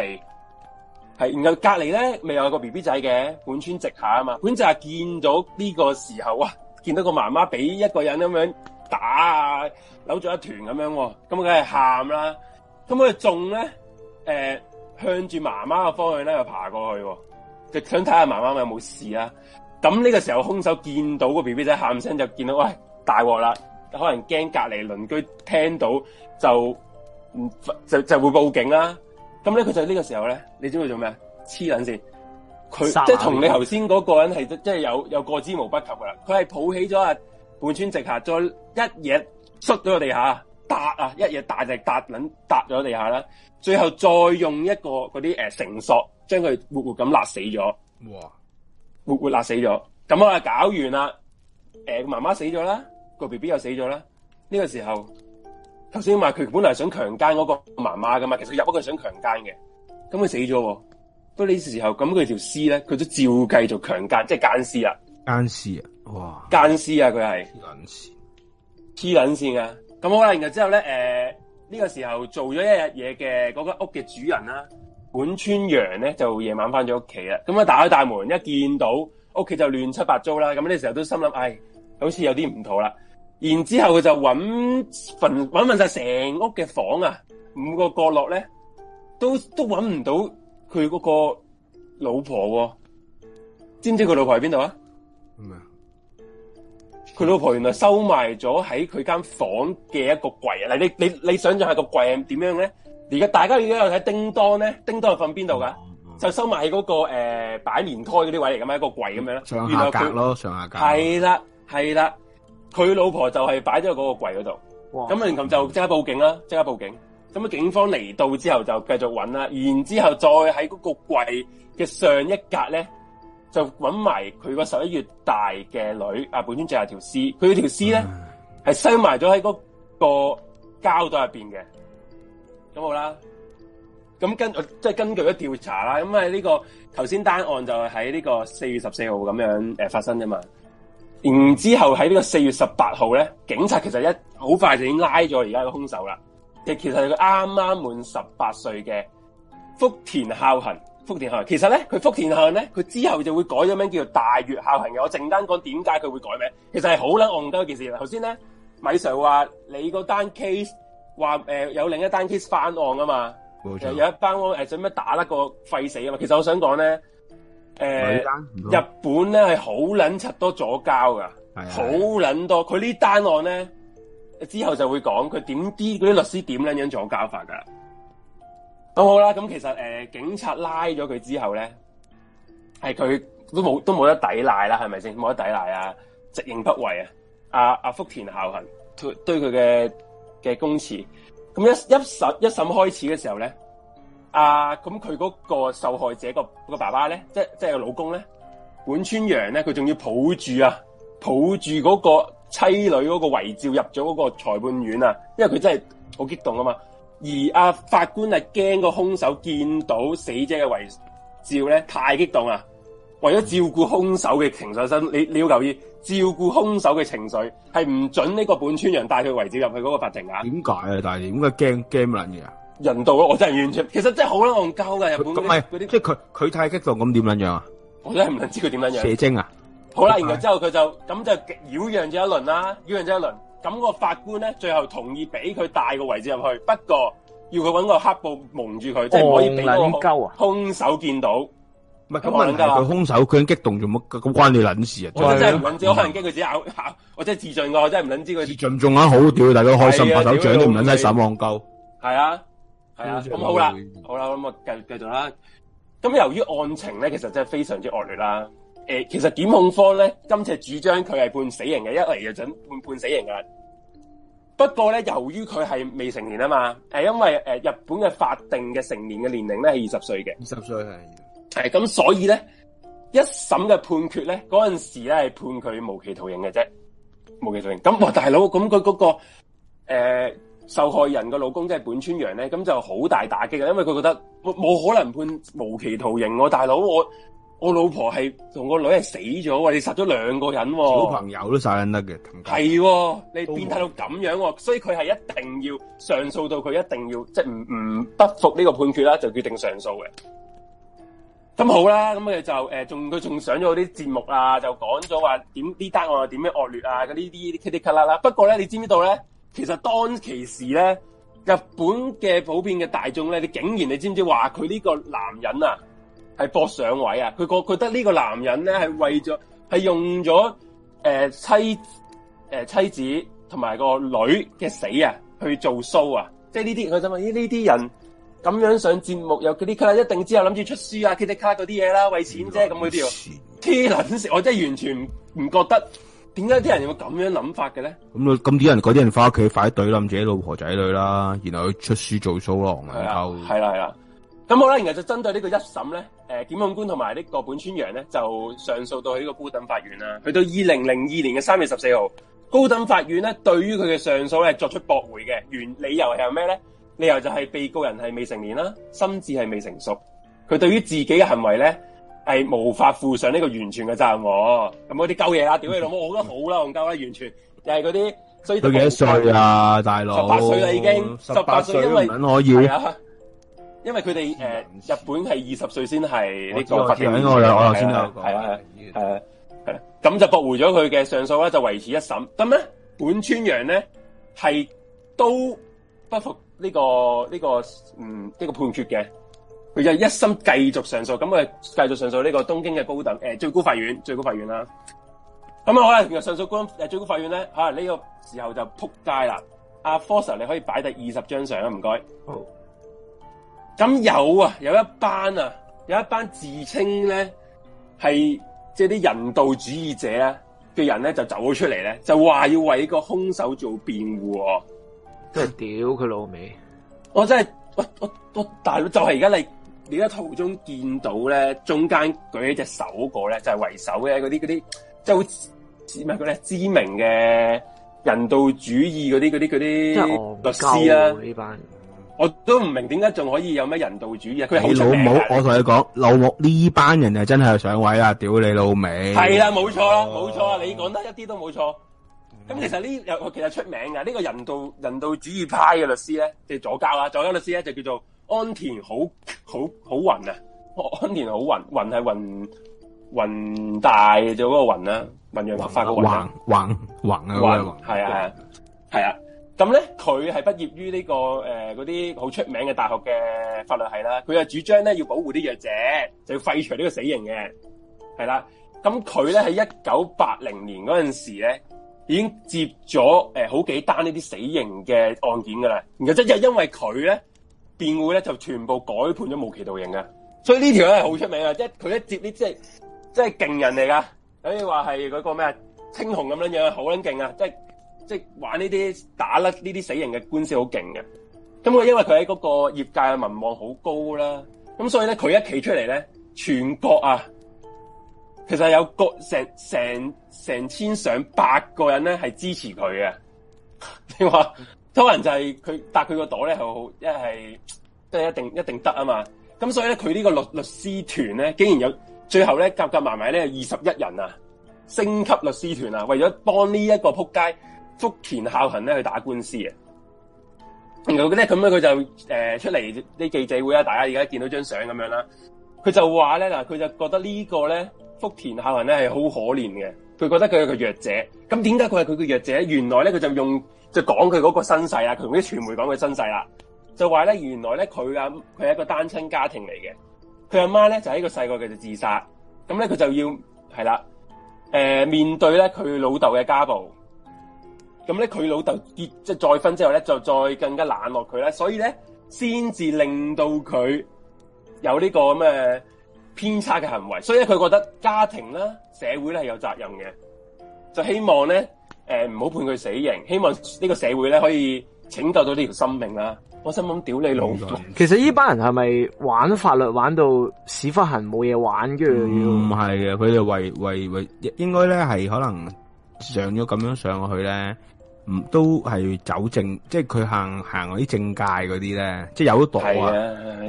[SPEAKER 1] 係，然後隔離咧，咪有個 B B 仔嘅，本村直下啊嘛。本就係見到呢個時候啊，見到個媽媽俾一個人咁樣打啊，扭咗一團咁樣喎，咁梗係喊啦。咁佢仲咧，誒向住媽媽嘅方向咧又爬過去，就想睇下媽媽有冇事啊！咁呢個時候，兇手見到個 B B 仔喊聲，就見到，喂，大鑊啦！可能驚隔離鄰居聽到，就就就會報警啦、啊。咁咧佢就呢個時候咧，你知佢做咩？黐撚線，佢即係同你頭先嗰個人係即係有有過之無不及噶啦。佢係抱起咗啊半穿直下，再一嘢摔咗個地下。搭啊！一嘢大隻搭卵搭咗地下啦，最後再用一個嗰啲誒繩索將佢活活咁勒死咗。哇！活活勒死咗，咁我啊搞完啦。誒、呃，媽媽死咗啦，個 B B 又死咗啦。呢、這個時候，頭先話佢本來想強奸嗰個媽媽噶嘛，其實入屋佢想強奸嘅，咁佢死咗、啊。不過呢時候，咁佢條屍咧，佢都照繼續強奸，即係奸屍啦。
[SPEAKER 2] 奸屍啊！哇！
[SPEAKER 1] 奸屍啊,啊！佢係黐卵線，黐卵線啊！咁好啦，然之後咧，誒、呃、呢、這個時候，做咗一日嘢嘅，嗰間屋嘅主人啦，本村洋咧就夜晚翻咗屋企啦，咁啊打開大門一見到屋企就亂七八糟啦，咁呢時候都心諗，哎，好似有啲唔妥啦。然之後佢就揾份揾翻晒成屋嘅房啊，五個角落咧都都揾唔到佢嗰個老婆喎、哦，知唔知佢老婆喺邊度啊？佢老婆原來收埋咗喺佢間房嘅一個櫃啊！嗱，你你你，你想象下個櫃點樣咧？而家大家而家有睇《叮當》咧、嗯，《叮當》又瞓邊度噶？就收埋喺嗰個誒、呃、擺棉胎嗰啲位嚟咁嘛？一個櫃咁樣咧，上下格咯，
[SPEAKER 2] 上下格。係
[SPEAKER 1] 啦，係啦，佢老婆就係擺咗喺嗰個櫃嗰度。哇！咁阿琴就即刻報警啦，即、嗯、刻報警。咁啊，警方嚟到之後就繼續揾啦，然之後再喺嗰個櫃嘅上一格咧。就揾埋佢個十一月大嘅女，本尊淨有條屍，佢條屍咧係收埋咗喺嗰個膠袋入邊嘅，咁好啦。咁根即係根據咗調查啦，咁喺呢個頭先單案就係喺呢個四月十四號咁樣誒發生啫嘛。然之後喺呢個四月十八號咧，警察其實一好快就已經拉咗而家個兇手啦。其實佢啱啱滿十八歲嘅福田孝行。福田孝行，其實咧佢福田孝行咧，佢之後就會改咗名叫做大月孝行嘅。我淨單講點解佢會改名，其實係好捻戇鳩一件事。頭先咧，米 Sir 話你個單 case 話誒有另一單 case 翻案，啊嘛，冇錯，有一單案誒，做、呃、咩打得個廢死啊嘛？其實我想講咧，誒、呃，日本咧係好捻柒多左膠噶，好捻多。佢呢單案咧之後就會講佢點啲嗰啲律師點樣撚樣左膠法噶。咁好啦，咁其實誒、呃，警察拉咗佢之後咧，係佢都冇都冇得抵賴啦，係咪先？冇得抵賴啊，直認不諱啊，阿、啊、阿、啊、福田孝行對對佢嘅嘅供詞，咁一一審一審開始嘅時候咧，啊咁佢嗰個受害者個、嗰個爸爸咧，即即係老公咧，本村洋咧，佢仲要抱住啊，抱住嗰個妻女嗰個遺照入咗嗰個裁判院啊，因為佢真係好激動啊嘛。而阿、啊、法官係驚個凶手見到死者嘅遺照咧太激動啊，為咗照顧凶手嘅情緒，你你要留意照顧凶手嘅情緒係唔准呢個本村洋帶佢遺照入去嗰個法庭啊？
[SPEAKER 2] 點解啊？但係點解驚驚乜捻嘢啊？
[SPEAKER 1] 人道我真係完全，其實真係好憨鳩噶日本。咁
[SPEAKER 2] 係啲，即係佢佢太激動咁點捻樣啊？
[SPEAKER 1] 我都唔知佢點捻樣。射精
[SPEAKER 2] 啊！好啦，哎、然後之
[SPEAKER 1] 後佢就咁就擾攘咗一輪啦，擾攘咗一輪。咁、那個法官咧，最後同意俾佢帶個位置入去，不過要佢搵個黑布蒙住佢、嗯，即係唔可以俾、嗯、啊。兇手見到。唔係咁問佢兇手，
[SPEAKER 2] 佢咁激動做乜？咁關你捻事啊！我真係唔諗
[SPEAKER 1] 住可能驚佢自己咬，我真係自盡個，我真係唔撚知佢自盡
[SPEAKER 2] 仲好，屌大家開心、啊、拍手掌，都唔諗低手戇鳩。
[SPEAKER 1] 係啊，係啊，咁、嗯啊啊、好啦、啊，好啦，咁、嗯、啊，繼繼續啦。咁由於案情咧，其實真係非常之惡劣啦。誒，其實檢控方咧，今次主張佢係判死刑嘅，一嚟就准判判死刑㗎喇。不過咧，由於佢係未成年啊嘛，誒，因為誒、呃、日本嘅法定嘅成年嘅年齡咧係二十歲嘅，二十歲係。誒，咁、嗯、所以咧，一審嘅判決咧，嗰陣時咧係判佢無期徒刑嘅啫，無期徒刑。咁哇，大佬，咁佢嗰個誒、呃、受害人嘅老公即係本村洋咧，咁就好大打擊嘅，因為佢覺得冇可能判無期徒刑喎、啊，大佬我。我老婆係同個女係死咗，你殺咗兩個人、哦，小朋友
[SPEAKER 2] 都殺人得嘅，
[SPEAKER 1] 係、哦、你變態到咁樣、哦，所以佢係一定要上訴到佢一定要即係唔唔不，不服呢個判決啦、啊，就決定上訴嘅。咁好啦，咁佢就誒，仲佢仲上咗啲節目啊，就講咗話點呢單案點樣惡劣啊，嗰啲啲啲卡啦啦。不過咧，你知唔知道咧？其實當其時咧，日本嘅普遍嘅大眾咧，你竟然你知唔知話佢呢個男人啊？係搏上位啊！佢覺覺得呢個男人咧，係為咗係用咗誒妻誒妻子同埋、呃、個女嘅死啊去做 show 啊！即係呢啲佢想問呢啲人咁樣上節目有 k i 卡，一定之後諗住出書啊 k i t 卡嗰啲嘢啦，為錢啫咁嗰啲哦。捻我真係完全唔唔覺得，點解啲人會咁樣諗法嘅咧？
[SPEAKER 2] 咁咁啲人嗰啲人返屋企快懟啦，自己老婆仔女啦，然後去出書做 show 郎啊，係啦，係啦、啊。係啊係啊
[SPEAKER 1] 咁好啦，然後就針對呢個一審咧，誒檢控官同埋呢個本村洋咧就上訴到去呢個高等法院啦。去到二零零二年嘅三月十四號，高等法院咧對於佢嘅上訴咧作出駁回嘅原理由係有咩咧？理由就係被告人係未成年啦，心智係未成熟，佢對於自己嘅行為咧係無法負上呢個完全嘅責任。咁嗰啲鳩嘢啊，屌你老母，我覺得好啦，戇鳩啦，完全又係嗰啲。所以佢幾多歲啊，
[SPEAKER 5] 大佬？十八歲啦已經，十八歲因為歲可以。
[SPEAKER 1] 因為佢哋誒，日本係二十歲先係呢個法院。我我係啊係啊係啊，咁、啊啊啊啊啊、就駁回咗佢嘅上訴咧，就維持一審。咁咧，本村洋咧係都不服呢、這個呢、這個嗯呢、這個判決嘅，佢就一心繼續上訴。咁佢繼續上訴呢個東京嘅高等誒、呃、最高法院最高法院啦。咁啊好啦，原上訴高誒最高法院咧呢、啊這個時候就撲街啦。阿 Fox，你可以擺第二十張相啦，唔該。好。咁有啊，有一班啊，有一班自稱咧，係即係啲人道主義者咧嘅人咧，就走出嚟咧，就話要為個凶手做辯護啊。真係屌佢老味！我真係我我我大佬就係而家你而家途中見到咧，中間舉起隻手嗰個咧，就係、是、為首嘅嗰啲嗰啲即係好咩嘅咧？知名嘅人道主義嗰啲嗰啲嗰啲律師啊呢、啊、班。我都唔明點解仲可以有咩人道主義？佢係老母，我
[SPEAKER 2] 同你講，老母呢班人就真係上位呀。屌你老味！係啦，冇錯，冇錯，
[SPEAKER 1] 你講得一啲都冇錯。咁、嗯、其實呢其實出名嘅呢、呢個人道人道主義派嘅律師咧，就係、左膠啦，左膠律師咧就叫做安田好好好雲啊！安田好雲，雲係雲雲大就嗰個雲啦，雲樣頭髮個雲
[SPEAKER 2] 雲雲啊個雲，係啊
[SPEAKER 1] 係啊係啊！咁咧，佢係畢業於呢、這個誒嗰啲好出名嘅大學嘅法律系啦。佢就主張咧要保護啲弱者，就要廢除呢個死刑嘅，係啦。咁佢咧喺一九八零年嗰陣時咧，已經接咗誒、呃、好幾單呢啲死刑嘅案件噶啦。然後即係因為佢咧辯護咧就全部改判咗無期徒刑㗎。所以呢條咧係好出名啊！即係佢一接呢，即係即係勁人嚟噶，有啲話係嗰個咩青紅咁樣樣，好撚勁啊！即係。即係玩呢啲打甩呢啲死刑嘅官司好勁嘅，咁佢因為佢喺嗰個業界嘅民望好高啦，咁所以咧佢一企出嚟咧，全國啊，其實有個成成成千上百個人咧係支持佢嘅， 你話多人就係佢，搭佢個賭咧係好，一係都係一定一定得啊嘛，咁所以咧佢呢個律律師團咧竟然有最後咧夾夾埋埋咧二十一人啊，星級律師團啊，為咗幫呢一個撲街。福田孝行咧，去打官司啊，然後咧咁樣佢就誒、呃、出嚟啲記者會啊，大家而家見到張相咁樣啦。佢就話咧嗱，佢就覺得這個呢個咧福田孝行咧係好可憐嘅，佢覺得佢係一個弱者。咁點解佢係佢嘅弱者？原來咧佢就用就講佢嗰個身世啊，佢同啲傳媒講嘅身世啦。就話咧原來咧佢阿佢係一個單親家庭嚟嘅，佢阿媽咧就喺一個細個嘅就自殺，咁咧佢就要係啦誒面對咧佢老豆嘅家暴。咁咧，佢老豆結即係再婚之後咧，就再更加冷落佢啦，所以咧，先至令到佢有呢個咁嘅偏差嘅行為。所以咧，佢覺得家庭啦、社會咧係有責任嘅，就希望咧，誒唔好判佢死刑，希望呢個社會咧可以拯救到呢條生命啦、啊。我心諗屌你老，
[SPEAKER 5] 其
[SPEAKER 3] 實呢班人係咪玩法律玩到屎忽痕冇嘢玩嘅？唔係嘅，
[SPEAKER 2] 佢哋為為為應該咧係可能上咗咁樣上去咧。唔都係走政，即係佢行行嗰啲政界嗰啲咧，即係有得奪啊，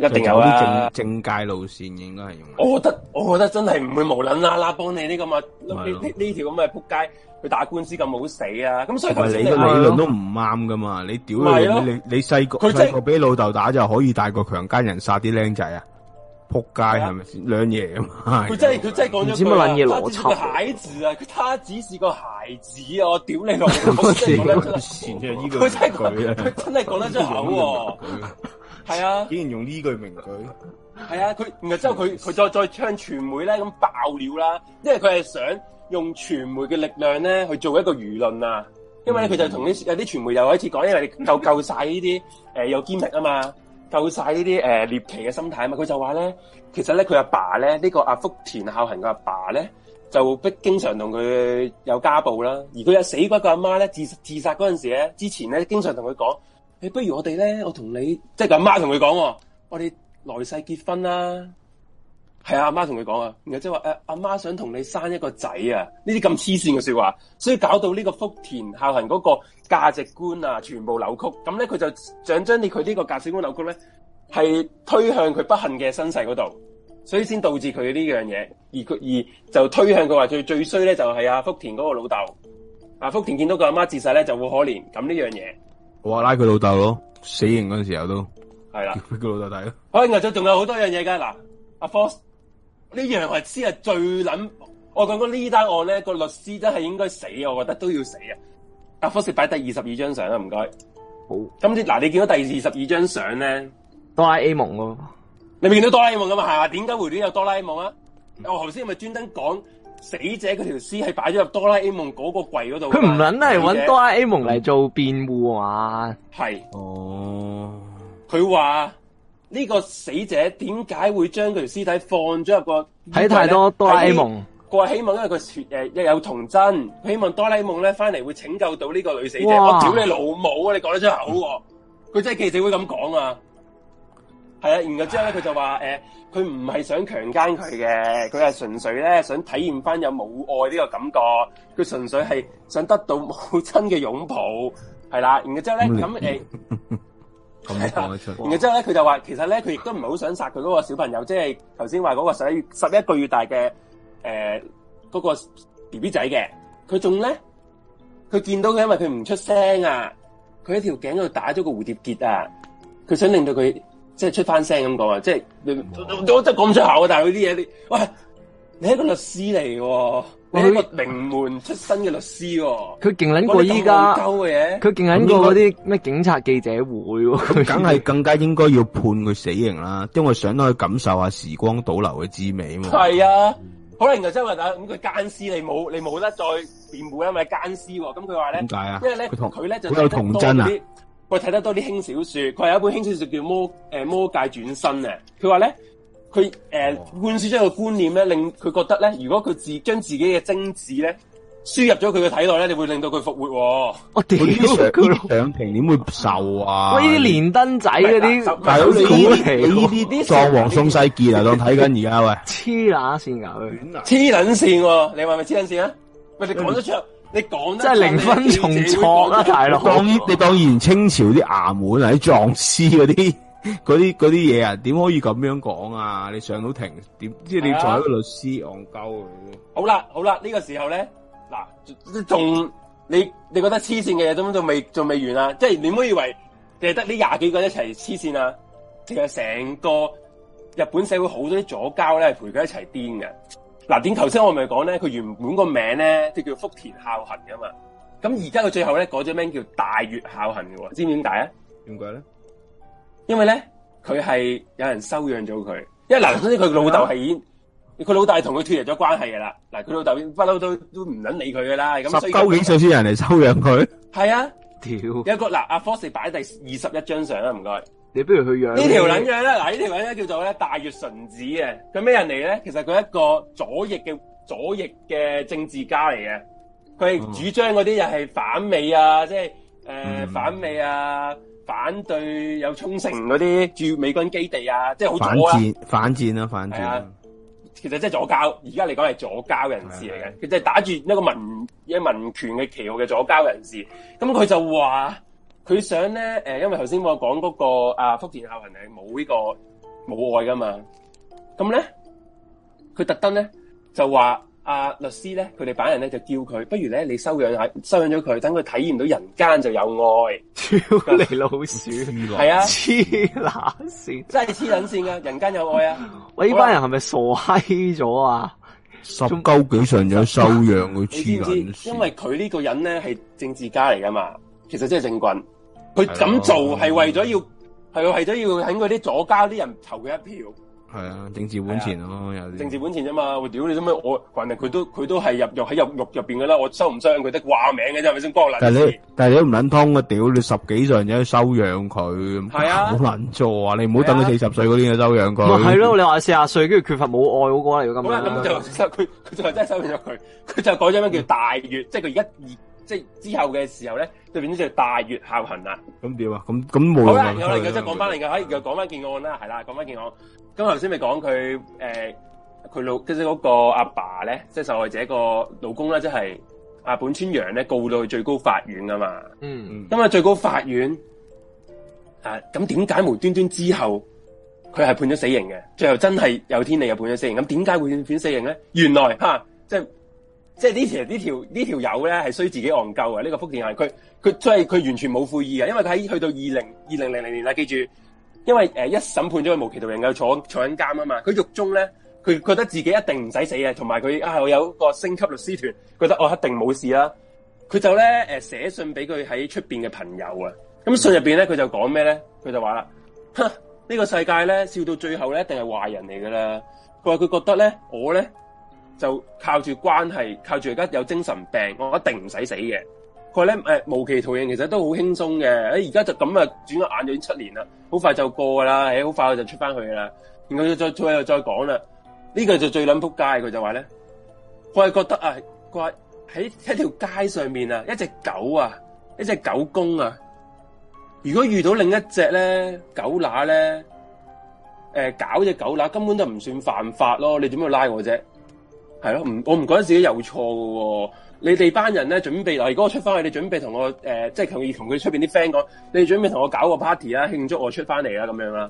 [SPEAKER 2] 一定有啊，政政界路線應該係用。
[SPEAKER 1] 我覺得我覺得真係唔會無捻啦啦幫你呢咁啊呢呢呢條咁嘅扑街去打官司咁好死啊！咁所以
[SPEAKER 2] 頭先你個理論都唔啱噶嘛，你屌你你你細個細個俾老豆打就可以大過強姦人殺啲僆仔啊！仆街係咪先兩爺啊嘛？佢真
[SPEAKER 1] 係佢真係講咗句啊！孩子啊，佢他只是個孩子，啊子，啊、子啊！我屌你老母！佢 真係講得佢真係講得真好喎！
[SPEAKER 2] 係啊，竟然用呢句名句！
[SPEAKER 1] 係啊，佢、啊，然之後佢，佢再再唱傳媒咧咁爆料啦，因為佢係想用傳媒嘅力量咧去做一個輿論啊！因為咧佢就同啲有啲傳媒又開始講，因為你夠夠曬呢啲誒有堅力啊嘛！救曬呢啲誒獵奇嘅心態啊嘛，佢就話咧，其實咧佢阿爸咧呢、呢個阿、啊、福田孝行嘅阿爸咧，就逼經常同佢有家暴啦。而佢有死鬼個阿媽咧，自自殺嗰陣時咧，之前咧經常同佢講：誒，不如我哋咧，我同你即係佢阿媽同佢講，我哋來世結婚啦。係啊，阿媽同佢講啊，然後即係話誒，阿媽想同你生一個仔啊，呢啲咁黐線嘅說話，所以搞到呢個福田孝行嗰個價值觀啊，全部扭曲。咁咧佢就想將你佢呢個價值觀扭曲咧，係推向佢不幸嘅身世嗰度，所以先導致佢呢樣嘢。而佢而就推向佢話最最衰咧，就係阿福田嗰個老豆。啊福田見到個阿媽自殺咧，就會可憐。咁呢樣嘢，
[SPEAKER 2] 哇！拉佢老豆咯，死刑嗰陣時候都係啦，佢、啊、老豆大
[SPEAKER 1] 咯。哎，嗱，就仲有好多樣嘢㗎嗱，阿呢樣律師啊最撚，我講講呢單案咧個律師真係應該死，我覺得都要死啊！阿 Fox 擺第二十二張相啦，唔該。好，今次嗱你見到第二十二張相咧，哆啦 A 夢咯，你未見到哆啦 A 夢㗎嘛？係啊，點解回帖有哆啦 A 夢啊、嗯？我頭先咪專登講死者嗰條屍係擺咗入哆啦 A 夢嗰個櫃嗰度。佢唔撚係揾哆啦
[SPEAKER 3] A 夢嚟做辯護啊？係、嗯。哦。佢話。
[SPEAKER 1] 呢、這個死者點解會將佢條屍體放咗入一個？睇太多哆啦 A 夢，佢話希望因為佢誒，有童真，佢希望哆啦 A 夢咧翻嚟會拯救到呢個女死者。我屌你老母啊！你講得出口？佢真係記者會咁講啊！係啊，啊，然後之後咧佢就話誒，佢唔係想強姦佢嘅，佢係純粹咧想體驗翻有母愛呢個感覺。佢純粹係想得到母親嘅擁抱，係啦、啊。然後之後咧咁誒。 啊、然後之後咧，佢就話，其實咧，佢亦都唔係好想殺佢嗰個小朋友，即係頭先話嗰個十一月十一個月大嘅誒，嗰、呃嗰個 B B 仔嘅，佢仲咧，佢見到佢因為佢唔出聲啊，佢喺條頸度打咗個蝴蝶結啊，佢想令到佢即係出翻聲咁講啊，即係都真係講唔出口啊，但係佢啲嘢你，喂，你係個律師嚟喎、啊。佢名門出身嘅律師喎、
[SPEAKER 3] 哦，佢勁撚過依家嘅嘢。佢勁撚過嗰啲咩警察記者會喎、哦，佢梗係更加應該要判佢
[SPEAKER 2] 死刑啦，因為想攞去感受下時光倒流嘅滋味啊嘛。係
[SPEAKER 3] 啊，可能就因
[SPEAKER 1] 為咁佢奸屍你冇你冇得再辯護，因為奸屍喎、哦。咁佢話咧，點解啊？因為咧佢同佢咧就睇得多啲，佢睇、啊、得多啲輕小說，佢有一本輕小說叫《魔誒魔界轉生》啊。佢話咧。佢誒灌輸咗個觀念咧，令佢覺得呢：如果佢將自己嘅精子咧輸入咗佢嘅體內咧、哦哦啊啊，你會令到佢復活喎。
[SPEAKER 2] 我屌佢長平點會受啊！喂、啊，呢啲連
[SPEAKER 3] 登仔嗰啲大佬，你呢啲呢啲狀王
[SPEAKER 2] 宋世傑啊，當睇緊而家喂
[SPEAKER 3] 黐撚線噶，黐撚線喎！你話咪
[SPEAKER 2] 黐撚
[SPEAKER 1] 線啊？喂，你講得出你講得？即係零分重錯啊！大佬，當
[SPEAKER 2] 當然清朝啲衙門係啲狀師嗰啲。嗰啲啲嘢啊，點可以咁樣講啊？你上到庭，點即係你做一個律師戇鳩嘅。
[SPEAKER 1] 好啦，好啦，呢、這個時候咧，嗱，仲你你覺得黐線嘅嘢，都仲未仲未完啊？即、就、係、是、你唔好以為淨係得呢廿幾個一齊黐線啊！其實成個日本社會好多啲左膠咧，係陪佢一齊癲嘅。嗱，點頭先我咪講咧，佢原本個名咧即叫福田孝行嘅嘛，咁而家佢最後咧改咗名叫大月孝行嘅喎，知唔知點解啊？點解咧？因為咧，佢係有人收養咗佢。因為嗱，總之佢老豆係已經，佢老豆同佢脫離咗關係嘅啦。嗱，佢老豆已經不嬲都都唔捻理佢噶啦。咁究竟
[SPEAKER 2] 誰先有人嚟收養佢？
[SPEAKER 1] 係啊，條有個嗱阿 Fox 擺第二十一張相啊，唔該、啊啊啊。
[SPEAKER 3] 你不如去養呢條捻
[SPEAKER 1] 樣咧？嗱，呢條捻咧叫做咧大月純子嘅。佢咩人嚟咧？其實佢係一個左翼嘅左翼嘅政治家嚟嘅。佢係主張嗰啲又係反美啊，嗯、即係誒、呃嗯、反美啊。反對有沖繩嗰啲駐美軍基地啊，反戰即係好左啊！反戰，
[SPEAKER 2] 反戰啊反戰！是啊、
[SPEAKER 1] 其實即係左膠，而家嚟講係左膠人士嚟嘅，佢就係打住一,一個民權民權嘅旗號嘅左膠人士。咁佢就話佢想咧，誒，因為頭先我講嗰、那個啊，福田孝行係冇呢個母愛噶嘛，咁咧佢特登咧就話。阿、uh, 律師咧，佢哋擺人咧就叫佢，不如咧你收養下，收養咗佢，等佢體驗到人間就有愛。
[SPEAKER 3] 超你老鼠，係 是啊，黐
[SPEAKER 1] 撚線，真係黐撚線啊！人間有愛啊！
[SPEAKER 3] 喂，呢班人係咪傻閪咗啊？心
[SPEAKER 2] 究竟上，有收養佢
[SPEAKER 1] 黐撚線。 經 知知 因為佢呢個人咧係政治家嚟噶嘛，其實真係政棍，
[SPEAKER 2] 佢咁做係
[SPEAKER 1] 為咗要，係 為咗要喺佢啲左家啲人投佢一票。
[SPEAKER 2] 係啊，政治本錢咯、啊，有啲政治
[SPEAKER 1] 本錢啫嘛。我屌你做咩？我反正佢都佢都係入入喺入獄入邊噶啦。我收唔收養佢得掛名嘅啫，係咪先？光臨。但係
[SPEAKER 2] 你但係你都唔捻通嘅。屌你十幾歲人仔收養佢，啊好難做啊, 啊！你唔好等佢四十
[SPEAKER 3] 歲嗰啲啊收養佢。係咯，你話四啊歲，跟住缺乏母愛嗰個嚟嘅咁。咁咁、啊、就佢佢、啊、就
[SPEAKER 1] 真係收養咗佢。佢就改咗乜叫大月，即係佢一二。即係之後嘅時候咧，對面啲叫大月孝行啦。
[SPEAKER 2] 咁點啊？咁咁冇。好啦，又嚟嘅，即係講翻嚟
[SPEAKER 1] 嘅，可以又講翻件案啦，係啦，講翻件案。咁頭先咪講佢誒佢老即係嗰個阿爸咧，即係受害者個老公啦，即係阿本村洋咧告到去最高法院啊嘛。嗯，嗯。因為最高法院啊，咁點解無端端之後佢係判咗死刑嘅？最後真係有天理啊，判咗死刑。咁點解會判判死刑咧？原來嚇即係，啊就是即係呢條呢條呢條友咧係需自己戇鳩啊！呢、呢個福田係佢佢真係佢完全冇悔意啊，因為佢喺去到二零二零零零年啦，記住，因為、呃、一審判咗佢無期徒刑，佢坐坐緊監啊嘛，佢獄中咧，佢覺得自己一定唔使死嘅，同埋佢啊，我有個星級律師團，覺得我、哦、一定冇事啦，佢就咧、呃、寫信俾佢喺出面嘅朋友啊，咁信入面咧佢就講咩咧？佢就話啦，哼，呢、呢個世界咧笑到最後咧一定係壞人嚟噶啦！佢話佢覺得咧，我咧。就靠住關係，靠住而家有精神病，我一定唔使死嘅。佢咧誒無期徒刑其實都好輕鬆嘅。誒而家就咁啊轉咗眼就已經七年啦，好快就過噶啦。誒、哎、好快我就出翻去噶啦。然後就再就再又再講啦，呢、這個就最撚撲街。佢就話咧，佢係覺得啊，佢話喺一條街上面啊，一隻狗啊，一隻狗公啊，如果遇到另一隻咧狗乸咧、呃，搞隻狗乸根本就唔算犯法咯。你點解拉我啫？係咯、啊，唔我唔覺得自己有錯嘅喎，你哋班人咧準備嚟。如果我出翻去，你準備同我誒、呃，即係求其同佢出邊啲 friend 講，你準備同我搞個 party 啦，慶祝我出翻嚟啦，咁樣啦。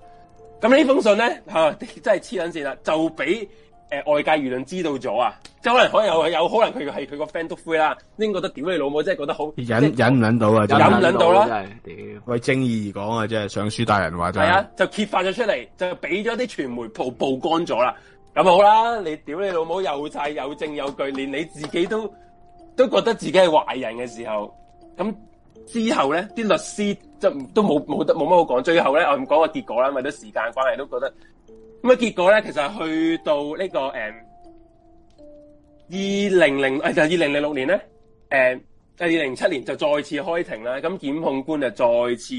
[SPEAKER 1] 咁呢封信咧吓、啊，真係黐捻綫啦，就俾誒、呃、外界輿論知道咗啊，即係可能可有有可能佢係佢個 friend 都灰啦，呢個得屌你老母真係覺得好
[SPEAKER 2] 忍忍唔捻到啊，忍唔捻到啦，屌！為正義而講啊，真係尚書大人話就係啊，
[SPEAKER 1] 就揭發咗出嚟，就俾咗啲傳媒曝曝光咗啦。咁好啦，你屌你老母有晒有證有據，連你自己都都覺得自己係壞人嘅時候，咁之後咧，啲律師就都冇冇得冇乜好講。最後咧，我唔講個結果啦，因為都時間關係，都覺得咁啊結果咧，其實去到、這個嗯、呢個誒二零零誒就二零零六年咧，誒就二零零七年就再次開庭啦。咁檢控官就再次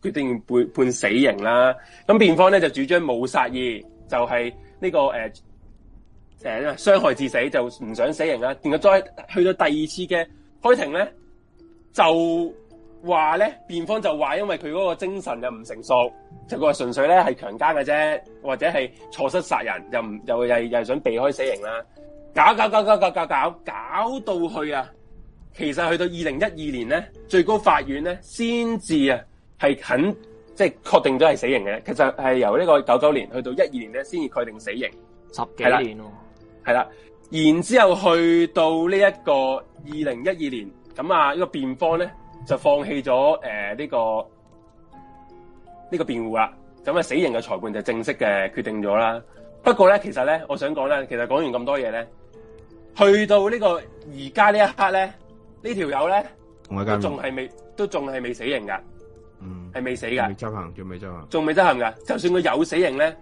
[SPEAKER 1] 決定判判死刑啦。咁辯方咧就主張冇殺意，就係、是。呢、這個誒成啊傷害致死就唔想死刑啦，然後再去到第二次嘅開庭咧，就話咧辯方就話因為佢嗰個精神又唔成熟，就話純粹咧係強奸嘅啫，或者係錯失殺人，又唔又又，又想避開死刑啦，搞搞搞搞搞搞搞搞到去啊，其實去到二零一二年咧，最高法院咧先至啊係肯。即係確定咗係死刑嘅，其實係由呢個九九年去到一二年咧，先至確定死刑，十幾年啦，係啦，係啦，然之後去到呢一個二零一二年，咁啊呢個辯方咧就放棄咗誒呢個呢、呢個辯護啦，咁啊死刑嘅裁判就正式嘅決定咗啦。不過咧，其實咧，我想講咧，其實講完咁多嘢咧，去到呢個而家呢一刻咧，呢個、呢條友咧，
[SPEAKER 2] 都仲係
[SPEAKER 1] 未，都仲係未死刑噶。嗯，係未死噶，未
[SPEAKER 2] 執行，仲未執行，
[SPEAKER 1] 仲未執行噶。就算佢有死刑咧，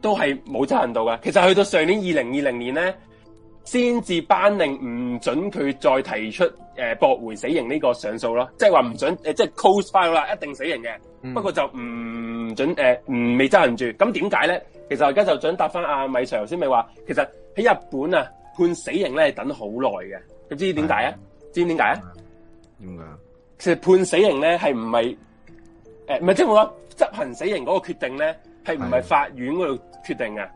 [SPEAKER 1] 都係冇執行到㗎。其實去到上年二零二零年咧，先至頒令唔准佢再提出誒駁、呃、回死刑呢個上訴咯，即係話唔准誒、嗯，即係 close file 啦，一定死刑嘅、嗯。不過就唔准誒，唔、呃、未執行住。咁點解咧？其實我而家就想答翻阿米 Sir 先，咪話其實喺日本啊判死刑咧等好耐嘅。咁知點解啊？知唔知點解啊？
[SPEAKER 2] 點解？.
[SPEAKER 1] 其實判死刑咧，係唔係？誒、欸，唔係即我講執行死刑嗰個決定咧，係唔係法院嗰度決定嘅？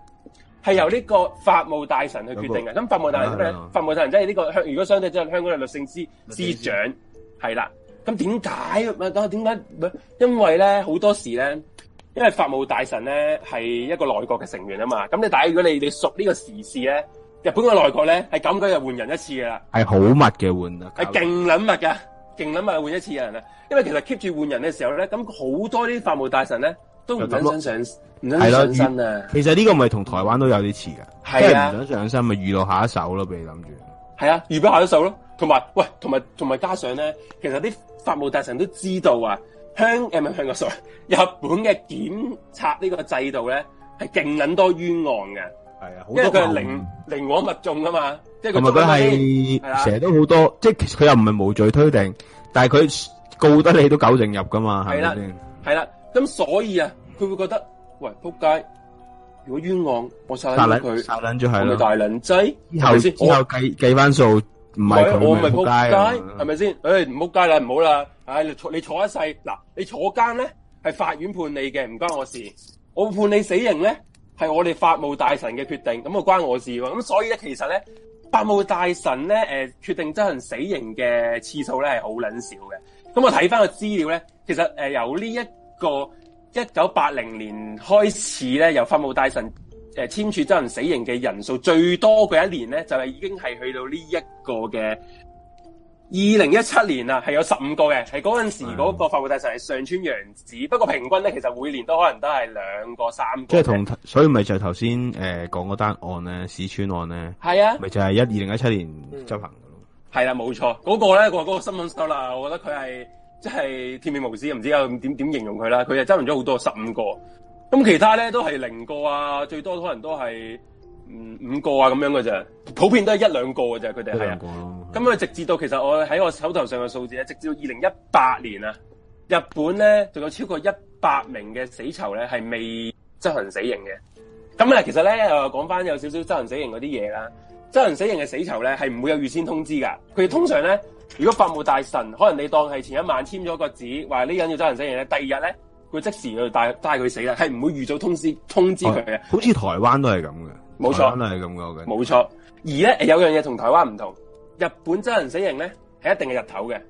[SPEAKER 1] 係由呢個法務大臣去決定嘅。咁法務大臣有有法務大臣即係呢個香，如果相對即係香港嘅律政司司長，係啦。咁點解？咁係點解？因為咧好多時咧，因為法務大臣咧係一個內閣嘅成員啊嘛。咁你但係如果你你熟呢個時事咧，日本嘅內閣咧係咁佢就換人一次嘅啦，
[SPEAKER 2] 係好密嘅換，係勁
[SPEAKER 1] 撚密嘅。勁諗埋換一次人啊，因為其實 keep 住換人嘅時候咧，咁好多啲法務大臣咧都唔想上，唔想上身啊。
[SPEAKER 2] 其實呢個唔係同台灣都有啲似噶，係係唔想上身咪遇到下一手，啊、咯，俾你諗住。
[SPEAKER 1] 係啊，預到下一手咯，同埋喂，同埋同埋加上咧，其實啲法務大臣都知道啊，香誒香國稅，日本嘅檢察呢個制度咧係勁捻多冤案嘅。係啊，好多佢係寧枉勿縱噶嘛，即係佢係成日都
[SPEAKER 2] 好多，即係其實佢又唔係無罪推定，但係佢告得你都九成入噶嘛，係咪先？
[SPEAKER 1] 係啦，咁、啊啊、所以啊，佢會覺得喂扑街，如果冤案我殺咗佢，殺卵咗係啦，大輪仔之後先，之後計
[SPEAKER 2] 計翻數唔係咁扑街，
[SPEAKER 1] 係咪先？誒唔扑街啦，唔好啦，唉你坐你坐一世嗱，你坐監咧係法院判你嘅唔關我事，我判你死刑咧。係我哋法務大臣嘅決定，咁啊關我事喎。咁所以咧，其實咧，法務大臣咧，誒、呃、決定執行死刑嘅次數咧，係好捻少嘅。咁我睇翻個資料咧，其實、呃、由呢一個一九八零年開始咧，由法務大臣誒、呃、簽署執行死刑嘅人數最多嗰一年咧，就係已經係去到呢一個嘅。二零一七年啊，係有十五個嘅，係嗰陣時嗰個法務大臣係上川陽子，不過平均咧，其實每年都可能都係兩個三個。即、就、
[SPEAKER 2] 係、是、同，所以咪就頭先誒講嗰單案咧，市川案咧，係啊，咪就係一二零一七年執行嘅
[SPEAKER 1] 咯。係、嗯、啊，冇錯，嗰、那個咧、那個嗰、那個新聞 story 啦，我覺得佢係即係鐵面無私，唔知點點形容佢啦。佢係執行咗好多，十五個，咁其他咧都係零個啊，最多可能都係五五個啊咁樣嘅啫，普遍都係一兩個嘅啫，佢哋係咁啊，直至到其實我喺我手頭上嘅數字咧，直至到二零一八年啊，日本咧仲有超過一百名嘅死囚咧係未執行死刑嘅。咁呢，其實咧誒講翻有少少執行死刑嗰啲嘢啦，執行死刑嘅死囚咧係唔會有預先通知噶。佢通常咧，如果法務大臣可能你當係前一晚簽咗個字，話呢人要執行死刑咧，第二日咧佢即時就帶帶佢死啦，係唔會預早通知通知佢嘅、啊。
[SPEAKER 2] 好似台灣都係咁嘅，冇錯台灣都係咁嘅，我、okay、冇錯，而咧有樣
[SPEAKER 1] 嘢同台灣唔同。.日本執行死刑咧，係一定係日頭嘅，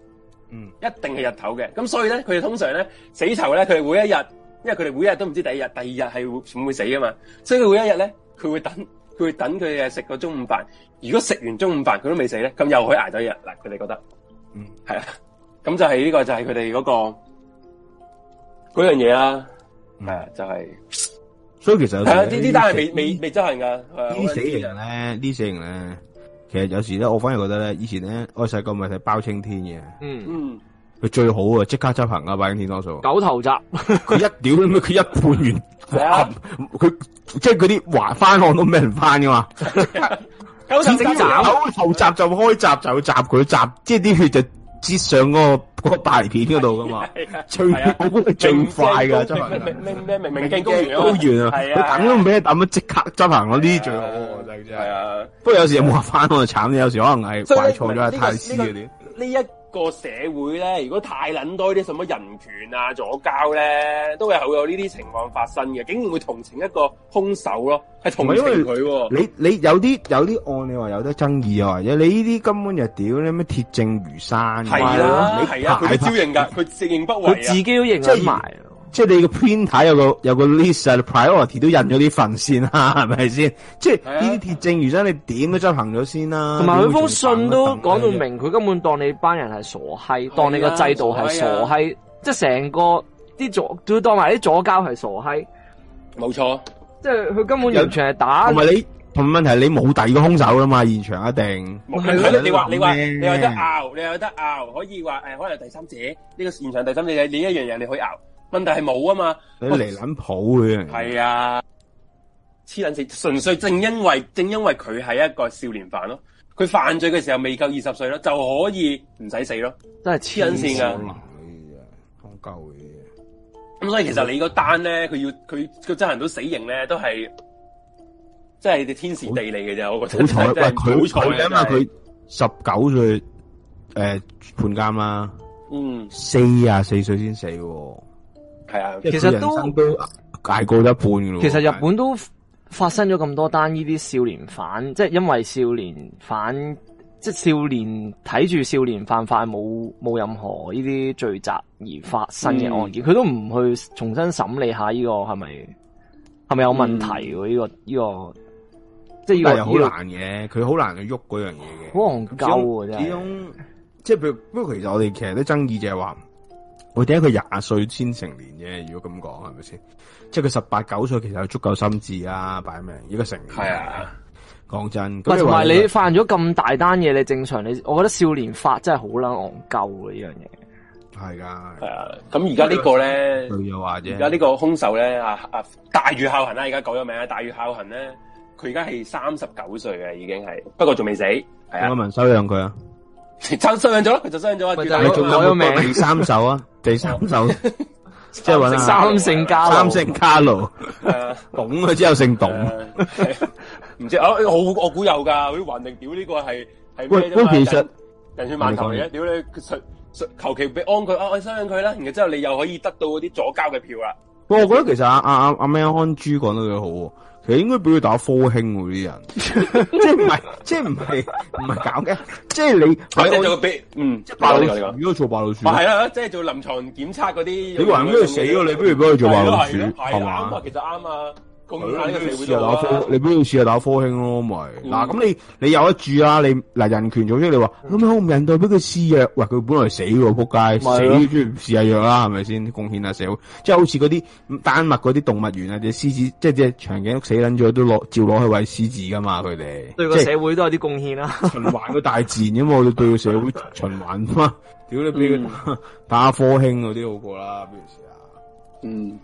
[SPEAKER 2] 嗯，
[SPEAKER 1] 一定係日頭嘅。咁所以咧，佢哋通常咧，死囚咧，佢哋每一日，因為佢哋每一日都唔知第一日，第二日係會會唔會死㗎嘛？所以佢每一日咧，佢會等，佢會等佢哋食個中午飯。如果食完中午飯佢都未死咧，咁又可以挨咗一日。嗱，佢哋覺得，嗯，係啊，咁就係呢個就係佢哋嗰個嗰樣嘢啦。係啊，嗯、就係、是嗯就是。
[SPEAKER 2] 所以其實係啊，呢啲單係未
[SPEAKER 1] 未未執行噶。呢啲死刑咧，嗯、死
[SPEAKER 2] 人呢死刑咧。其實有時咧，我反而覺得咧，以前咧，我細個咪睇《包青天》嘅，嗯嗯，佢最好啊，即刻執行啊，包青天多數。
[SPEAKER 3] 狗頭鍘，
[SPEAKER 2] 佢一屌咁，佢一判完，佢 即係嗰啲還翻案都咩人翻噶嘛？
[SPEAKER 4] 狗頭鍘，狗
[SPEAKER 2] 頭鍘就開鍘就鍘佢鍘，即係啲血就。接上嗰、那個嗰、那個大片嗰度噶嘛，啊啊啊、最好、啊、最快嘅真係，你你明
[SPEAKER 1] 明鏡高原明高原啊，啊，你
[SPEAKER 2] 等都唔俾你等，即刻執行啲、啊、最好啊真係。啊，不過有時又冇翻咯，慘啲。有時可能係壞錯咗太師嗰啲。呢、這
[SPEAKER 1] 個、一個社會咧，如果太捻多啲什麼人權啊、左膠咧，都好有呢啲情況發生嘅，竟然會同情一個兇手咯，係同情佢喎、啊。你
[SPEAKER 2] 你有啲有啲案，你話有得爭議啊？你呢啲根本就屌你咩鐵證如山，係啊係啊，佢、啊啊、
[SPEAKER 1] 招認噶，佢承認不諱、啊，佢自己都認埋。就是
[SPEAKER 2] 即係你個 printer 有個有個 list 啊 priority 都印咗啲份先啦、啊，係咪先？即係呢啲鐵證如山、啊，你點都執行咗先啦。同埋佢封
[SPEAKER 3] 信都講到明，佢根本當你班人係傻閪、啊，當你個制度係傻閪、啊啊，即係成個啲左都要當埋啲左膠係傻閪。冇錯，即係佢根本完全係打你。同埋你
[SPEAKER 2] 同問題你冇第二個凶手㗎嘛？現場一定。你話你話你有
[SPEAKER 1] 得拗，你有得拗，可以話誒、哎，可能第三者呢、這個現場第三者你一樣人你可以拗。問題係冇啊嘛，你嚟捻
[SPEAKER 2] 鋪佢啊，係
[SPEAKER 1] 啊，黐捻線，純粹正因為正因為佢係一個少年犯咯，佢犯罪嘅時候未夠二十歲咯，就可以唔使死咯，
[SPEAKER 3] 真係黐捻線㗎！好
[SPEAKER 1] 難嘅，嘅、啊，咁所以其實你個單咧，佢要佢佢執行到死刑咧，都係即係天時地利嘅啫。我覺得好彩，佢好彩嘅因為佢
[SPEAKER 2] 十九歲誒判監啦，嗯，四廿四歲先死、啊。係啊，其實都大過一半咯。其實
[SPEAKER 3] 日本都發生咗咁多單呢啲少年犯，即係因為少年犯，即係少年睇住少年犯快冇冇任何呢啲聚集而發生嘅案件，佢、嗯、都唔去重新審理下呢個係咪係咪有問題？呢、嗯，這個呢、這個即係呢又好難嘅，佢、這、好、個、難去喐
[SPEAKER 2] 樣嘢嘅，好難教嘅啫。係。呢即係，不過不過，其實我哋其實都爭議就係話。我頂佢廿歲先成年嘅，如果咁講係咪先？即係佢十八九歲，其實有足夠心智啊，擺明一個成年。係啊，講真。同埋你
[SPEAKER 3] 犯咗咁大單嘢，你正常你，我覺得少年法真係好撚戇鳩呢樣嘢。係噶。係啊，咁、啊啊啊、而家呢個咧，
[SPEAKER 1] 而家呢個凶手咧啊啊福田孝行啦，而家改咗名啊。福田孝行咧、啊，佢而家係三十九歲嘅已經係，不過仲未
[SPEAKER 2] 死。阿文收養佢啊！
[SPEAKER 1] 就信咗咯，就信任咗啊！我有命。第三手
[SPEAKER 2] 三首 啊，第三手，即係揾三姓家奴，三姓家奴，三姓家啊三姓卡啊、 董佢之後姓董，
[SPEAKER 1] 唔、啊、 知啊？我我估有噶，啲還定表呢個係係咩喂，其實人血饅頭嘅，屌你，求其俾安佢，我相信佢啦，然後之後你又可以得到嗰啲左膠嘅票啦。
[SPEAKER 2] 不過我覺得其實阿阿阿阿 Mancong 講得幾好喎，其實應該俾佢打科興嗰啲人，即係唔係即係唔係唔係搞嘅，即 係你喺、啊、我個俾嗯，即係白老鼠，如、嗯、果做白老鼠，係啊，即係、啊就
[SPEAKER 1] 是、做臨床檢測嗰啲，你話人俾佢死喎，你不如俾佢做白老鼠，啱嘛、啊啊啊？
[SPEAKER 2] 其實啱啊。咁啊！呢個社會你邊度試下打科興咯，咪嗱咁你你有得住啦、啊？你嗱人權組織你話咁好唔人道，俾佢試藥，喂佢本來死喎，撲街、就是啊、死先試下藥啦、啊，係咪先貢獻下、啊、社會？即係好似嗰啲丹麥嗰啲動物園呀，隻獅子即係隻長頸鹿死撚咗都照攞去餵獅子㗎嘛，佢哋對個社
[SPEAKER 3] 會都有啲貢獻啦、
[SPEAKER 2] 啊。就是、循環個大自然，因 為我哋對個社會循環嘛。
[SPEAKER 3] 屌、嗯、你，俾 打
[SPEAKER 2] 科興嗰啲好過啦，不如試下？嗯。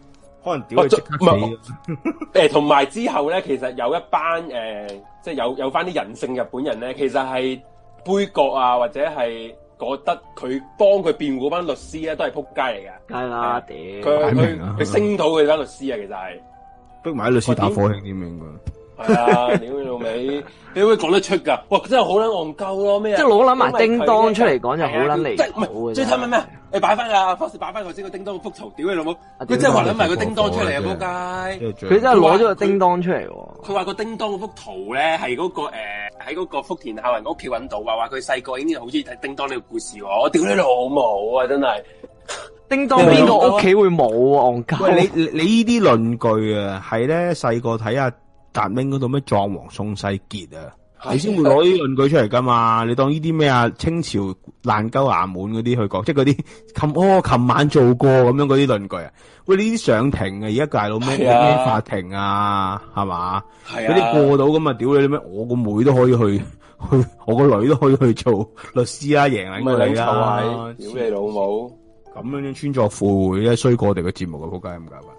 [SPEAKER 2] 可能屌佢即
[SPEAKER 1] 刻死同埋、啊、 之後咧，其實有一班、呃、即係有有翻啲人性日本人咧，其實係杯葛啊，或者係覺得佢幫佢辯護班律師咧，都係撲街嚟嘅。梗係啦，屌、呃！佢佢佢聲討佢班律師啊，其實係
[SPEAKER 2] 逼埋律師打火器唔應該。係 啊！屌你老味，你會
[SPEAKER 1] 講得出噶？哇！真係好捻戇鳩咯！咩啊？即係老諗埋叮噹出嚟講就好捻離譜嘅。最慘係咩？你擺翻啦，博士擺翻我先個叮噹個幅圖，屌你老母！佢真係話諗埋個叮噹出嚟啊！仆街！
[SPEAKER 3] 佢真係攞咗個叮噹出嚟喎！
[SPEAKER 1] 佢話個叮噹個幅圖咧係嗰個誒喺嗰個福田孝行屋企搵到，啊！話佢細個已經好中意睇叮噹呢個故事喎！我屌你老母啊！真係
[SPEAKER 3] 叮噹邊個屋企
[SPEAKER 2] 會冇啊？戇鳩！你你呢啲論據啊，係咧細個睇下。達明嗰度咩？狀王宋世傑啊，你先會攞啲論據出嚟噶嘛？你當呢啲咩啊？清朝爛鳩衙門嗰啲去講，即係嗰啲琴哦琴晚做過咁樣嗰啲論據啊？喂，呢啲上庭啊？而家大佬咩咩法庭啊？係嘛？嗰啲過到咁啊？屌你啲咩？我個妹都可以去，去我個女都可以去做律師啊，贏緊屌你老母，咁樣穿鑿附會咧，衰過我哋嘅節目嘅，啊，仆街唔該。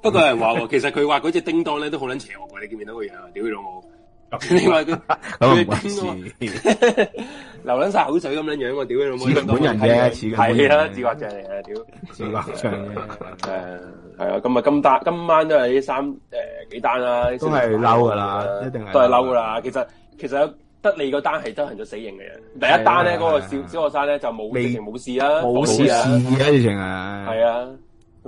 [SPEAKER 1] McDonald's. 不過有人話喎，其實佢話嗰隻叮當咧都好撚邪惡，你見唔見到個樣啊？屌佢老母！你話佢流撚晒口水咁樣樣喎，屌佢老母！佢本人嘅，似佢本人係啦，自畫 Type-、嗯、像嚟嘅，屌自畫像嚟嘅，係啊！今日今單今晚都係啲三誒幾單啦，都係嬲噶啦，一定都係嬲噶啦。其實其實有得你個單係得行咗死刑嘅第一單咧，嗰個小小學生咧就冇，直情冇事啊！冇事啊，冇事
[SPEAKER 2] 直情啊！係啊。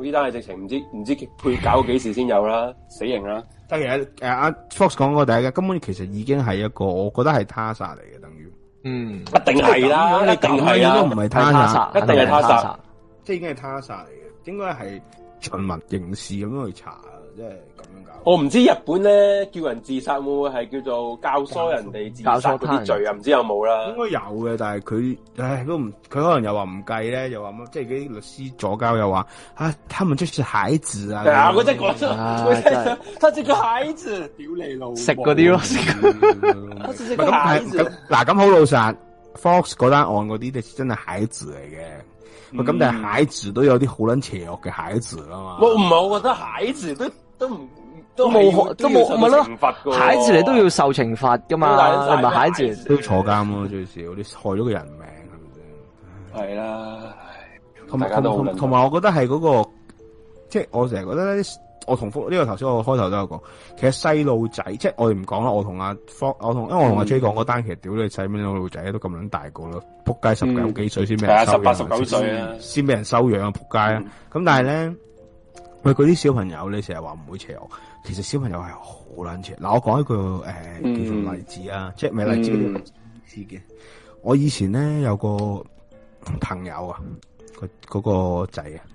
[SPEAKER 1] 呢單係直情唔知唔知配搞幾時先有啦， 死刑啦！
[SPEAKER 2] 但係其實誒阿、uh, Fox 講過第一個根本其實已經係一個，我覺得係他殺嚟嘅等於，
[SPEAKER 1] 嗯，一定係啦，你、就是、定係啦、啊，應該唔係他殺，一定係他殺，
[SPEAKER 2] 即係已經係他殺嚟嘅，應該係循問刑事咁樣去查。即係咁，我唔知日本咧，叫人自殺會唔會係叫做教唆人哋自殺嗰啲罪啊？唔知有冇啦。應該有嘅，但係佢，唉，都唔，佢可能又話唔計咧，又話乜，即係啲律師左交又話，啊，他們出是蟹子啊。嗱、就是，我即
[SPEAKER 1] 係講咗，他只叫、就是啊就是、
[SPEAKER 2] 蟹
[SPEAKER 1] 子，屌你老。食嗰啲咯。
[SPEAKER 2] 嗱 那，咁 那 好老實，Fox 嗰單案嗰啲，真係蟹子嚟嘅。咁、嗯、但係
[SPEAKER 3] 蟹子都有啲好撚邪惡嘅蟹子啊
[SPEAKER 1] 嘛、嗯！我唔係，我覺得蟹子都都唔都冇，都冇咪咯，蟹子你
[SPEAKER 3] 都要受懲罰㗎嘛？你咪蟹子都坐監咯，最少你害咗個人命
[SPEAKER 1] 係咪先？係啦，同埋同
[SPEAKER 2] 埋，我覺得係嗰、嗰個，即係我成日覺得咧。我同福呢、這個頭先，我開頭都有講。其實細路仔，即係我哋唔講啦。我同阿方，我同因為我同阿 J 講嗰單，其實屌你細咩老路仔都咁樣大個啦，仆街十九幾歲先俾人收養，十八十九歲先俾人收養啊，仆街啊。咁但係咧，喂，嗰啲小朋友你成日話唔會邪惡，其實小朋友係好撚邪。嗱，我講、啊嗯嗯啊嗯、一個誒、呃、叫做例子啊，嗯、即係咩例子嘅、嗯？我以前咧有個朋友啊，佢嗰、那個仔啊。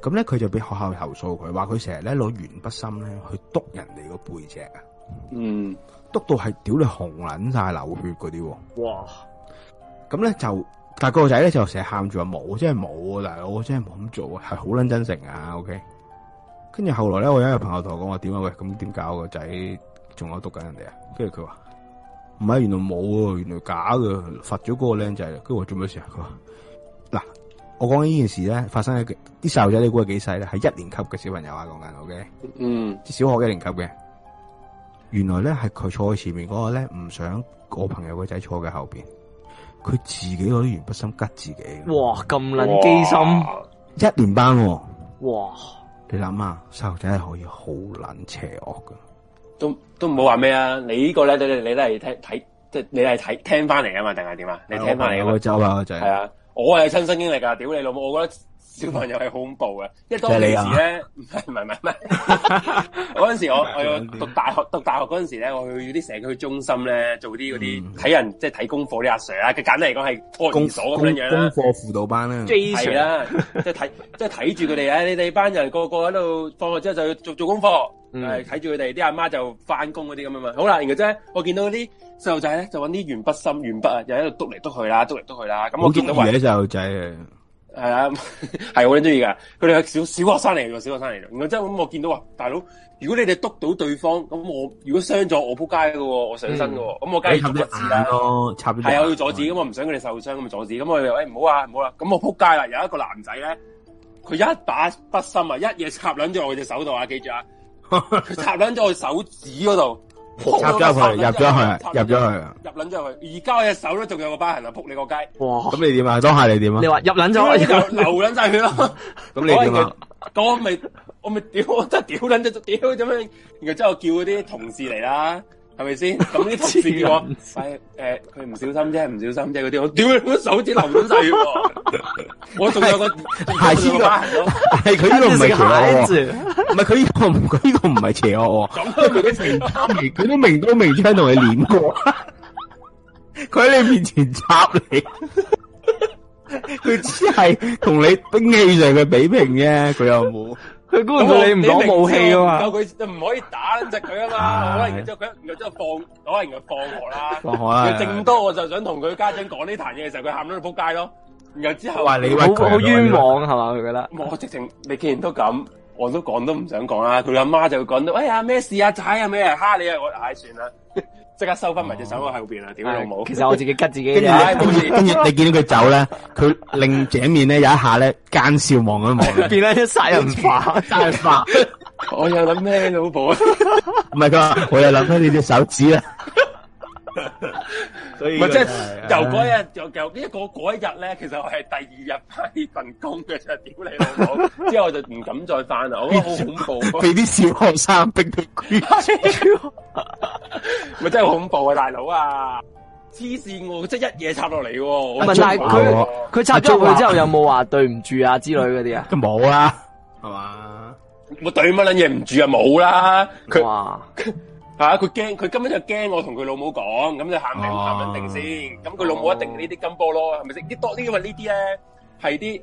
[SPEAKER 2] 咁咧佢就俾學校投訴佢，話佢成日咧攞鉛筆芯咧去督人哋個背脊啊，嗯，督到係屌你紅捻晒流血嗰啲，哇！咁咧就，但係個仔咧就成日喊住話冇，真係冇啊，但係我真係冇咁做啊，係好捻真誠啊，OK。跟住後來咧，我有一個朋友同我講話點解啊，喂，咁點搞個仔仲有督緊人哋啊？跟住佢話唔係，原來冇啊，原來假嘅，罰咗嗰個僆仔跟住我做咩事啊？佢我講緊呢件事咧，發生喺啲細路仔，你估係幾細咧？係一年級嘅小朋友啊，講緊嘅。嗯，小學一年級嘅。原來咧，係佢坐喺前面嗰個咧，唔想我朋友個仔坐嘅後邊，佢自己攞啲鉛筆芯拮自己。哇，
[SPEAKER 3] 咁撚機心！
[SPEAKER 2] 一年班喎，啊。哇！你諗下，細路仔係可以好撚邪惡噶。
[SPEAKER 1] 都都唔好話咩啊？你個呢個咧，你你都係睇睇，即係你係睇聽翻嚟啊嘛？定係點啊？你聽翻嚟個
[SPEAKER 2] 仔啊個仔。係啊。
[SPEAKER 1] 我係有親身經歷㗎，屌你老母！我覺得。小朋友係恐怖嘅，因為當時咧，唔係唔係唔係。嗰陣 時我我讀大學，讀大學嗰陣時咧，我去啲社區中心咧做啲嗰啲睇人，即係睇功課啲阿、啊、Sir 啊。佢簡單嚟講係託兒所咁樣樣啦，功
[SPEAKER 2] 課輔導班呢啦，係 啦，即
[SPEAKER 1] 係睇即係睇住佢哋啊！你哋班人個個喺度放學之後就要做做功課，睇住佢哋啲阿媽就翻工嗰啲咁啊嘛。好啦，然後咧我見到啲細路仔咧就揾啲鉛筆芯、鉛筆啊，又喺度督嚟督去啦，督嚟督去啦。咁我見到啲細路仔啊。這個係、uh, 啊， 係我哋中意噶，佢哋係小小學生嚟嘅，小學生嚟嘅。然後即係咁，我見到啊，大佬，如果你哋督到對方，咁我如果傷咗，我仆街嘅喎，我上身嘅喎，咁、嗯、我梗係阻止啦。
[SPEAKER 2] 插邊係啊，我要阻
[SPEAKER 1] 止，咁、嗯、我唔想佢哋受傷，咁咪阻止。咁我哋誒唔好啊，唔好啦，咁我仆街啦。有一個男仔咧，佢一把筆芯啊，一嘢插撚咗我隻手度啊，記住啊，佢插撚咗我手指嗰度。
[SPEAKER 2] 入咗入去，入咗去，入咗去，入卵
[SPEAKER 1] 咗去。而家我隻手咧，仲有個疤痕啊！仆你個街，哇！
[SPEAKER 2] 咁你點啊？當下你點啊？你話入卵咗，
[SPEAKER 3] 流
[SPEAKER 1] 卵晒血咯。
[SPEAKER 2] 咁你點啊？
[SPEAKER 1] 我咪我咪屌，真係屌卵啫！屌點樣？然後之後叫嗰啲同事嚟啦。係咪先？咁啲同事叫我，誒，佢唔小心啫，唔小心啫，嗰啲我
[SPEAKER 2] 屌你個手指流咁細，我仲有個牌子㗎，係佢呢個唔係邪惡，唔係佢呢個呢個唔係邪惡，咁佢都明都明聽到你念我，佢喺你面前插你，佢只係同你兵器上嘅比拼啫，佢又冇。佢估唔到你唔攞武器啊嘛，佢 就唔可以
[SPEAKER 1] 打隻佢啊嘛，可能之後佢然後之後就放可能嘅放學啦，放學啦，佢正多我就想同佢家長講呢壇嘢嘅時候，佢喊咗仆街咯，然後之後，話你好冤枉係嘛佢覺得， 我直情你既然都咁，我都講都唔想講啦，佢阿媽就會講到，哎呀咩事啊，仔呀咩呀？蝦你啊，我唉、哎、算啦。 即刻收翻埋隻手喺後邊啊！點、哦、都
[SPEAKER 3] 冇。其實我自己吉自己啫。跟住
[SPEAKER 2] 你， 後你， 你見到佢走咧，佢另一面咧有一下咧奸笑望咗望。
[SPEAKER 3] 變咗一殺人犯，殺人犯。我又諗咩老婆？
[SPEAKER 2] 唔係佢話，我又諗起你隻手指啦。 所以、就
[SPEAKER 1] 是，唔即係，就、啊、嗰日就就呢個一日咧，其實我係第二日翻呢份工嘅啫。屌你老母，之後我就唔敢再翻啦。好恐怖，俾 啲
[SPEAKER 3] 小學生逼到，
[SPEAKER 1] 咪真係恐怖啊，大佬啊，黐線我，即係一夜插落嚟。唔係、啊，但係佢
[SPEAKER 3] 佢插咗佢之後、啊啊、有冇話對唔住啊之類嗰啲啊？佢冇啦，係
[SPEAKER 1] 嘛？我對乜撚嘢唔住啊？冇 啦沒了，佢話。 嚇、啊！佢驚，佢根本就驚我同佢老母講，咁就喊定喊穩定先。咁佢老母一定呢啲金波囉，係咪先？啲多啲，因為呢啲呢，係啲。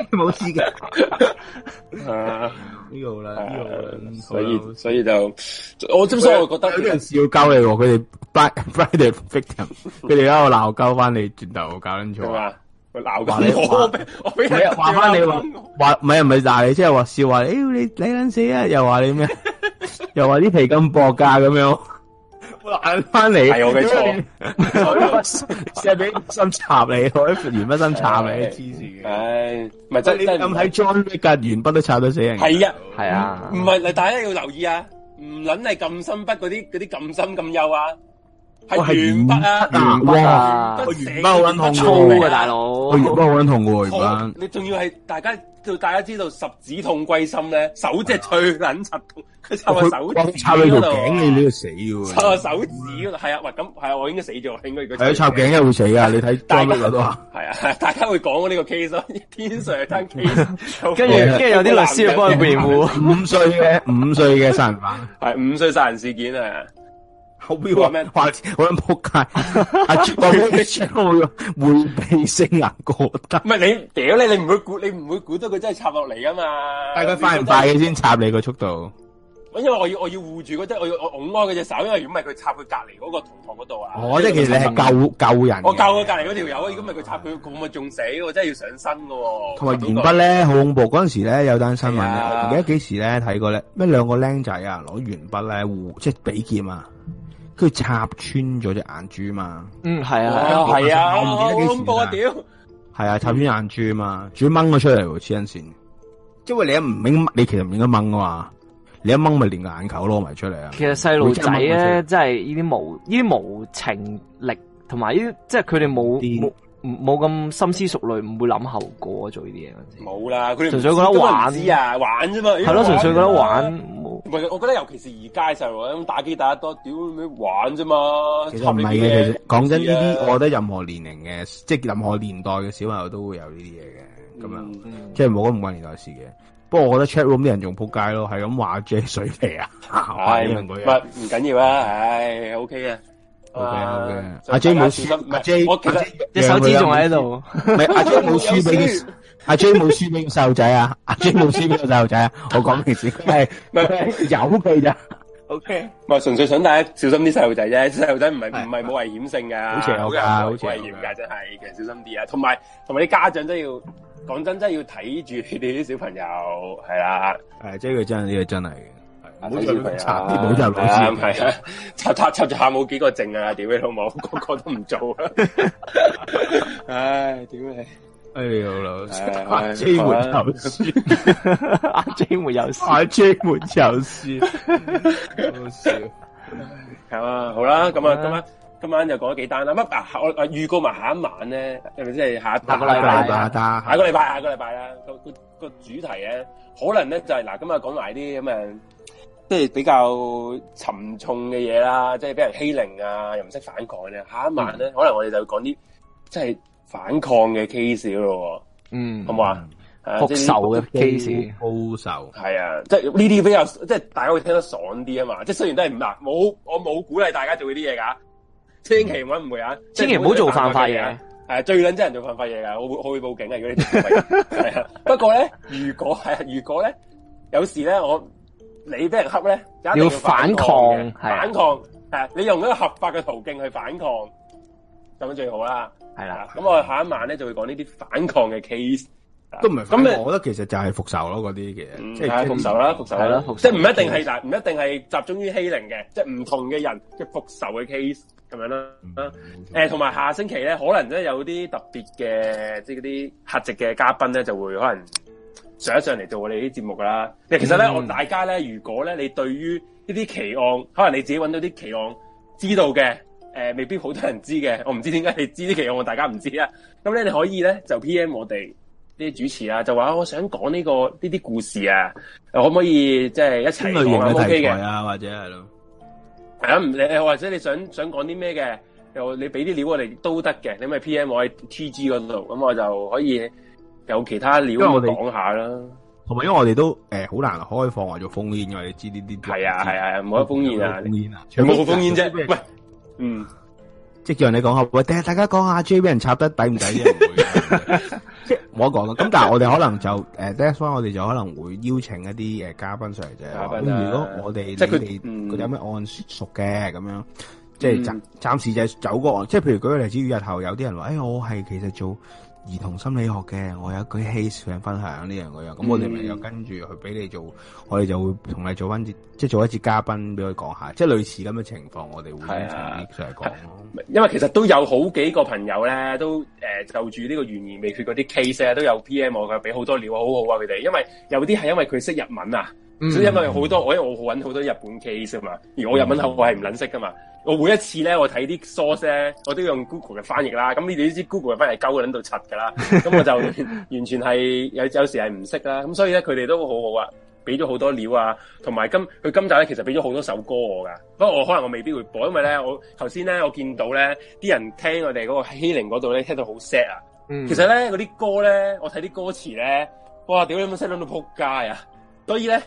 [SPEAKER 1] 冇知嘅，係呢度啦，呢、啊、度、這個、所以所以就 我真
[SPEAKER 2] 心所以我覺得呢個人笑交你喎，佢哋 fight i t i 佢哋喺度鬧交翻你，轉頭搞緊錯啊！
[SPEAKER 1] 鬧 鳩你，你，我俾人話翻你話
[SPEAKER 2] 話唔係唔係鬧你，即係話笑話回你、 就是，你你撚死啊！又話你咩？ 又話啲皮咁薄架、啊、咁樣。翻嚟係我嘅錯，成日筆深插你， 我一鉛筆深插你黐線嘅。唉 經病，唔係真真咁喺磚都夾鉛筆都插到死人。係呀，
[SPEAKER 1] 係、哎、啊。唔係、啊，你、啊、大家要留意啊，唔論你咁深筆嗰啲，嗰啲咁深咁幼啊。係圓筆啊，圓筆啊，個圓筆好撚痛噶，大佬，個圓筆好撚痛噶，圓筆。你仲要係大家，就大家知道十指痛歸心咧，手只係最捻柒痛，佢插個手指嗰度。插你條頸，
[SPEAKER 2] 你呢個死喎！插
[SPEAKER 1] 個手指嗰度，係啊，喂，咁係啊，我應該死咗啊，應該如果係插頸一定會死啊，你睇裝乜嘢都啊。係啊，大家會講我呢個 case 咯，天水灘 case，跟住跟住有啲
[SPEAKER 2] 律師去幫辯護。五歲嘅五歲嘅殺人犯，
[SPEAKER 1] 係五歲殺人事件啊。後
[SPEAKER 2] 邊話咩話？我喺扑街啊！我、啊、咩？會被聲壓過，唔係
[SPEAKER 1] 你屌你，你唔會估，你唔會估到佢真係插落嚟啊嘛？但係佢快唔快嘅先
[SPEAKER 2] 插你個速度？
[SPEAKER 1] 我因為我要我要護住、嗰隻，即係我要我拱開佢隻手，因為如果唔係佢插佢隔籬嗰個同
[SPEAKER 2] 學嗰度啊。我即係其實係救救人，我救佢隔籬嗰條友啊。如果
[SPEAKER 1] 唔係佢插佢，我咪仲死，我真係要上身噶。同埋鉛筆咧，
[SPEAKER 2] 好恐怖。嗰陣時咧有單新聞咧，唔記得幾時咧睇過咧，咩兩個僆仔啊攞鉛筆咧互即係比劍啊！佢插穿咗隻眼珠嘛？
[SPEAKER 3] 嗯，係啊，係、嗯嗯、啊，好恐怖啊！屌，
[SPEAKER 2] 係、嗯、啊，插穿眼珠嘛，仲要掹咗出嚟喎，黐線，因為你一唔明，你其實唔應該掹啊嘛，你一掹咪連個眼球攞埋出嚟啊！其實
[SPEAKER 3] 細路仔咧，真係呢啲無呢啲無情力，同埋呢啲即係佢哋冇冇。冇咁深思熟慮，唔會諗後果做呢啲嘢。冇
[SPEAKER 1] 啦，佢純粹覺得玩啊，玩
[SPEAKER 3] 啫嘛。係咯，純粹覺得玩。
[SPEAKER 1] 唔係，我覺得尤其是時候，而家細路，咁打機打得多，屌你玩啫嘛。其實唔係嘅，其實講真呢啲，我，我覺得
[SPEAKER 2] 任何年齡嘅，即係任何年代嘅小朋友都會有呢啲嘢嘅，咁樣即係冇咁唔關年代的事嘅。不過我覺得 chat room 啲人仲扑街咯，係咁話 J 水皮啊，我係唔唔
[SPEAKER 1] 緊要啊，唉、啊嗯哎、OK 啊。Oh、okay, okay. ああ沒輸啊！阿 J 冇輸，
[SPEAKER 2] 唔係 J，我見隻手指仲喺度。唔係阿 J 冇輸俾阿 J 冇輸俾個細路仔啊！阿 J 冇輸俾個細路仔啊！其實我講件事，係咪有佢咋
[SPEAKER 1] ？O K，唔係純粹想大家小心啲細路仔啫，細路仔唔係唔係冇危險性噶、 啊，好似好噶，好似危險噶，真係，其實小心啲啊！同埋同埋啲家長真係要講真真係要睇住你哋啲小朋友，係啦，
[SPEAKER 2] 即係佢真呢個真係。
[SPEAKER 1] 冇好做就老師，係啊，插插插插下，冇、啊、幾個剩啊！屌你老母，個個都唔做啊！唉，點、哎、
[SPEAKER 2] 啊？哎好老師阿 J 沒有書，阿 J 沒有書，阿 J 沒有書，
[SPEAKER 1] 好笑係啊！好啦，咁、哎哎哎、啊，咁啊、哎，今晚就講咗幾單啦。乜、啊、嗱？我預、啊、告埋下一晚咧，係咪即係下一，下個禮拜，拜啊，下個禮拜、啊，下個禮拜啦、啊。個個主題咧，可能咧就係嗱，今日講埋啲咁樣。即係比較沉重嘅嘢啦，即係俾人欺凌啊，又唔識反抗嘅、啊。下一晚咧、嗯，可能我哋就會講啲即係反抗嘅 case 咯、啊。嗯，好唔好啊？復、啊、仇嘅 case，
[SPEAKER 2] 復仇係
[SPEAKER 1] 啊，即係呢啲比較、嗯、即係大家會聽得爽啲啊嘛。即係雖然都係唔難，冇我冇鼓勵大家做呢啲嘢噶。千祈唔好唔會、嗯、的的啊，千祈唔好做犯法嘢。係啊，最撚憎人做犯法嘢噶，我會我會報警啊，如果你做犯法嘢。係 啊，不過咧，如果係啊，如果咧，有時咧我。你俾人恰咧，一定要反，要反抗，反抗，係你用一個合法嘅途徑去反抗咁最好啦，係啦。咁我下一晚咧就會講呢啲反抗嘅 case，的
[SPEAKER 2] 都唔係，咁我覺得其實就係復仇咯，嗰啲嘅，即係復仇啦，復仇，係啦，即係唔一定係嗱，
[SPEAKER 1] 唔一定係集中於欺凌嘅，即係唔同嘅人嘅復仇嘅 case 咁樣啦，啊、嗯，同、嗯、埋下星期咧，可能真係有啲特別嘅，即係嗰啲客席嘅嘉賓咧，就會可能。上一上嚟做我哋啲節目噶啦，其實咧、嗯，我大家咧，如果咧，你對於呢啲奇案可能你自己揾到啲奇案知道嘅，誒、呃，未必好多人知嘅，我唔知點解你知啲奇案我大家唔知啊。咁、嗯、咧，你可以咧就 P M 我哋啲主持啊，就話我想講呢、這個呢啲故事可可、就是、啊，可唔可以即係一齊？咩類型嘅題材啊，或者係咯，係啊、嗯，或者你想想講啲咩嘅，又你俾啲料我哋都得嘅，你咪 P M 我喺 T G 嗰度，咁、嗯、我就可以。有其他
[SPEAKER 2] 料，我哋講下啦。同埋，因為我哋都誒，好難開放話做烽煙噶因為你知呢啲。係啊係啊，冇得烽煙啊，全部烽煙啫。唔，即係叫你講下，喂，大家講下 J 俾人插得抵唔抵？即係我講噶。咁但係我哋可能就誒，第一方面我哋就可能會邀請一啲誒嘉賓上嚟啫。咁如果我哋即係佢哋佢哋有咩案熟嘅咁樣，即係暫暫時就走嗰個案。即係譬如舉個例子，日後有啲人話，哎，我係其實做。兒童心理學嘅，我有一句 case 分享呢樣嗰樣，咁、嗯、我哋咪又跟住去俾你做，我哋就會同你做翻，即係做一次嘉賓俾佢講下，即係類似咁嘅情況，我哋會跟呢上嚟講。
[SPEAKER 1] 因為其實都有好幾個朋友咧，都誒、呃、就住呢個懸疑未決嗰啲 case 啊，都有 PM 我嘅，俾好多料，好好啊佢哋，因為有啲係因為佢識日文啊。Mm-hmm. 所以因為好多我因為我揾好多日本 case 啊嘛，而我日文口我係唔撚識噶嘛。我每一次咧，我睇啲 source 咧，我都用 Google 嘅翻譯啦。咁你哋都知 Google 嘅翻譯鳩撚到柒噶啦。咁我就完全係有 有時係唔識啦。咁所以咧，佢哋都好好啊，俾咗好多料啊，同埋今佢今集咧，其實俾咗好多首歌我㗎。不過我可能我未必會播，因為咧，我頭先咧，我見到咧啲人聽我哋嗰個欺凌嗰度咧，聽到好 sad 啊。Mm-hmm. 其實咧，嗰啲歌咧，我睇啲歌詞咧，哇！屌你冇 sad 撚到撲街啊！所以咧。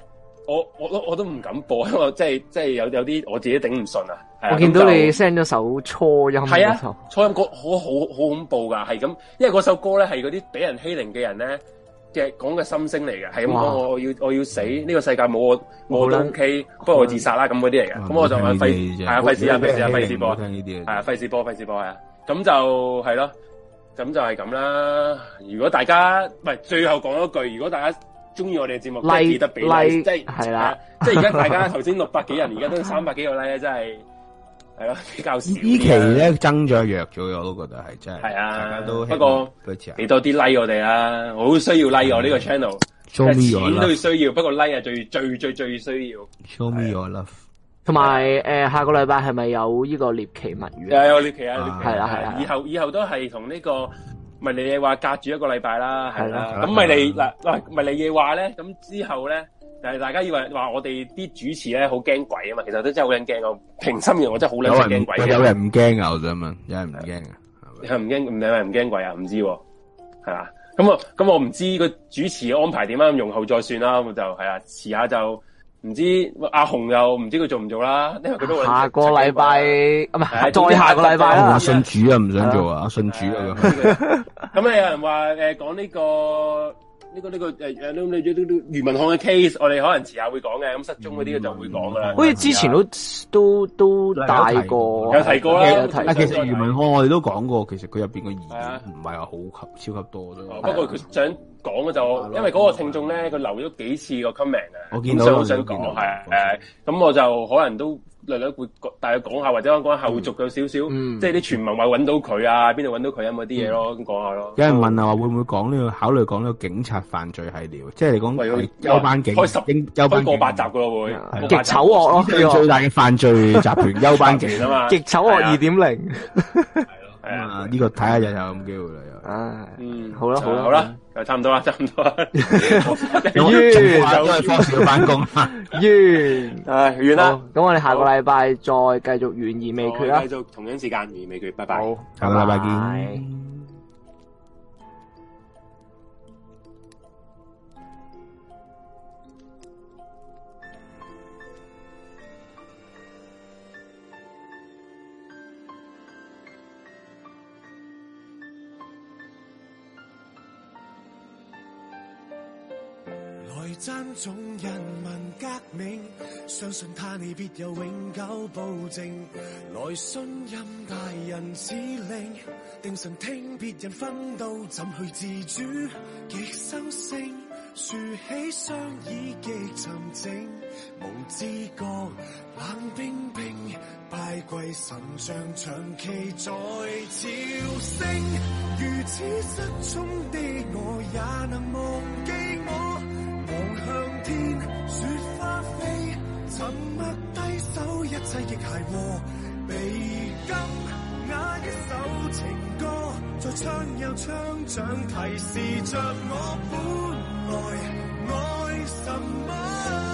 [SPEAKER 1] 我我，我都我都唔敢播，因為即係即係有有啲我自己頂唔順啊！我見到你
[SPEAKER 3] send 咗首初音係啊，
[SPEAKER 1] 初音歌我好好恐怖噶，係咁，因為嗰首歌咧係嗰啲俾人欺凌嘅人咧嘅講嘅心聲嚟嘅，係咁講，我要我要死，呢、這個世界冇我我都 OK，不過我自殺啦咁嗰啲嚟嘅。咁、那個、我就係費係啊，費事啊，費事啊，費事播。
[SPEAKER 2] 聽呢
[SPEAKER 1] 啲係啊，費事播，費事播係啊，咁就係咯，咁就係咁啦。如果大家唔係最後講一句，如果大家。中意我哋嘅節目都、like，記得俾、
[SPEAKER 3] like，即係係啦，即係而家大家頭
[SPEAKER 1] 先六百幾人，而家都三百幾個 like，真係係咯比較少啲。依期
[SPEAKER 2] 咧增咗弱咗，我都覺得係真係。係啊，大家都不過俾多啲 like 我哋啦、啊，好需要 like 我呢、呢個 channel。
[SPEAKER 3] Show me
[SPEAKER 1] 錢 your love. 都需要，不過 like 係最最最最需要。
[SPEAKER 3] Show me your love。同埋誒，下個禮拜係咪有呢個獵奇物語？有獵奇啊！係啦係啦，以後
[SPEAKER 1] 以後都係同呢個。咪你嘢話隔住一個禮拜啦，係啦，咁咪、啊啊、你嗱嗱咪你嘢話咧，咁、啊、之後咧，大家以為話我哋啲主持咧好驚鬼啊嘛，其實都真係好卵驚，我平心嘅，我真係好卵驚鬼，有人唔
[SPEAKER 2] 驚牛我嘛？我想問，有人唔驚
[SPEAKER 1] 啊？係唔驚？唔係唔驚鬼啊？唔知喎，啊，咁、嗯、我咁我唔知個主持安排點樣，容後再算啦，咁就係啊，遲下就。唔知阿雄、啊、又唔知佢做唔做啦，因為佢都下個
[SPEAKER 3] 禮拜唔係再下個禮拜。阿信
[SPEAKER 2] 主啊，唔想做啊，信主啊咁。
[SPEAKER 1] 咁啊，有人話、呃、講呢、呢個。呢個呢個誒誒呢啲呢啲余文漢嘅 case，我哋可能遲下會講嘅。咁失蹤嗰啲嘅就會講噶啦。好
[SPEAKER 3] 似之前都都都提過，
[SPEAKER 1] 有提過啦。啊，其實余
[SPEAKER 2] 文漢我哋都講過，其實佢入邊個疑點唔係話好級超級多啫。不過佢
[SPEAKER 1] 想講嘅就因為嗰個聽眾咧，佢留咗幾次個 comment 啊，我見到好想講係誒，咁我就可能都。略略講，大概講下或者講講後續有少少，即係啲傳聞話揾到佢啊，邊度揾到佢啊，咁啲嘢咯，咁、嗯、講下咯。有人問
[SPEAKER 2] 啊，話會唔會講呢個考慮講呢個警察犯罪系列，即係嚟講休班警，開十分過八
[SPEAKER 1] 集噶咯會，極醜惡咯，最大嘅
[SPEAKER 2] 犯罪集團 休班警啊嘛，極醜惡二點零。 係啊，呢個睇下又有咁機會啦，又，嗯，
[SPEAKER 3] 好啦，好啦，好啦，
[SPEAKER 1] 就差唔多啦，差唔多啦，完，因為 Fox 要翻工，
[SPEAKER 3] 完，唉，完啦，咁我哋下個禮拜再繼續懸疑未決啦，繼續同樣時間懸疑未決，拜拜，
[SPEAKER 2] 下個禮拜見。
[SPEAKER 4] 讚頌人民革命，相信他你必有永久保證。來信任大人指令，定神聽別人分斗怎去自主？極生性，豎起雙耳極沉靜，無知覺。冷冰冰，拜鬼神像長期在朝聖，如此失聰的我也能忘記我。望向天，雪花飛，沉默低首，一切亦係我。被今那一首情歌，再唱又唱，唱，像提示着我本來愛什麼。